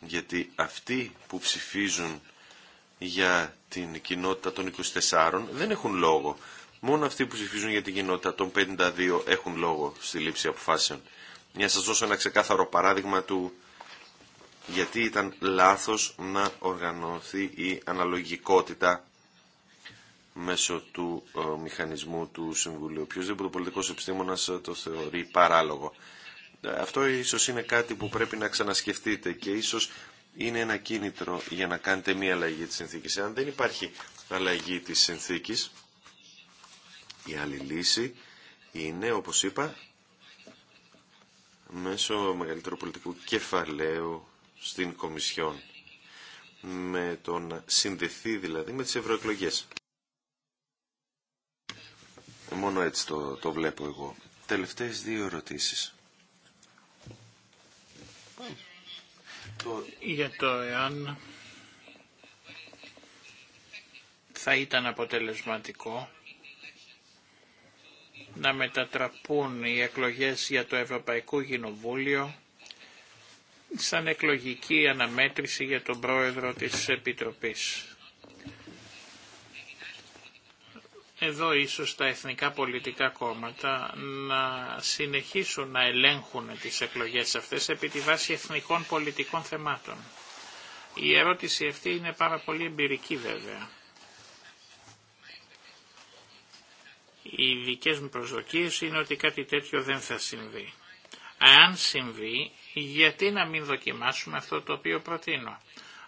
γιατί αυτοί που ψηφίζουν για την κοινότητα των 24 δεν έχουν λόγο. Μόνο αυτοί που ψηφίζουν για την κοινότητα των 52 έχουν λόγο στη λήψη αποφάσεων. Για να σας δώσω ένα ξεκάθαρο παράδειγμα του γιατί ήταν λάθος να οργανωθεί η αναλογικότητα μέσω του ε, μηχανισμού του Συμβουλίου. δεν πολιτικός επιστήμονας ε, το θεωρεί παράλογο. Ε, αυτό ίσως είναι κάτι που πρέπει να ξανασκεφτείτε και ίσως είναι ένα κίνητρο για να κάνετε μία αλλαγή της συνθήκης. Αν δεν υπάρχει αλλαγή της συνθήκης, η άλλη λύση είναι, όπως είπα, μέσω μεγαλύτερου πολιτικού κεφαλαίου στην Κομισιόν με το να συνδεθεί δηλαδή με τις ευρωεκλογέ. Μόνο έτσι το, το βλέπω εγώ. Τελευταίες δύο ερωτήσεις. Για το εάν θα ήταν αποτελεσματικό να μετατραπούν οι εκλογές για το Ευρωπαϊκό Κοινοβούλιο σαν εκλογική αναμέτρηση για τον πρόεδρο της Επιτροπής. Εδώ ίσως τα εθνικά πολιτικά κόμματα να συνεχίσουν να ελέγχουν τις εκλογές αυτές επί τη βάση εθνικών πολιτικών θεμάτων. Η ερώτηση αυτή είναι πάρα πολύ εμπειρική βέβαια. Οι δικές μου προσδοκίες είναι ότι κάτι τέτοιο δεν θα συμβεί. Αν συμβεί, γιατί να μην δοκιμάσουμε αυτό το οποίο προτείνω.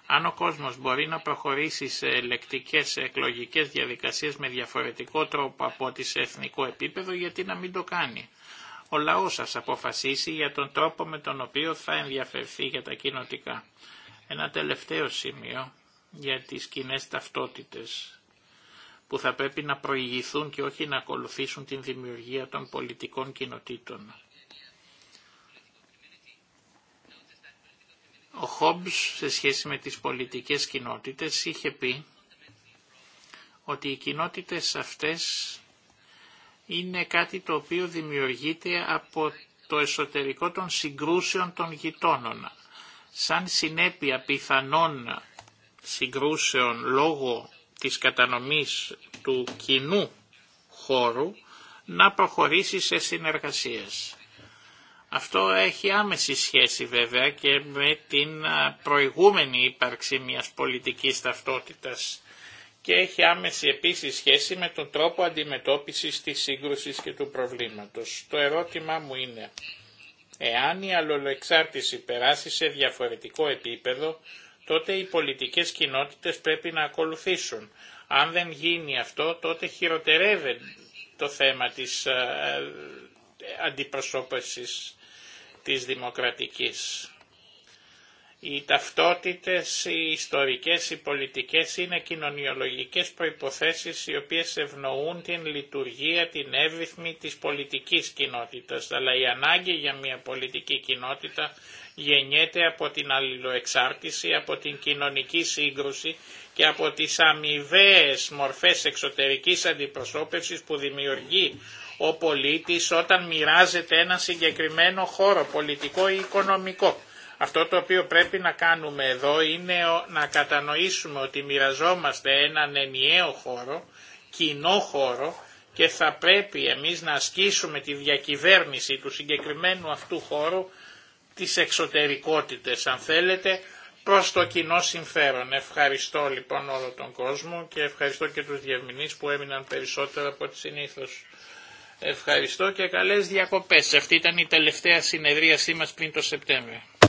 Αν ο κόσμος μπορεί να προχωρήσει σε ελεκτικές εκλογικές διαδικασίες με διαφορετικό τρόπο από ό,τι σε εθνικό επίπεδο, γιατί να μην το κάνει. Ο λαός σας αποφασίσει για τον τρόπο με τον οποίο θα ενδιαφερθεί για τα κοινοτικά. Ένα τελευταίο σημείο για τις κοινέ ταυτότητες που θα πρέπει να προηγηθούν και όχι να ακολουθήσουν την δημιουργία των πολιτικών κοινοτήτων. Ο Χόμπς σε σχέση με τις πολιτικές κοινότητες είχε πει ότι οι κοινότητες αυτές είναι κάτι το οποίο δημιουργείται από το εσωτερικό των συγκρούσεων των γειτόνων. Σαν συνέπεια πιθανών συγκρούσεων λόγω της κατανομής του κοινού χώρου να προχωρήσει σε συνεργασίες. Αυτό έχει άμεση σχέση βέβαια και με την προηγούμενη ύπαρξη μιας πολιτικής ταυτότητας και έχει άμεση επίσης σχέση με τον τρόπο αντιμετώπισης της σύγκρουσης και του προβλήματος. Το ερώτημά μου είναι, εάν η αλλολοεξάρτηση περάσει σε διαφορετικό επίπεδο, τότε οι πολιτικές κοινότητες πρέπει να ακολουθήσουν. Αν δεν γίνει αυτό, τότε χειροτερεύει το θέμα της ε, ε, αντιπροσώπευσης της δημοκρατικής. Οι ταυτότητες, οι ιστορικές, οι πολιτικές είναι κοινωνιολογικές προϋποθέσεις οι οποίες ευνοούν την λειτουργία, την εύρυθμη της πολιτικής κοινότητας. Αλλά η ανάγκη για μια πολιτική κοινότητα γεννιέται από την αλληλοεξάρτηση, από την κοινωνική σύγκρουση και από τις αμοιβαίε μορφές εξωτερικής αντιπροσώπευσης που δημιουργεί ο πολίτης όταν μοιράζεται ένα συγκεκριμένο χώρο πολιτικό ή οικονομικό. Αυτό το οποίο πρέπει να κάνουμε εδώ είναι να κατανοήσουμε ότι μοιραζόμαστε έναν ενιαίο χώρο, κοινό χώρο και θα πρέπει εμείς να ασκήσουμε τη διακυβέρνηση του συγκεκριμένου αυτού χώρου τις εξωτερικότητες αν θέλετε προς το κοινό συμφέρον. Ευχαριστώ λοιπόν όλο τον κόσμο και ευχαριστώ και τους διευμηνείς που έμειναν περισσότερο από ό,τι συνήθως. Ευχαριστώ και καλές διακοπές. Αυτή ήταν η τελευταία συνεδρίασή μας πριν το Σεπτέμβριο.